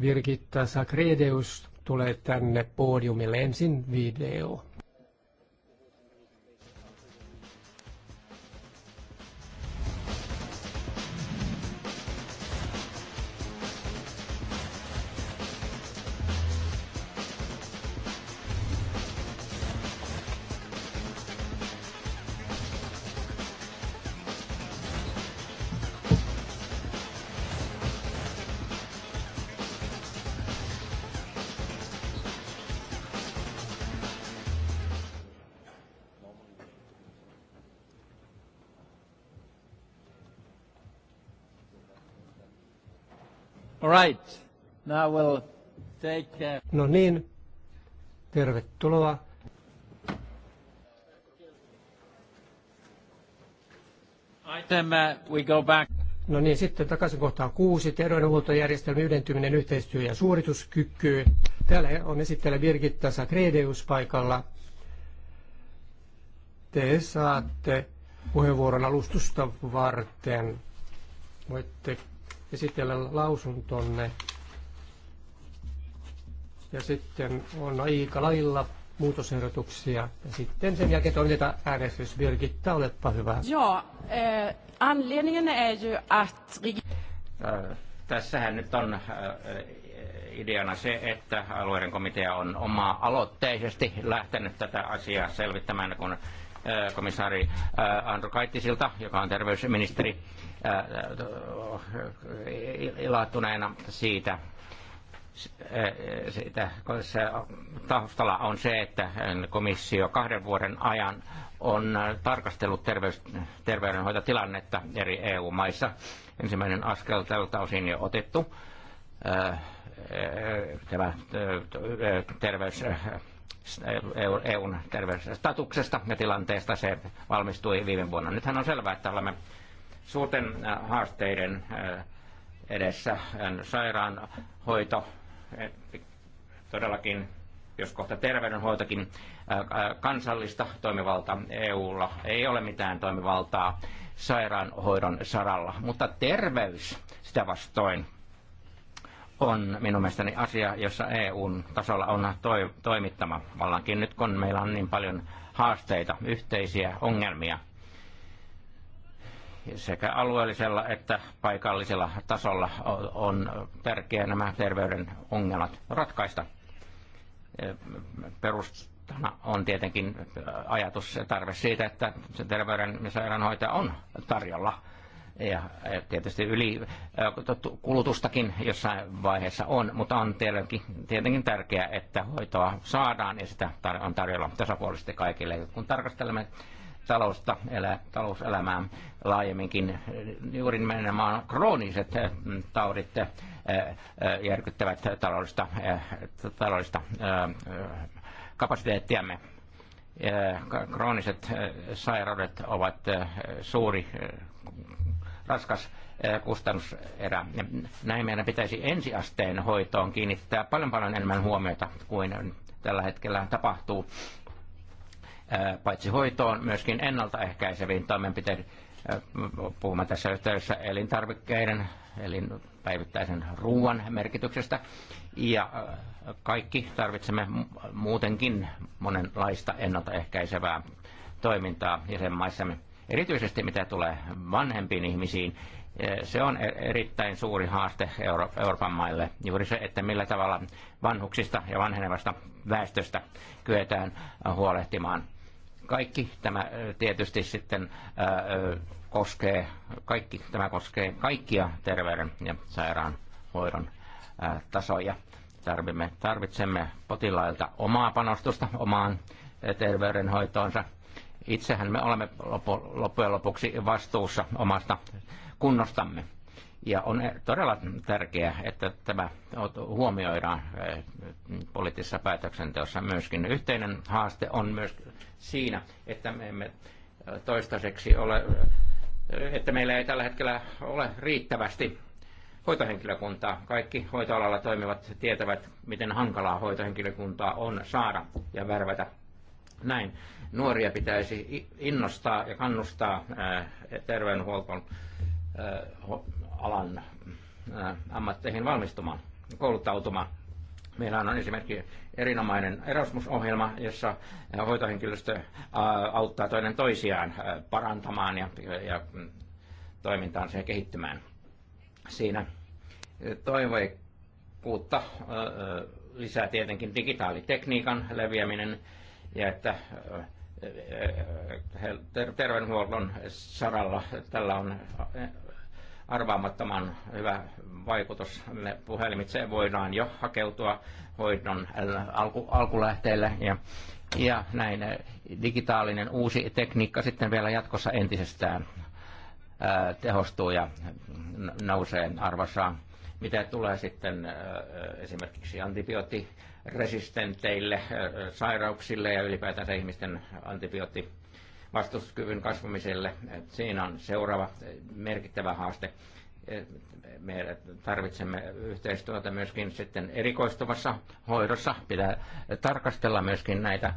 Virgitta Sakredeus tulee tänne podiumille ensin video. right. Now we'll take care. No niin. Tervetuloa. Item, uh, we go back. No niin, sitten takaisin kohtaan kuusi, terveydenhuoltojärjestelmä, yhdentyminen, yhteistyö ja suorituskyky. Täällä on esittelijä Birgitta Sakredeus paikalla. Te saatte puheenvuoron alustusta varten. Voitte esitellä lausuntonne. Ja sitten on aika lailla muutosehdotuksia. Ja sitten sen jälkeen toimitetaan äänestys. Birgitta, olepa hyvä. Joo, äh, anledningen är ju att... Äh, tässähän nyt on äh, eh, ideana se, että alueiden komitea on oma aloitteisesti lähtenyt tätä asiaa selvittämään, kun äh, komissaari äh, Andro Kaittisilta, joka on terveysministeri, Äh, äh, ilahtuneena siitä, äh, siitä se taustalla on se, että komissio kahden vuoden ajan on tarkastellut terveys, terveydenhoitotilannetta eri EU-maissa. Ensimmäinen askel tältä osin jo otettu. Tämä terveys, EUn e terveysstatuksesta ja tilanteesta se valmistui viime vuonna. Nythän on selvää, että olemme suurten äh, haasteiden äh, edessä. Sairaanhoito, eh, todellakin, jos kohta terveydenhoitokin, äh, kansallista toimivaltaa EUlla ei ole mitään toimivaltaa sairaanhoidon saralla, mutta terveys sitä vastoin on minun mielestäni asia, jossa EUn tasolla on toi, toimittama. Vallankin nyt kun meillä on niin paljon haasteita, yhteisiä ongelmia – sekä alueellisella että paikallisella tasolla on tärkeää nämä terveyden ongelmat ratkaista. Perustana on tietenkin ajatus ja tarve siitä, että se terveyden ja sairaanhoitaja on tarjolla. Ja tietysti yli kulutustakin jossain vaiheessa on, mutta on tietenkin, tietenkin tärkeää, että hoitoa saadaan ja sitä on tarjolla tasapuolisesti kaikille. Kun tarkastelemme talousta, elä, talouselämää laajemminkin. Juuri nimenomaan krooniset eh, taudit eh, eh, järkyttävät taloudesta, taloudesta kapasiteettiamme. Krooniset sairaudet ovat suuri, raskas kustannuserä. Näin meidän pitäisi ensiasteen hoitoon kiinnittää paljon paljon enemmän huomiota kuin tällä hetkellä tapahtuu paitsi hoitoon, myöskin ennaltaehkäiseviin toimenpiteisiin. Puhumme tässä yhteydessä elintarvikkeiden, eli päivittäisen ruoan merkityksestä. Ja kaikki tarvitsemme muutenkin monenlaista ennaltaehkäisevää toimintaa jäsenmaissamme. Erityisesti mitä tulee vanhempiin ihmisiin, se on e-, erittäin suuri haaste Euro- Euroopan maille. Juuri se, että millä tavalla vanhuksista ja vanhenevasta väestöstä kyetään huolehtimaan kaikki tämä tietysti sitten koskee, kaikki, tämä koskee kaikkia terveyden ja sairaanhoidon tasoja. Tarvimme, tarvitsemme potilailta omaa panostusta omaan terveydenhoitoonsa. Itsehän me olemme loppujen lopuksi vastuussa omasta kunnostamme ja on todella tärkeää, että tämä huomioidaan eh, poliittisessa päätöksenteossa myöskin. Yhteinen haaste on myös siinä, että me emme toistaiseksi ole, että meillä ei tällä hetkellä ole riittävästi hoitohenkilökuntaa. Kaikki hoitoalalla toimivat tietävät, miten hankalaa hoitohenkilökuntaa on saada ja värvätä. Näin nuoria pitäisi innostaa ja kannustaa eh, terveydenhuoltoon eh, alan äh, ammatteihin valmistumaan, kouluttautumaan. Meillä on esimerkiksi erinomainen Erasmus-ohjelma, jossa äh, hoitohenkilöstö äh, auttaa toinen toisiaan parantamaan ja, ja mm, toimintaansa ja kehittymään. Siinä toivoikuutta lisää tietenkin digitaalitekniikan leviäminen ja että terveydenhuollon saralla tällä on arvaamattoman hyvä vaikutus. Me puhelimitse voidaan jo hakeutua hoidon alku, alkulähteelle ja, ja näin eh, digitaalinen uusi tekniikka sitten vielä jatkossa entisestään eh, tehostuu ja nousee arvossaan. Mitä tulee sitten eh, esimerkiksi antibioottiresistenteille, resistenteille sairauksille ja ylipäätään ihmisten antibiootti vastustuskyvyn kasvamiselle. Siinä on seuraava merkittävä haaste. E, me tarvitsemme yhteistyötä myöskin sitten erikoistuvassa hoidossa. Pitää tarkastella myöskin näitä e,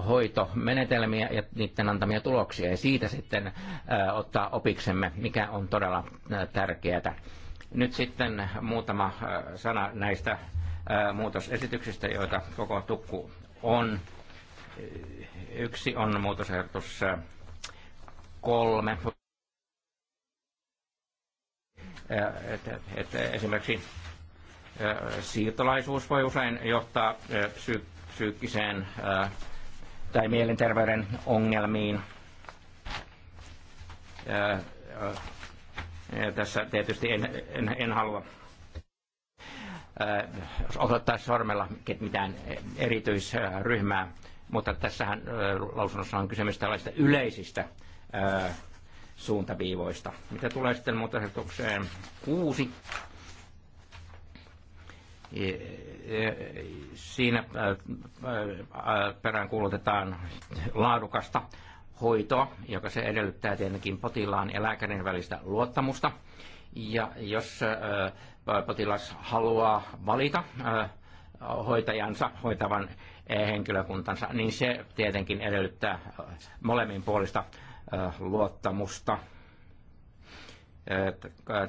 hoitomenetelmiä ja niiden antamia tuloksia ja siitä sitten e, ottaa opiksemme, mikä on todella tärkeää. Nyt sitten muutama sana näistä muutosesityksistä, joita koko tukku on Yksi on muutosehdotus kolme. Et, et, et esimerkiksi siirtolaisuus voi usein johtaa psy, psyykkiseen tai mielenterveyden ongelmiin. Ja tässä tietysti en, en, en halua osoittaa sormella mitään erityisryhmää mutta tässähän lausunnossa on kysymys tällaista yleisistä suuntaviivoista. Mitä tulee sitten muutosehdotukseen kuusi, siinä kuulutetaan laadukasta hoitoa, joka se edellyttää tietenkin potilaan ja lääkärin välistä luottamusta. Ja jos potilas haluaa valita hoitajansa, hoitavan eh, henkilökuntansa, niin se tietenkin edellyttää eh, molemmin puolista eh, luottamusta.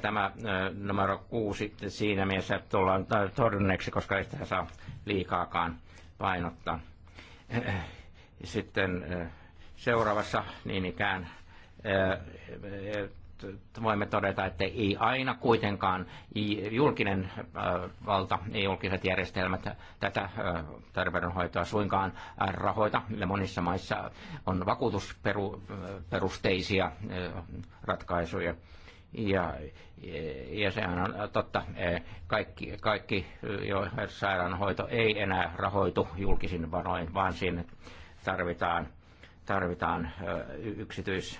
Tämä numero kuusi siinä mielessä tullaan todenneeksi, koska ei sitä saa liikaakaan painottaa. Sitten seuraavassa niin ikään voimme todeta, että ei aina kuitenkaan julkinen valta, ei julkiset järjestelmät tätä terveydenhoitoa suinkaan rahoita. Monissa maissa on vakuutusperusteisia ratkaisuja. Ja, ja sehän on totta, e, kaikki, kaikki jo sairaanhoito ei enää rahoitu julkisin varoin, vaan siinä tarvitaan, tarvitaan yksityis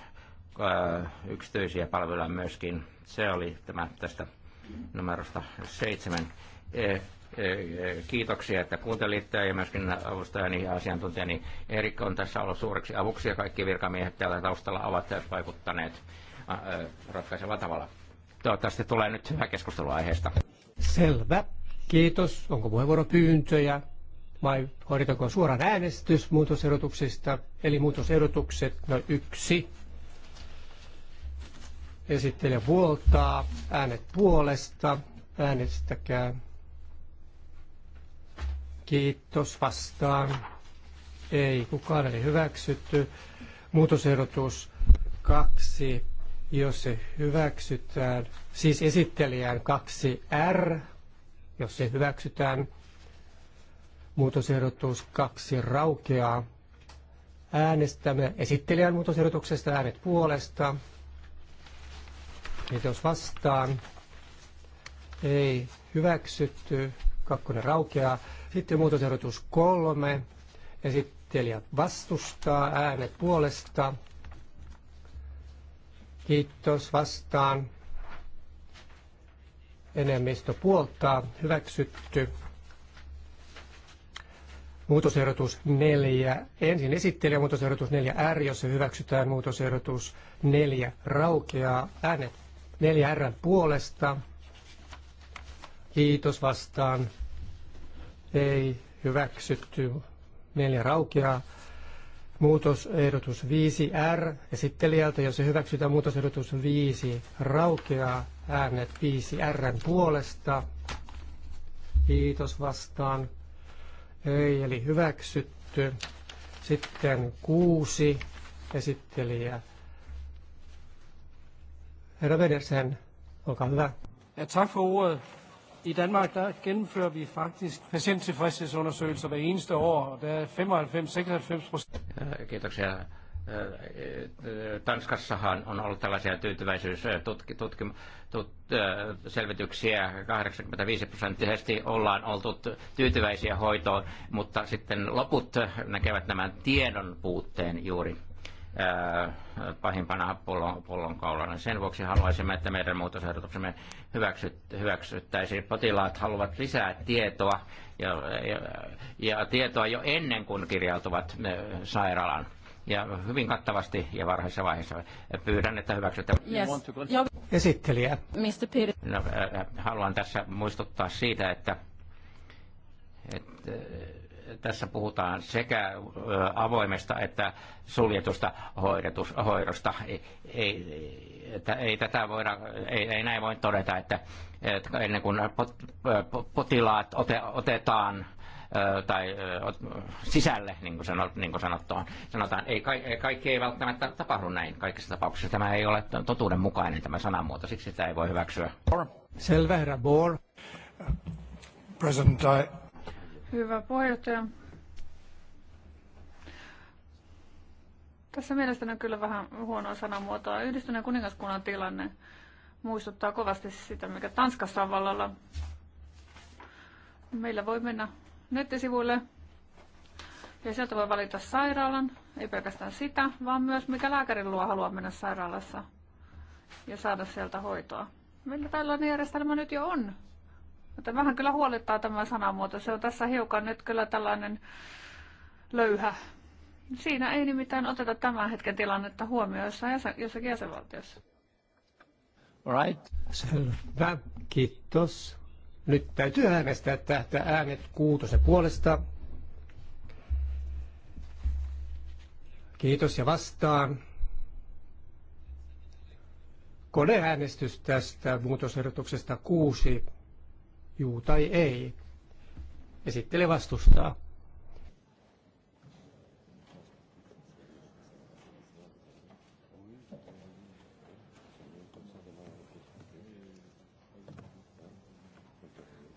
Äh, yksityisiä palveluja myöskin. Se oli tämä tästä numerosta seitsemän. E, e, kiitoksia, että kuuntelitte ja myöskin avustajani ja asiantuntijani Erik on tässä ollut suureksi avuksi ja kaikki virkamiehet täällä taustalla ovat vaikuttaneet äh, äh, ratkaisevalla tavalla. Toivottavasti tulee nyt hyvä keskustelu aiheesta. Selvä. Kiitos. Onko puheenvuoropyyntöjä? vai hoidetaanko suoraan äänestys muutosehdotuksista, eli muutosehdotukset, no yksi, Esittelijä puoltaa. Äänet puolesta. Äänestäkää. Kiitos vastaan. Ei, kukaan ei hyväksytty. Muutosehdotus kaksi, jos se hyväksytään, siis esittelijän kaksi r jos se hyväksytään, muutosehdotus kaksi raukeaa. Äänestämme esittelijän muutosehdotuksesta äänet puolesta, Niitä jos vastaan ei hyväksytty, kakkonen raukeaa. Sitten muutosehdotus kolme, esittelijät vastustaa, äänet puolesta. Kiitos vastaan. Enemmistö puoltaa, hyväksytty. Muutosehdotus 4. Ensin esittelijä muutosehdotus 4R, jossa hyväksytään muutosehdotus 4 raukeaa. Äänet Neljä R puolesta. Kiitos vastaan. Ei hyväksytty. Neljä raukeaa. Muutosehdotus 5R esittelijältä, jos se hyväksytään muutosehdotus 5 raukeaa äänet 5 r puolesta. Kiitos vastaan. Ei, eli hyväksytty. Sitten 6 esittelijä Herra Vedersen, olkaa hyvä. Ja tak for ordet. I Danmark der gennemfører vi faktisk patienttilfredshedsundersøgelser hver eneste år, og der er 95-96 procent. Äh, kiitoksia. Äh, äh, Tanskassahan on ollut tällaisia tyytyväisyysselvityksiä. Tut, 85 prosenttisesti ollaan oltu tyytyväisiä hoitoon, mutta sitten loput näkevät nämän tiedon puutteen juuri pahimpana pullon, pullonkaulana. Sen vuoksi haluaisimme, että meidän muutosehdotuksemme hyväksyt, hyväksyttäisiin. Potilaat haluavat lisää tietoa ja, ja, ja tietoa jo ennen kuin kirjautuvat sairaalaan. Ja hyvin kattavasti ja varhaisessa vaiheessa pyydän, että hyväksytte. Yes. Esittelijä. Mr. Peter. No, haluan tässä muistuttaa siitä, että, että tässä puhutaan sekä avoimesta että suljetusta hoidosta. Ei, ei, ei, tätä voida, ei, ei näin voi todeta, että, että ennen kuin potilaat ote, otetaan tai sisälle, niin kuin, sanot, niin kuin sanottaan. sanotaan. Ei, kaikki, kaikki ei välttämättä tapahdu näin kaikissa tapauksissa. Tämä ei ole totuudenmukainen tämä sanamuoto, siksi sitä ei voi hyväksyä. Selvä, herra Bohr. President, I, Hyvä puheenjohtaja. Tässä mielestäni on kyllä vähän huonoa sanamuotoa. Yhdistyneen kuningaskunnan tilanne muistuttaa kovasti sitä, mikä Tanskassa on vallalla. Meillä voi mennä nettisivuille ja sieltä voi valita sairaalan, ei pelkästään sitä, vaan myös mikä lääkärin luo haluaa mennä sairaalassa ja saada sieltä hoitoa. Meillä tällainen järjestelmä nyt jo on. Mutta vähän kyllä huolittaa tämä sanamuoto. Se on tässä hiukan nyt kyllä tällainen löyhä. Siinä ei nimittäin oteta tämän hetken tilannetta huomioon jossakin jäsenvaltiossa. Alright. Selvä. Kiitos. Nyt täytyy äänestää tähtä äänet kuutosen puolesta. Kiitos ja vastaan. Koneäänestys tästä muutosehdotuksesta kuusi juu tai ei. Esittele vastustaa.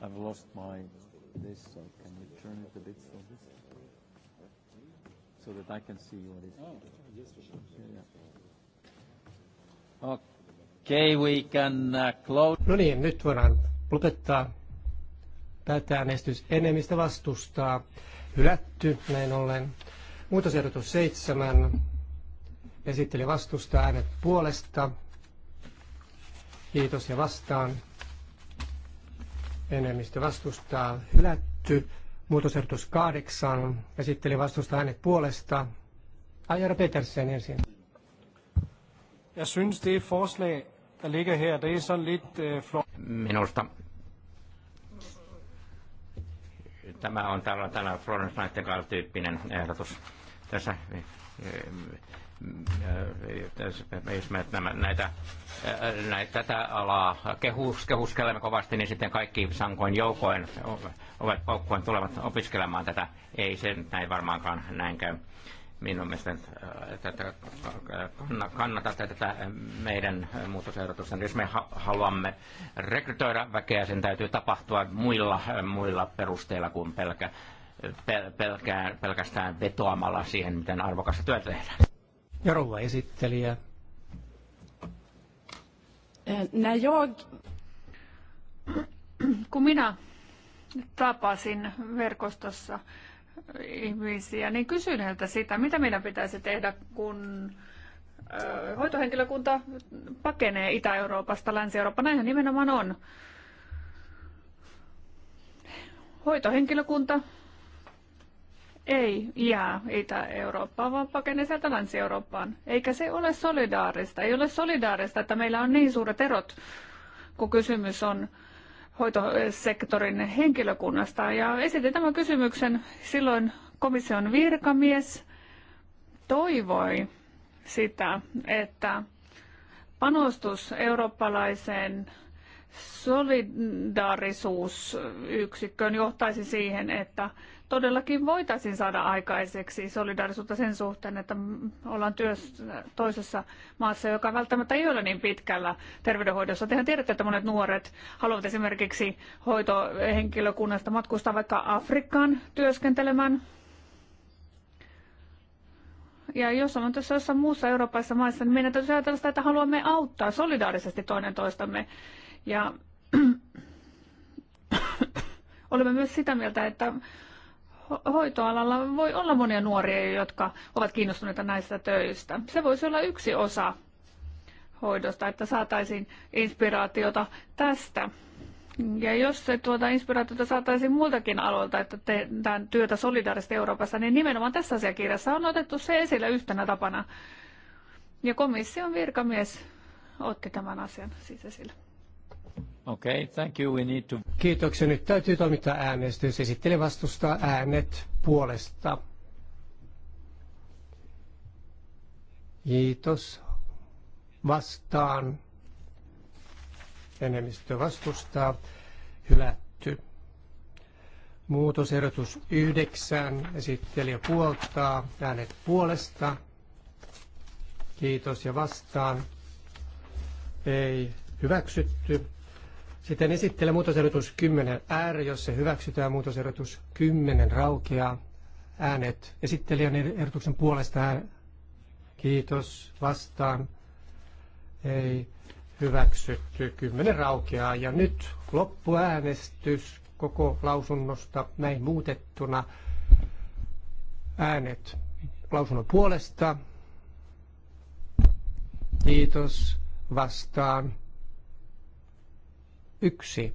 I've lost my this, so can you turn it a bit so this, so that I can see what it is. Oh, yes, for sure. Yeah, Okay, we can uh, close. No niin, nyt voidaan lopettaa Tätä äänestys enemmistö vastustaa. Hylätty näin ollen. Muutosehdotus 7. Esitteli vastustaa äänet puolesta. Kiitos ja vastaan. Enemmistö vastustaa. Hylätty. Muutosehdotus 8. Esitteli vastustaa äänet puolesta. Ajara Petersen ensin. Jeg synes, det forslag, der ligger her, det är er sådan lite øh, flott. Minusta Tämä on tällä, tällä Florence Nightingale-tyyppinen ehdotus. Tässä eh, eh, jos me nämä, näitä, eh, näitä, tätä alaa kehus, kehuskelemme kovasti, niin sitten kaikki sankoin joukoin ovat paukkoin tulevat opiskelemaan tätä. Ei se näin varmaankaan näin käy minun mielestäni äh, tätä, äh, äh, kannata tätä meidän muutosehdotusta. Jos me haluamme rekrytoida väkeä, sen täytyy tapahtua muilla, muilla perusteilla kuin pelkä, pel, pelkästään vetoamalla siihen, miten arvokasta työtä tehdään. Ja rouva esittelijä. När joo, Kun minä tapasin verkostossa ihmisiä, niin kysyn heiltä sitä, mitä meidän pitäisi tehdä, kun hoitohenkilökunta pakenee Itä-Euroopasta, Länsi-Eurooppa. Näinhän nimenomaan on. Hoitohenkilökunta ei jää Itä-Eurooppaan, vaan pakenee sieltä Länsi-Eurooppaan. Eikä se ole solidaarista. Ei ole solidaarista, että meillä on niin suuret erot, kun kysymys on hoitosektorin henkilökunnasta. Ja esitin tämän kysymyksen silloin komission virkamies toivoi sitä, että panostus eurooppalaiseen solidaarisuusyksikköön johtaisi siihen, että todellakin voitaisiin saada aikaiseksi solidaarisuutta sen suhteen, että ollaan työssä toisessa maassa, joka välttämättä ei ole niin pitkällä terveydenhoidossa. Tehän tiedätte, että monet nuoret haluavat esimerkiksi hoitohenkilökunnasta matkustaa vaikka Afrikkaan työskentelemään. Ja jos on tässä jossain muussa Euroopassa maissa, niin meidän täytyy ajatella sitä, että haluamme auttaa solidaarisesti toinen toistamme. Ja olemme myös sitä mieltä, että hoitoalalla voi olla monia nuoria, jotka ovat kiinnostuneita näistä töistä. Se voisi olla yksi osa hoidosta, että saataisiin inspiraatiota tästä. Ja jos se tuota inspiraatiota saataisiin muiltakin aloilta, että tehdään työtä solidaarisesti Euroopassa, niin nimenomaan tässä asiakirjassa on otettu se esille yhtenä tapana. Ja komission virkamies otti tämän asian siis esille. Okay, thank you. We need to... Kiitoksia. Nyt täytyy toimittaa äänestys. Esittele vastustaa äänet puolesta. Kiitos. Vastaan. Enemmistö vastustaa. Hylätty. Muutosehdotus 9. Esittelijä puoltaa. Äänet puolesta. Kiitos ja vastaan. Ei hyväksytty. Sitten esittelen muutosehdotus 10 R, jos se hyväksytään muutosehdotus 10 raukeaa. Äänet esittelijän ehdotuksen puolesta Kiitos vastaan. Ei hyväksytty. 10 raukeaa. Ja nyt loppuäänestys koko lausunnosta näin muutettuna. Äänet lausunnon puolesta. Kiitos vastaan. Yksi.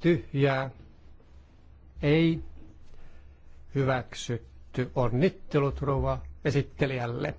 Tyhjää. Ei. Hyväksytty. Onnittelut rouva esittelijälle.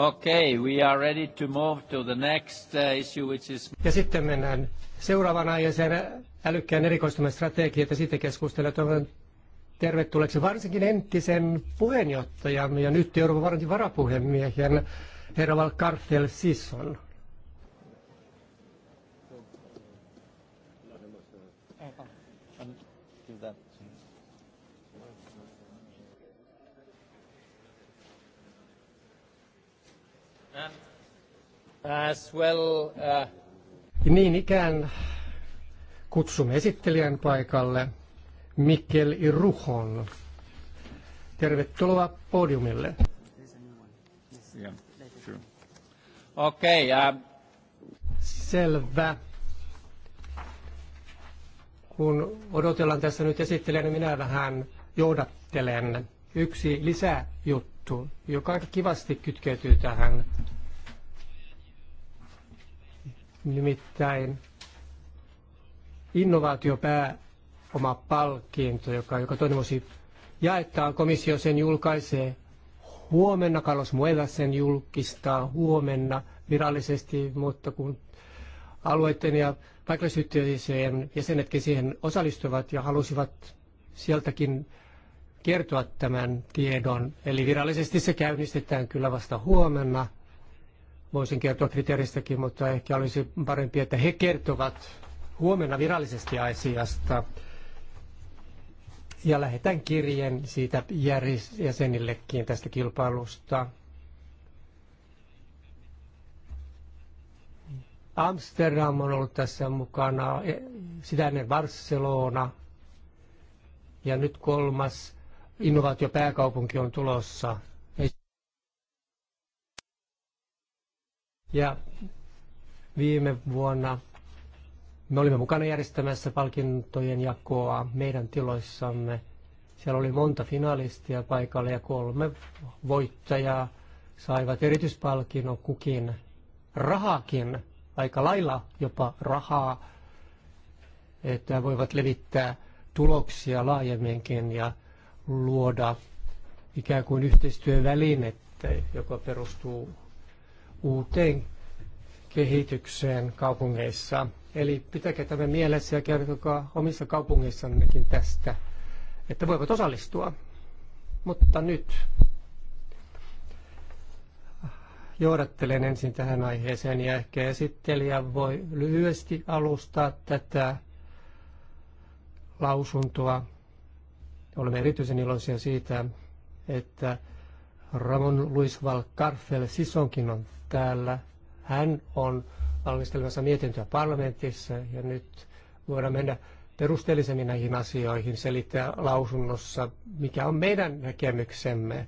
Okay, we are ready to move to the next uh, issue, which is... Ja sitten mennään seuraavaan aiheeseen älykkään erikoistumisen strategia, että siitä keskustellaan. Toivon tervetulleeksi varsinkin entisen puheenjohtajamme ja nyt Euroopan varapuhemiehen herra Valkartel Sisson. As well, uh... Niin ikään kutsumme esittelijän paikalle Mikkel Iruhon. Tervetuloa podiumille. Yeah, sure. Okei. Okay, uh... Selvä. Kun odotellaan tässä nyt esittelijän, niin minä vähän johdattelen. Yksi lisäjuttu, joka aika kivasti kytkeytyy tähän Nimittäin oma palkinto, joka joka toinen vuosi jaetaan. Komissio sen julkaisee huomenna, Carlos Mueva sen julkistaa huomenna virallisesti, mutta kun alueiden ja paikallisyhteisöjen jäsenetkin siihen osallistuvat ja halusivat sieltäkin kertoa tämän tiedon. Eli virallisesti se käynnistetään kyllä vasta huomenna – Voisin kertoa kriteeristäkin, mutta ehkä olisi parempi, että he kertovat huomenna virallisesti asiasta. Ja lähetän kirjeen siitä jäsenillekin tästä kilpailusta. Amsterdam on ollut tässä mukana, e- sitä ennen Barcelona ja nyt kolmas innovaatiopääkaupunki on tulossa. Ja viime vuonna me olimme mukana järjestämässä palkintojen jakoa meidän tiloissamme. Siellä oli monta finalistia paikalla ja kolme voittajaa saivat erityispalkinnon kukin rahakin, aika lailla jopa rahaa, että voivat levittää tuloksia laajemminkin ja luoda ikään kuin yhteistyövälinettä, joka perustuu uuteen kehitykseen kaupungeissa. Eli pitäkää tämä mielessä ja kertokaa omissa kaupungeissannekin tästä, että voivat osallistua. Mutta nyt johdattelen ensin tähän aiheeseen ja ehkä esittelijä voi lyhyesti alustaa tätä lausuntoa. Olemme erityisen iloisia siitä, että Ramon Luis Carfel Sisonkin on täällä. Hän on valmistelemassa mietintöä parlamentissa ja nyt voidaan mennä perusteellisemmin näihin asioihin, selittää lausunnossa, mikä on meidän näkemyksemme,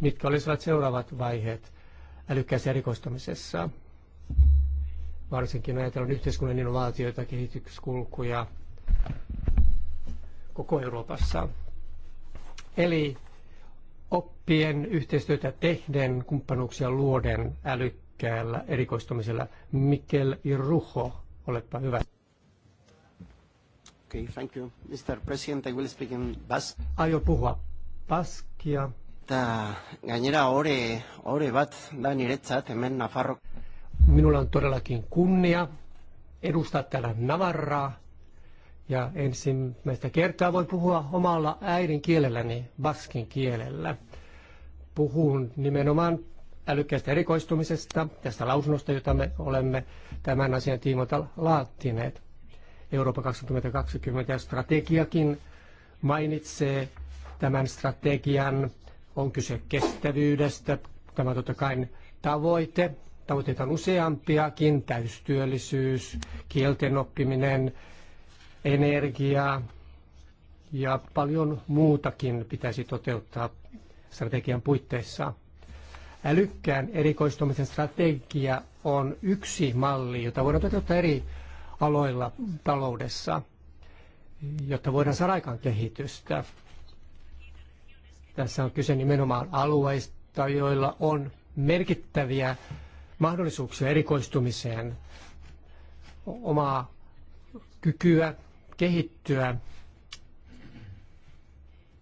mitkä olisivat seuraavat vaiheet älykkäässä erikoistumisessa, varsinkin ajatellaan yhteiskunnan innovaatioita, kehityskulkuja koko Euroopassa. Eli oppien yhteistyötä tehden, kumppanuuksia luoden älykkäällä erikoistumisella. Mikkel Ruho, olepa hyvä. Okay, thank you. Mr. President, I will speak in Bas. Aio puhua Baskia. Ta, gainera ore, ore bat da niretzat hemen Nafarro. Minulla on todellakin kunnia edustaa täällä Navarraa ja ensimmäistä kertaa voin puhua omalla äidinkielelläni, baskin kielellä. Puhun nimenomaan älykkäästä erikoistumisesta, tästä lausunnosta, jota me olemme tämän asian tiimoilta laattineet. Eurooppa 2020 strategiakin mainitsee tämän strategian. On kyse kestävyydestä. Tämä on totta kai tavoite. Tavoitteita on useampiakin. Täystyöllisyys, kielten oppiminen, energiaa ja paljon muutakin pitäisi toteuttaa strategian puitteissa. Älykkään erikoistumisen strategia on yksi malli, jota voidaan toteuttaa eri aloilla taloudessa, jotta voidaan saada aikaan kehitystä. Tässä on kyse nimenomaan alueista, joilla on merkittäviä mahdollisuuksia erikoistumiseen, omaa kykyä kehittyä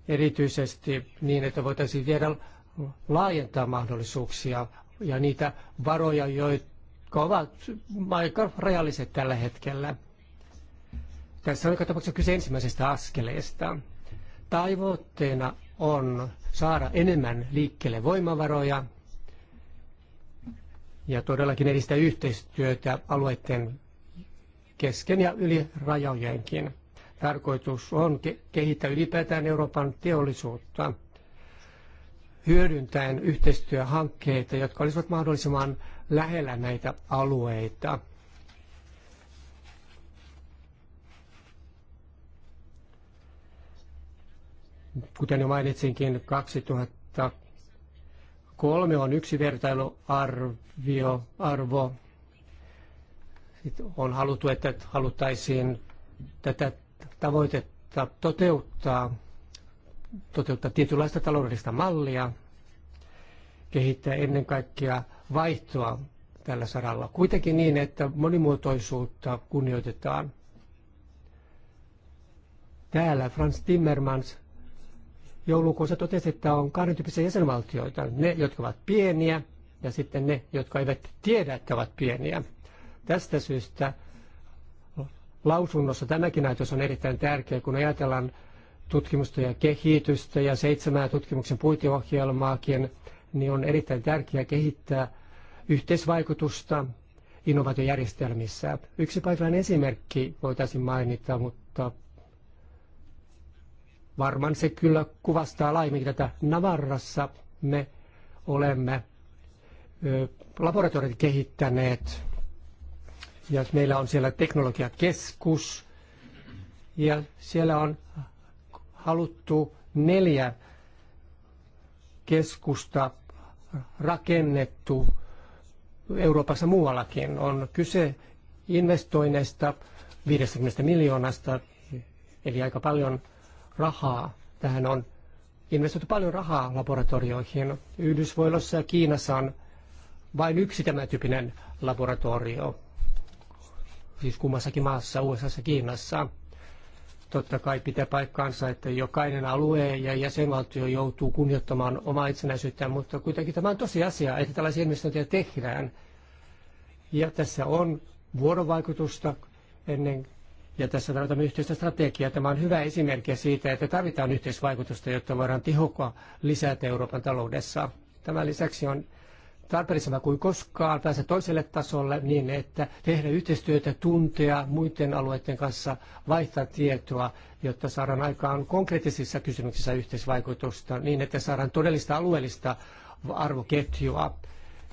erityisesti niin, että voitaisiin vielä laajentaa mahdollisuuksia ja niitä varoja, jotka ovat aika rajalliset tällä hetkellä. Tässä on joka tapauksessa kyse ensimmäisestä askeleesta. Tavoitteena on saada enemmän liikkeelle voimavaroja ja todellakin edistää yhteistyötä alueiden kesken ja yli rajojenkin. Tarkoitus on kehittää ylipäätään Euroopan teollisuutta hyödyntäen yhteistyöhankkeita, jotka olisivat mahdollisimman lähellä näitä alueita. Kuten jo mainitsinkin, 2003 on yksi vertailuarvio, arvo, on haluttu, että haluttaisiin tätä tavoitetta toteuttaa, toteuttaa tietynlaista taloudellista mallia, kehittää ennen kaikkea vaihtoa tällä saralla. Kuitenkin niin, että monimuotoisuutta kunnioitetaan. Täällä Franz Timmermans joulukuussa totesi, että on 20 jäsenvaltioita. Ne, jotka ovat pieniä ja sitten ne, jotka eivät tiedä, että ovat pieniä. Tästä syystä lausunnossa tämäkin näytös on erittäin tärkeä, kun ajatellaan tutkimusta ja kehitystä ja seitsemää tutkimuksen puiteohjelmaakin, niin on erittäin tärkeää kehittää yhteisvaikutusta innovaatiojärjestelmissä. Yksi paikallinen esimerkki voitaisiin mainita, mutta varmaan se kyllä kuvastaa laajemmin tätä. Navarrassa me olemme laboratoriot kehittäneet ja meillä on siellä teknologiakeskus ja siellä on haluttu neljä keskusta rakennettu Euroopassa muuallakin. On kyse investoinneista 50 miljoonasta, eli aika paljon rahaa. Tähän on investoitu paljon rahaa laboratorioihin. Yhdysvalloissa ja Kiinassa on vain yksi tämän tyyppinen laboratorio siis kummassakin maassa, USA Kiinassa. Totta kai pitää paikkaansa, että jokainen alue ja jäsenvaltio joutuu kunnioittamaan omaa itsenäisyyttään, mutta kuitenkin tämä on tosi asia, että tällaisia investointeja tehdään. Ja tässä on vuorovaikutusta ennen ja tässä tarvitaan yhteistä strategiaa. Tämä on hyvä esimerkki siitä, että tarvitaan yhteisvaikutusta, jotta voidaan tehokkaa lisätä Euroopan taloudessa. Tämän lisäksi on tarpeellisempaa kuin koskaan päästä toiselle tasolle niin, että tehdä yhteistyötä, tuntea muiden alueiden kanssa, vaihtaa tietoa, jotta saadaan aikaan konkreettisissa kysymyksissä yhteisvaikutusta niin, että saadaan todellista alueellista arvoketjua.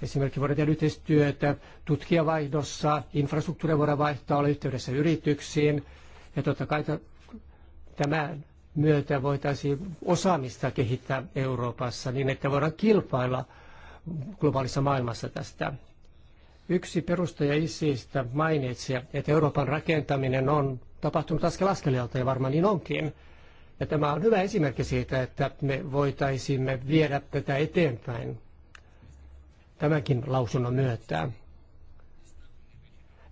Esimerkiksi voidaan tehdä yhteistyötä tutkijavaihdossa, infrastruktuuria voidaan vaihtaa, olla yhteydessä yrityksiin ja totta kai tämän myötä voitaisiin osaamista kehittää Euroopassa niin, että voidaan kilpailla – globaalissa maailmassa tästä. Yksi perustaja ISISistä mainitsi, että Euroopan rakentaminen on tapahtunut askel askeleelta ja varmaan niin onkin. Ja tämä on hyvä esimerkki siitä, että me voitaisimme viedä tätä eteenpäin tämänkin lausunnon myötä.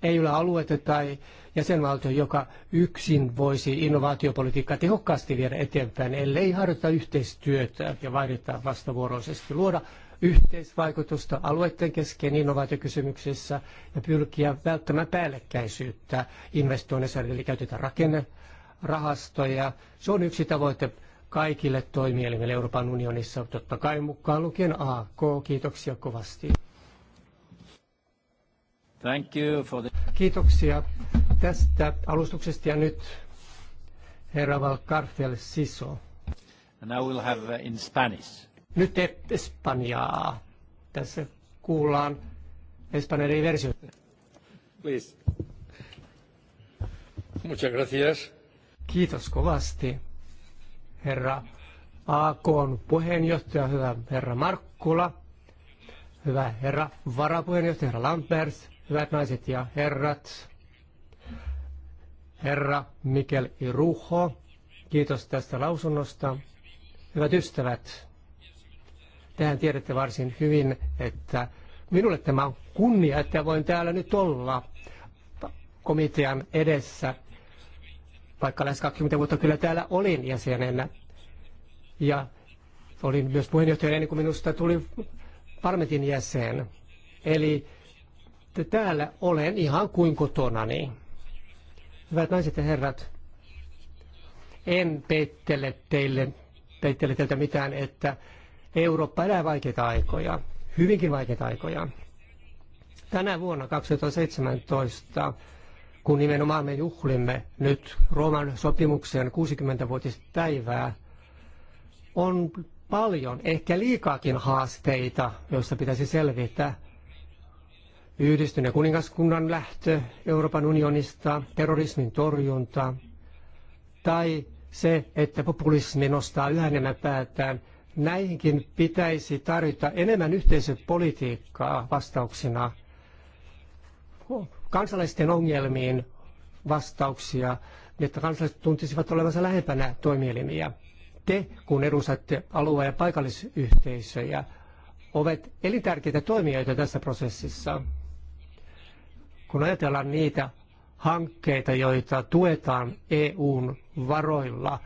Ei ole aluetta tai jäsenvaltio, joka yksin voisi innovaatiopolitiikkaa tehokkaasti viedä eteenpäin, ellei harjoita yhteistyötä ja vaihdeta vastavuoroisesti, luoda yhteisvaikutusta alueiden kesken innovaatiokysymyksissä ja pyrkiä välttämään päällekkäisyyttä investoinnissa, eli käytetään rakennerahastoja. Se on yksi tavoite kaikille toimielimille Euroopan unionissa, totta kai mukaan lukien AK. Kiitoksia kovasti. Thank you for the... Kiitoksia tästä alustuksesta ja nyt herra Valcarcel Siso. And I will have uh, in Spanish. Nyt Espanjaa. Tässä kuullaan Espanjan eri versioita. Please. Muchas gracias. Kiitos kovasti, herra on puheenjohtaja, hyvä herra Markkula, hyvä herra varapuheenjohtaja, herra Lampers, hyvät naiset ja herrat, herra Mikel Iruho, kiitos tästä lausunnosta. Hyvät ystävät, Tehän tiedätte varsin hyvin, että minulle tämä on kunnia, että voin täällä nyt olla komitean edessä, vaikka lähes 20 vuotta kyllä täällä olin jäsenenä. Ja olin myös puheenjohtaja ennen kuin minusta tuli parlamentin jäsen. Eli täällä olen ihan kuin kotonani. Hyvät naiset ja herrat, en peittele teille peittele teiltä mitään, että Eurooppa elää vaikeita aikoja, hyvinkin vaikeita aikoja. Tänä vuonna 2017, kun nimenomaan me juhlimme nyt Rooman sopimuksen 60 päivää, on paljon, ehkä liikaakin haasteita, joista pitäisi selvitä. Yhdistyneen kuningaskunnan lähtö Euroopan unionista, terrorismin torjunta tai se, että populismi nostaa yhä enemmän päätään – Näihinkin pitäisi tarjota enemmän yhteisöpolitiikkaa vastauksina kansalaisten ongelmiin vastauksia, että kansalaiset tuntisivat olevansa lähempänä toimielimiä. Te, kun edustatte alue- ja paikallisyhteisöjä, ovat elintärkeitä toimijoita tässä prosessissa. Kun ajatellaan niitä hankkeita, joita tuetaan EUn varoilla,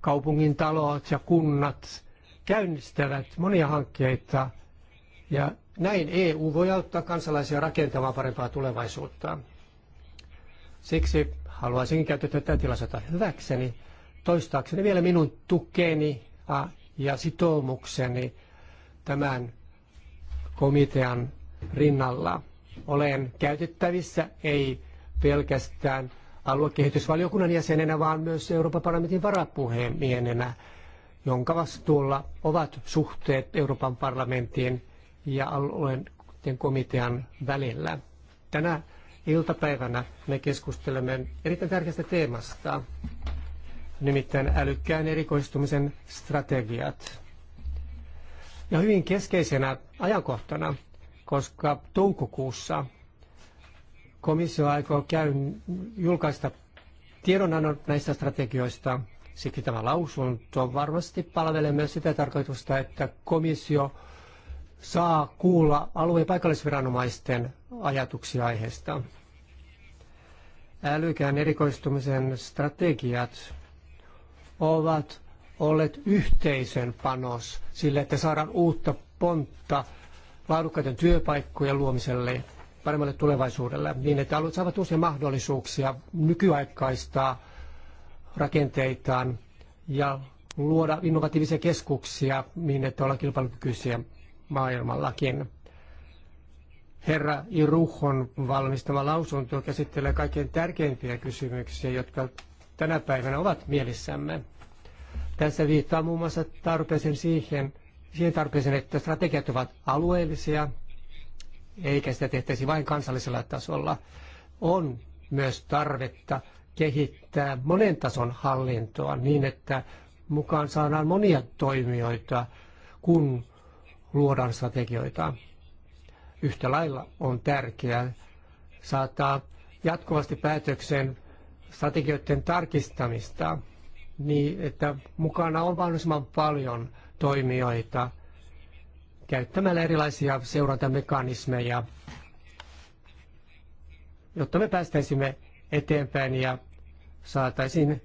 kaupungin talot ja kunnat käynnistävät monia hankkeita ja näin EU voi auttaa kansalaisia rakentamaan parempaa tulevaisuutta. Siksi haluaisin käyttää tätä tilaisuutta hyväkseni, toistaakseni vielä minun tukeni ja sitoumukseni tämän komitean rinnalla. Olen käytettävissä ei pelkästään aluekehitysvaliokunnan jäsenenä, vaan myös Euroopan parlamentin varapuheenmiehenä – jonka vastuulla ovat suhteet Euroopan parlamentin ja alueen komitean välillä. Tänä iltapäivänä me keskustelemme erittäin tärkeästä teemasta, nimittäin älykkään erikoistumisen strategiat. Ja hyvin keskeisenä ajankohtana, koska toukokuussa komissio aikoo käyn julkaista tiedonannon näistä strategioista Siksi tämä lausunto varmasti palvelee myös sitä tarkoitusta, että komissio saa kuulla alueen paikallisviranomaisten ajatuksia aiheesta. Älykään erikoistumisen strategiat ovat olleet yhteisen panos sille, että saadaan uutta pontta laadukkaiden työpaikkojen luomiselle paremmalle tulevaisuudelle, niin että alueet saavat uusia mahdollisuuksia nykyaikaistaa rakenteitaan ja luoda innovatiivisia keskuksia niin, että ollaan kilpailukykyisiä maailmallakin. Herra Iruhon valmistama lausunto käsittelee kaikkein tärkeimpiä kysymyksiä, jotka tänä päivänä ovat mielissämme. Tässä viittaa muun muassa tarpeeseen siihen, siihen tarpeeseen, että strategiat ovat alueellisia, eikä sitä tehtäisi vain kansallisella tasolla. On myös tarvetta kehittää monen tason hallintoa niin, että mukaan saadaan monia toimijoita, kun luodaan strategioita. Yhtä lailla on tärkeää saattaa jatkuvasti päätöksen strategioiden tarkistamista niin, että mukana on mahdollisimman paljon toimijoita käyttämällä erilaisia seurantamekanismeja, jotta me päästäisimme eteenpäin ja saataisiin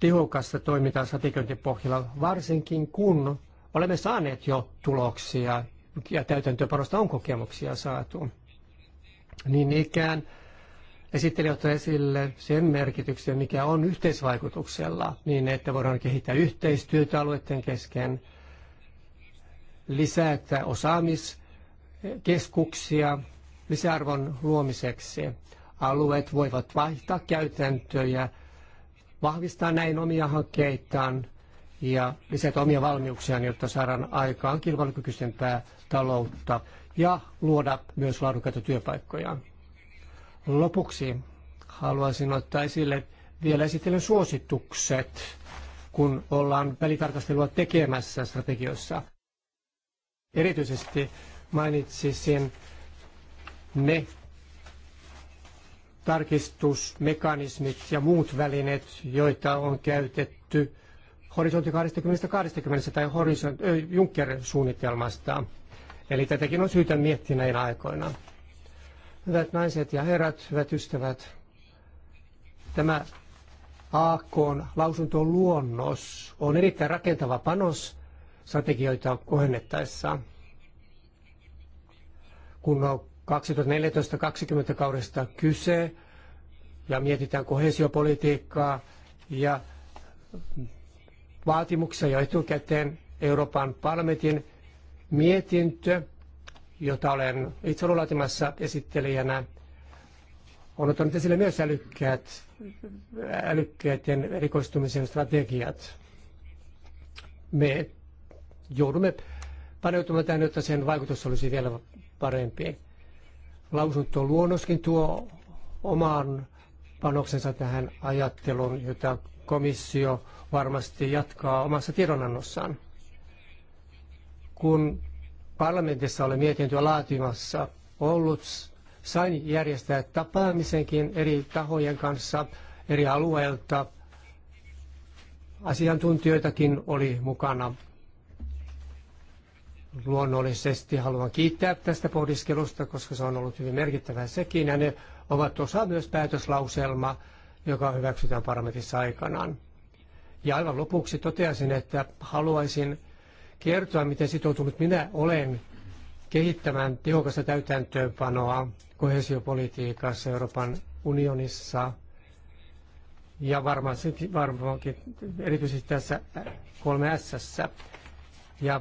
tehokasta toimintaa strategioiden pohjalla, varsinkin kun olemme saaneet jo tuloksia ja täytäntöönpanosta on kokemuksia saatu. Niin ikään esittelijä ottaa esille sen merkityksen, mikä on yhteisvaikutuksella, niin että voidaan kehittää yhteistyötä alueiden kesken, lisätä osaamiskeskuksia lisäarvon luomiseksi alueet voivat vaihtaa käytäntöjä, vahvistaa näin omia hankkeitaan ja lisätä omia valmiuksiaan, jotta saadaan aikaan kilpailukykyisempää taloutta ja luoda myös laadukkaita työpaikkoja. Lopuksi haluaisin ottaa esille vielä esittelen suositukset, kun ollaan välitarkastelua tekemässä strategioissa. Erityisesti mainitsisin ne tarkistusmekanismit ja muut välineet, joita on käytetty horisontti 2020 tai horisont, ö, Juncker-suunnitelmasta. Eli tätäkin on syytä miettiä näinä aikoina. Hyvät naiset ja herrat, hyvät ystävät, tämä AKn lausunto luonnos on erittäin rakentava panos strategioita kohennettaessa. Kun 2014-2020 kaudesta kyse ja mietitään kohesiopolitiikkaa ja vaatimuksia jo etukäteen Euroopan parlamentin mietintö, jota olen itse ollut laatimassa esittelijänä, on ottanut esille myös älykkäät, älykkäiden erikoistumisen strategiat. Me joudumme paneutumaan tähän, jotta sen vaikutus olisi vielä parempi. Lausuntoluonnoskin tuo oman panoksensa tähän ajatteluun, jota komissio varmasti jatkaa omassa tiedonannossaan. Kun parlamentissa olen mietintöä laatimassa ollut, sain järjestää tapaamisenkin eri tahojen kanssa eri alueilta. Asiantuntijoitakin oli mukana luonnollisesti haluan kiittää tästä pohdiskelusta, koska se on ollut hyvin merkittävää sekin, ja ne ovat osa myös päätöslauselma, joka hyväksytään parlamentissa aikanaan. Ja aivan lopuksi toteaisin, että haluaisin kertoa, miten sitoutunut minä olen kehittämään tehokasta täytäntöönpanoa kohesiopolitiikassa Euroopan unionissa ja varmaan, varmaankin erityisesti tässä 3S. Ja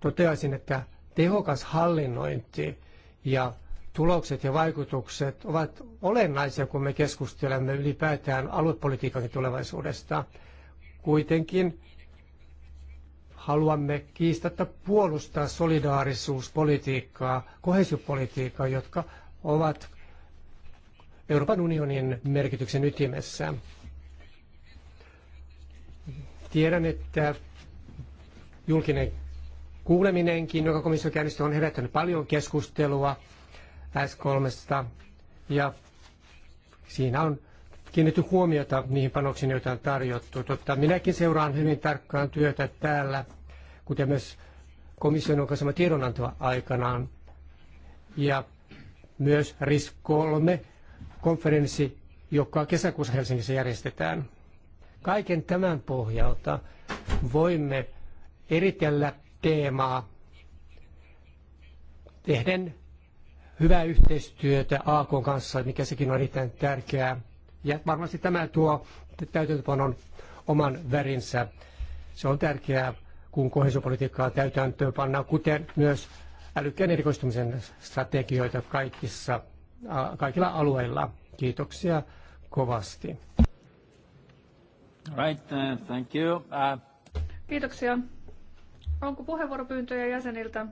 toteaisin, että tehokas hallinnointi ja tulokset ja vaikutukset ovat olennaisia, kun me keskustelemme ylipäätään aluepolitiikan tulevaisuudesta. Kuitenkin haluamme kiistatta puolustaa solidaarisuuspolitiikkaa, kohesiopolitiikkaa, jotka ovat Euroopan unionin merkityksen ytimessä. Tiedän, että julkinen kuuleminenkin, joka komissio käynnisti, on herättänyt paljon keskustelua S3. Ja siinä on kiinnitty huomiota niihin panoksiin, joita on tarjottu. Totta, minäkin seuraan hyvin tarkkaan työtä täällä, kuten myös komission julkaisema tiedonanto aikanaan. Ja myös RIS 3 konferenssi, joka kesäkuussa Helsingissä järjestetään. Kaiken tämän pohjalta voimme eritellä teemaa tehden hyvää yhteistyötä AK kanssa, mikä sekin on erittäin tärkeää. Ja varmasti tämä tuo täytäntöpanon oman värinsä. Se on tärkeää, kun kohesiopolitiikkaa täytäntöön pannaan, kuten myös älykkään erikoistumisen strategioita kaikissa, kaikilla alueilla. Kiitoksia kovasti. Right, uh, thank you. Uh... Kiitoksia. Onko puheenvuoropyyntöjä jäseniltä?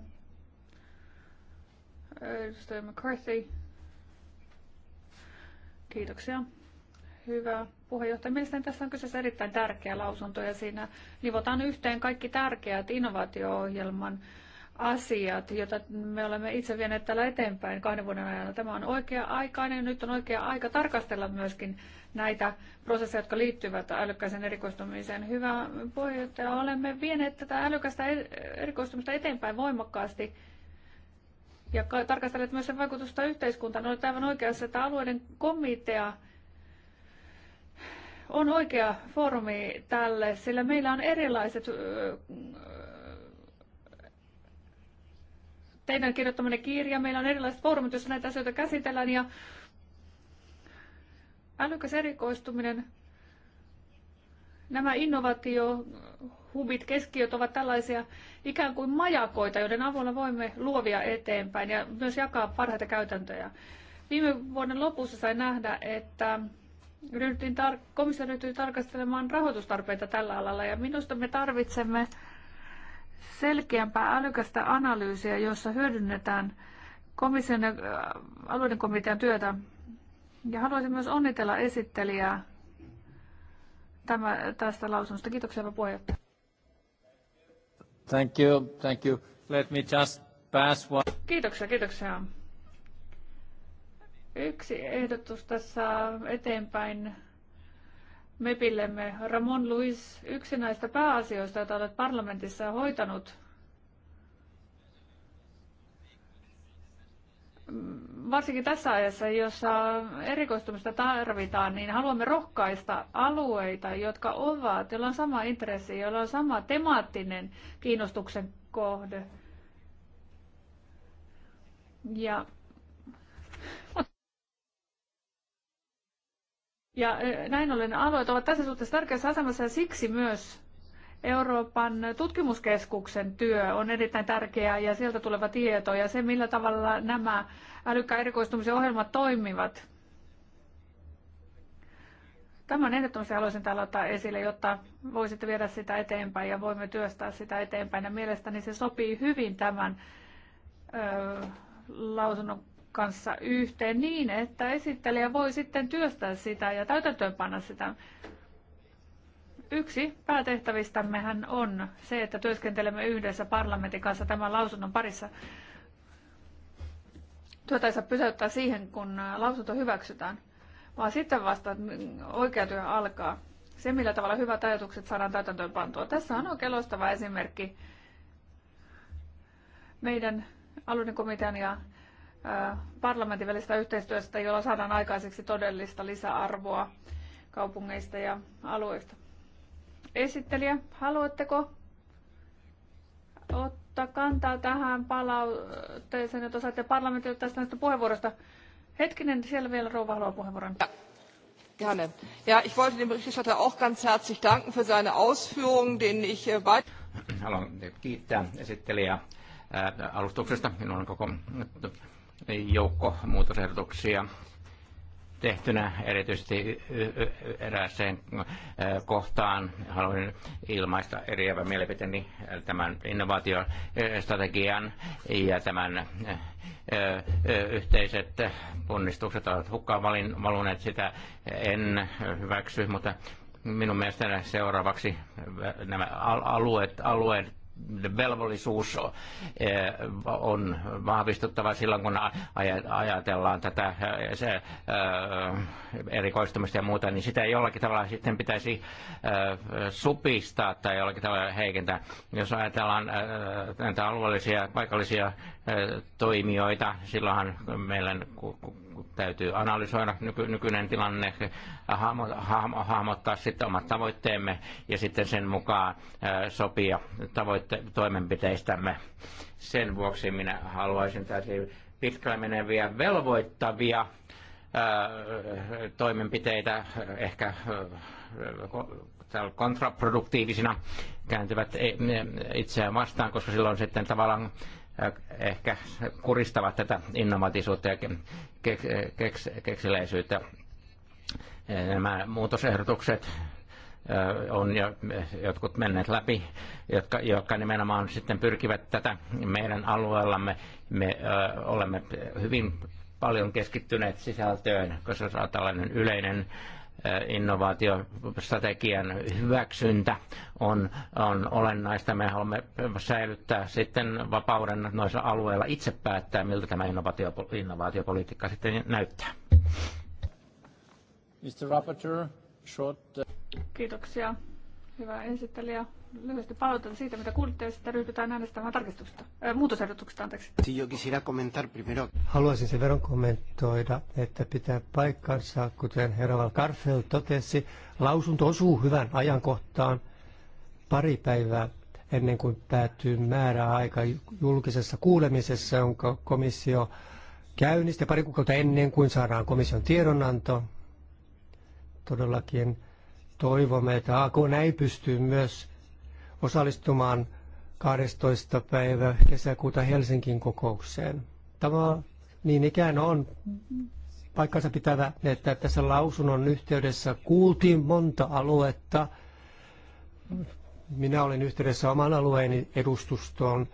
Edustaja McCarthy. Kiitoksia. Hyvä puheenjohtaja. Mielestäni tässä on kyseessä erittäin tärkeä lausunto ja siinä nivotaan yhteen kaikki tärkeät innovaatio-ohjelman asiat, joita me olemme itse vieneet täällä eteenpäin kahden vuoden ajan. Tämä on oikea aikainen ja nyt on oikea aika tarkastella myöskin näitä prosesseja, jotka liittyvät älykkäisen erikoistumiseen. Hyvä puheenjohtaja, olemme vieneet tätä älykästä e- erikoistumista eteenpäin voimakkaasti ja tarkastelleet myös sen vaikutusta yhteiskuntaan. Olet aivan oikeassa, että alueiden komitea on oikea foorumi tälle, sillä meillä on erilaiset teidän kirjoittaminen kirja, meillä on erilaiset foorumit, joissa näitä asioita käsitellään ja Älykäs erikoistuminen. Nämä innovaatiohubit, keskiöt ovat tällaisia ikään kuin majakoita, joiden avulla voimme luovia eteenpäin ja myös jakaa parhaita käytäntöjä. Viime vuoden lopussa sain nähdä, että tar- komissio ryhtyi tarkastelemaan rahoitustarpeita tällä alalla ja minusta me tarvitsemme selkeämpää älykästä analyysiä, jossa hyödynnetään komission ja äh, alueiden komitean työtä ja haluaisin myös onnitella esittelijää tämä, tästä lausunnosta. Kiitoksia, hyvä puheenjohtaja. Thank you, thank you. Let me just pass one. Kiitoksia, kiitoksia. Yksi ehdotus tässä eteenpäin MEPillemme. Ramon Luis, yksi näistä pääasioista, joita olet parlamentissa hoitanut varsinkin tässä ajassa, jossa erikoistumista tarvitaan, niin haluamme rohkaista alueita, jotka ovat, joilla on sama intressi, joilla on sama temaattinen kiinnostuksen kohde. Ja, ja eh, näin ollen alueet ovat tässä suhteessa tärkeässä asemassa ja siksi myös Euroopan tutkimuskeskuksen työ on erittäin tärkeää ja sieltä tuleva tieto ja se, millä tavalla nämä älykkään erikoistumisen ohjelmat toimivat. Tämän ehdottomasti haluaisin täällä ottaa esille, jotta voisitte viedä sitä eteenpäin ja voimme työstää sitä eteenpäin. Ja mielestäni se sopii hyvin tämän ö, lausunnon kanssa yhteen niin, että esittelijä voi sitten työstää sitä ja täytäntöönpanna sitä Yksi päätehtävistämmehän on se, että työskentelemme yhdessä parlamentin kanssa tämän lausunnon parissa. Työtä ei saa pysäyttää siihen, kun lausunto hyväksytään, vaan sitten vasta oikea työ alkaa. Se, millä tavalla hyvät ajatukset saadaan täytäntöön pantua. Tässä on oikein loistava esimerkki meidän alueiden komitean ja parlamentin välistä yhteistyöstä, jolla saadaan aikaiseksi todellista lisäarvoa kaupungeista ja alueista. Esittelijä, haluatteko ottaa kantaa tähän palautteeseen, jota saitte parlamentille tästä näistä puheenvuorosta? Hetkinen, siellä vielä rouva haluaa puheenvuoron. Ja. Gerne. Ja, ich wollte dem Berichterstatter auch ganz herzlich danken für seine Ausführungen, den ich äh, weit... Haluan kiittää esittelijä äh, alustuksesta. Minulla on koko joukko muutosehdotuksia tehtynä erityisesti erääseen kohtaan. Haluan ilmaista eriävä mielipiteeni tämän innovaatiostrategian ja tämän yhteiset ponnistukset ovat hukkaan valuneet. Sitä en hyväksy, mutta minun mielestäni seuraavaksi nämä alueet, alueet velvollisuus eh, on vahvistuttava silloin, kun ajatellaan tätä eh, se, eh, erikoistumista ja muuta, niin sitä jollakin tavalla sitten pitäisi supistaa tai jollakin tavalla heikentää. Jos ajatellaan näitä alueellisia, paikallisia toimijoita, silloinhan meillä täytyy analysoida nyky, nykyinen tilanne, hahmo, hahmo, hahmottaa sitten omat tavoitteemme ja sitten sen mukaan sopia tavoitte, toimenpiteistämme. Sen vuoksi minä haluaisin täysin pitkälle meneviä velvoittavia toimenpiteitä ehkä kontraproduktiivisina kääntyvät e-, itseään vastaan, koska silloin sitten tavallaan Äh, ehkä kuristavat tätä innovatiivisuutta ja keks, keksiläisyyttä. Äh, nämä muutosehdotukset äh, on jo jotkut menneet läpi, jotka, jotka nimenomaan sitten pyrkivät tätä meidän alueellamme. Me ö, olemme hyvin paljon keskittyneet sisältöön, koska se on tällainen yleinen Eh, innovaatiostrategian hyväksyntä on, on olennaista. Me haluamme säilyttää sitten vapauden noissa alueilla itse päättää, miltä tämä innovaatio, innovaatiopolitiikka sitten näyttää. Mr. Rapporteur, short... Uh Kiitoksia. Hyvä esittelijä. Lyhyesti palautan siitä, mitä kuulitte, ja sitten ryhdytään äänestämään tarkistuksesta, äh, muutosehdotuksesta, anteeksi. Haluaisin sen verran kommentoida, että pitää paikkansa, kuten herra Valkarfel totesi, lausunto osuu hyvän ajankohtaan pari päivää ennen kuin päättyy määräaika julkisessa kuulemisessa, jonka komissio käynnisti pari kuukautta ennen kuin saadaan komission tiedonanto. Todellakin Toivomme, että AK ei pystyy myös osallistumaan 12. päivä kesäkuuta Helsingin kokoukseen. Tämä niin ikään on paikkansa pitävä, että tässä lausunnon yhteydessä kuultiin monta aluetta. Minä olin yhteydessä oman alueeni edustustoon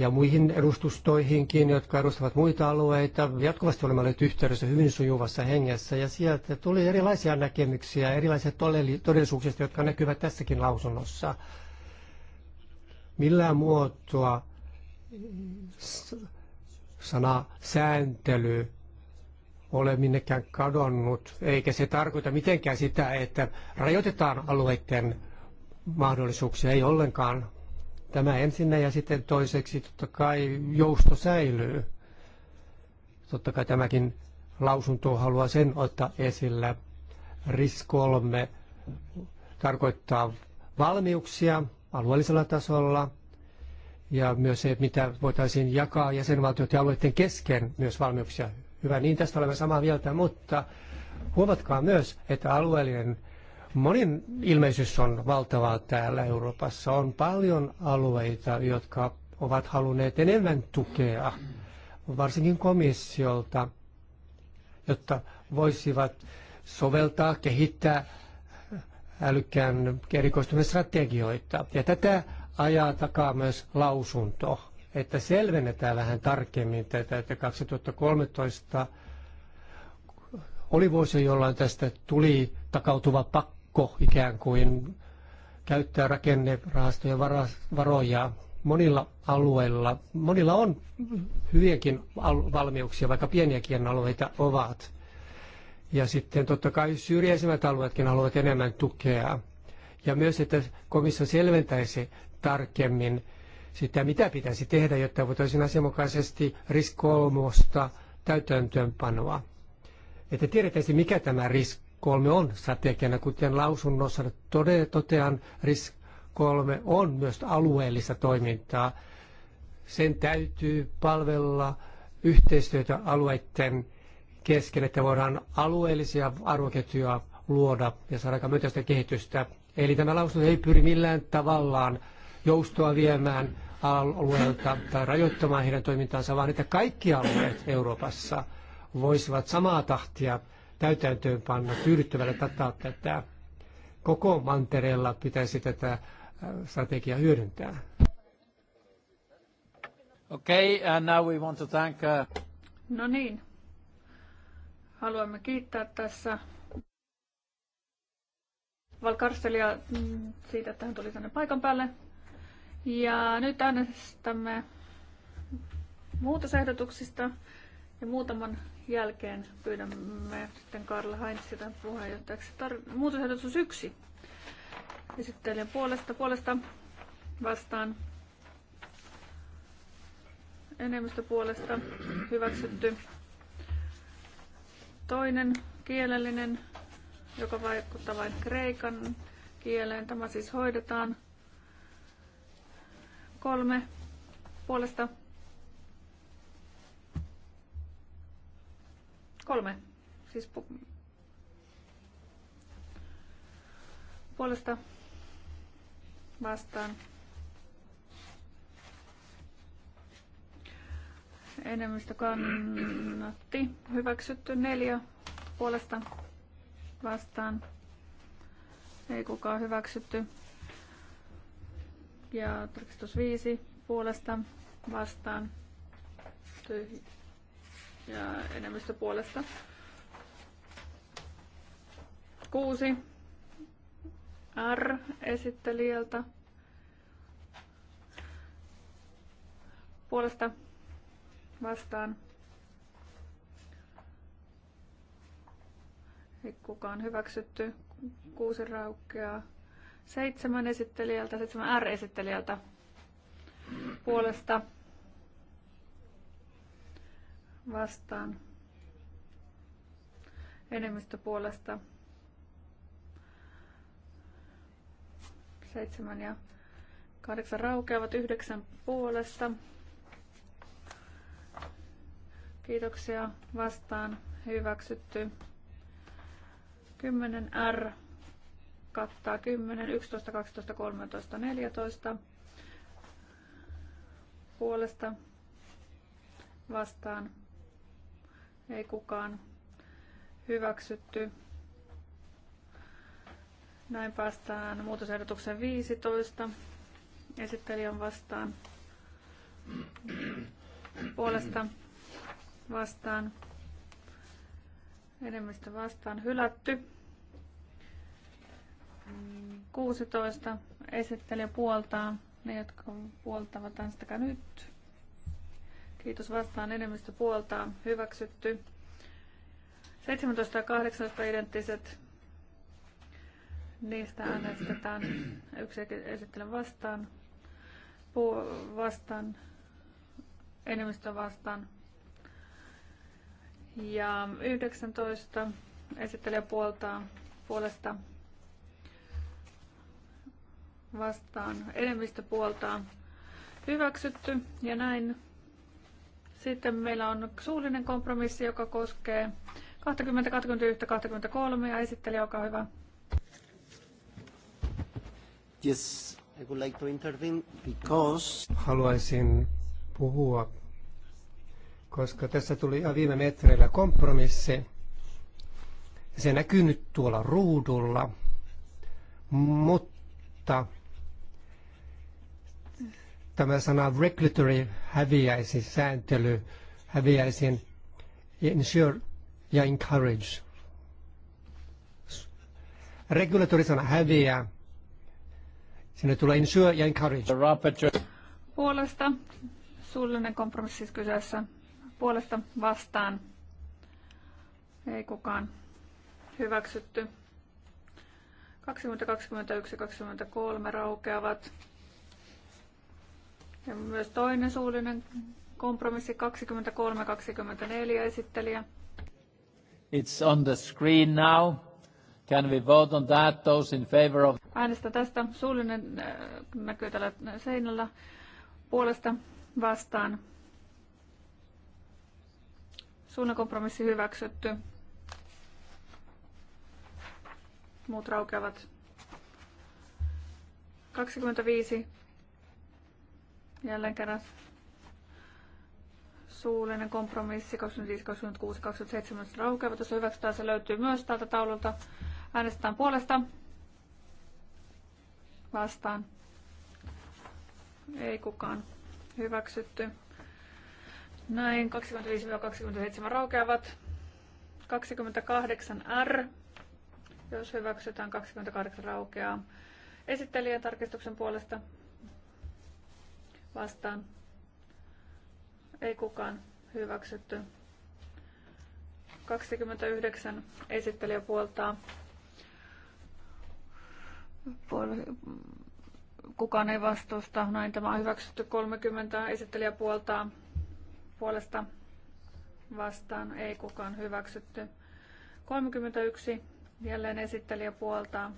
ja muihin edustustoihinkin, jotka edustavat muita alueita. Jatkuvasti olemme olleet yhteydessä hyvin sujuvassa hengessä ja sieltä tuli erilaisia näkemyksiä, erilaisia todellisuuksista, jotka näkyvät tässäkin lausunnossa. Millään muotoa sana sääntely ole minnekään kadonnut, eikä se tarkoita mitenkään sitä, että rajoitetaan alueiden mahdollisuuksia, ei ollenkaan, Tämä ensinnä ja sitten toiseksi totta kai jousto säilyy. Totta kai tämäkin lausunto haluaa sen ottaa esillä. RIS 3 tarkoittaa valmiuksia alueellisella tasolla ja myös se, mitä voitaisiin jakaa jäsenvaltioiden ja alueiden kesken myös valmiuksia. Hyvä, niin tästä olemme samaa mieltä, mutta huomatkaa myös, että alueellinen Monin ilmeisyys on valtavaa täällä Euroopassa. On paljon alueita, jotka ovat halunneet enemmän tukea, varsinkin komissiolta, jotta voisivat soveltaa, kehittää älykkään strategioita. Ja tätä ajaa takaa myös lausunto, että selvennetään vähän tarkemmin tätä, että 2013 oli vuosi, jolloin tästä tuli takautuva pakko pakko ikään kuin käyttää rakennerahastojen varoja monilla alueilla. Monilla on hyviäkin valmiuksia, vaikka pieniäkin alueita ovat. Ja sitten totta kai syrjäisimmät alueetkin haluavat enemmän tukea. Ja myös, että komissio selventäisi tarkemmin sitä, mitä pitäisi tehdä, jotta voitaisiin asianmukaisesti risk kolmosta täytäntöönpanoa. Että tiedettäisiin, mikä tämä risk kolme on strategiana, kuten lausunnossa totean, RIS kolme on myös alueellista toimintaa. Sen täytyy palvella yhteistyötä alueiden kesken, että voidaan alueellisia arvoketjuja luoda ja saada aika myönteistä kehitystä. Eli tämä lausunto ei pyri millään tavallaan joustoa viemään alueelta tai rajoittamaan heidän toimintaansa, vaan että kaikki alueet Euroopassa voisivat samaa tahtia täytäntöön panna tyydyttävällä tataa tätä. Koko mantereella pitäisi tätä äh, strategiaa hyödyntää. Okay, and now we want to thank... Uh... No niin. Haluamme kiittää tässä Valkarstelia mm, siitä, että hän tuli tänne paikan päälle. Ja nyt äänestämme muutosehdotuksista ja muutaman jälkeen pyydämme sitten Karl Heinziltä puheenjohtajaksi. Tar- muutosehdotus yksi. Esittelijän puolesta, puolesta vastaan. Enemmistö puolesta hyväksytty. Toinen kielellinen, joka vaikuttaa vain kreikan kieleen. Tämä siis hoidetaan. Kolme puolesta Kolme. Siis pu- puolesta vastaan. Enemmistö kannatti. Hyväksytty neljä puolesta vastaan. Ei kukaan hyväksytty. Ja tarkistus viisi puolesta vastaan. Tyhjä ja enemmistö puolesta. Kuusi R-esittelijältä puolesta vastaan. Ei kukaan hyväksytty. Kuusi raukkeaa. Seitsemän esittelijältä, seitsemän R-esittelijältä puolesta vastaan enemmistöpuolesta Seitsemän ja kahdeksan raukeavat yhdeksän puolesta. Kiitoksia vastaan. Hyväksytty. 10 R kattaa 10, 11, 12, 13, 14 puolesta vastaan ei kukaan. Hyväksytty. Näin päästään muutosehdotuksen 15. Esittelijän vastaan. Puolesta vastaan. Enemmistö vastaan. Hylätty. 16. Esittelijä puoltaa. Ne, jotka puoltavat, äänestäkää nyt. Kiitos vastaan enemmistö puoltaan. Hyväksytty. 17 ja 18 identtiset. Niistä äänestetään yksi esittelen vastaan. Puu- vastaan. Enemmistö vastaan. Ja 19 esittelijä puoltaa puolesta vastaan. Enemmistö puoltaan hyväksytty ja näin sitten meillä on suullinen kompromissi, joka koskee 20, 21, 23 ja esittelijä, olkaa hyvä. Yes, I would like to intervene because... Haluaisin puhua, koska tässä tuli ihan viime metreillä kompromissi. Se näkyy nyt tuolla ruudulla, mutta tämä sana regulatory häviäisi, sääntely häviäisi, ensure ja encourage. Regulatory sana häviää, sinne tulee ensure ja encourage. Puolesta, suullinen kompromissi siis kyseessä, puolesta vastaan, ei kukaan hyväksytty. 2021-2023 raukeavat. Ja myös toinen suullinen kompromissi 23-24 esittelijä. It's on the screen now. Can we vote on that? Those in favor of... Äänestä tästä. Suullinen äh, näkyy tällä seinällä puolesta vastaan. Suullinen kompromissi hyväksytty. Muut raukeavat. 25 Jälleen kerran suullinen kompromissi 25, 26, 27 raukeavat. Tässä hyväksytään, se löytyy myös täältä taululta. Äänestetään puolesta. Vastaan. Ei kukaan hyväksytty. Näin 25-27 raukeavat. 28 R. Jos hyväksytään, 28 raukeaa. Esittelijän tarkistuksen puolesta vastaan. Ei kukaan hyväksytty. 29 esittelijä puoltaa. Kukaan ei vastusta. Näin tämä on hyväksytty 30 esittelijä puoltaa puolesta vastaan. Ei kukaan hyväksytty. 31 jälleen esittelijä puoltaa.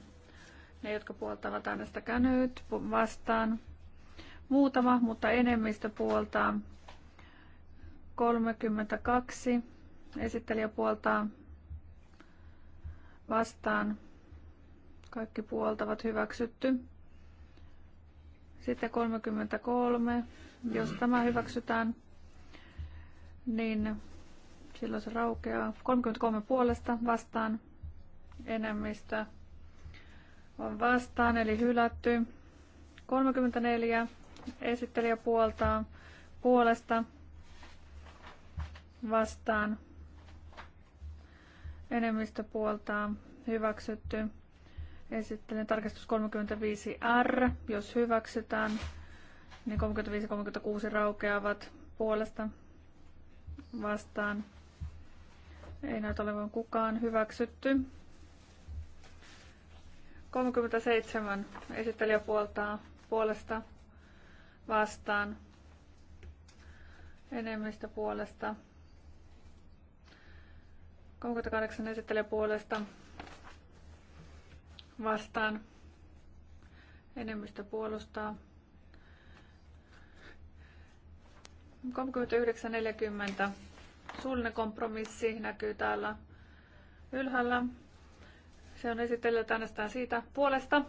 Ne, jotka puoltavat äänestäkää nyt vastaan. Muutama, mutta enemmistö puoltaa 32 esittelijä puoltaa vastaan. Kaikki puoltavat hyväksytty. Sitten 33. Jos tämä hyväksytään, niin silloin se raukeaa. 33 puolesta vastaan enemmistö on vastaan, eli hylätty. 34 Esittelijä puoltaa puolesta vastaan. Enemmistö puoltaa hyväksytty. Esittelen tarkastus 35R, jos hyväksytään, niin 35-36 raukeavat puolesta vastaan. Ei näytä olevan kukaan hyväksytty. 37 esittelijä puoltaa puolesta vastaan enemmistö puolesta. 38 esittelee puolesta vastaan enemmistö puolustaa. 39.40. Suullinen kompromissi näkyy täällä ylhäällä. Se on esitellyt äänestään siitä puolesta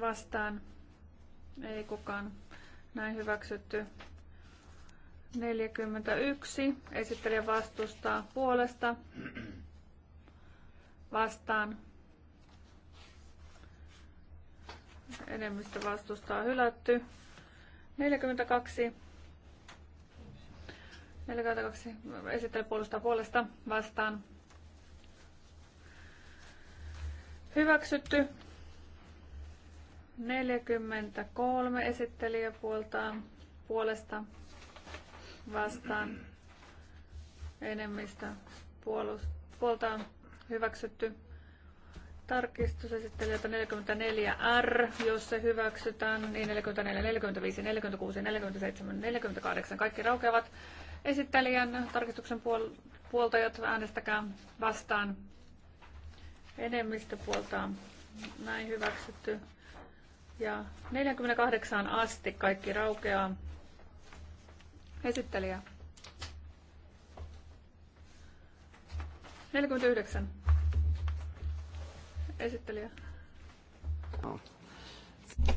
vastaan. Ei kukaan näin hyväksytty. 41. Esittelijä vastustaa puolesta. Vastaan. Enemmistö vastustaa hylätty. 42. 42. Esittelijä puolustaa puolesta. Vastaan. Hyväksytty. 43 esittelijä puoltaan, puolesta vastaan enemmistö puolus, puoltaan hyväksytty tarkistus esittelijältä 44R, jos se hyväksytään, niin 44, 45, 46, 47, 48, kaikki raukeavat. Esittelijän tarkistuksen puol- puoltajat äänestäkää vastaan enemmistö puoltaan. Näin hyväksytty. Ja 48 asti kaikki raukeaa. Esittelijä. 49. Esittelijä.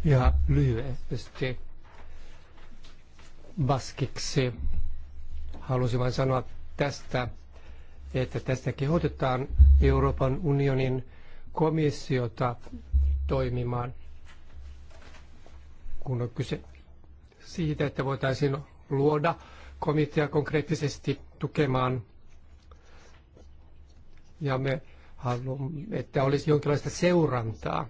Ja lyhyesti baskiksi halusin vain sanoa tästä, että tästä kehotetaan Euroopan unionin komissiota toimimaan – kun on kyse siitä, että voitaisiin luoda komitea konkreettisesti tukemaan. Ja me haluamme, että olisi jonkinlaista seurantaa,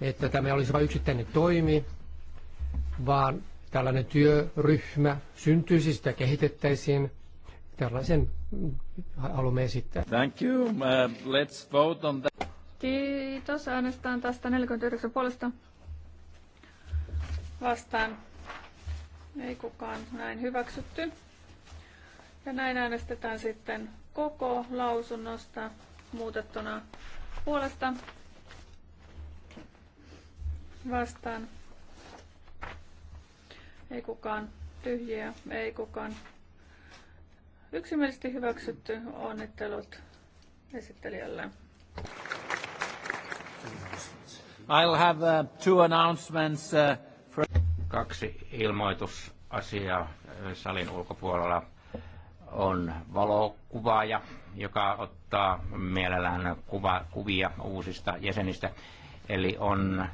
että tämä olisi vain yksittäinen toimi, vaan tällainen työryhmä syntyisi, sitä kehitettäisiin. Tällaisen haluamme esittää. Thank you. Uh, let's vote on that. Kiitos. äänestään tästä 49 puolesta vastaan. Ei kukaan näin hyväksytty. Ja näin äänestetään sitten koko lausunnosta muutettuna puolesta vastaan. Ei kukaan tyhjiä, ei kukaan yksimielisesti hyväksytty. Onnittelut esittelijälle. I'll have uh, two announcements. Uh... Kaksi ilmoitusasiaa eh, salin ulkopuolella on valokuvaaja, joka ottaa mielellään kuva, kuvia uusista jäsenistä. Eli on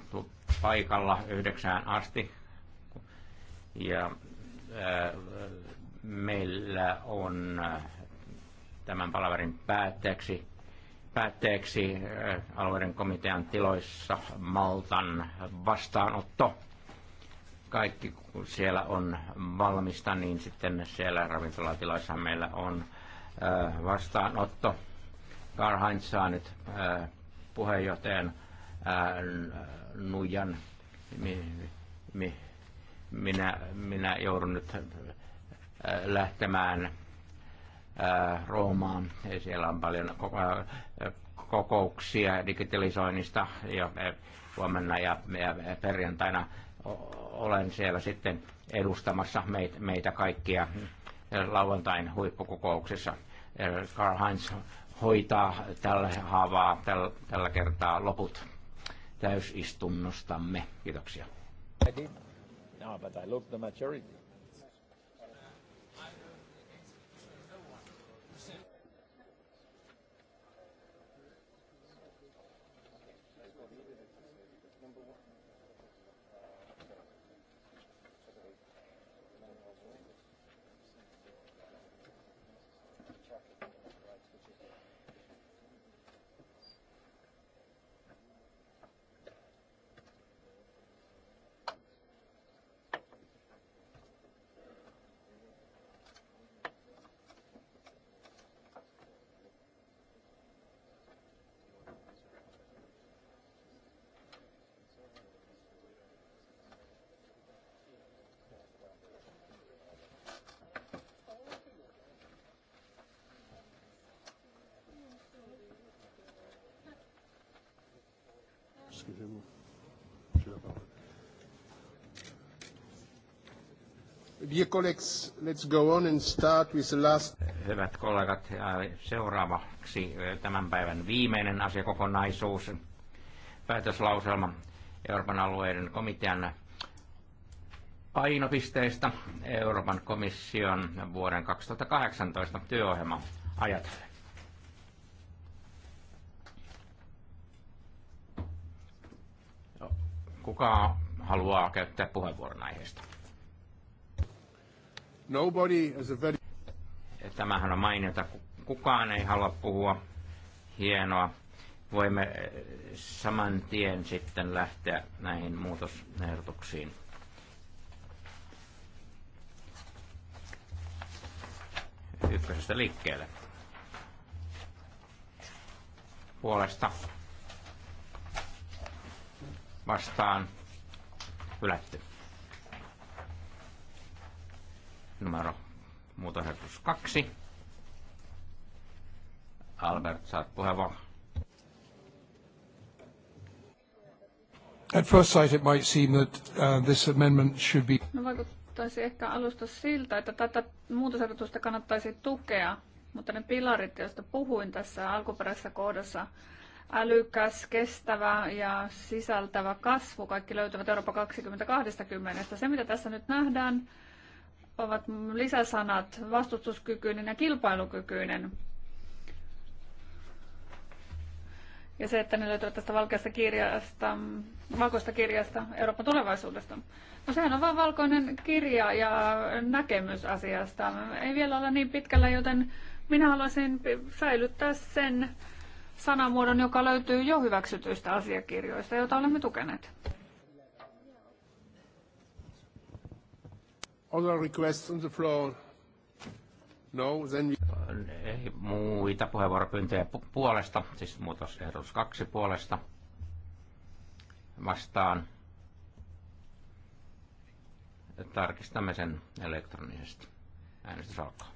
paikalla yhdeksään asti. Ja ää, eh, meillä on eh, tämän palaverin päätteeksi, päätteeksi ää, alueiden komitean tiloissa Maltan vastaanotto kaikki kun siellä on valmista, niin sitten siellä ravintolatiloissa meillä on äh, vastaanotto. Karl Heinz saa nyt äh, puheenjohtajan äh, nujan. Minä, minä joudun nyt lähtemään Roomaan. Siellä on paljon kokouksia digitalisoinnista ja huomenna ja perjantaina olen siellä sitten edustamassa meitä, meitä kaikkia lauantain huippukokouksessa. Karl Heinz hoitaa tällä haavaa tällä, tällä kertaa loput täysistunnostamme. Kiitoksia. I did. No, but I the Excusez-moi, j'ai la parole. Dear colleagues, let's go on and start with the last... Hyvät kollegat, seuraavaksi tämän päivän viimeinen asiakokonaisuus, päätöslauselma Euroopan alueiden komitean painopisteistä Euroopan komission vuoden 2018 työohjelma ajatellen. Kuka haluaa käyttää puheenvuoron aiheesta? Nobody is a very... Tämähän on mainita. Kukaan ei halua puhua. Hienoa. Voimme eh, saman tien sitten lähteä näihin muutosehdotuksiin. Ykkösestä liikkeelle. Puolesta vastaan hylätty. Numero muutosehdotus kaksi. Albert, saat puheenvuoron. At first sight it might seem that uh, this amendment should be... No vaikuttaisi ehkä alusta siltä, että tätä muutosehdotusta kannattaisi tukea, mutta ne pilarit, joista puhuin tässä alkuperäisessä kohdassa, älykäs, kestävä ja sisältävä kasvu. Kaikki löytyvät Eurooppa 2020. Se, mitä tässä nyt nähdään, ovat lisäsanat vastustuskykyinen ja kilpailukykyinen. Ja se, että ne löytyvät tästä valkoista kirjasta, valkoista kirjasta Euroopan tulevaisuudesta. No sehän on vain valkoinen kirja ja näkemys asiasta. Ei vielä ole niin pitkällä, joten minä haluaisin säilyttää sen sanamuodon, joka löytyy jo hyväksytyistä asiakirjoista, joita olemme tukeneet. Other requests on the floor? No, then we... Ei muita puheenvuoropyyntöjä puolesta, siis muutosehdotus kaksi puolesta vastaan. Tarkistamme sen elektronisesti. Äänestys alkaa.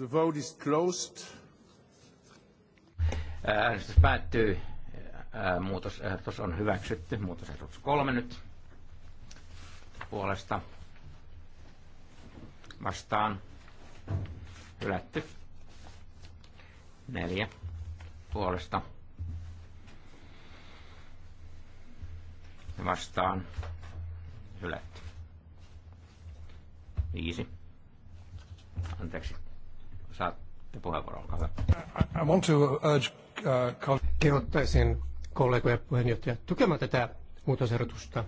The vote is closed. Äänestys päättyy. Muutosehdotus on hyväksytty. Muutosehdotus kolme nyt puolesta vastaan hylätty. Neljä puolesta vastaan hylätty. Viisi. Anteeksi, Saatte puheenvuoron, olkaa I want to urge, uh, Kehottaisin kollegoja puheenjohtaja tukemaan tätä muutosehdotusta.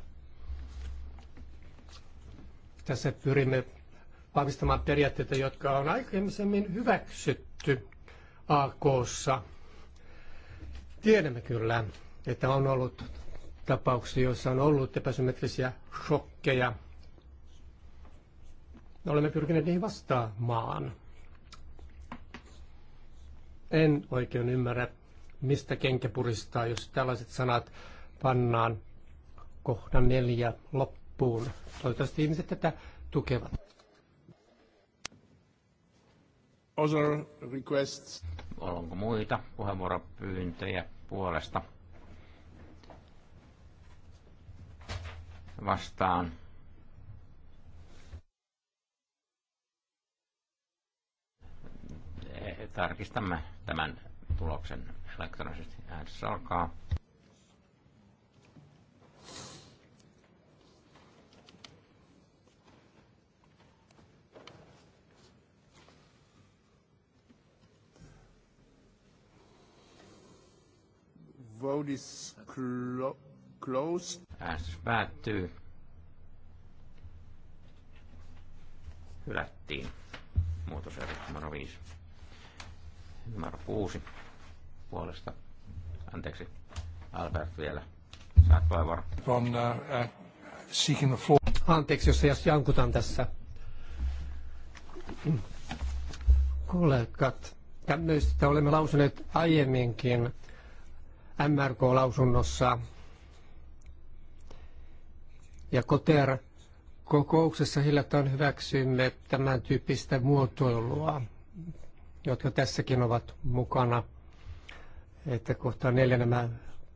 Tässä pyrimme vahvistamaan periaatteita, jotka on aikaisemmin hyväksytty AKssa. Tiedämme kyllä, että on ollut tapauksia, joissa on ollut epäsymmetrisiä shokkeja. Olemme pyrkineet niihin vastaamaan. En oikein ymmärrä, mistä kenkä puristaa, jos tällaiset sanat pannaan kohdan neljä loppuun. Toivottavasti ihmiset tätä tukevat. Other requests. Onko muita puheenvuoropyyntöjä puolesta? Vastaan tarkistamme tämän tuloksen elektronisesti. Äänestys alkaa. Vote is clo- closed. Äänestys päättyy. Hylättiin. Muutosehdotus numero 5 numero 6 puolesta. Anteeksi, Albert vielä. Saat puheenvuoron. From, uh, eh, eh, seeking the floor. Anteeksi, jos jankutan tässä. Kollegat, tämmöistä olemme lausuneet aiemminkin MRK-lausunnossa ja Koter kokouksessa hiljattain hyväksymme tämän tyyppistä muotoilua jotka tässäkin ovat mukana, että kohta neljä nämä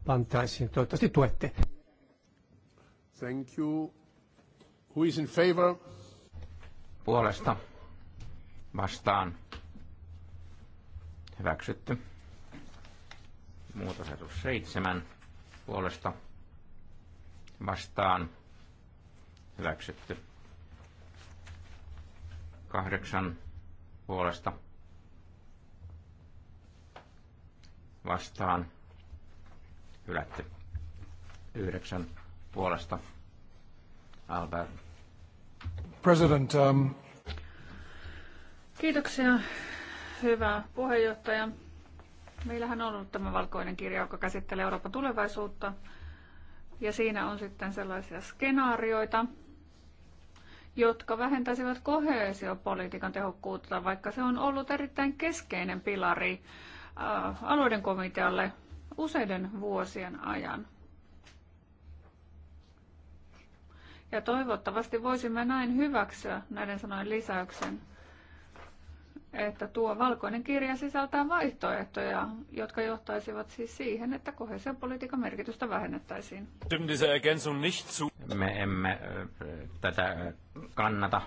pantaisiin. Toivottavasti tuette. Thank you. Who is in favor? Puolesta. Vastaan. Hyväksytty. Muutosehdotus seitsemän. Puolesta. Vastaan. Hyväksytty. Kahdeksan puolesta vastaan hylätty. Yhdeksän puolesta Albert. President, um... Kiitoksia, hyvä puheenjohtaja. Meillähän on ollut tämä valkoinen kirja, joka käsittelee Euroopan tulevaisuutta. Ja siinä on sitten sellaisia skenaarioita, jotka vähentäisivät koheesiopolitiikan tehokkuutta, vaikka se on ollut erittäin keskeinen pilari Äh, alueiden komitealle useiden vuosien ajan. Ja toivottavasti voisimme näin hyväksyä näiden sanojen lisäyksen, että tuo valkoinen kirja sisältää vaihtoehtoja, jotka johtaisivat siis siihen, että kohesiopolitiikan merkitystä vähennettäisiin. Me emme äh, tätä äh, kannata.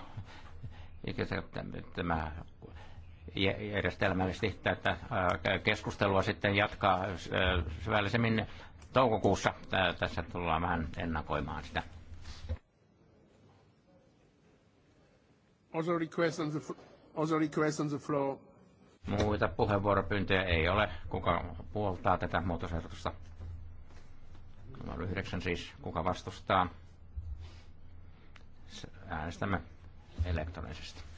Tämä järjestelmällisesti tätä keskustelua sitten jatkaa syvällisemmin toukokuussa. Tässä tullaan vähän ennakoimaan sitä. Also request on the, also request on the floor. Muita puheenvuoropyyntöjä ei ole. Kuka puoltaa tätä muutosehdotusta? Numero yhdeksän siis. Kuka vastustaa? Äänestämme elektronisesti.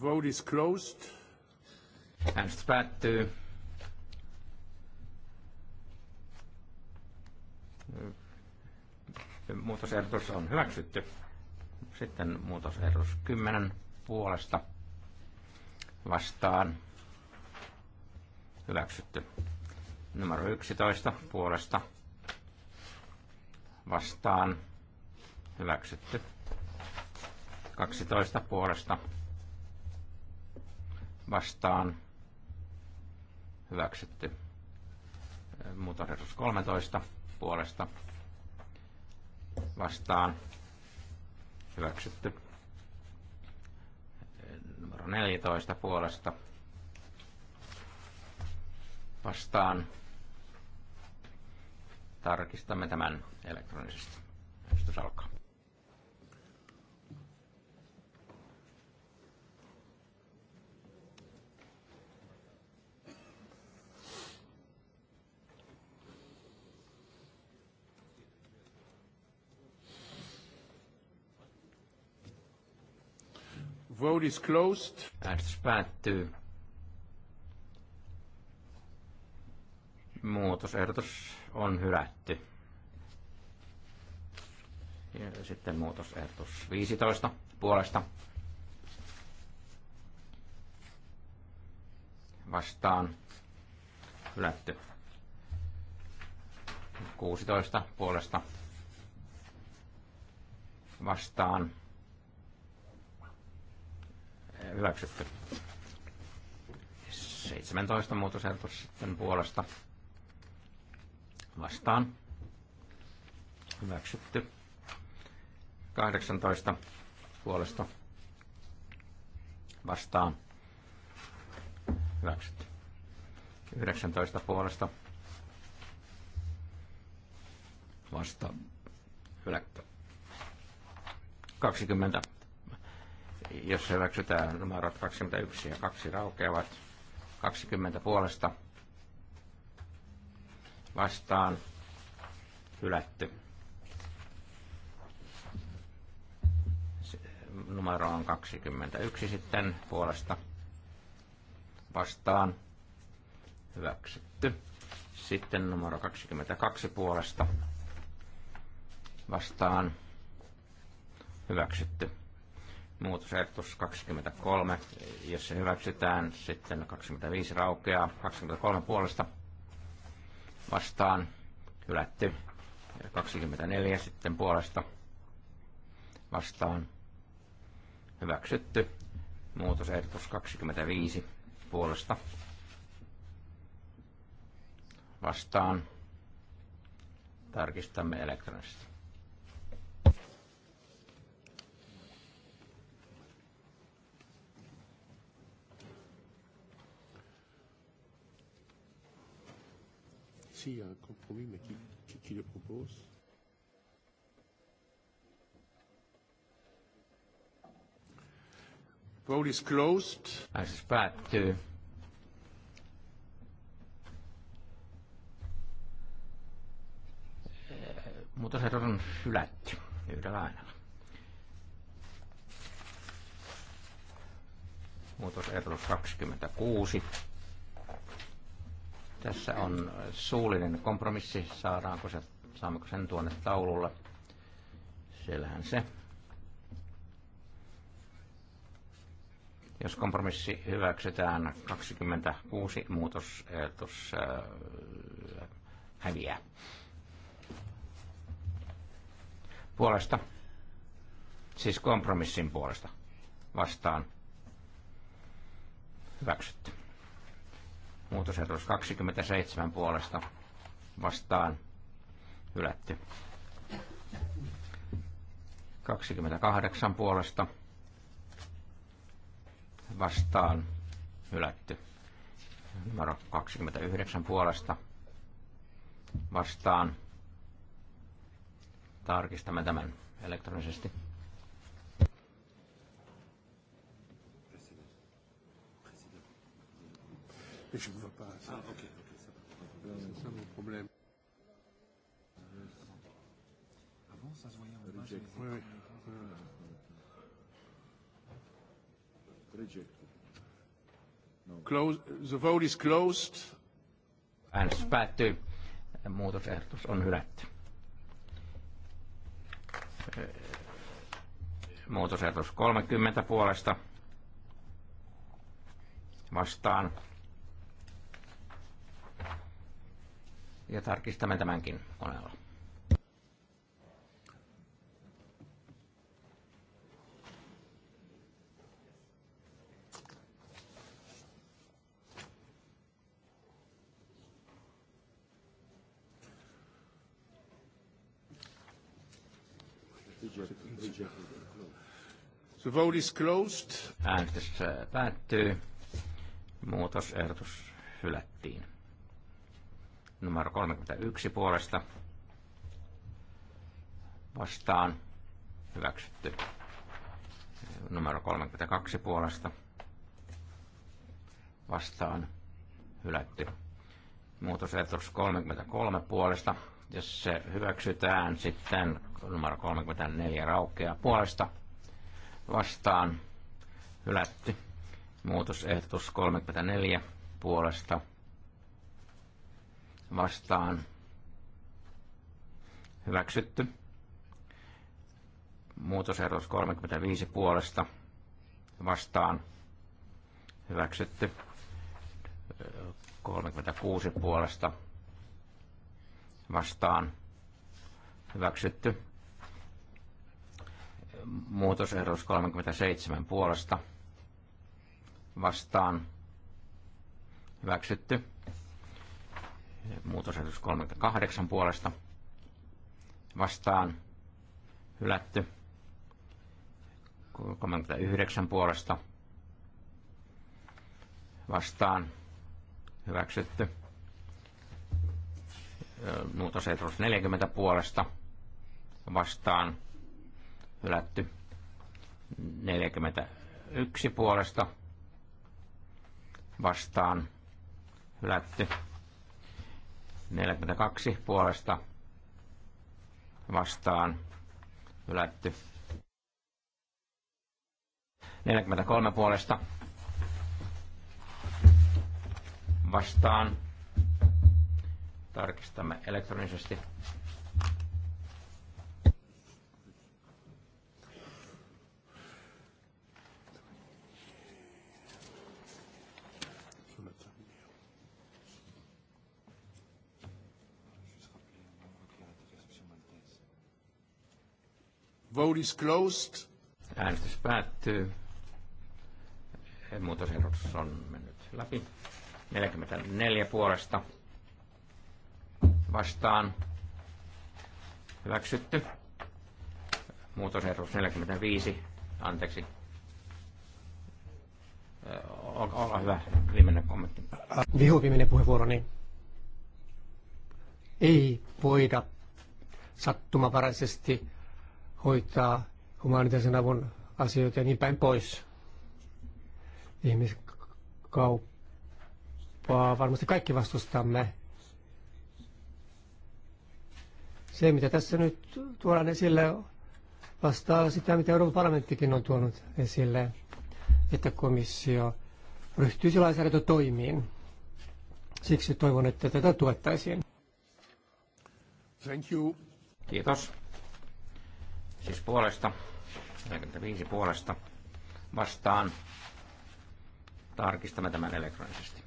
Vote is closed. Äänestys päättyy. Muutosehdotus on hyväksytty. Sitten muutosehdotus 10 puolesta vastaan hyväksytty. Numero 11 puolesta vastaan hyväksytty. 12 puolesta vastaan hyväksytty. Muutosehdotus 13 puolesta vastaan hyväksytty. Numero 14 puolesta vastaan. Tarkistamme tämän elektronisesti. Äänestys alkaa. Vote is closed. Äänestys päättyy. Muutosehdotus on hylätty. Ja sitten muutosehdotus 15 puolesta. Vastaan hylätty. 16 puolesta vastaan hyväksytty. 17 muutosehdotus sitten puolesta vastaan. Hyväksytty. 18 puolesta vastaan. Hyväksytty. 19 puolesta vastaan. Hylätty. 20 jos hyväksytään numerot 21 ja 2 raukeavat, 20 puolesta vastaan hylätty. Numero on 21 sitten puolesta vastaan hyväksytty. Sitten numero 22 puolesta vastaan hyväksytty. Muutosehdotus 23, jos se hyväksytään, sitten 25 raukeaa, 23 puolesta vastaan, hylätty, 24 sitten puolesta vastaan, hyväksytty, muutosehdotus 25 puolesta vastaan, tarkistamme elektronisesti. s'il y a un compromis, mais qui, qui, qui le propose Vote is closed. Äänestys päättyy. Muutosehdotus on hylätty yhdellä äänellä. Muutosehdotus 26. Tässä on suullinen kompromissi. Saadaanko se, saammeko sen tuonne taululle? Siellähän se. Jos kompromissi hyväksytään, 26 muutosehdotus äh, häviää. Puolesta, siis kompromissin puolesta, vastaan hyväksytty. Muutosehdotus 27 puolesta vastaan hylätty. 28 puolesta vastaan hylätty. Numero 29 puolesta vastaan. Tarkistamme tämän elektronisesti. je ne vois pas. Ça. Ah, ok, ok, ça va. C'est ça mon problème. Avant, ça se voyait en bas. Oui, oui. Close, the vote is closed. Äänestys päättyy. Muutosehdotus on hylätty. Muutosehdotus 30 puolesta vastaan ja tarkistamme tämänkin koneella. The vote is closed. Äänestys äh, päättyy. Muutosehdotus hylättiin numero 31 puolesta vastaan hyväksytty numero 32 puolesta vastaan hylätty muutosehdotus 33 puolesta jos se hyväksytään sitten numero 34 raukeaa puolesta vastaan hylätty muutosehdotus 34 puolesta vastaan hyväksytty. Muutosehdotus 35 puolesta vastaan hyväksytty. 36 puolesta vastaan hyväksytty. Muutosehdotus 37 puolesta vastaan hyväksytty. Muutosehdotus 38 puolesta vastaan hylätty. 39 puolesta vastaan hyväksytty. Muutosehdotus 40 puolesta vastaan hylätty. 41 puolesta vastaan hylätty. 42 puolesta vastaan hylätty. 43 puolesta vastaan. Tarkistamme elektronisesti. Vote is closed. Äänestys päättyy. Muutosehdotus on mennyt läpi. 44 puolesta vastaan hyväksytty. Muutosehdotus 45, anteeksi. Olkaa hyvä, viimeinen kommentti. Vihu viimeinen puheenvuoroni. Niin ei voida sattumavaraisesti hoitaa humanitaarisen avun asioita ja niin päin pois. Ihmiskauppaa varmasti kaikki vastustamme. Se, mitä tässä nyt tuodaan esille, vastaa sitä, mitä Euroopan parlamenttikin on tuonut esille, että komissio ryhtyisi lainsäädäntötoimiin. Siksi toivon, että tätä tuettaisiin. Thank you. Kiitos. Siis puolesta, 45 puolesta vastaan. Tarkistamme tämän elektronisesti.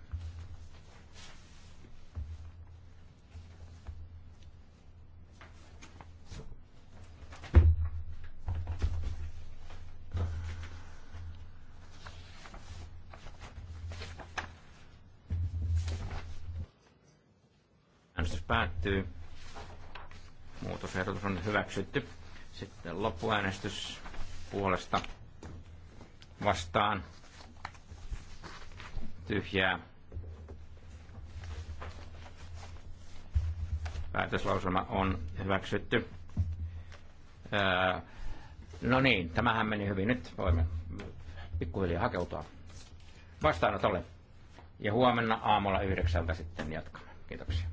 Äänestys päättyy. Muutosehdotus on hyväksytty. Sitten loppuäänestys puolesta vastaan tyhjää. Päätöslauselma on hyväksytty. Öö, no niin, tämähän meni hyvin. Nyt voimme pikkuhiljaa hakeutua vastaanotolle. Ja huomenna aamulla yhdeksältä sitten jatkamme. Kiitoksia.